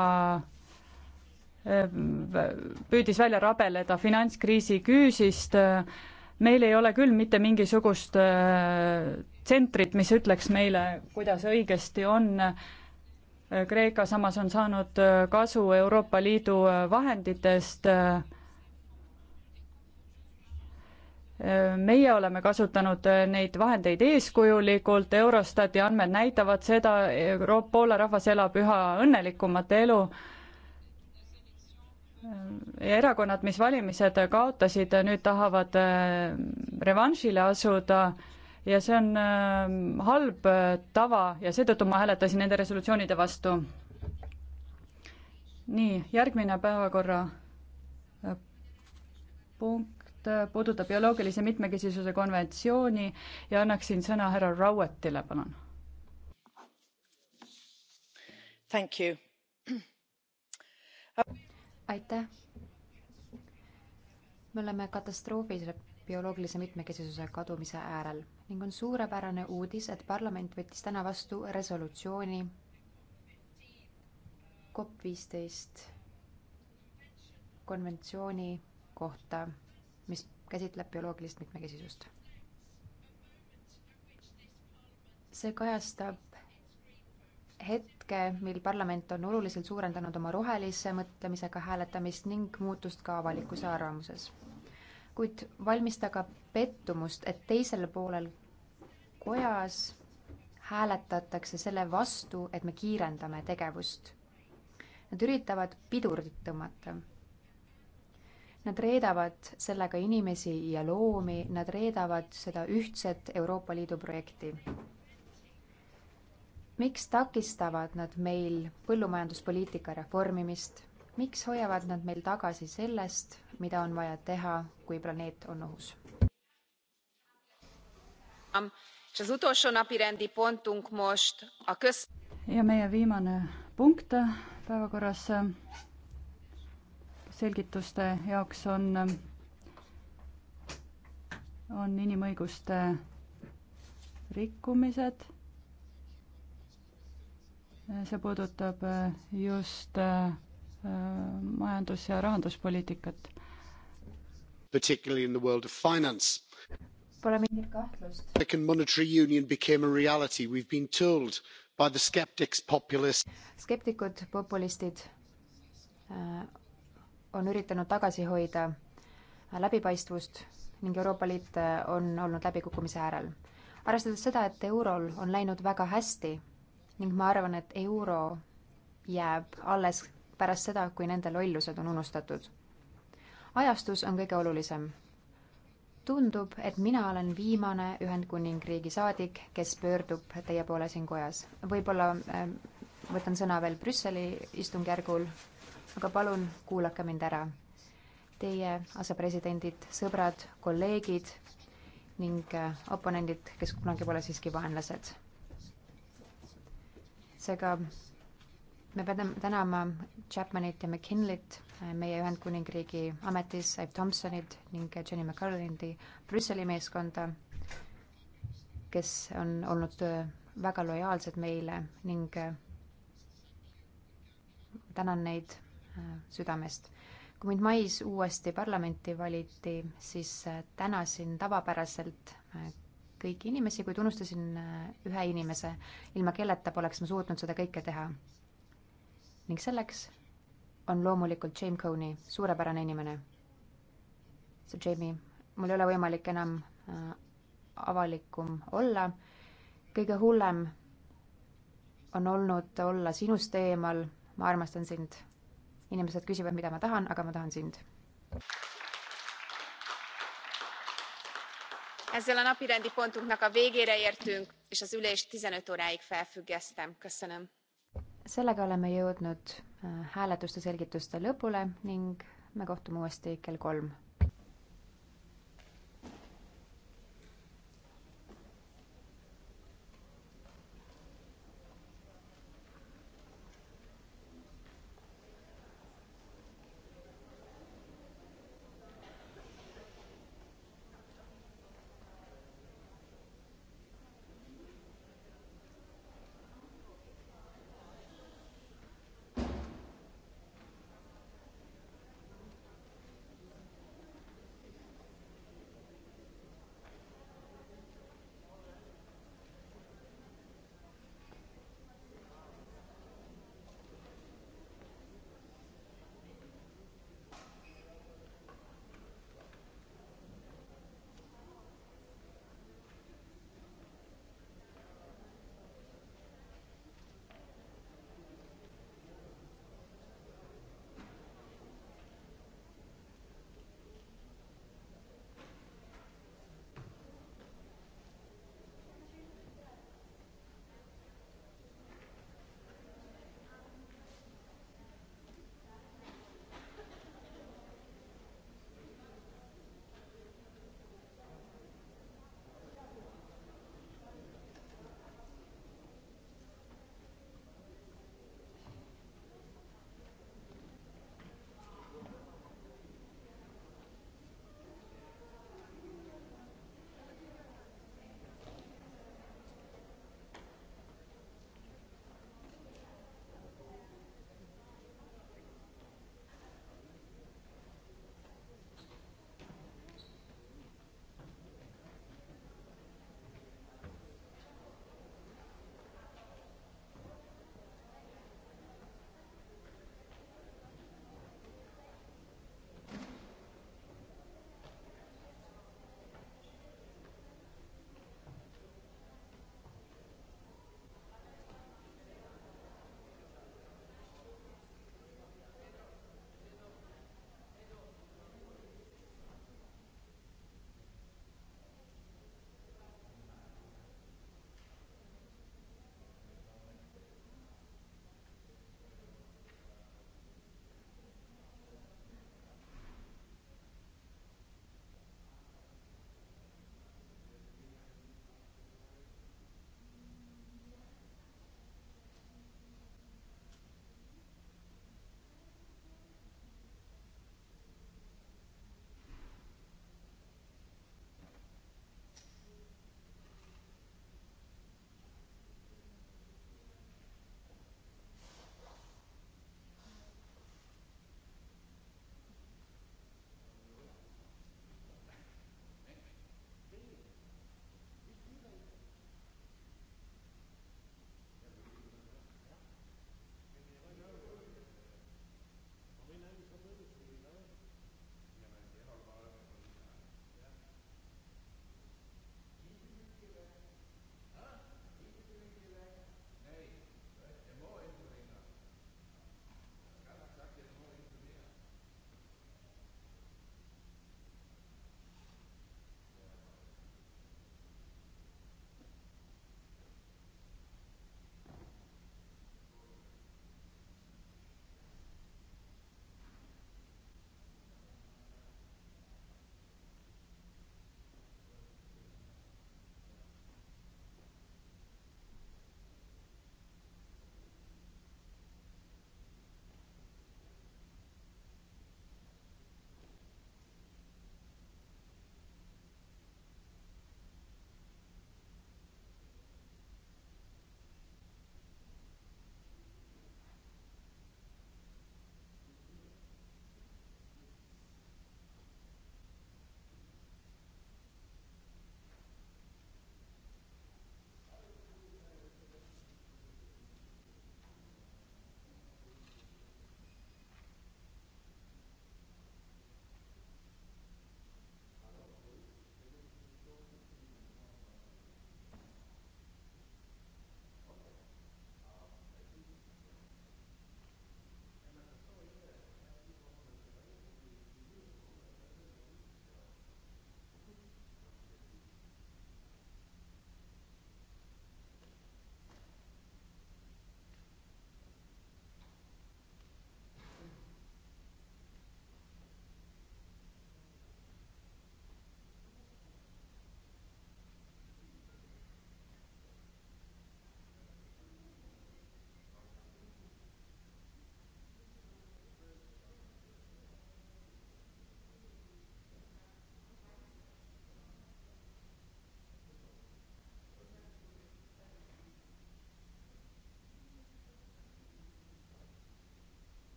püüdis välja rabeleda finantskriisi küüsist, meil ei ole küll mitte mingisugust äh, tsentrit, mis ütleks meile, kuidas õigesti on. Äh, Kreeka samas on saanud äh, kasu Euroopa Liidu vahenditest. meie oleme kasutanud neid vahendeid eeskujulikult, Eurostati andmed näitavad seda, Poola rahvas elab üha õnnelikumat elu ja erakonnad, mis valimised kaotasid, nüüd tahavad äh, revanšile asuda ja see on äh, halb äh, tava ja seetõttu ma hääletasin nende resolutsioonide vastu. nii, järgmine päevakorra punkt puudutab bioloogilise mitmekesisuse konventsiooni ja annaksin sõna härra Rauetile, palun. Thank you aitäh. me oleme katastroofis bioloogilise mitmekesisuse kadumise äärel ning on suurepärane uudis, et parlament võttis täna vastu resolutsiooni COP viisteist konventsiooni kohta, mis käsitleb bioloogilist mitmekesisust. see kajastab hetke, mil parlament on oluliselt suurendanud oma rohelise mõtlemisega hääletamist ning muutust ka avalikkuse arvamuses. kuid valmistage pettumust, et teisel poolel kojas hääletatakse selle vastu, et me kiirendame tegevust. Nad üritavad pidurit tõmmata. Nad reedavad sellega inimesi ja loomi, nad reedavad seda ühtset Euroopa Liidu projekti miks takistavad nad meil põllumajanduspoliitika reformimist, miks hoiavad nad meil tagasi sellest, mida on vaja teha, kui planeet on ohus? ja meie viimane punkt päevakorras selgituste jaoks on, on inimõiguste rikkumised see puudutab äh, just äh, majandus- ja rahanduspoliitikat. Particularly in the world of finance. Pole mingit kahtlust. Second monetary union became a reality, we have been told by the skeptics, populists. skeptikud, populistid äh, on üritanud tagasi hoida läbipaistvust ning Euroopa Liit on olnud läbikukkumise äärel. arvestades seda, et eurol on läinud väga hästi ning ma arvan, et euro jääb alles pärast seda, kui nende lollused on unustatud. ajastus on kõige olulisem. tundub, et mina olen viimane Ühendkuningriigi saadik, kes pöördub teie poole siin kojas. võib-olla äh, võtan sõna veel Brüsseli istungjärgul, aga palun kuulake mind ära. Teie asepresidendid, sõbrad, kolleegid ning äh, oponendid, kes kunagi pole siiski vaenlased seega me peame tänama Chapmanit ja McKinley't, meie Ühendkuningriigi ametis Ive Thompsonit ning Jenny McCarlandi Brüsseli meeskonda, kes on olnud väga lojaalsed meile ning tänan neid äh, südamest. kui mind mais uuesti parlamenti valiti, siis äh, tänasin tavapäraselt äh, kõiki inimesi, kuid unustasin äh, ühe inimese, ilma kelleta poleks ma suutnud seda kõike teha. ning selleks on loomulikult Jamie Coney, suurepärane inimene. see Jamie, mul ei ole võimalik enam äh, avalikum olla, kõige hullem on olnud olla sinust eemal, ma armastan sind. inimesed küsivad, mida ma tahan, aga ma tahan sind. ezzel a napirendi pontunknak a végére értünk és az ülést fifteen óráig felfüggesztem. köszönöm. sellega oleme jõudnud eh, hääletuste selgituste lõpule ning me kohtume uuesti kell kolm.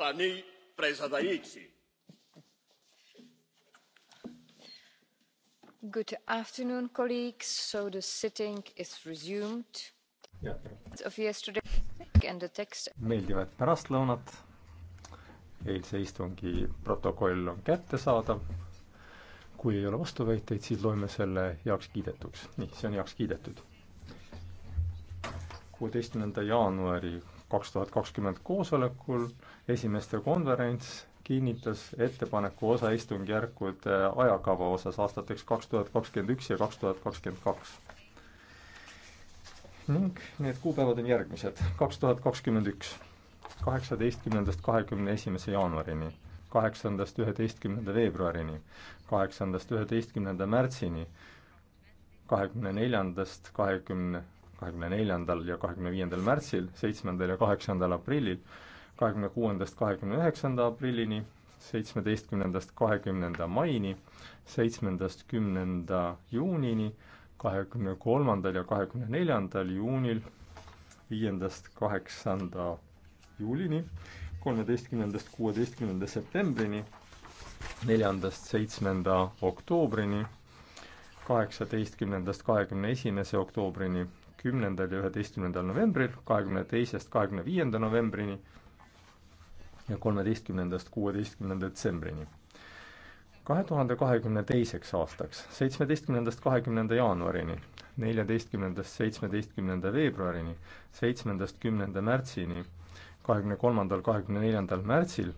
pani predsedající good afternoon colleagues so the sitting is resumed of yesterday and the text meeldivat pärastlõunat eilse istungi protokoll on kättesaadav kui ei ole vastuväiteid siis loeme selle heaks kiidetuks nii see on heaks kiidetud kuueteistkümnenda jaanuari kaks tuhat kakskümmend koosolekul esimeste konverents kinnitas ettepaneku osaistungjärkude ajakava osas aastateks kaks tuhat kakskümmend üks ja kaks tuhat kakskümmend kaks. ning need kuupäevad on järgmised. kaks tuhat kakskümmend üks, kaheksateistkümnendast kahekümne esimese jaanuarini, kaheksandast üheteistkümnenda veebruarini, kaheksandast üheteistkümnenda märtsini, kahekümne neljandast kahekümne, kahekümne neljandal ja kahekümne viiendal märtsil, seitsmendal ja kaheksandal aprillil kahekümne kuuendast kahekümne üheksanda aprillini, seitsmeteistkümnendast kahekümnenda maini, seitsmendast kümnenda juunini, kahekümne kolmandal ja kahekümne neljandal juunil, viiendast kaheksanda juulini, kolmeteistkümnendast kuueteistkümnenda septembrini, neljandast seitsmenda oktoobrini, kaheksateistkümnendast kahekümne esimese oktoobrini, kümnendal ja üheteistkümnendal novembril, kahekümne teisest kahekümne viienda novembrini ja kolmeteistkümnendast kuueteistkümnenda detsembrini. kahe tuhande kahekümne teiseks aastaks, seitsmeteistkümnendast kahekümnenda jaanuarini, neljateistkümnendast seitsmeteistkümnenda veebruarini, seitsmendast kümnenda märtsini, kahekümne kolmandal, kahekümne neljandal märtsil,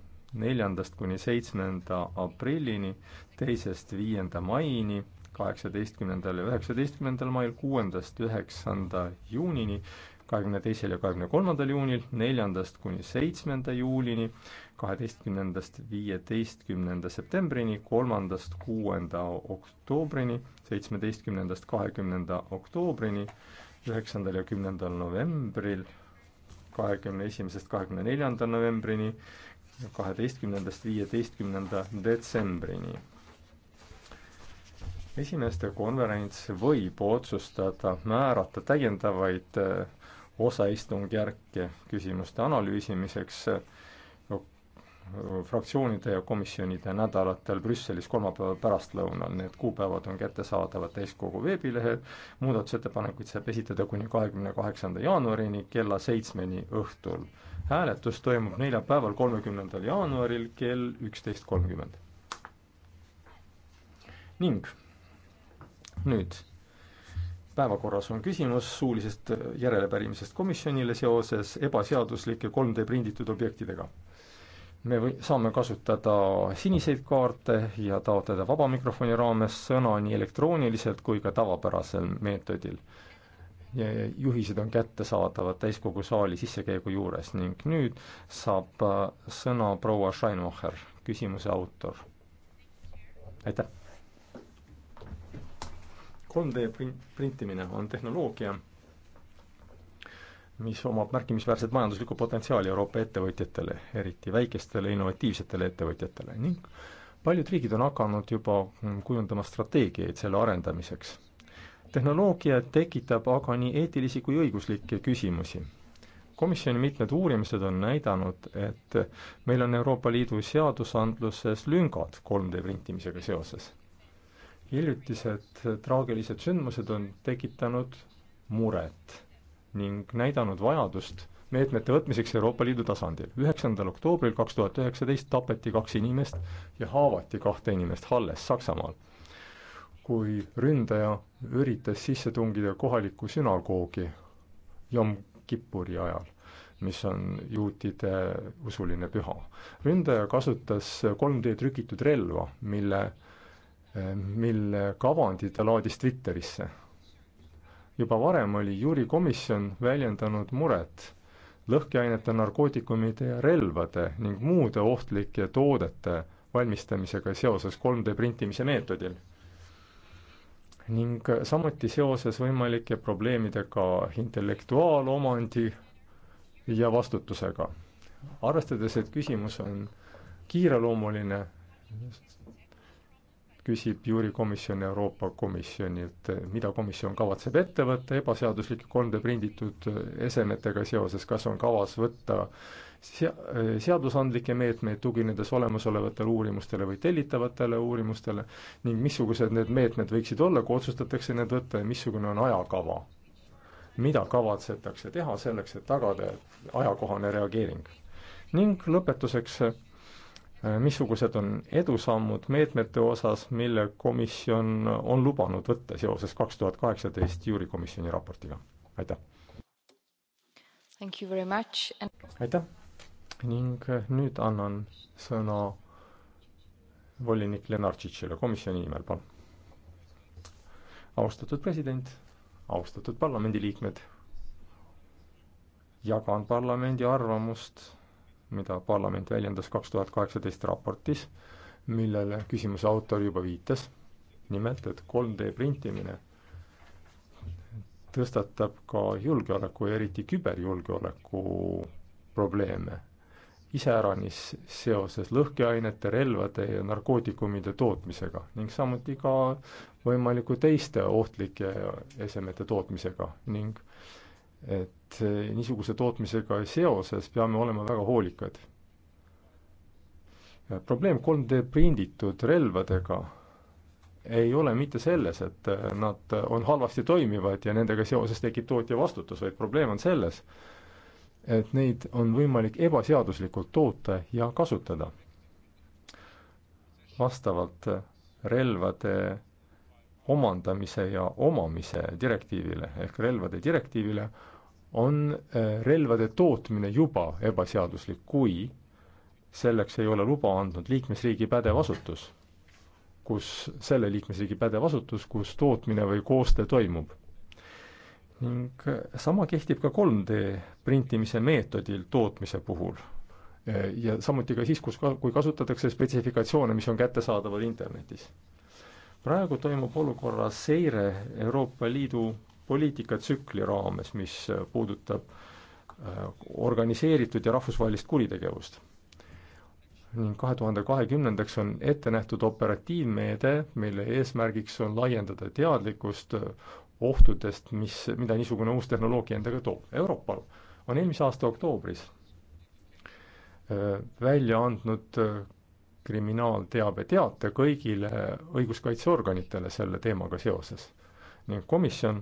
neljandast kuni seitsmenda aprillini, teisest viienda maini, kaheksateistkümnendal ja üheksateistkümnendal mail, kuuendast üheksanda juunini kahekümne teisel ja kahekümne kolmandal juunil, neljandast kuni seitsmenda juulini, kaheteistkümnendast viieteistkümnenda septembrini, kolmandast kuuenda oktoobrini, seitsmeteistkümnendast kahekümnenda oktoobrini, üheksandal ja kümnendal novembril, kahekümne esimesest kahekümne neljanda novembrini, kaheteistkümnendast viieteistkümnenda detsembrini. esimeeste konverents võib otsustada määrata täiendavaid äh, osa istungjärke küsimuste analüüsimiseks eh, fraktsioonide ja komisjonide nädalatel Brüsselis kolmapäeva pärastlõunal, need kuupäevad on kättesaadavad täiskogu veebilehel, muudatusettepanekuid saab esitada kuni kahekümne kaheksanda jaanuarini kella seitsmeni õhtul. hääletus toimub neljapäeval, kolmekümnendal jaanuaril kell üksteist kolmkümmend. ning nüüd päevakorras on küsimus suulisest järelepärimisest komisjonile seoses ebaseaduslike 3D prinditud objektidega. me või-, saame kasutada siniseid kaarte ja taotleda vaba mikrofoni raames sõna nii elektrooniliselt kui ka tavapärasel meetodil. juhised on kättesaadavad täiskogu saali sissekäigu juures ning nüüd saab äh, sõna proua Scheinmacher, küsimuse autor. aitäh! 3D printimine on tehnoloogia, mis omab märkimisväärset majanduslikku potentsiaali Euroopa ettevõtjatele, eriti väikestele innovatiivsetele ettevõtjatele ning paljud riigid on hakanud juba kujundama strateegiaid selle arendamiseks. tehnoloogia tekitab aga nii eetilisi kui õiguslikke küsimusi. komisjoni mitmed uurimised on näidanud, et meil on Euroopa Liidu seadusandluses lüngad 3D printimisega seoses hiljutised äh, traagilised sündmused on tekitanud muret ning näidanud vajadust meetmete võtmiseks Euroopa Liidu tasandil. üheksandal oktoobril kaks tuhat üheksateist tapeti kaks inimest ja haavati kahte inimest Halles, Saksamaal, kui ründaja üritas sisse tungida kohalikku sünagoogi Jom Kippuri ajal, mis on juutide usuline püha. ründaja kasutas 3D trükitud relva, mille mille kavandi ta laadis Twitterisse. juba varem oli juurikomisjon väljendanud muret lõhkeainete, narkootikumide ja relvade ning muude ohtlike toodete valmistamisega seoses 3D printimise meetodil. ning samuti seoses võimalike probleemidega intellektuaalomandi ja vastutusega. arvestades, et küsimus on kiireloomuline, küsib juurikomisjon Euroopa Komisjonilt, mida komisjon kavatseb ette võtta ebaseaduslike 3D prinditud esemetega seoses, kas on kavas võtta sea-, seadusandlikke meetmeid, tuginedes olemasolevatele uurimustele või tellitavatele uurimustele, ning missugused need meetmed võiksid olla, kui otsustatakse need võtta ja missugune on ajakava? mida kavatsetakse teha selleks, et tagada ajakohane reageering? ning lõpetuseks Äh, missugused on edusammud meetmete osas, mille komisjon on lubanud võtta seoses kaks tuhat kaheksateist juurikomisjoni raportiga? aitäh! And... aitäh! ning äh, nüüd annan sõna volinik Lenartšitšile komisjoni nimel, palun. austatud president, austatud parlamendiliikmed, jagan parlamendi arvamust mida parlament väljendas kaks tuhat kaheksateist raportis, millele küsimuse autor juba viitas, nimelt et 3D printimine tõstatab ka julgeoleku ja eriti küberjulgeoleku probleeme, iseäranis seoses lõhkeainete, relvade ja narkootikumide tootmisega ning samuti ka võimaliku teiste ohtlike esemete tootmisega ning äh, et eh, niisuguse tootmisega seoses peame olema väga hoolikad. probleem 3D prinditud relvadega ei ole mitte selles, et eh, nad on halvasti toimivad ja nendega seoses tekib tootja vastutus, vaid probleem on selles, et neid on võimalik ebaseaduslikult toota ja kasutada. vastavalt relvade omandamise ja omamise direktiivile ehk relvade direktiivile on äh, relvade tootmine juba ebaseaduslik, kui selleks ei ole luba andnud liikmesriigi pädev asutus, kus, selle liikmesriigi pädev asutus, kus tootmine või koostöö toimub. ning äh, sama kehtib ka 3D printimise meetodil tootmise puhul. Äh, ja samuti ka siis, kus ka, kui kasutatakse spetsifikatsioone, mis on kättesaadavad internetis. praegu toimub olukorra seire Euroopa Liidu poliitikatsükli raames, mis äh, puudutab äh, organiseeritud ja rahvusvahelist kuritegevust. ning kahe tuhande kahekümnendaks on ette nähtud operatiivmeede, mille eesmärgiks on laiendada teadlikkust äh, ohtudest, mis, mida niisugune uus tehnoloogia endaga toob. Europol on eelmise aasta oktoobris välja andnud kriminaalteabeteate kõigile õiguskaitseorganitele selle teemaga seoses ning komisjon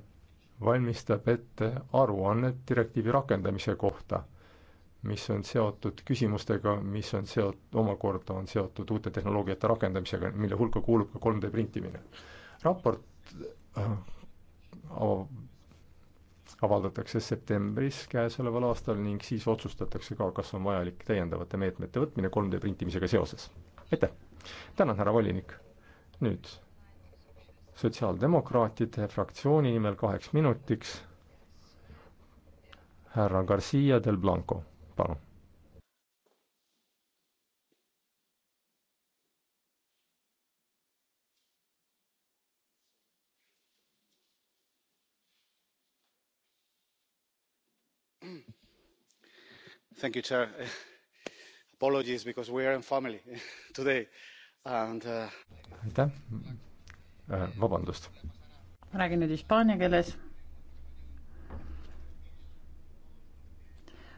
valmistab ette aruannet direktiivi rakendamise kohta, mis on seotud küsimustega, mis on seot-, omakorda on seotud uute tehnoloogiate rakendamisega, mille hulka kuulub ka 3D printimine. raport äh, avaldatakse septembris käesoleval aastal ning siis otsustatakse ka, kas on vajalik täiendavate meetmete võtmine 3D printimisega seoses. aitäh! tänan, härra volinik! nüüd sotsiaaldemokraatide fraktsiooni nimel kaheks minutiks härra Garcia del Blanco, palun. Thank you, Chair. Apologies because we are in family today and uh.... aitäh Äh, vabandust. ma räägin nüüd hispaania keeles.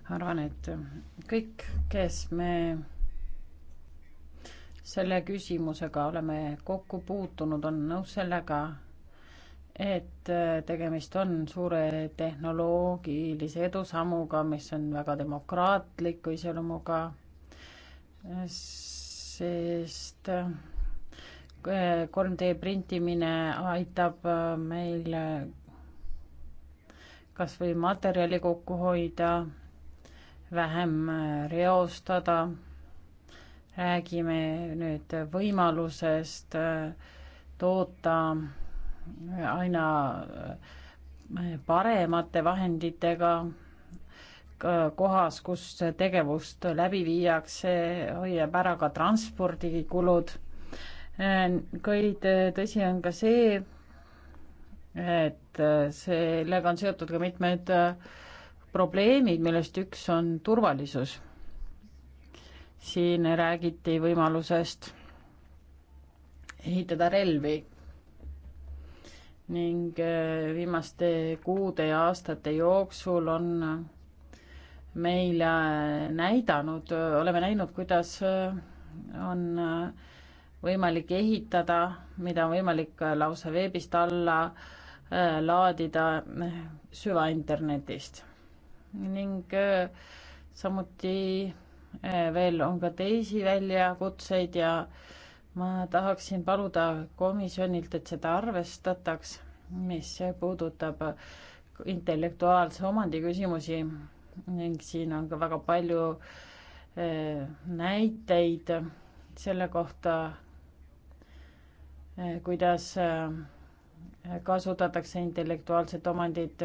arvan, et kõik, kes me selle küsimusega oleme kokku puutunud, on nõus sellega, et tegemist on suure tehnoloogilise edusammuga, mis on väga demokraatliku iseloomuga, sest 3D printimine aitab äh, meil äh, kas või materjali kokku hoida, vähem äh, reostada, räägime nüüd võimalusest toota aina paremate vahenditega kohas, kus tegevust läbi viiakse, hoiab ära ka transpordikulud Äh, kuid äh, tõsi on ka see, et äh, sellega on seotud ka mitmed probleemid, millest üks on turvalisus. siin räägiti võimalusest ehitada relvi ning viimaste kuude ja aastate jooksul on meile näidanud, oleme näinud, kuidas on äh, võimalik ehitada, mida on võimalik äh, lausa veebist alla äh, laadida äh, süvainternetist. ning samuti veel on ka teisi väljakutseid ja ma tahaksin paluda komisjonilt, et seda arvestataks, mis puudutab intellektuaalse omandi küsimusi ning siin on ka väga palju näiteid selle kohta, Eh, kuidas eh, kasutatakse intellektuaalset omandit,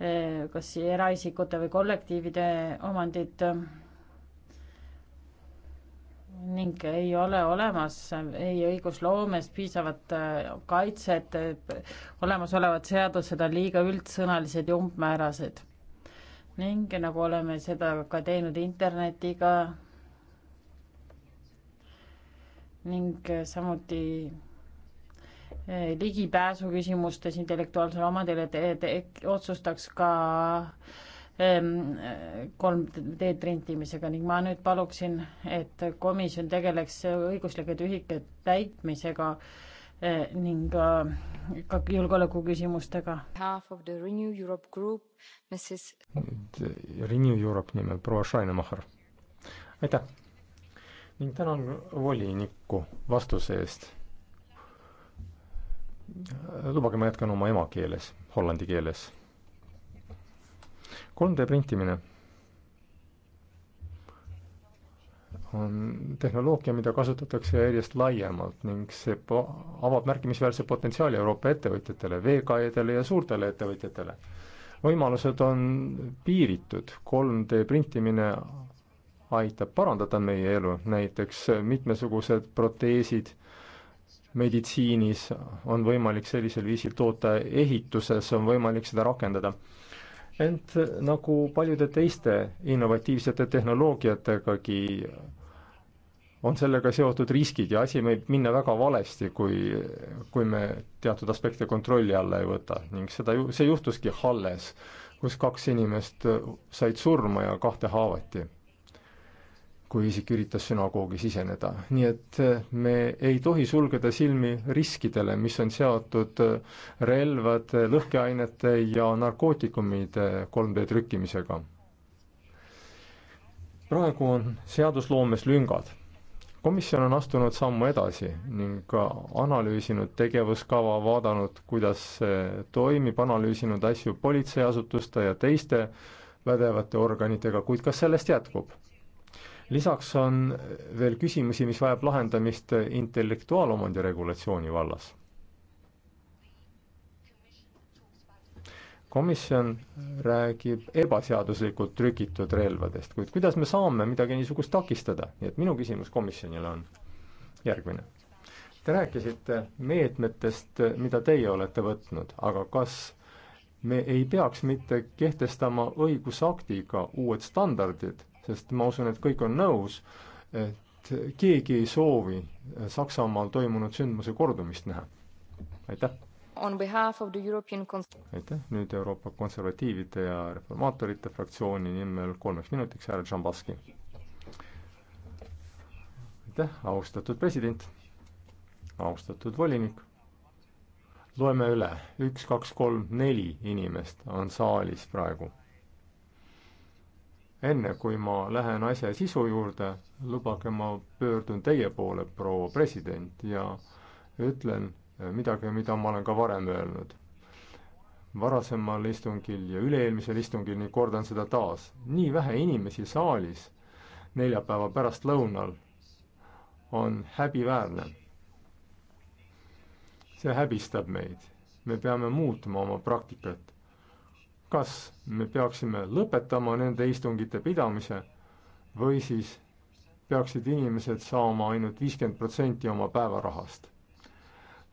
eh, kas eraisikute või kollektiivide omandit ning ei ole olemas ei õigusloomes piisavat kaitset, olemasolevad seadused on liiga üldsõnalised ja umbmäärased. ning nagu oleme seda ka teinud internetiga ning samuti Eh, ligipääsu küsimustes intellektuaalsele omadele, et otsustaks ka 3D ehm, printimisega ning ma nüüd paluksin, et komisjon tegeleks õiguslike tühike täitmisega eh, ning eh, ka julgeoleku küsimustega. Renew Europe nimel proua Scheinemacher, aitäh! ning tänan volinikku vastuse eest lubage, ma jätkan oma emakeeles, hollandi keeles. 3D printimine on tehnoloogia, mida kasutatakse järjest laiemalt ning see po-, avab märkimisväärse potentsiaali Euroopa ettevõtjatele, VKE-dele ja suurtele ettevõtjatele. võimalused on piiritud, 3D printimine aitab parandada meie elu, näiteks mitmesugused proteesid meditsiinis, on võimalik sellisel viisil toota ehituses, on võimalik seda rakendada. ent nagu paljude teiste innovatiivsete tehnoloogiategagi, on sellega seotud riskid ja asi võib minna väga valesti, kui, kui me teatud aspekte kontrolli alla ei võta ning seda ju, see juhtuski Halles, kus kaks inimest said surma ja kahte haavati kui isik üritas sünagoogi siseneda. nii et eh, me ei tohi sulgeda silmi riskidele, mis on seotud eh, relvade, lõhkeainete ja narkootikumide 3D trükkimisega. praegu on seadusloomes lüngad. komisjon on astunud sammu edasi ning analüüsinud tegevuskava, vaadanud, kuidas see toimib, analüüsinud asju politseiasutuste ja teiste pädevate organitega, kuid kas sellest jätkub lisaks on veel küsimusi, mis vajab lahendamist intellektuaalomandi regulatsiooni vallas. komisjon räägib ebaseaduslikult trükitud relvadest, kuid kuidas me saame midagi niisugust takistada, nii et minu küsimus komisjonile on järgmine. Te rääkisite meetmetest, mida teie olete võtnud, aga kas me ei peaks mitte kehtestama õigusaktiga uued standardid sest ma usun, et kõik on nõus, et keegi ei soovi Saksamaal toimunud sündmuse kordumist näha. aitäh! European... aitäh, nüüd Euroopa Konservatiivide ja Reformaatorite fraktsiooni nimel kolmeks minutiks härra Džambaski. aitäh, austatud president, austatud volinik. loeme üle, üks, kaks, kolm, neli inimest on saalis praegu enne kui ma lähen asja sisu juurde, lubage, ma pöördun teie poole, proua president, ja ütlen midagi, mida ma olen ka varem öelnud. varasemal istungil ja üle-eelmisel istungil, nüüd kordan seda taas, nii vähe inimesi saalis neljapäeva pärastlõunal on häbiväärne. see häbistab meid. me peame muutma oma praktikat kas me peaksime lõpetama nende istungite pidamise või siis peaksid inimesed saama ainult viiskümmend protsenti oma päevarahast.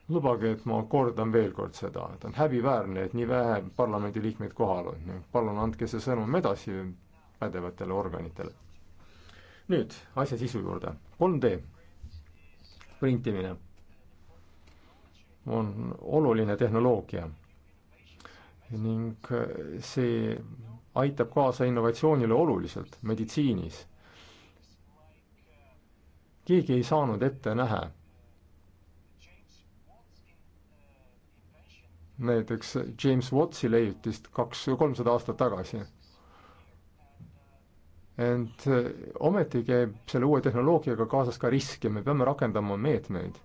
lubage, et ma kordan veel kord seda, et on häbiväärne, et nii vähe parlamendiliikmeid kohal on. palun andke see sõnum edasi pädevatele organitele. nüüd asja sisu juurde. 3D printimine on oluline tehnoloogia ning äh, see aitab kaasa innovatsioonile oluliselt meditsiinis. keegi ei saanud ette näha. näiteks James Wattsi leiutist kaks, kolmsada aastat tagasi. ent äh, ometi käib selle uue tehnoloogiaga kaasas ka risk ja me peame rakendama meetmeid.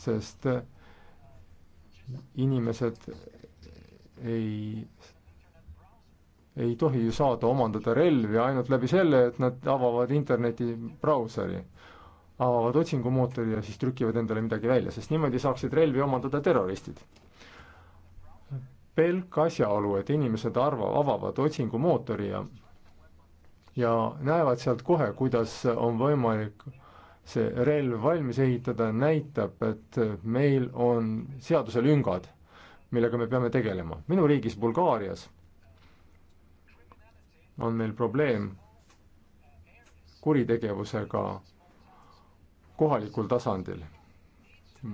sest äh, inimesed ei, ei tohi ju saada omandada relvi ainult läbi selle, et nad avavad interneti brauseri, avavad otsingumootori ja siis trükivad endale midagi välja, sest niimoodi saaksid relvi omandada terroristid. pelk asjaolu, et inimesed arva, avavad otsingumootori ja ja näevad sealt kohe, kuidas on võimalik see relv valmis ehitada, näitab, et meil on seaduselüngad, millega me peame tegelema. minu riigis Bulgaarias on meil probleem kuritegevusega kohalikul tasandil,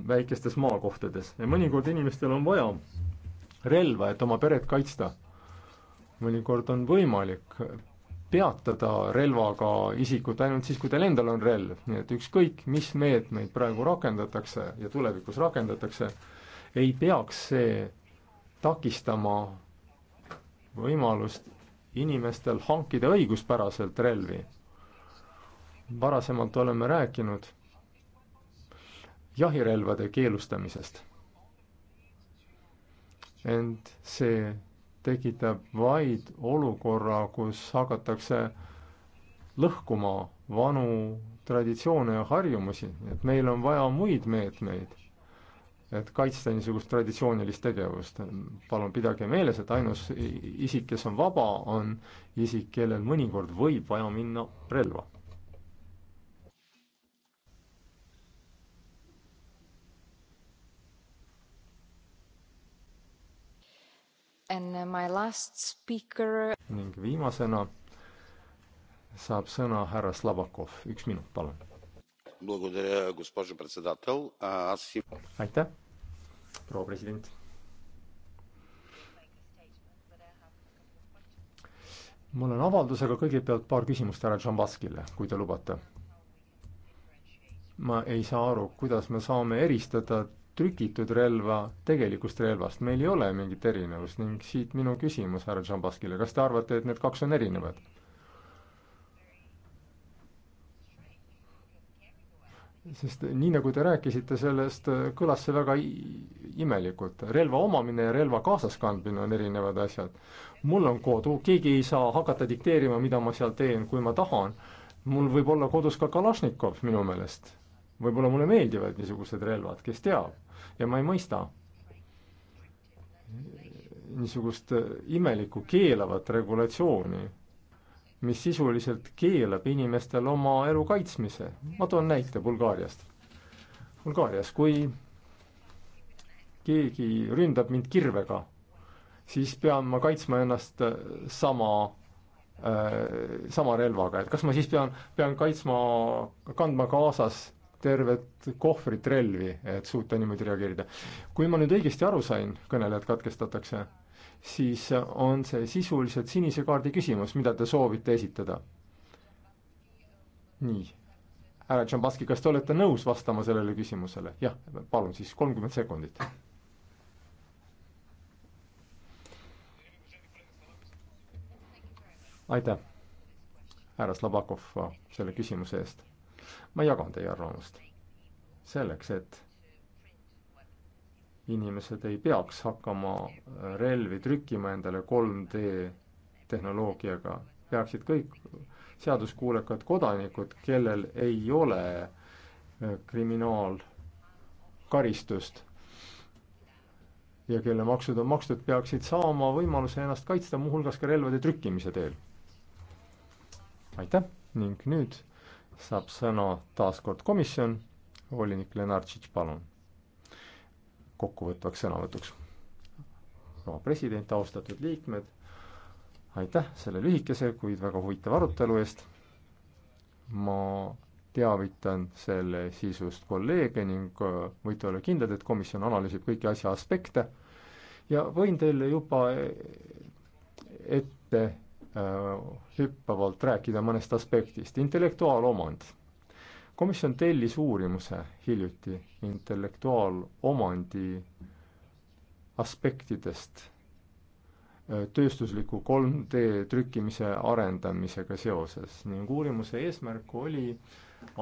väikestes maakohtades ja mõnikord inimestel on vaja relva, et oma peret kaitsta. mõnikord on võimalik peatada relvaga isikut ainult siis, kui tal endal on relv, nii et ükskõik, mis meetmeid praegu rakendatakse ja tulevikus rakendatakse, ei peaks see takistama võimalust inimestel hankida õiguspäraselt relvi. varasemalt oleme rääkinud jahirelvade keelustamisest. ent see tekitab vaid olukorra, kus hakatakse lõhkuma vanu traditsioone ja harjumusi, et meil on vaja muid meetmeid, et kaitsta niisugust traditsioonilist tegevust. palun pidage meeles, et ainus isik, kes on vaba, on isik, kellel mõnikord võib vaja minna relva Uh, speaker... ning viimasena saab sõna härra Slavakov, üks minut, palun. aitäh, proua president. mul on avaldusega kõigepealt paar küsimust härra Džambaskile, kui te lubate. ma ei saa aru, kuidas me saame eristada trükitud relva tegelikust relvast, meil ei ole mingit erinevust ning siit minu küsimus härra Džambaskile, kas te arvate, et need kaks on erinevad? sest nii, nagu te rääkisite sellest, kõlas see väga imelikult. relva omamine ja relva kaasaskandmine on erinevad asjad. mul on kodu, keegi ei saa hakata dikteerima, mida ma seal teen, kui ma tahan. mul võib olla kodus ka Kalašnikov minu meelest võib-olla mulle meeldivad niisugused relvad, kes teab. ja ma ei mõista niisugust imelikku keelavat regulatsiooni, mis sisuliselt keelab inimestel oma elu kaitsmise. ma toon näite Bulgaariast. Bulgaarias, kui keegi ründab mind kirvega, siis pean ma kaitsma ennast äh, sama äh,, sama relvaga, et kas ma siis pean, pean kaitsma, kandma kaasas tervet kohvrit relvi, et suuta niimoodi reageerida. kui ma nüüd õigesti aru sain, kõnelejad katkestatakse, siis on see sisuliselt sinise kaardi küsimus, mida te soovite esitada. nii, härra Tšambaski, kas te olete nõus vastama sellele küsimusele? jah, palun siis kolmkümmend sekundit. aitäh, härra Slabakov, selle küsimuse eest ma jagan teie arvamust. selleks, et inimesed ei peaks hakkama relvi trükkima endale 3D tehnoloogiaga, peaksid kõik seaduskuulekad kodanikud, kellel ei ole kriminaalkaristust ja kelle maksud on makstud, peaksid saama võimaluse ennast kaitsta muuhulgas ka relvade trükkimise teel. aitäh ning nüüd saab sõna taas kord komisjon, volinik Lenartšitš, palun, kokkuvõtvaks sõnavõtuks. proua president, austatud liikmed, aitäh selle lühikese, kuid väga huvitava arutelu eest. ma teavitan selle sisust kolleege ning äh, võite olla kindlad, et komisjon analüüsib kõiki asja aspekte ja võin teile juba äh, ette Äh, hüppavalt rääkida mõnest aspektist. intellektuaalomand. komisjon tellis uurimuse hiljuti intellektuaalomandi aspektidest äh, tööstusliku 3D trükkimise arendamisega seoses ning uurimuse eesmärk oli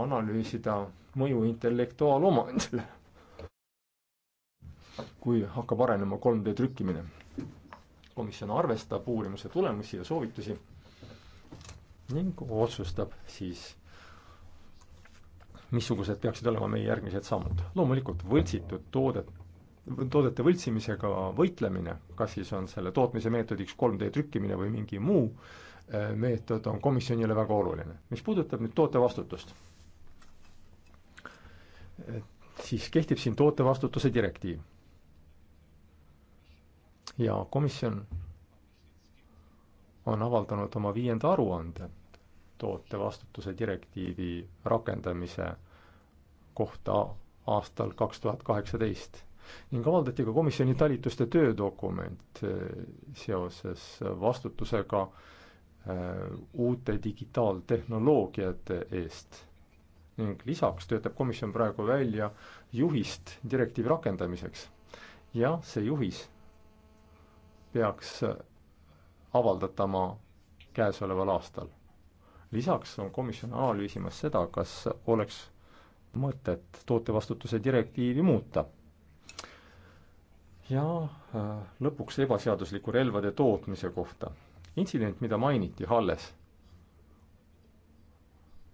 analüüsida mõju intellektuaalomandile, kui hakkab arenema 3D trükkimine komisjon arvestab uurimuse tulemusi ja soovitusi ning otsustab siis, missugused peaksid olema meie järgmised sammud. loomulikult võltsitud toodet, toodete võltsimisega võitlemine, kas siis on selle tootmise meetodiks 3D trükkimine või mingi muu äh, meetod, on komisjonile väga oluline. mis puudutab nüüd tootevastutust, siis kehtib siin tootevastutuse direktiiv ja komisjon on avaldanud oma viienda aruande toote vastutuse direktiivi rakendamise kohta aastal kaks tuhat kaheksateist ning avaldati ka komisjoni talituste töödokument äh, seoses vastutusega äh, uute digitaaltehnoloogiate eest. ning lisaks töötab komisjon praegu välja juhist direktiivi rakendamiseks. ja see juhis peaks avaldatama käesoleval aastal. lisaks on komisjon analüüsimas seda, kas oleks mõtet tootevastutuse direktiivi muuta. ja äh, lõpuks ebaseadusliku relvade tootmise kohta. intsident, mida mainiti, Halles,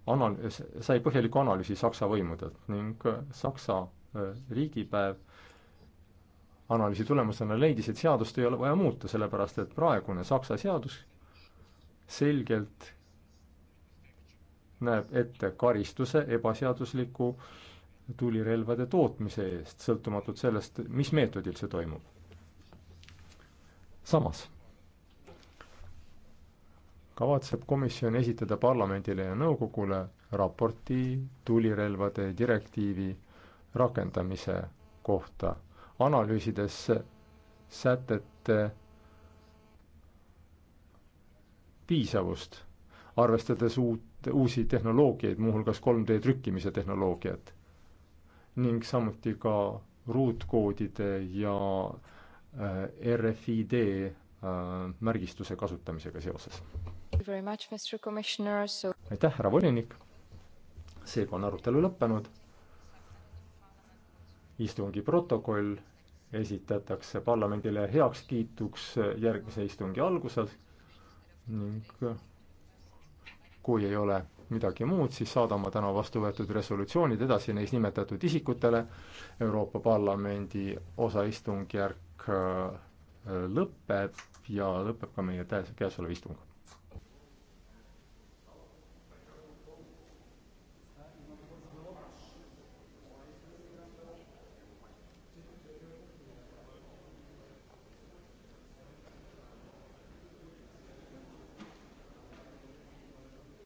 anal-, sai põhjaliku analüüsi Saksa võimudelt ning Saksa äh, riigipäev analüüsi tulemusena leidis, et seadust ei ole vaja muuta, sellepärast et praegune Saksa seadus selgelt näeb ette karistuse ebaseadusliku tulirelvade tootmise eest, sõltumatult sellest, mis meetodil see toimub. samas kavatseb komisjon esitada parlamendile ja nõukogule raporti tulirelvade direktiivi rakendamise kohta analüüsides sätete piisavust, arvestades uut, uusi tehnoloogiaid, muuhulgas 3D trükkimise tehnoloogiat ning samuti ka ruutkoodide ja äh, RFID äh, märgistuse kasutamisega seoses. aitäh, härra volinik, seega on arutelu lõppenud, istungi protokoll esitatakse parlamendile heakskiituks järgmise istungi alguses ning kui ei ole midagi muud, siis saadame täna vastu võetud resolutsioonid edasi neis nimetatud isikutele, Euroopa Parlamendi osaistungjärk äh, lõpeb ja lõpeb ka meie käesolev istung.